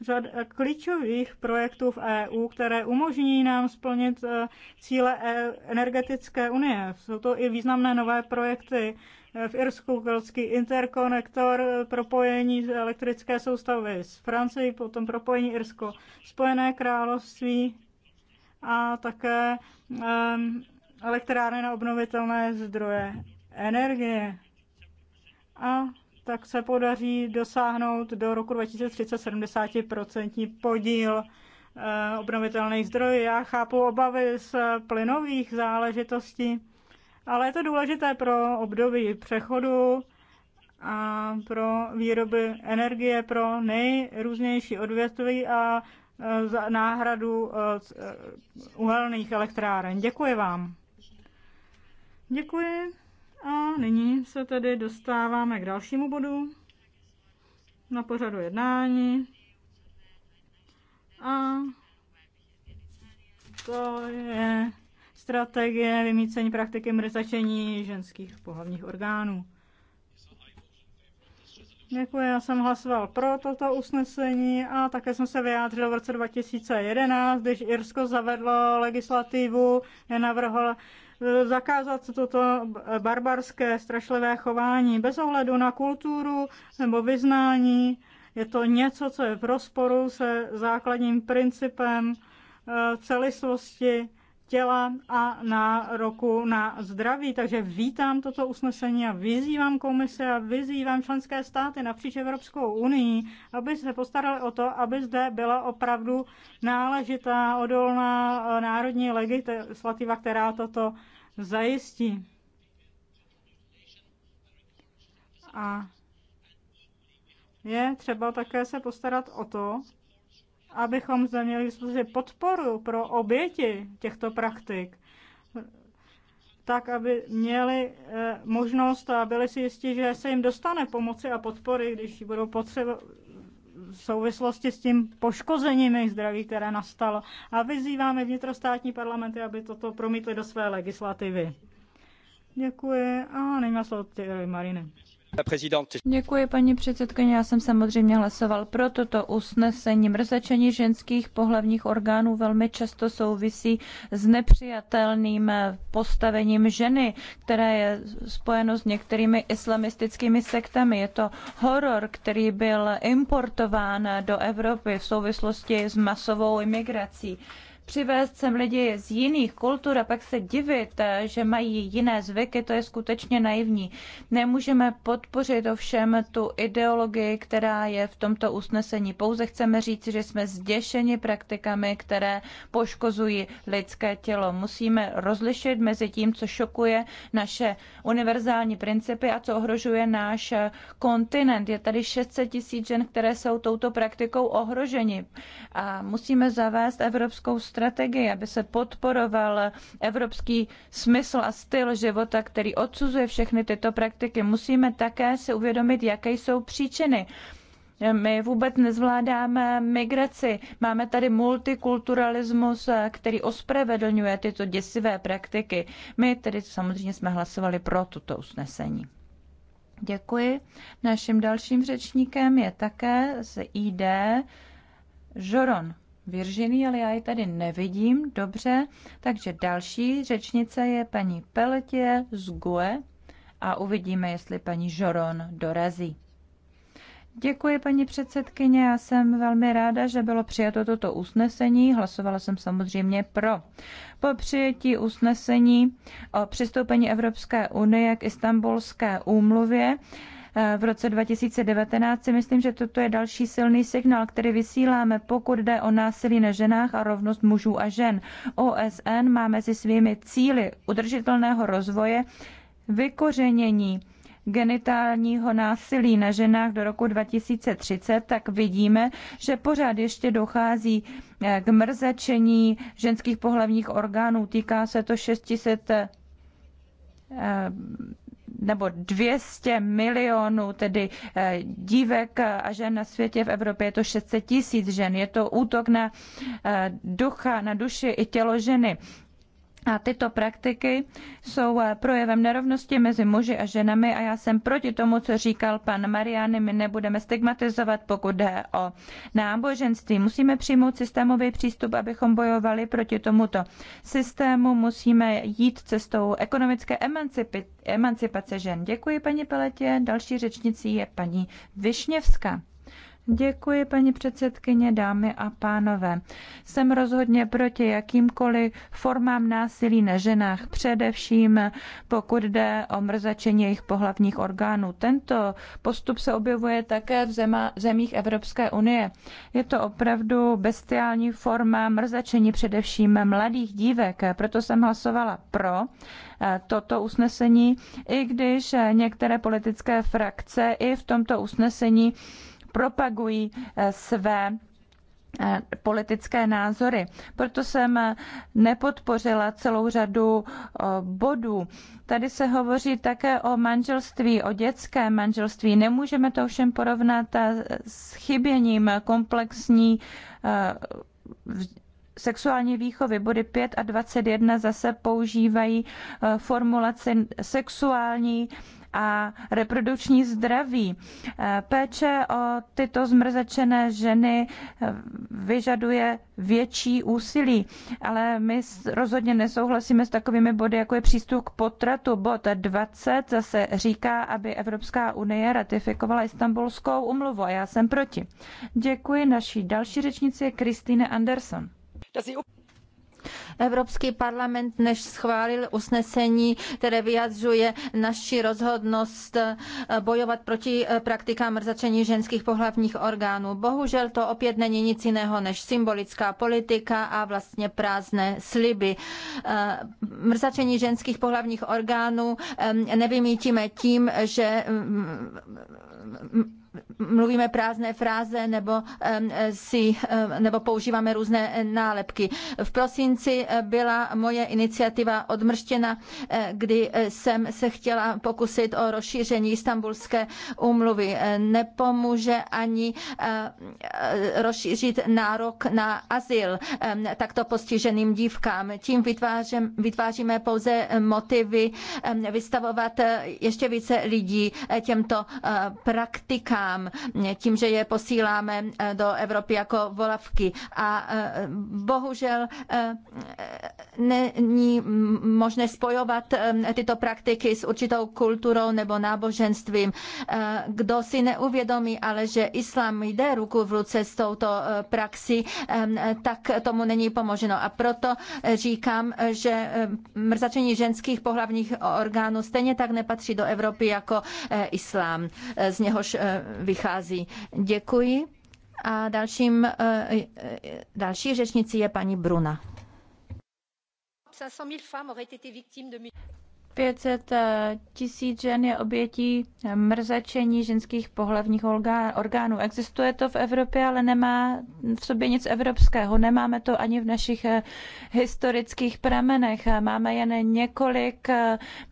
řad klíčových projektů v EU, které umožní nám splnit eh, cíle e- energetické unie. Jsou to i významné nové projekty v Irsku velký interkonektor, propojení elektrické soustavy s Francií, potom propojení Irsko Spojené království a také elektrárny na obnovitelné zdroje energie. A tak se podaří dosáhnout do roku 2030 70% podíl eh, obnovitelných zdrojů. Já chápu obavy z plynových záležitostí, ale je to důležité pro období přechodu a pro výroby energie pro nejrůznější odvětví a e, za náhradu e, e, uhelných elektráren. Děkuji vám. Děkuji. A nyní se tedy dostáváme k dalšímu bodu na pořadu jednání. A to je strategie vymícení praktiky mrzačení ženských pohlavních orgánů. Děkuji, jako já jsem hlasoval pro toto usnesení a také jsem se vyjádřil v roce 2011, když Irsko zavedlo legislativu, je navrhl eh, zakázat toto barbarské, strašlivé chování bez ohledu na kulturu nebo vyznání. Je to něco, co je v rozporu se základním principem eh, celistvosti těla a na roku na zdraví. Takže vítám toto usnesení a vyzývám komise a vyzývám členské státy napříč Evropskou unii, aby se postarali o to, aby zde byla opravdu náležitá odolná eh, národní legislativa, která toto zajistí. A je třeba také se postarat o to, abychom zde měli podporu pro oběti těchto praktik, tak aby měli eh, možnost a byli si jistí, že se jim dostane pomoci a podpory, když budou potřeba v souvislosti s tím poškozením jejich zdraví, které nastalo. A vyzýváme vnitrostátní parlamenty, aby toto promítli do své legislativy. Děkuji a nyní slovo Mariny. Děkuji, paní předsedkyně. Já jsem samozřejmě hlasoval pro toto usnesení. Mrzačení ženských pohlavních orgánů velmi často souvisí s nepřijatelným postavením ženy, které je spojeno s některými islamistickými sektami. Je to horor, který byl importován do Evropy v souvislosti s masovou imigrací. Přivést sem lidi z jiných kultur a pak se divit, eh, že mají jiné zvyky, to je skutečně naivní. Nemůžeme podpořit ovšem tu ideologii, která je v tomto usnesení. Pouze chceme říct, že jsme zděšeni praktikami, které poškozují lidské tělo. Musíme rozlišit mezi tím, co šokuje naše univerzální principy a co ohrožuje náš eh, kontinent. Je tady 600 tisíc žen, které jsou touto praktikou ohroženi. A musíme zavést evropskou stranu strategii, aby se podporoval evropský smysl a styl života, který odsuzuje všechny tyto praktiky. Musíme také si uvědomit, jaké jsou příčiny. My vůbec nezvládáme migraci. Máme tady multikulturalismus, který ospravedlňuje tyto děsivé praktiky. My tedy samozřejmě jsme hlasovali pro tuto usnesení. Děkuji. Naším dalším řečníkem je také z ID Žoron. Virginie, ale já ji tady nevidím. Dobře, takže další řečnice je paní Peletě z GUE a uvidíme, jestli paní Žoron dorazí. Děkuji, paní předsedkyně. Já jsem velmi ráda, že bylo přijato toto usnesení. Hlasovala jsem samozřejmě pro. Po přijetí usnesení o přistoupení Evropské unie k Istanbulské úmluvě v roce 2019, si myslím, že toto je další silný signál, který vysíláme, pokud jde o násilí na ženách a rovnost mužů a žen. OSN má mezi svými cíly udržitelného rozvoje vykořenění genitálního násilí na ženách do roku 2030, tak vidíme, že pořád ještě dochází eh, k mrzačení ženských pohlavních orgánů. Týká se to 600 nebo 200 milionů tedy eh, dívek a žen na světě, v Evropě je to 600 tisíc žen. Je to útok na eh, ducha, na duši i tělo ženy. A tyto praktiky jsou eh, projevem nerovnosti mezi muži a ženami a já jsem proti tomu, co říkal pan Mariany, my nebudeme stigmatizovat, pokud jde o náboženství. Musíme přijmout systémový přístup, abychom bojovali proti tomuto systému. Musíme jít cestou ekonomické emancipace žen. Děkuji paní Peletě. Další řečnicí je paní Višněvská. Děkuji, paní předsedkyně, dámy a pánové. Jsem rozhodně proti jakýmkoliv formám násilí na ženách, především pokud jde o mrzačení jejich pohlavních orgánů. Tento postup se objevuje také v zema, zemích Evropské unie. Je to opravdu bestiální forma mrzačení především mladých dívek, proto jsem hlasovala pro eh, toto usnesení, i když eh, některé politické frakce i v tomto usnesení propagují eh, své eh, politické názory. Proto jsem eh, nepodpořila celou řadu bodů. Tady se hovoří také o manželství, o dětském manželství. Nemůžeme to všem porovnat s chyběním komplexní sexuální výchovy body 5 a 21 zase používají formulaci sexuální a reprodukční zdraví. Eh, péče o tyto zmrzačené ženy eh, vyžaduje větší úsilí, ale my rozhodně nesouhlasíme s takovými body, jako je přístup k potratu. Bod 20 zase říká, aby Evropská unie ratifikovala Istanbulskou umluvu a já jsem proti. Děkuji naší další řečnici Kristýne Anderson. Evropský parlament než schválil usnesení, které vyjadřuje naši rozhodnost eh, bojovat proti eh, praktikám mrzačení ženských pohlavních orgánů. Bohužel to opět není nic jiného než symbolická politika a vlastně prázdné sliby. Eh, mrzačení ženských pohlavních orgánů nevymítíme tím, že mm, mluvíme prázdné fráze nebo, si, nebo používáme různé eh, nálepky. V prosinci eh, byla moje iniciativa odmrštěna, eh, kdy jsem se chtěla pokusit o rozšíření istambulské úmluvy. Nepomůže ani rozšířit nárok na azyl takto postiženým dívkám. Tím vytvářem, vytváříme pouze motivy vystavovat ještě více lidí těmto praktikám, tím, že je posíláme eh, do Evropy jako volavky. A eh, bohužel eh, není možné spojovat tyto praktiky s určitou kulturou nebo náboženstvím. Kdo si neuvědomí, ale že islám jde ruku v ruce s touto praxi, tak tomu není pomoženo. A proto říkám, že mrzačení ženských pohlavních orgánů stejně tak nepatří do Evropy jako islám něhož eh, vychází. Děkuji. A dalším, eh, další řečnici je paní Bruna. 500 eh, tisíc žen je obětí eh, mrzačení ženských pohlavních orgánů. Existuje to v Evropě, ale nemá v sobě nic evropského. Nemáme to ani v našich eh, historických pramenech. Máme jen několik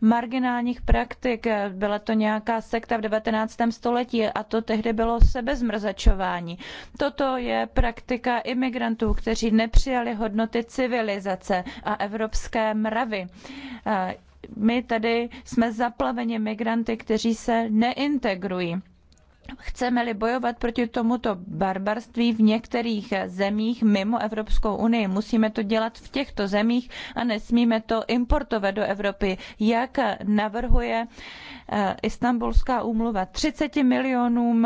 marginálních praktik. Byla to nějaká sekta v 19. století a to tehdy bylo sebezmrzačování. Toto je praktika imigrantů, kteří nepřijali hodnoty civilizace a evropské mravy my tady jsme zaplaveni migranty, kteří se neintegrují. Chceme-li bojovat proti tomuto barbarství v některých zemích mimo Evropskou unii, musíme to dělat v těchto zemích a nesmíme to importovat do Evropy, jak navrhuje eh, Istanbulská úmluva. 30 milionům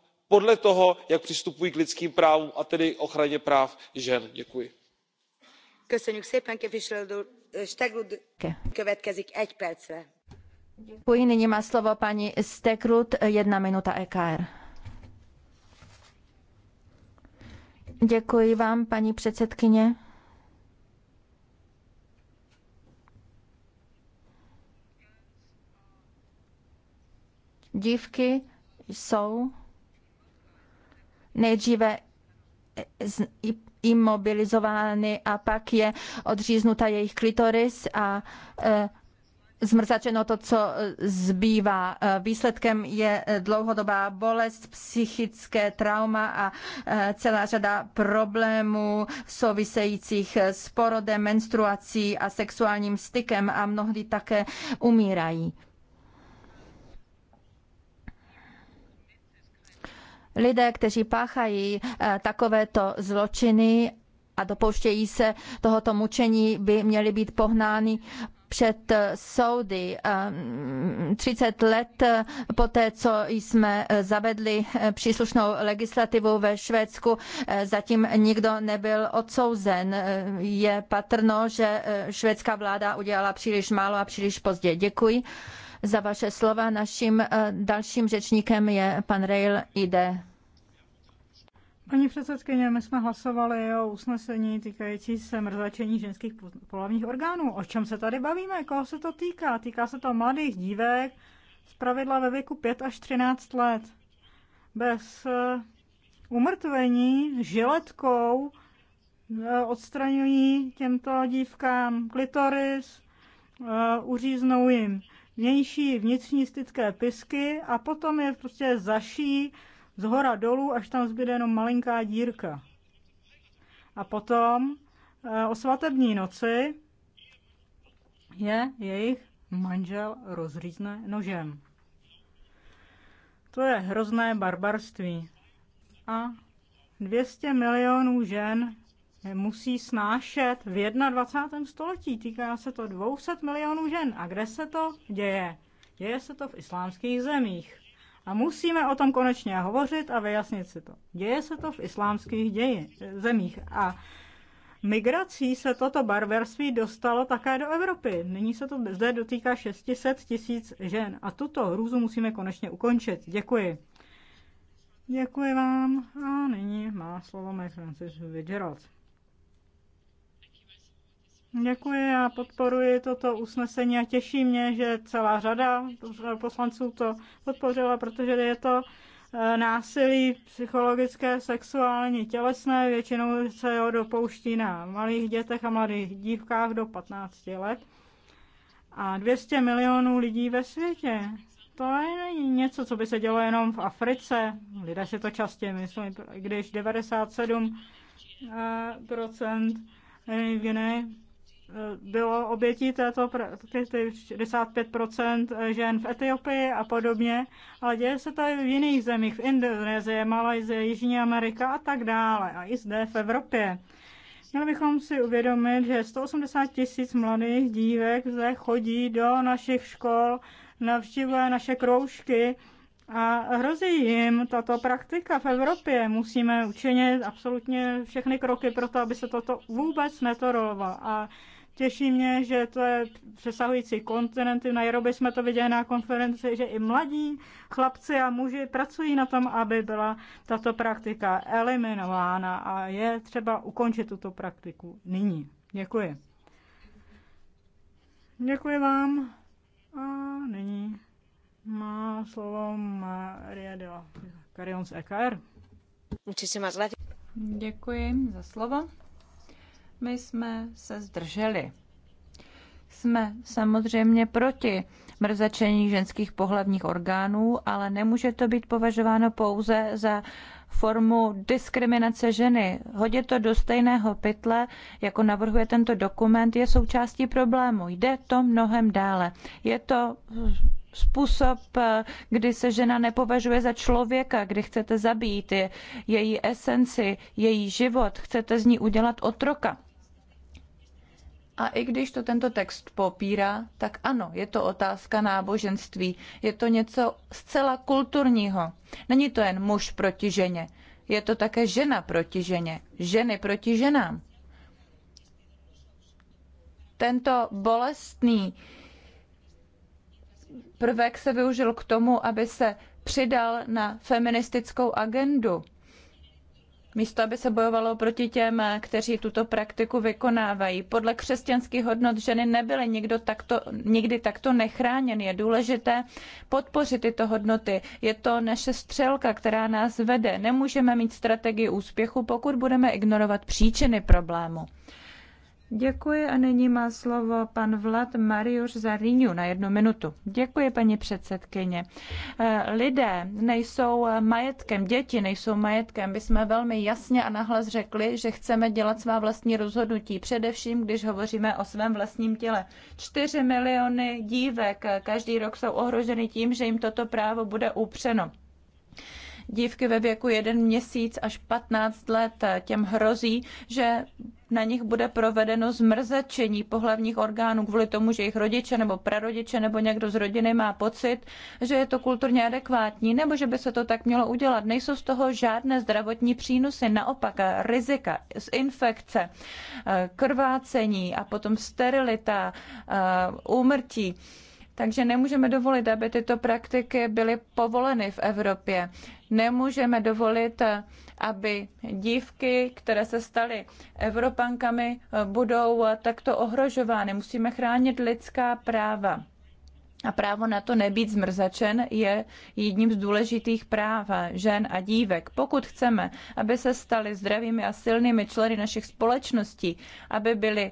podle toho jak přistupují k lidským právům a tedy ochraně práv žen. děkuji. děkuji má slovo paní stegrud jedna minuta ecr. Děkuji vám, paní předsedkyně. Dívky jsou nejdříve imobilizovány a pak je odříznuta jejich klitoris a e, zmrzačeno to, co e, zbývá. E, výsledkem je dlouhodobá bolest, psychické trauma a celá řada problémů souvisejících s porodem, menstruací a sexuálním stykem a mnohdy také umírají. Lidé, kteří páchají eh, takovéto zločiny a dopouštějí se tohoto mučení, by měli být pohnáni před eh, soudy 30 eh, let poté, co jsme zavedli příslušnou legislativu ve Švédsku, zatím nikdo nebyl odsouzen. Je patrno, že švédská vláda udělala příliš málo a příliš pozdě. Děkuji za vaše slova. Naším eh, dalším řečníkem je pan Rail Ide. Paní předsedkyně, my jsme hlasovali o usnesení týkající se mrzačení ženských polovních orgánů. O čem se tady bavíme? Koho se to týká? Týká se to mladých dívek, pravidla ve věku 5 až 13 let. Bez eh, umrtvení žiletkou eh, odstraňují těmto dívkám klitoris, uříznou jim vnější stické pisky a potom je prostě zaší z hora dolů, až tam zbyde jenom malinká dírka. A potom eh, o svatební noci je jejich manžel rozřízne nožem. To je hrozné barbarství. A 200 milionů žen musí snášet v 21. století. Týká se to 200 milionů žen. A kde se to děje? Děje se to v islámských zemích. A musíme o tom konečně hovořit a vyjasnit si to. Děje se to v islámských ději, zemích. A migrací se toto barbarství dostalo také do Evropy. Nyní se to zde dotýká 600 tisíc žen. A tuto hrůzu musíme konečně ukončit. Děkuji. Děkuji vám. A nyní má slovo Mike Francis Fitzgerald. Děkuji, já podporuji toto usnesení a těší mě, že celá řada poslanců to podpořila, protože je to eh, násilí psychologické, sexuální, tělesné, většinou se ho dopouští na malých dětech a mladých dívkách do 15 let. A 200 milionů lidí ve světě. To je něco, co by se dělo jenom v Africe. Lidé si to častě myslí, když 97 eh, procent eh, Guinea bylo obětí této 65 žen v Etiopii a podobně, ale děje se to i v jiných zemích, v Indonésii, Malajzie, Jižní Amerika a tak dále, a i zde v Evropě. Měli bychom si uvědomit, že 180 tisíc mladých dívek zde chodí do našich škol, navštívuje naše kroužky a hrozí jim tato praktika v Evropě. Musíme učinit absolutně všechny kroky pro to, aby se toto vůbec netorovalo. A Těší mě, že to je přesahující kontinenty. Na Nairobi jsme to viděli na konferenci, že i mladí chlapci a muži pracují na tom, aby byla tato praktika eliminována a je třeba ukončit tuto praktiku nyní. Děkuji. Děkuji vám. A nyní má slovo Maria de la Carion z EKR. Děkuji za slovo. My jsme se zdrželi. Jsme samozřejmě proti mrzačení ženských pohlavních orgánů, ale nemůže to být považováno pouze za formu diskriminace ženy. Hodit to do stejného pytle, jako navrhuje tento dokument, je součástí problému. Jde to mnohem dále. Je to způsob, kdy se žena nepovažuje za člověka, kdy chcete zabít její esenci, její život, chcete z ní udělat otroka. A i když to tento text popírá, tak ano, je to otázka náboženství. Je to něco zcela kulturního. Není to jen muž proti ženě. Je to také žena proti ženě. Ženy proti ženám. Tento bolestný prvek se využil k tomu, aby se přidal na feministickou agendu místo aby se bojovalo proti těm, kteří tuto praktiku vykonávají. Podle křesťanských hodnot ženy nebyly nikdo takto, nikdy takto nechráněn. Je důležité podpořit tyto hodnoty. Je to naše střelka, která nás vede. Nemůžeme mít strategii úspěchu, pokud budeme ignorovat příčiny problému. Děkuji a nyní má slovo pan Vlad Mariuš Rýňu na jednu minutu. Děkuji, paní předsedkyně. Eh, lidé nejsou majetkem, děti nejsou majetkem. My jsme velmi jasně a nahlas řekli, že chceme dělat svá vlastní rozhodnutí, především když hovoříme o svém vlastním těle. Čtyři miliony dívek eh, každý rok jsou ohroženy tím, že jim toto právo bude upřeno dívky ve věku 1 měsíc až 15 let. Těm hrozí, že na nich bude provedeno zmrzačení pohlavních orgánů kvůli tomu, že jejich rodiče nebo prarodiče nebo někdo z rodiny má pocit, že je to kulturně adekvátní nebo že by se to tak mělo udělat. Nejsou z toho žádné zdravotní přínosy, naopak rizika z infekce, eh, krvácení a potom sterilita, eh, úmrtí. Takže nemůžeme dovolit, aby tyto praktiky byly povoleny v Evropě. Nemůžeme dovolit, aby dívky, které se staly Evropankami, budou takto ohrožovány. Musíme chránit lidská práva. A právo na to nebýt zmrzačen je jedním z důležitých práv žen a dívek. Pokud chceme, aby se staly zdravými a silnými členy našich společností, aby byly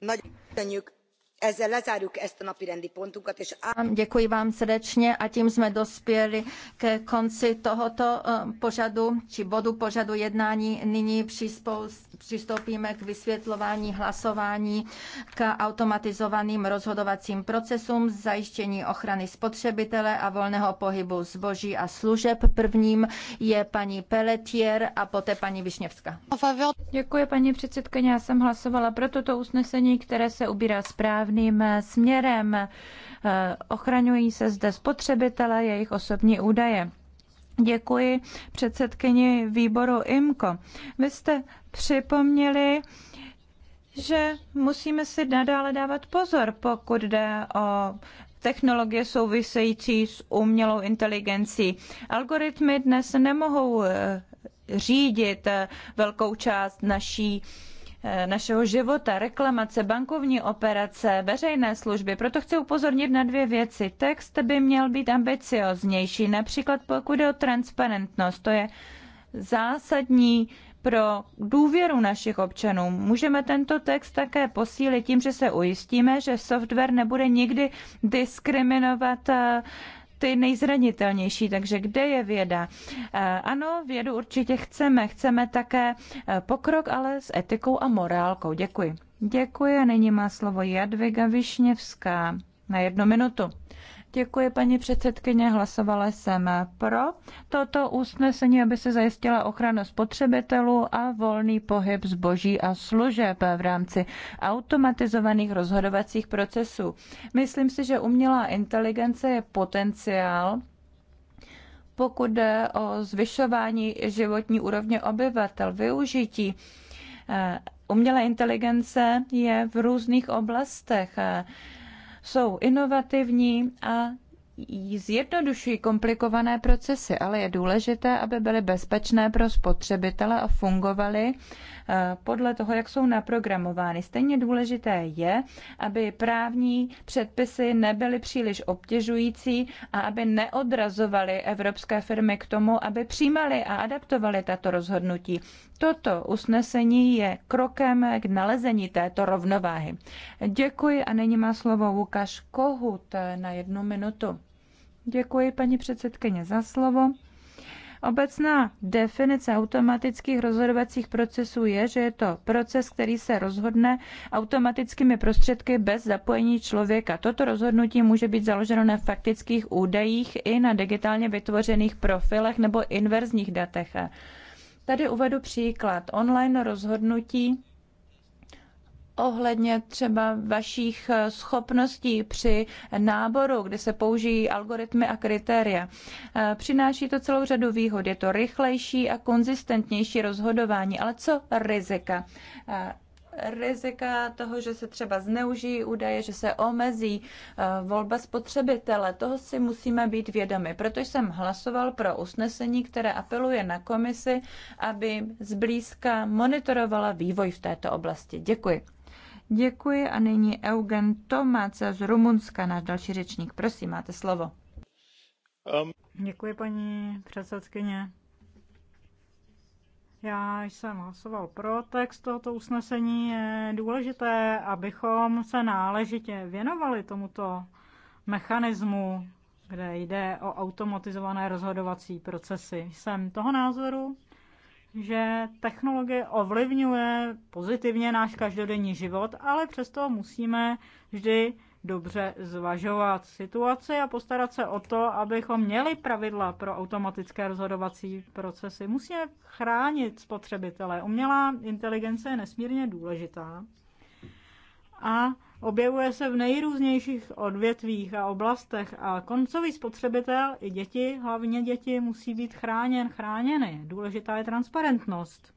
na Děkuji vám srdečně a tím jsme dospěli ke konci tohoto eh, pořadu či bodu pořadu jednání. Nyní přistoupíme k vysvětlování hlasování k automatizovaným rozhodovacím procesům, zajištění ochrany spotřebitele a volného pohybu zboží a služeb. Prvním je paní Pelletier a poté paní Višněvská. Děkuji paní předsedkyně, já jsem hlasovala pro toto usnesení, které se ubírá zprávě správným eh, směrem. Eh, ochraňují se zde spotřebitele, jejich osobní údaje. Děkuji předsedkyni výboru IMKO. Vy jste připomněli, že musíme si nadále dávat pozor, pokud jde o technologie související s umělou inteligencí. Algoritmy dnes nemohou eh, řídit velkou část naší Eh, našeho života, reklamace, bankovní operace, veřejné služby. Proto chci upozornit na dvě věci. Text by měl být ambicioznější, například pokud je o transparentnost. To je zásadní pro důvěru našich občanů. Můžeme tento text také posílit tím, že se ujistíme, že software nebude nikdy diskriminovat eh, ty nejzranitelnější. Takže kde je věda? Eh, ano, vědu určitě chceme. Chceme také eh, pokrok, ale s etikou a morálkou. Děkuji. Děkuji a nyní má slovo Jadviga Višněvská na jednu minutu. Děkuji, paní předsedkyně. Hlasovala jsem pro toto usnesení, aby se zajistila ochrana spotřebitelů a volný pohyb zboží a služeb v rámci automatizovaných rozhodovacích procesů. Myslím si, že umělá inteligence je potenciál, pokud jde o zvyšování životní úrovně obyvatel, využití eh, umělé inteligence je v různých oblastech. Eh, jsou inovativní a zjednodušují komplikované procesy, ale je důležité, aby byly bezpečné pro spotřebitele a fungovaly podle toho, jak jsou naprogramovány. Stejně důležité je, aby právní předpisy nebyly příliš obtěžující a aby neodrazovaly evropské firmy k tomu, aby přijímaly a adaptovaly tato rozhodnutí. Toto usnesení je krokem k nalezení této rovnováhy. Děkuji a nyní má slovo Lukáš Kohut na jednu minutu. Děkuji paní předsedkyně za slovo. Obecná definice automatických rozhodovacích procesů je, že je to proces, který se rozhodne automatickými prostředky bez zapojení člověka. Toto rozhodnutí může být založeno na faktických údajích i na digitálně vytvořených profilech nebo inverzních datech. Tady uvedu příklad. Online rozhodnutí ohledně třeba vašich eh, schopností při náboru, kde se použijí algoritmy a kritéria. Eh, přináší to celou řadu výhod. Je to rychlejší a konzistentnější rozhodování. Ale co rizika? Eh, rizika toho, že se třeba zneužijí údaje, že se omezí volba spotřebitele. Toho si musíme být vědomi. Proto jsem hlasoval pro usnesení, které apeluje na komisi, aby zblízka monitorovala vývoj v této oblasti. Děkuji. Děkuji a nyní Eugen Tomáce z Rumunska, náš další řečník. Prosím, máte slovo. Um. Děkuji, paní předsedkyně. Já jsem hlasoval pro text tohoto usnesení. Je důležité, abychom se náležitě věnovali tomuto mechanismu, kde jde o automatizované rozhodovací procesy. Jsem toho názoru, že technologie ovlivňuje pozitivně náš každodenní život, ale přesto musíme vždy dobře zvažovat situaci a postarat se o to, abychom měli pravidla pro automatické rozhodovací procesy. Musíme chránit spotřebitele. Umělá inteligence je nesmírně důležitá a Objevuje se v nejrůznějších odvětvích a oblastech a koncový spotřebitel i děti, hlavně děti, musí být chráněn, chráněny. Důležitá je transparentnost.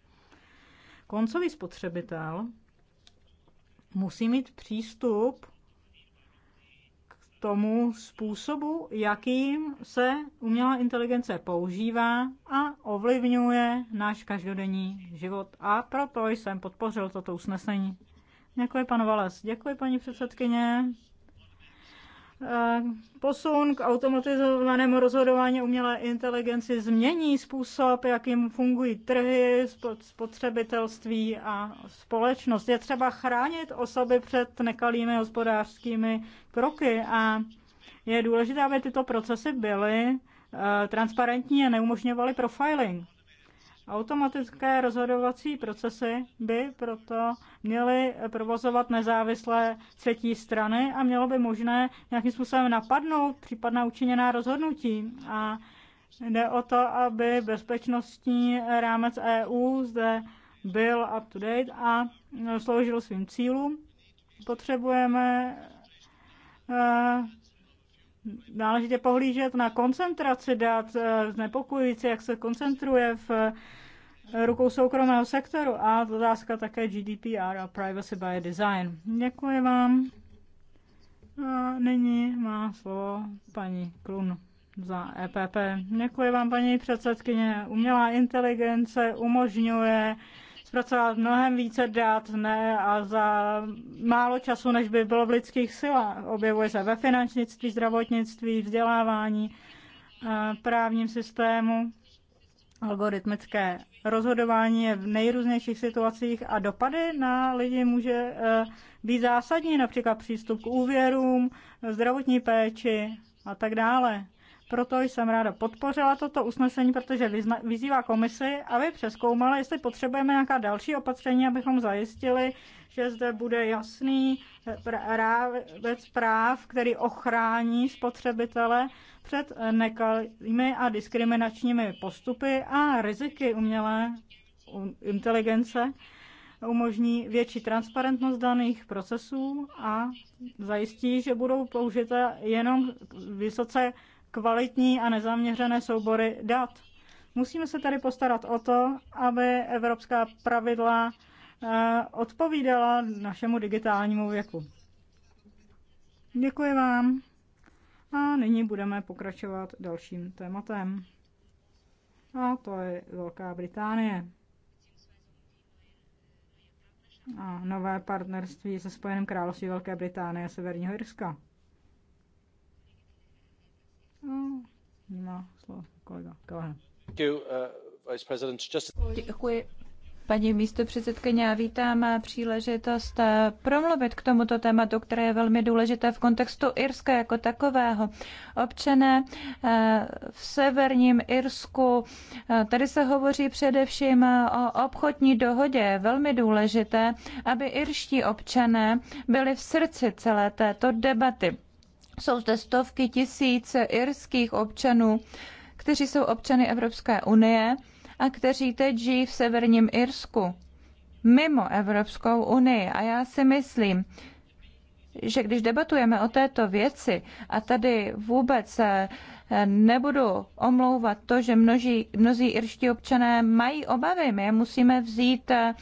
Koncový spotřebitel musí mít přístup k tomu způsobu, jakým se umělá inteligence používá a ovlivňuje náš každodenní život. A proto jsem podpořil toto usnesení. Děkuji, pan Vales. Děkuji, paní předsedkyně. Eh, posun k automatizovanému rozhodování umělé inteligenci změní způsob, jakým fungují trhy, spotřebitelství a společnost. Je třeba chránit osoby před nekalými hospodářskými kroky a je důležité, aby tyto procesy byly eh, transparentní a neumožňovaly profiling. Automatické rozhodovací procesy by proto měly provozovat nezávislé třetí strany a mělo by možné nějakým způsobem napadnout případná učiněná rozhodnutí. A jde o to, aby bezpečnostní rámec EU zde byl up to date a sloužil svým cílům. Potřebujeme eh, náležitě pohlížet na koncentraci dat, eh, znepokojující, jak se koncentruje v rukou soukromého sektoru a otázka také GDPR a Privacy by Design. Děkuji vám. A nyní má slovo paní Klun za EPP. Děkuji vám, paní předsedkyně. Umělá inteligence umožňuje zpracovat mnohem více dat ne, a za málo času, než by bylo v lidských silách. Objevuje se ve finančnictví, zdravotnictví, vzdělávání, právním systému, algoritmické rozhodování je v nejrůznějších situacích a dopady na lidi může eh, být zásadní, například přístup k úvěrům, zdravotní péči a tak dále. Proto jsem ráda podpořila toto usnesení, protože vyzývá komisi, aby přeskoumala, jestli potřebujeme nějaká další opatření, abychom zajistili, že zde bude jasný rávec práv, který ochrání spotřebitele před nekalými a diskriminačními postupy a riziky umělé inteligence umožní větší transparentnost daných procesů a zajistí, že budou použité jenom vysoce kvalitní a nezaměřené soubory dat. Musíme se tedy postarat o to, aby evropská pravidla eh, odpovídala našemu digitálnímu věku. Děkuji vám a nyní budeme pokračovat dalším tématem. A to je Velká Británie. A nové partnerství se Spojeným království Velké Británie a Severního Irska. Uh, Děkuji. Paní předsedkyně. já vítám uh, příležitost uh, promluvit k tomuto tématu, které je velmi důležité v kontextu Irska jako takového. Občané v severním Irsku, tady se hovoří především o obchodní dohodě. Velmi důležité, aby irští občané byli v srdci celé této debaty. Jsou zde stovky tisíc irských občanů, kteří jsou občany Evropské unie a kteří teď žijí v severním Irsku, mimo Evropskou unii. A já si myslím, že když debatujeme o této věci, a tady vůbec eh, nebudu omlouvat to, že množí, mnozí irští občané mají obavy, my je musíme vzít eh,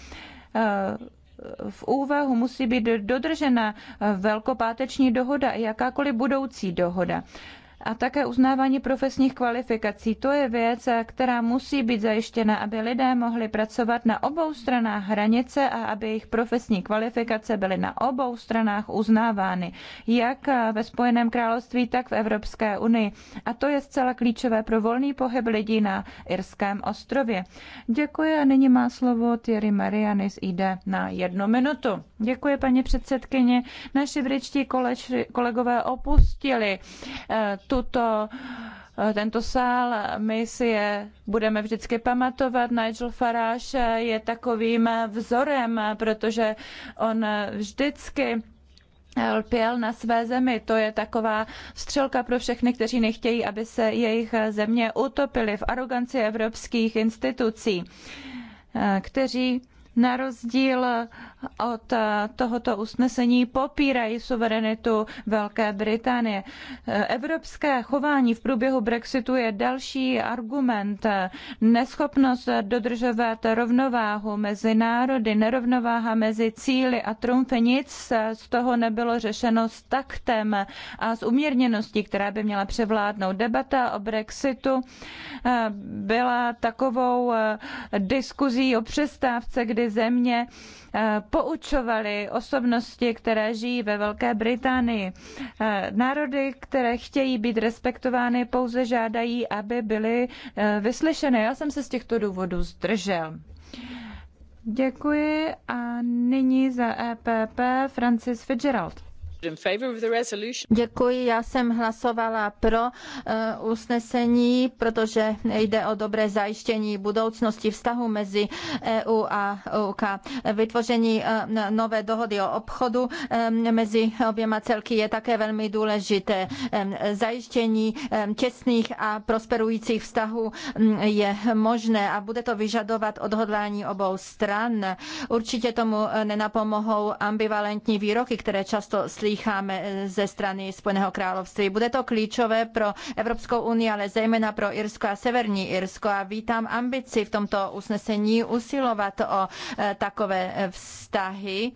v úvahu musí být dodržena velkopáteční dohoda i jakákoliv budoucí dohoda a také uznávání profesních kvalifikací. To je věc, která musí být zajištěna, aby lidé mohli pracovat na obou stranách hranice a aby jejich profesní kvalifikace byly na obou stranách uznávány, jak ve Spojeném království, tak v Evropské unii. A to je zcela klíčové pro volný pohyb lidí na Irském ostrově. Děkuji a nyní má slovo Thierry Marianis ID na jednu minutu. Děkuji, paní předsedkyně. Naši britští kolegové opustili eh, tu tuto eh, tento sál, my si je budeme vždycky pamatovat. Nigel Farage je takovým vzorem, protože on vždycky lpěl na své zemi. To je taková střelka pro všechny, kteří nechtějí, aby se jejich země utopily v aroganci evropských institucí, eh, kteří na rozdíl od tohoto usnesení popírají suverenitu Velké Británie. Evropské chování v průběhu Brexitu je další argument. Neschopnost dodržovat rovnováhu mezi národy, nerovnováha mezi cíly a trumfy. Nic z toho nebylo řešeno s taktem a s uměrněností, která by měla převládnout. Debata o Brexitu eh, byla takovou eh, diskuzí o přestávce, kdy země eh, poučovaly osobnosti, které žijí ve Velké Británii. Eh, národy, které chtějí být respektovány, pouze žádají, aby byly eh, vyslyšeny. Já jsem se z těchto důvodů zdržel. Děkuji a nyní za EPP Francis Fitzgerald. Děkuji, já jsem hlasovala pro eh, usnesení, protože jde o dobré zajištění budoucnosti vztahu mezi EU a UK. Vytvoření eh, nové dohody o obchodu eh, mezi oběma celky je také velmi důležité. zajištění těsných a prosperujících vztahů mm, je možné a bude to vyžadovat odhodlání obou stran. Určitě tomu nenapomohou ambivalentní výroky, které často slyšíme slýcháme eh, ze strany Spojeného království. Bude to klíčové pro Evropskou unii, ale zejména pro Irsko a Severní Irsko a vítám ambici v tomto usnesení usilovat o eh, takové eh, vztahy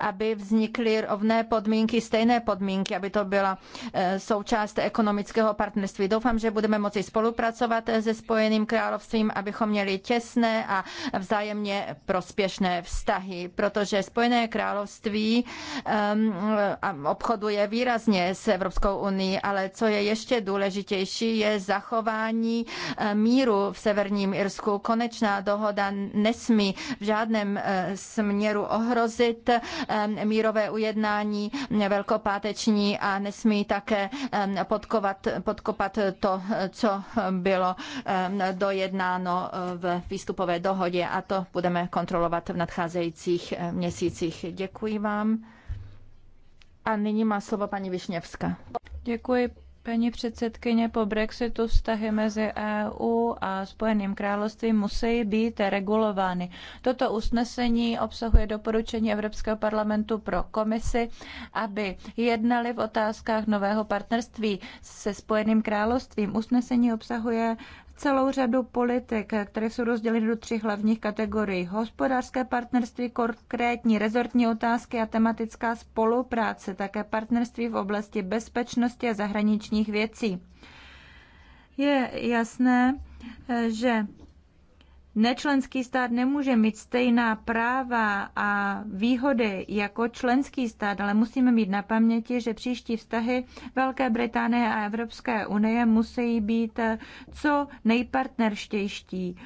aby vznikly rovné podmínky, stejné podmínky, aby to byla eh, součást ekonomického partnerství. Doufám, že budeme moci spolupracovat se Spojeným královstvím, abychom měli těsné a vzájemně prospěšné vztahy, protože Spojené království ehm, obchoduje výrazně s Evropskou unii, ale co je ještě důležitější, je zachování eh, míru v Severním Irsku. Konečná dohoda nesmí v žádném eh, směru ohrozit Eh, mírové ujednání velkopáteční a nesmí také eh, podkovat, podkopat to, co bylo eh, dojednáno v výstupové dohodě a to budeme kontrolovat v nadcházejících měsících. Děkuji vám. A nyní má slovo paní Višněvská. Děkuji, Paní předsedkyně, po Brexitu vztahy mezi EU a Spojeným královstvím musí být regulovány. Toto usnesení obsahuje doporučení Evropského parlamentu pro komisi, aby jednali v otázkách nového partnerství se Spojeným královstvím. Usnesení obsahuje celou řadu politik, které jsou rozděleny do tří hlavních kategorií. Hospodářské partnerství, konkrétní rezortní otázky a tematická spolupráce, také partnerství v oblasti bezpečnosti a zahraničních věcí. Je jasné, že nečlenský stát nemůže mít stejná práva a výhody jako členský stát, ale musíme mít na paměti, že příští vztahy Velké Británie a Evropské unie musí být co nejpartnerštější.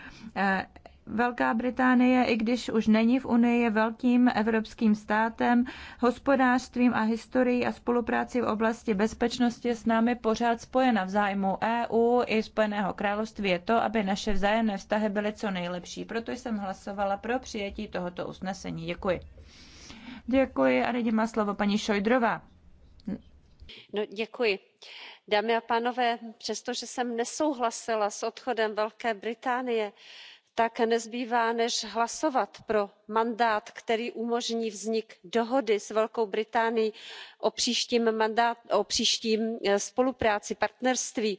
Velká Británie, i když už není v Unii, je velkým evropským státem, hospodářstvím a historií a spolupráci v oblasti bezpečnosti s námi pořád spojena v zájmu EU i Spojeného království je to, aby naše vzájemné vztahy byly co nejlepší. Proto jsem hlasovala pro přijetí tohoto usnesení. Děkuji. Děkuji a teď má slovo paní Šojdrová. No, děkuji dámy a pánové přestože jsem nesouhlasila s odchodem velké británie tak nezbývá než hlasovat pro mandát který umožní vznik dohody s velkou británií o příští eh, spolupráci partnerství.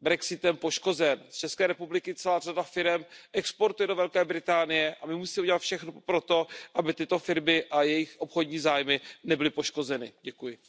brexitem poškozen. z české republiky celá řada firem exportuje do velké británie a my musíme udělat všechno pro to aby tyto firmy a jejich obchodní zájmy nebyly poškozeny. děkuji.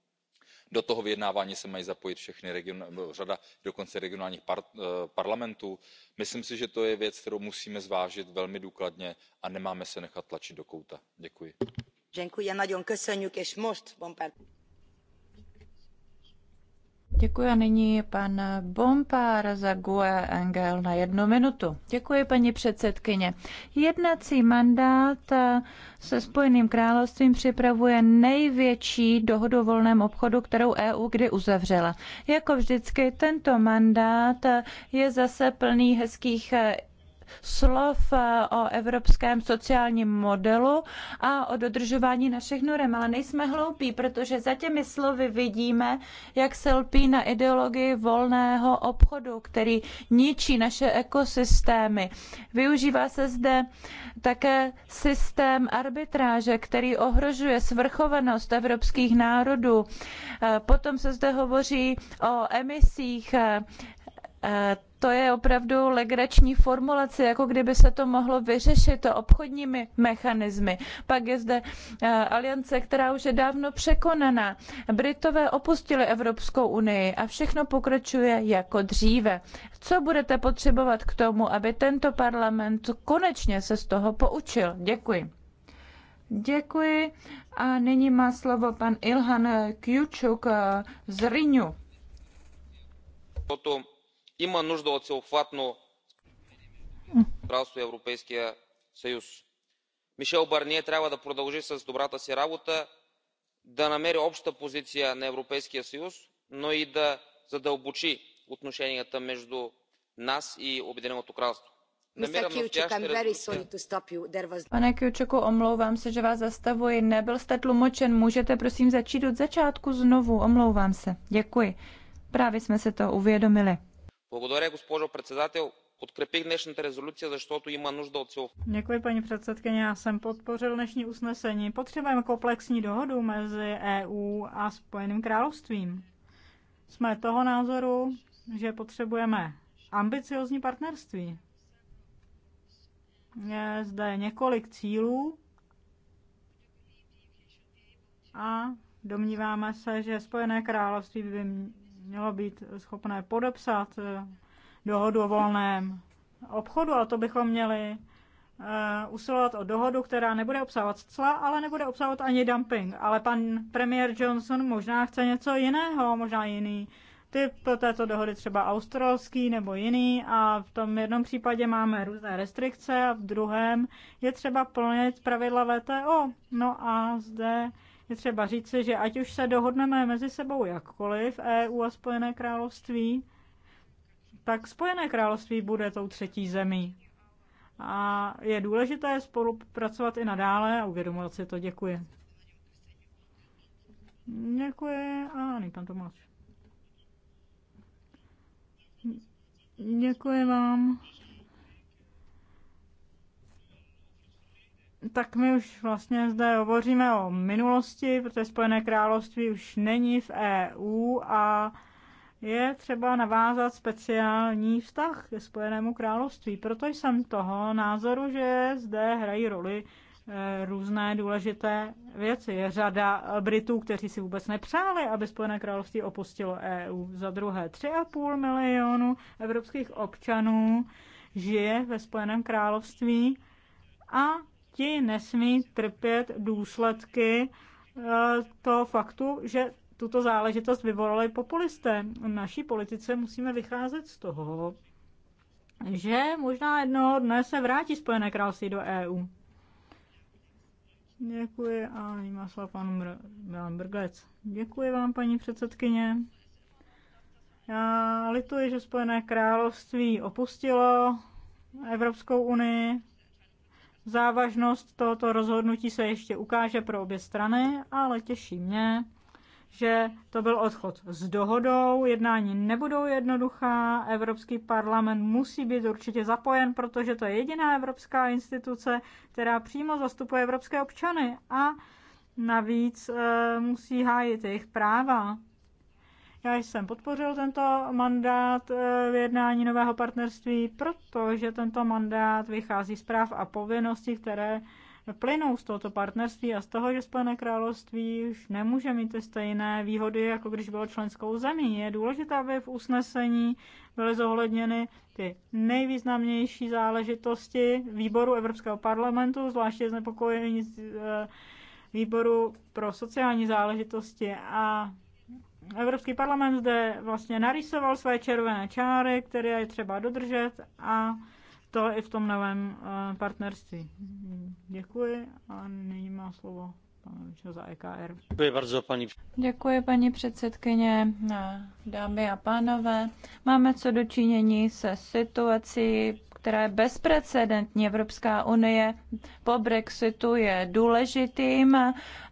do toho vyjednávání se má zapojit řada dokonce regionálních eh, parlamentů. myslím si že to je věc kterou musíme zvážit velmi důkladně a nemáme se nechat tlačit do kouta. děkuji. Děkuji a nyní pan Bompár za GUE Angel na jednu minutu. Děkuji, paní předsedkyně. Jednací mandát eh, se Spojeným královstvím připravuje největší dohodu o volném obchodu, kterou EU kdy uzavřela. Jako vždycky, tento mandát eh, je zase plný hezkých eh, slov eh, o evropském sociálním modelu a o dodržování našich norem, ale nejsme hloupí, protože za těmi slovy vidíme, jak se lpí na ideologii volného obchodu, který ničí naše ekosystémy. Využívá se zde také systém arbitráže, který ohrožuje svrchovanost evropských národů. Eh, potom se zde hovoří o emisích eh, to je opravdu legrační formulace, jako kdyby se to mohlo vyřešit to obchodními mechanismy. Pak je zde eh, aliance, která už je dávno překonaná. Britové opustili Evropskou unii a všechno pokračuje jako dříve. Co budete potřebovat k tomu, aby tento parlament konečně se z toho poučil? Děkuji. Děkuji. A nyní má slovo pan Ilhan Kjučuk eh, z Riňu има нужда от всеобхватно кралство европейския съюз. мишел барние трябва да продължи с добрата си работа да намери обща позиция на европейския съюз но и да задълбочи отношенията между нас и обединеното кралство. Pane Kjučeku, omlouvám se, že vás zastavuji. Nebyl jste tlumočen. Můžete prosím začít od začátku znovu. Omlouvám se. Děkuji. Právě jsme se to uvědomili paní předsedkyně, já jsem podpořil dnešní usnesení. Potřebujeme komplexní dohodu mezi EU a Spojeným královstvím. Jsme toho názoru, že potřebujeme ambiciozní partnerství. Je zde několik cílů a domníváme se, že Spojené království by mělo být schopné podepsat eh, dohodu o volném obchodu a to bychom měli eh, usilovat o dohodu, která nebude obsahovat cla, ale nebude obsahovat ani dumping. Ale pan premiér Johnson možná chce něco jiného, možná jiný typ této dohody, třeba australský nebo jiný. A v tom jednom případě máme různé restrikce a v druhém je třeba plnit pravidla VTO. No a zde je třeba říci, že ať už se dohodneme mezi sebou jakkoliv, EU a Spojené království, tak Spojené království bude tou třetí zemí. A je důležité spolupracovat i nadále a uvědomovat si to. Děkuji. Děkuji. A nyní pan Tomáš. Děkuji vám. tak my už vlastně zde hovoříme o minulosti, protože Spojené království už není v EU a je třeba navázat speciální vztah ke Spojenému království. Proto jsem toho názoru, že zde hrají roli e, různé důležité věci. Je řada Britů, kteří si vůbec nepřáli, aby Spojené království opustilo EU. Za druhé 3,5 milionu evropských občanů žije ve Spojeném království a ti nesmí trpět důsledky eh, toho faktu, že tuto záležitost vyvolali populisté. naší politice musíme vycházet z toho, že možná jednoho dne se vrátí Spojené království do EU. Děkuji a nyní má slovo pan Milan Brglec. Děkuji vám, paní předsedkyně. Já lituji, že Spojené království opustilo Evropskou unii Závažnost tohoto rozhodnutí se ještě ukáže pro obě strany, ale těší mě, že to byl odchod s dohodou, jednání nebudou jednoduchá, Evropský parlament musí být určitě zapojen, protože to je jediná evropská instituce, která přímo zastupuje evropské občany a navíc e, musí hájit jejich práva. Já jsem podpořil tento mandát eh, jednání nového partnerství, protože tento mandát vychází z práv a povinností, které plynou z tohoto partnerství a z toho, že Spojené království už nemůže mít ty stejné výhody, jako když bylo členskou zemí. Je důležité, aby v usnesení byly zohledněny ty nejvýznamnější záležitosti výboru Evropského parlamentu, zvláště znepokojení eh, výboru pro sociální záležitosti a Evropský parlament zde vlastně narysoval své červené čáry, které je třeba dodržet a to i v tom novém eh, partnerství. Děkuji a nyní má slovo pan za EKR. Děkuji bardzo, paní. Děkuji, paní předsedkyně, eh, dámy a pánové. Máme co dočinění se situací která je Evropská unie po Brexitu je důležitým,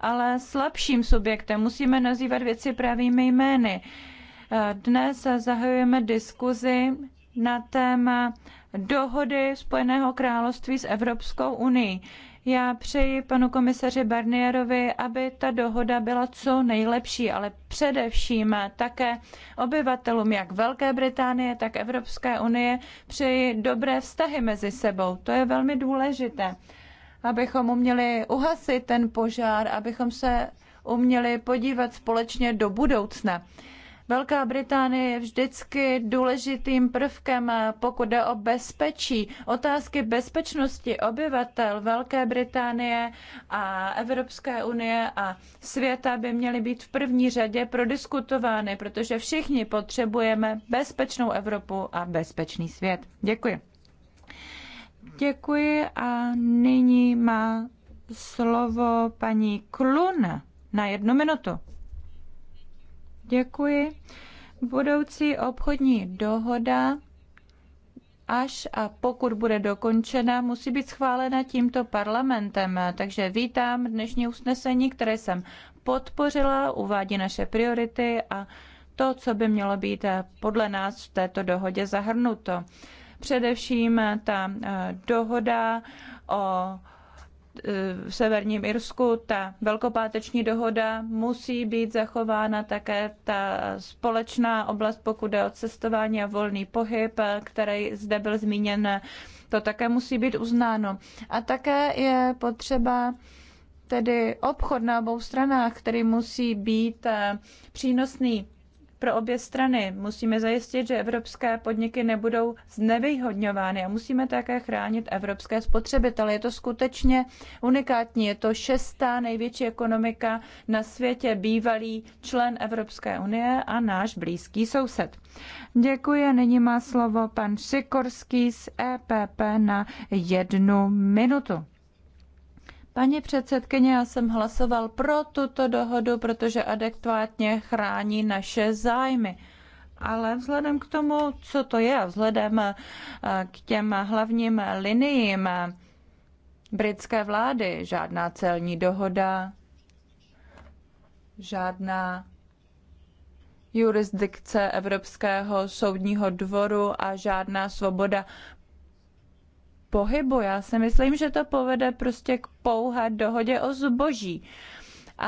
ale slabším subjektem. Musíme nazývat věci pravými jmény. Dnes zahajujeme diskuzi na téma dohody Spojeného království s Evropskou unii. Já přeji panu komisaři Barnierovi, aby ta dohoda byla co nejlepší, ale především také obyvatelům jak Velké Británie, tak Evropské unie přeji dobré vztahy mezi sebou. To je velmi důležité, abychom uměli uhasit ten požár, abychom se uměli podívat společně do budoucna. Velká Británie je vždycky důležitým prvkem, pokud jde o bezpečí. Otázky bezpečnosti obyvatel Velké Británie a Evropské unie a světa by měly být v první řadě prodiskutovány, protože všichni potřebujeme bezpečnou Evropu a bezpečný svět. Děkuji. Děkuji a nyní má slovo paní Kluna na jednu minutu. Děkuji. Budoucí obchodní dohoda až a pokud bude dokončena, musí být schválena tímto parlamentem. Takže vítám dnešní usnesení, které jsem podpořila, uvádí naše priority a to, co by mělo být podle nás v této dohodě zahrnuto. Především ta eh, dohoda o v severním Irsku. Ta velkopáteční dohoda musí být zachována také ta společná oblast, pokud je o cestování a volný pohyb, který zde byl zmíněn. To také musí být uznáno. A také je potřeba tedy obchod na obou stranách, který musí být přínosný pro obě strany. Musíme zajistit, že evropské podniky nebudou znevýhodňovány a musíme také chránit evropské spotřebitele. Je to skutečně unikátní. Je to šestá největší ekonomika na světě, bývalý člen Evropské unie a náš blízký soused. Děkuji. a Nyní má slovo pan Sikorský z EPP na jednu minutu. Paní předsedkyně, já jsem hlasoval pro tuto dohodu, protože adekvátně chrání naše zájmy. Ale vzhledem k tomu, co to je, vzhledem eh, k těm hlavním liniím eh, britské vlády, žádná celní dohoda, žádná jurisdikce Evropského soudního dvoru a žádná svoboda pohybu. Já si myslím, že to povede prostě k pouhé dohodě o zboží. A,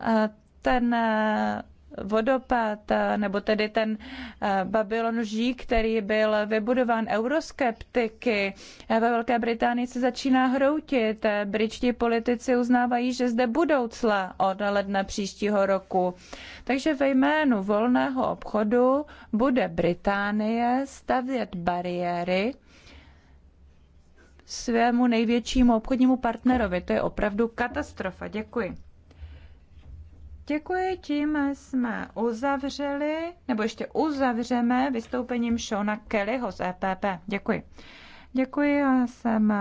a ten e, vodopád, e, nebo tedy ten e, Babylon Ží, který byl vybudován euroskeptiky. Ve Velké Británii se začíná hroutit. Britští politici uznávají, že zde budou cla od ledna příštího roku. Takže ve jménu volného obchodu bude Británie stavět bariéry, svému největšímu obchodnímu partnerovi. To je opravdu katastrofa. Děkuji. Děkuji, tím jsme uzavřeli, nebo ještě uzavřeme vystoupením Shona Kellyho z EPP. Děkuji. Děkuji, já jsem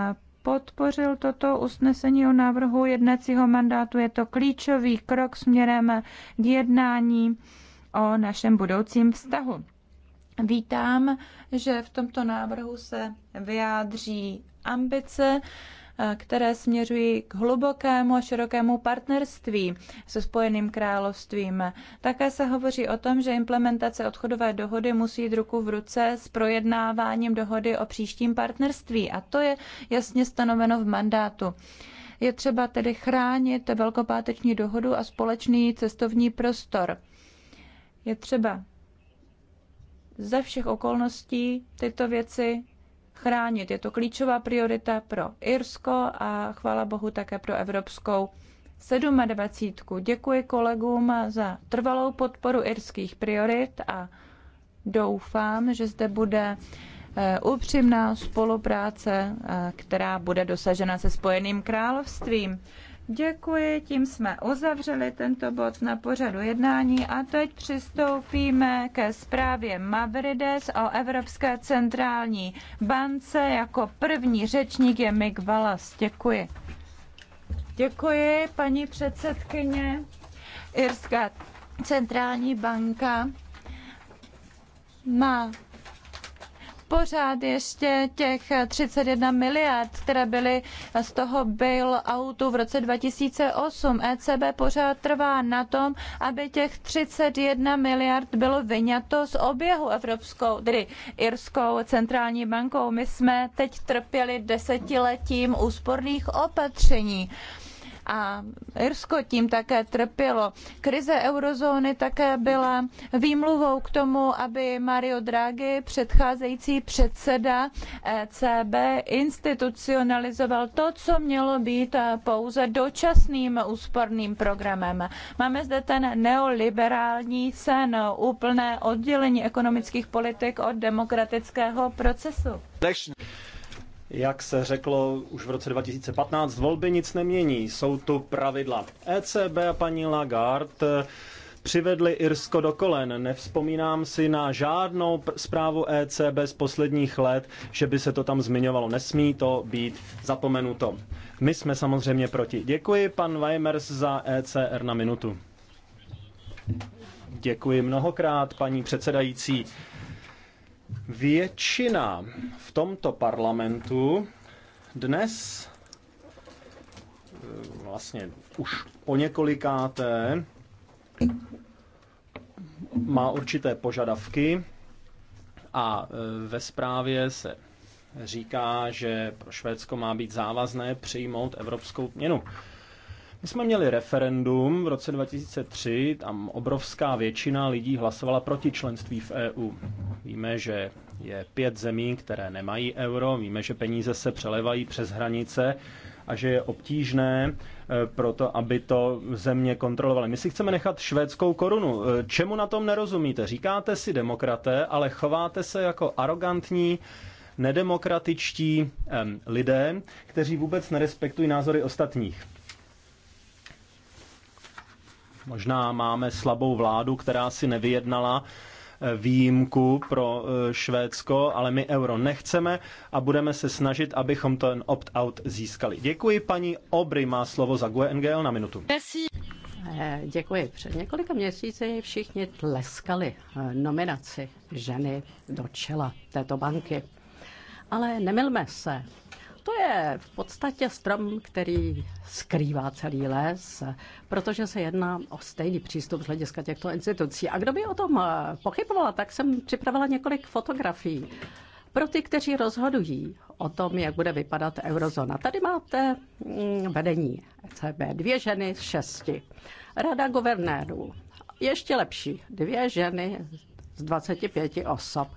podpořil toto usnesení o návrhu jednacího mandátu. Je to klíčový krok směrem k jednání o našem budoucím vztahu. Vítám, že v tomto návrhu se vyjádří ambice, eh, které směřují k hlubokému a širokému partnerství se Spojeným královstvím. Také se hovoří o tom, že implementace odchodové dohody musí jít ruku v ruce s projednáváním dohody o příštím partnerství a to je jasně stanoveno v mandátu. Je třeba tedy chránit velkopáteční dohodu a společný cestovní prostor. Je třeba za všech okolností tyto věci chránit. Je to klíčová priorita pro Irsko a chvála Bohu také pro Evropskou 27. Děkuji kolegům za trvalou podporu irských priorit a doufám, že zde bude eh, upřímná spolupráce, eh, která bude dosažena se Spojeným královstvím. Děkuji, tím jsme uzavřeli tento bod na pořadu jednání a teď přistoupíme ke zprávě Mavrides o Evropské centrální bance. Jako první řečník je Mik Valas. Děkuji. Děkuji, paní předsedkyně. Irská centrální banka má pořád ještě těch 31 miliard, které byly z toho byl autu v roce 2008. ECB pořád trvá na tom, aby těch 31 miliard bylo vyňato z oběhu Evropskou, tedy Irskou centrální bankou. My jsme teď trpěli desetiletím úsporných opatření a Irsko tím také trpělo. Krize eurozóny také byla výmluvou k tomu, aby Mario Draghi, předcházející předseda ECB, institucionalizoval to, co mělo být pouze dočasným úsporným programem. Máme zde ten neoliberální sen, úplné oddělení ekonomických politik od demokratického procesu. Jak se řeklo už v roce 2015, volby nic nemění, jsou tu pravidla. ECB a paní Lagarde přivedli Irsko do kolen. Nevzpomínám si na žádnou zprávu ECB z posledních let, že by se to tam zmiňovalo. Nesmí to být zapomenuto. My jsme samozřejmě proti. Děkuji pan Weimers za ECR na minutu. Děkuji mnohokrát, paní předsedající. Většina v tomto parlamentu dnes eh, vlastně už po několikáté má určité požadavky a eh, ve zprávě se říká, že pro Švédsko má být závazné přijmout evropskou měnu. My jsme měli referendum v roce 2003, tam obrovská většina lidí hlasovala proti členství v EU. Víme, že je pět zemí, které nemají euro, víme, že peníze se přelevají přes hranice a že je obtížné e, pro to, aby to země kontrolovaly. My si chceme nechat švédskou korunu. E, čemu na tom nerozumíte? Říkáte si demokraté, ale chováte se jako arrogantní nedemokratičtí lidé, kteří vůbec nerespektují názory ostatních. Možná máme slabou vládu, která si nevyjednala eh, výjimku pro eh, Švédsko, ale my euro nechceme a budeme se snažit, abychom ten opt-out získali. Děkuji paní Obry, má slovo za GUE NGL na minutu. Merci. Eh, děkuji. Před několika měsíci všichni tleskali nominaci ženy do čela této banky. Ale nemilme se, to je v podstatě strom, který skrývá celý les, protože se jedná o stejný přístup z hlediska těchto institucí. A kdo by o tom eh, pochybovala, tak jsem připravila několik fotografií pro ty, kteří rozhodují o tom, jak bude vypadat eurozona. Tady máte mm, vedení ECB, dvě ženy z šesti. Rada guvernérů, ještě lepší, dvě ženy z 25 osob.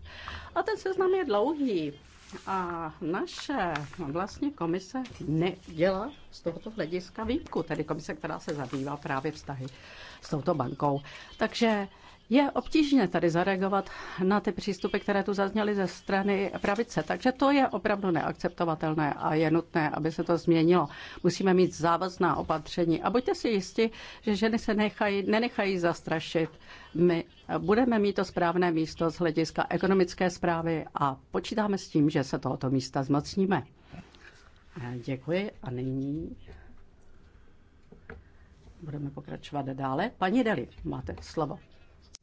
A ten seznam je dlouhý. A naše vlastně komise nedělá z tohoto hlediska výjimku, tedy komise, která se zabývá právě vztahy s touto bankou. Takže je obtížné tady zareagovat na ty přístupy, které tu zazněly ze strany pravice, takže to je opravdu neakceptovatelné a je nutné, aby se to změnilo. Musíme mít závazná opatření a buďte si jisti, že ženy se nechají, nenechají zastrašit. My budeme mít to správné místo z hlediska ekonomické zprávy a počítáme s tím, že se tohoto místa zmocníme. Děkuji a nyní budeme pokračovat dále. Paní Deli, máte slovo.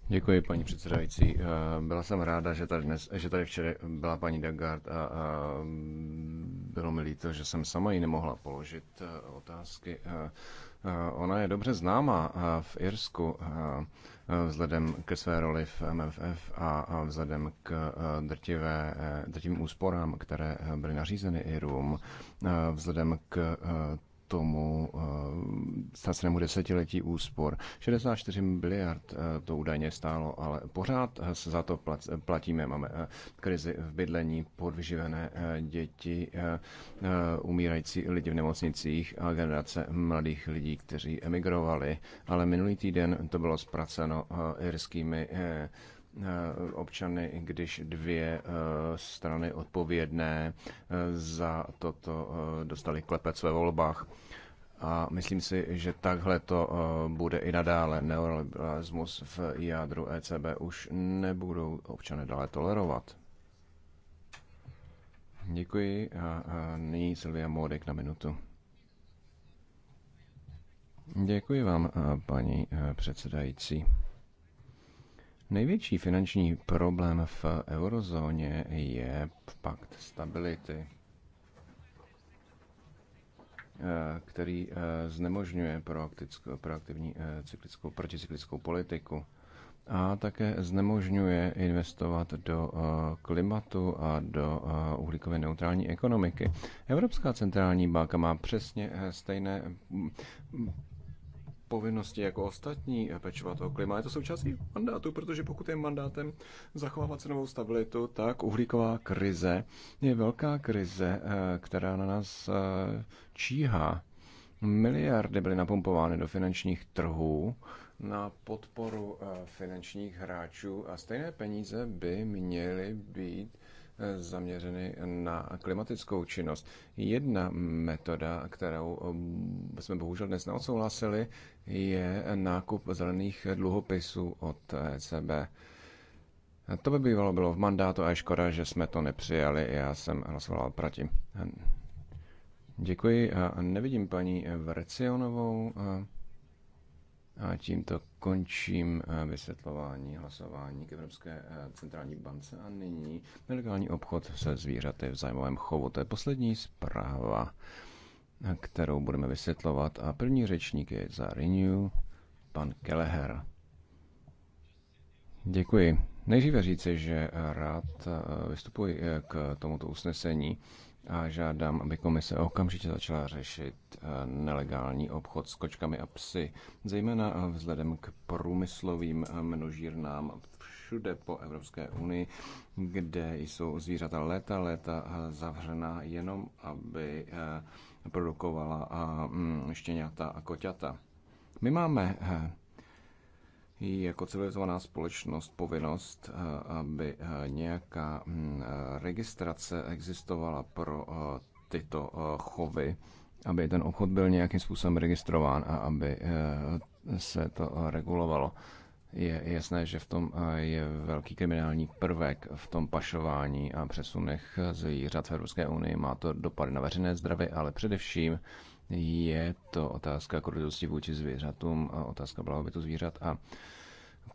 Děkuji, paní předsedající. Eh, byla jsem ráda, že tady, dnes, že tady včera byla paní Dagard a, a bylo mi líto, že jsem sama ji nemohla položit eh, otázky. Eh, ona je dobře známa v Irsku vzhledem ke své roli v MFF a vzhledem k drtivé, drtivým úsporám, které byly nařízeny Irům, vzhledem k tomu ztracenému eh, desetiletí úspor. 64 miliard eh, to údajně stálo, ale pořád eh, se za to platíme. Máme krizi v bydlení, podvyživené děti, umírající lidi v nemocnicích a generace mladých lidí, kteří emigrovali. Ale minulý týden to bylo zpraceno irskými Eh, občany, když dvě eh, strany odpovědné eh, za toto dostali klepec ve volbách. A myslím si, že takhle to bude i nadále. Neoliberalismus v jádru ECB už nebudou občany dále tolerovat. Děkuji a nyní Silvia Módek na minutu. Děkuji vám, paní předsedající. Největší finanční problém v eurozóně je pakt stability, eh, který eh, znemožňuje proaktivní eh, cyklickou, proticyklickou politiku a také znemožňuje investovat do klimatu a do uhlíkově neutrální ekonomiky. Evropská centrální banka má přesně stejné povinnosti jako ostatní pečovat o klima. Je to součástí mandátu, protože pokud je mandátem zachovávat cenovou stabilitu, tak uhlíková krize je velká krize, eh, která na nás eh, číhá. Miliardy byly napumpovány do finančních trhů na podporu eh, finančních hráčů a stejné peníze by měly být zaměřeny na klimatickou činnost. Jedna metoda, kterou eh, jsme bohužel dnes neodsouhlasili, je nákup zelených dluhopisů od ECB. To by bývalo bylo v mandátu a je škoda, že jsme to nepřijali. Já jsem hlasoval proti. Děkuji a nevidím paní Vrecionovou. Eh, a tímto končím eh, vysvětlování hlasování k Evropské eh, centrální bance a nyní nelegální obchod se zvířaty v zájmovém chovu. To je poslední zpráva, eh, kterou budeme vysvětlovat. A první řečník je za Renew, pan Keleher. Děkuji. Nejdříve říci, že rád vystupuji k tomuto usnesení a žádám, aby komise okamžitě začala řešit eh, nelegální obchod s kočkami a psy, zejména eh, vzhledem k průmyslovým eh, množírnám všude po Evropské unii, kde jsou zvířata léta, léta zavřená jenom, aby produkovala mm, štěňata a koťata. My máme jako civilizovaná společnost povinnost, eh, aby eh, nějaká mm, eh, registrace existovala pro tyto chovy, aby ten obchod byl nějakým způsobem registrován a aby se to regulovalo. Je jasné, že v tom je velký kriminální prvek v tom pašování a přesunech zvířat v Evropské unii. Má to dopady na veřejné zdraví, ale především je to otázka krutosti vůči zvířatům, otázka blahobytu zvířat a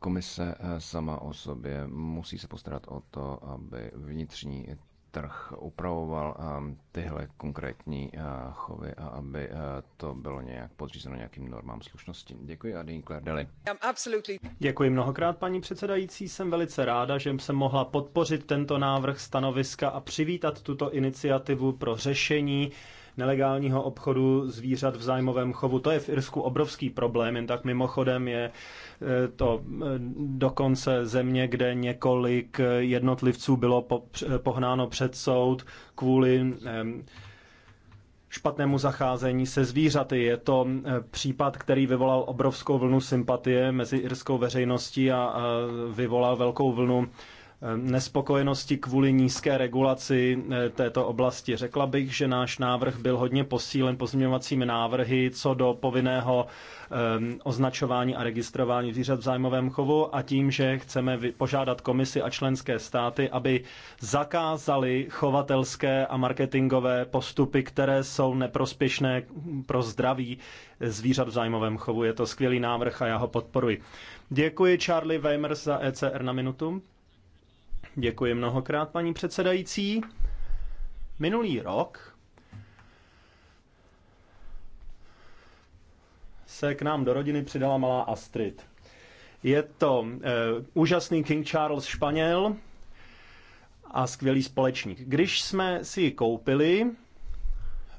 komise eh, sama o sobě musí se postarat o to, aby vnitřní trh upravoval eh, tyhle konkrétní eh, chovy a aby to bylo nějak podřízeno nějakým normám slušnosti. Děkuji a Dean Klerdeli. Děkuji mnohokrát, paní předsedající. Jsem velice ráda, že jsem mohla podpořit tento návrh stanoviska a přivítat tuto iniciativu pro řešení nelegálního obchodu zvířat v zájmovém chovu. To je v Irsku obrovský problém, jen tak mimochodem je eh, to eh, dokonce země, kde několik eh, jednotlivců bylo pohnáno před soud kvůli špatnému zacházení se zvířaty. Je to případ, který vyvolal obrovskou vlnu sympatie mezi irskou veřejností a vyvolal velkou vlnu nespokojenosti kvůli nízké regulaci eh, této oblasti. Řekla bych, že náš návrh byl hodně posílen pozměňovacími návrhy co do povinného eh, označování a registrování zvířat v zájmovém chovu a tím, že chceme požádat komisi a členské státy, aby zakázali chovatelské a marketingové postupy, které jsou neprospěšné pro zdraví zvířat v zájmovém chovu. Je to skvělý návrh a já ho podporuji. Děkuji Charlie Weimers za ECR na minutu. Děkuji mnohokrát, paní předsedající. Minulý rok se k nám do rodiny přidala malá Astrid. Je to e, úžasný King Charles Španěl a skvělý společník. Když jsme si ji koupili,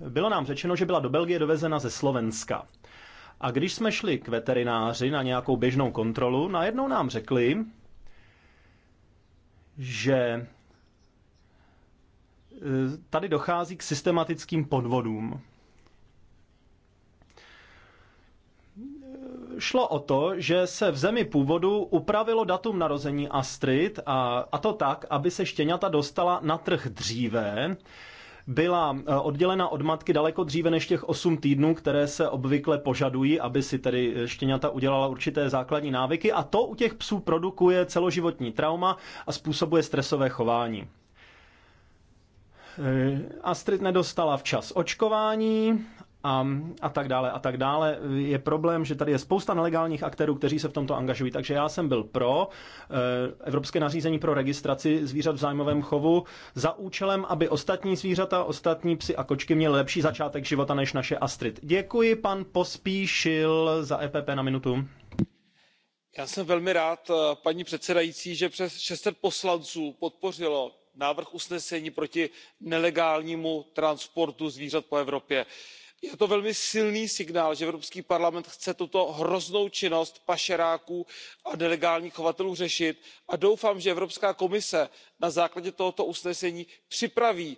bylo nám řečeno, že byla do Belgie dovezena ze Slovenska. A když jsme šli k veterináři na nějakou běžnou kontrolu, najednou nám řekli, že eh, tady dochází k systematickým podvodům. Šlo o to, že se v zemi původu upravilo datum narození Astrid a, a to tak, aby se štěňata dostala na trh dříve, byla eh, oddělena od matky daleko dříve než těch 8 týdnů, které se obvykle požadují, aby si tedy eh, štěňata udělala určité základní návyky a to u těch psů produkuje celoživotní trauma a způsobuje stresové chování. Eh, Astrid nedostala včas očkování, a, a tak dále a tak dále. Je problém, že tady je spousta nelegálních aktérů, kteří se v tomto angažují. Takže já jsem byl pro eh, Evropské nařízení pro registraci zvířat v zájmovém chovu za účelem, aby ostatní zvířata, ostatní psy a kočky měly lepší začátek života než naše Astrid. Děkuji, pan Pospíšil za EPP na minutu. Já jsem velmi rád, eh, paní předsedající, že přes 600 poslanců podpořilo návrh usnesení proti nelegálnímu transportu zvířat po Evropě je to velmi silný signál že evropský parlament chce tuto hroznou činnost pašeráků a nelegálních chovatelů řešit a doufám že evropská komise na základě tohoto usnesení připraví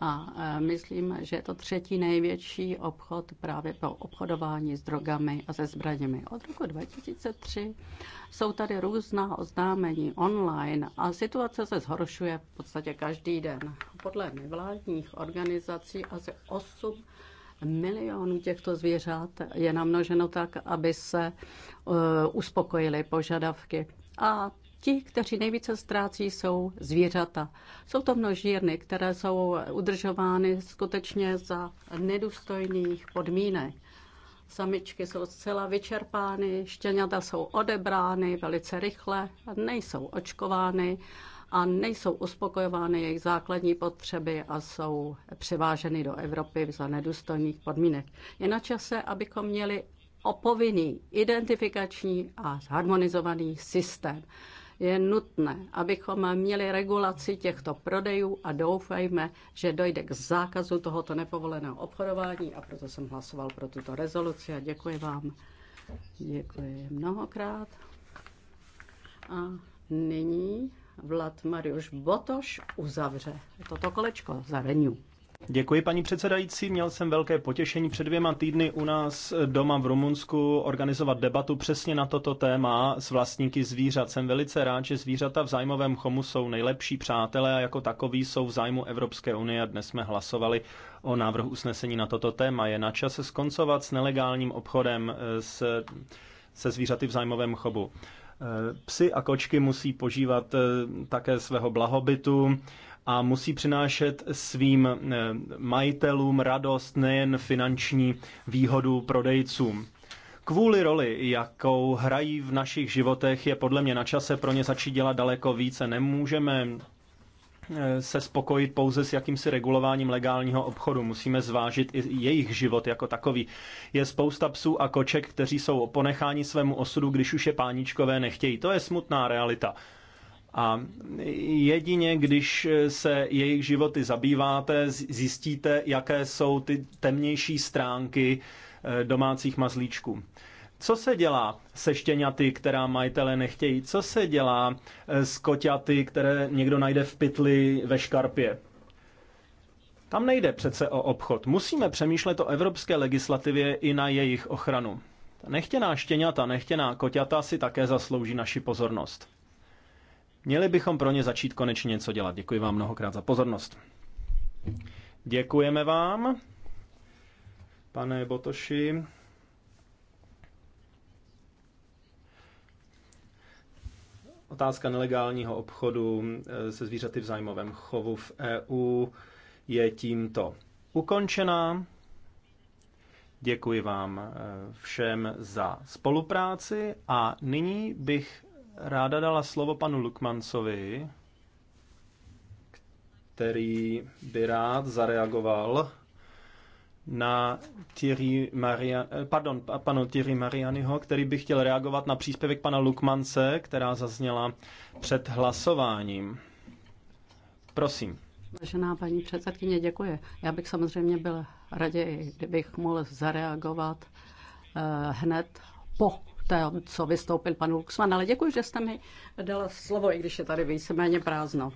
A e, myslím, že je to třetí největší obchod právě pro obchodování s drogami a se zbraněmi. Od roku 2003 jsou tady různá oznámení online a situace se zhoršuje v podstatě každý den. Podle nevládních organizací asi 8 milionů těchto zvířat je namnoženo tak, aby se uh, uspokojily požadavky. A Ti, kteří nejvíce ztrácí, jsou zvířata. Jsou to množírny, které jsou udržovány skutečně za nedůstojných podmínek. Samičky jsou zcela vyčerpány, štěňata jsou odebrány velice rychle, nejsou očkovány a nejsou uspokojovány jejich základní potřeby a jsou převáženy do Evropy za nedůstojných podmínek. Je na čase, abychom měli opovinný identifikační a harmonizovaný systém. Je nutné, abychom měli regulaci těchto prodejů a doufejme, že dojde k zákazu tohoto nepovoleného obchodování a proto jsem hlasoval pro tuto rezoluci a děkuji vám. Děkuji mnohokrát. A nyní Vlad Mariusz Botoš uzavře toto kolečko za venue. Děkuji, paní předsedající. Měl jsem velké potěšení před dvěma týdny u nás doma v Rumunsku organizovat debatu přesně na toto téma s vlastníky zvířat. Jsem velice rád, že zvířata v zájmovém chomu jsou nejlepší přátelé a jako takový jsou v zájmu Evropské unie. Dnes jsme hlasovali o návrhu usnesení na toto téma. Je na čase skoncovat s nelegálním obchodem eh, s, se zvířaty v zájmovém chobu. Eh, Psy a kočky musí požívat eh, také svého blahobytu a musí přinášet svým eh, majitelům radost, nejen finanční výhodu prodejcům. Kvůli roli, jakou hrají v našich životech, je podle mě na čase pro ně začít dělat daleko více. Nemůžeme eh, se spokojit pouze s jakýmsi regulováním legálního obchodu. Musíme zvážit i jejich život jako takový. Je spousta psů a koček, kteří jsou ponecháni svému osudu, když už je páničkové nechtějí. To je smutná realita. A jedině, když se jejich životy zabýváte, zjistíte, jaké jsou ty temnější stránky eh, domácích mazlíčků. Co se dělá se štěňaty, která majitele nechtějí? Co se dělá eh, s koťaty, které někdo najde v pytli ve škarpě? Tam nejde přece o obchod. Musíme přemýšlet o evropské legislativě i na jejich ochranu. Ta nechtěná štěňata, nechtěná koťata si také zaslouží naši pozornost. Měli bychom pro ně začít konečně něco dělat. Děkuji vám mnohokrát za pozornost. Děkujeme vám, pane Botoši. Otázka nelegálního obchodu eh, se zvířaty v zájmovém chovu v EU je tímto ukončená. Děkuji vám eh, všem za spolupráci a nyní bych ráda dala slovo panu Lukmancovi, který by rád zareagoval na Thierry Marian, pardon, panu Thierry Marianiho, který by chtěl reagovat na příspěvek pana Lukmance, která zazněla před hlasováním. Prosím. Vážená paní předsedkyně, děkuji. Já bych samozřejmě byl raději, kdybych mohl zareagovat eh, hned po tom, co vystoupil pan Luxman, ale děkuji, že jste mi dala slovo, i když je tady víceméně prázdno.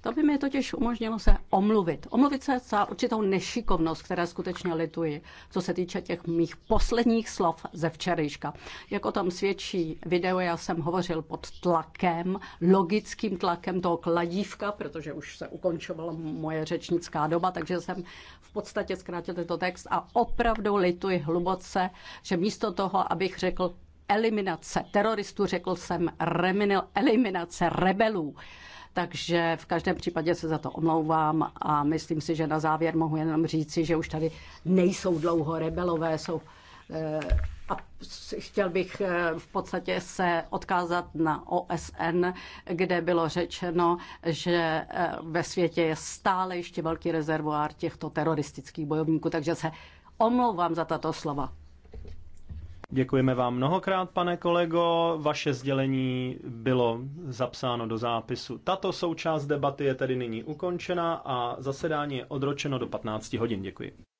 To by mi totiž umožnilo se omluvit. Omluvit se za určitou nešikovnost, která skutečně lituji, co se týče těch mých posledních slov ze včerejška. Jak o tom svědčí video, já jsem hovořil pod tlakem, logickým tlakem toho kladívka, protože už se ukončovala moje řečnická doba, takže jsem v podstatě zkrátil tento text a opravdu lituji hluboce, že místo toho, abych řekl eliminace teroristů, řekl jsem reminil, eliminace rebelů. Takže v každém případě se za to omlouvám a myslím si, že na závěr mohu jenom říci, že už tady nejsou dlouho rebelové, jsou eh, a chtěl bych eh, v podstatě se odkázat na OSN, kde bylo řečeno, že eh, ve světě je stále ještě velký rezervoár těchto teroristických bojovníků, takže se omlouvám za tato slova. Děkujeme vám mnohokrát, pane kolego. Vaše sdělení bylo zapsáno do zápisu. Tato součást debaty je tedy nyní ukončena a zasedání je odročeno do 15 hodin. Děkuji.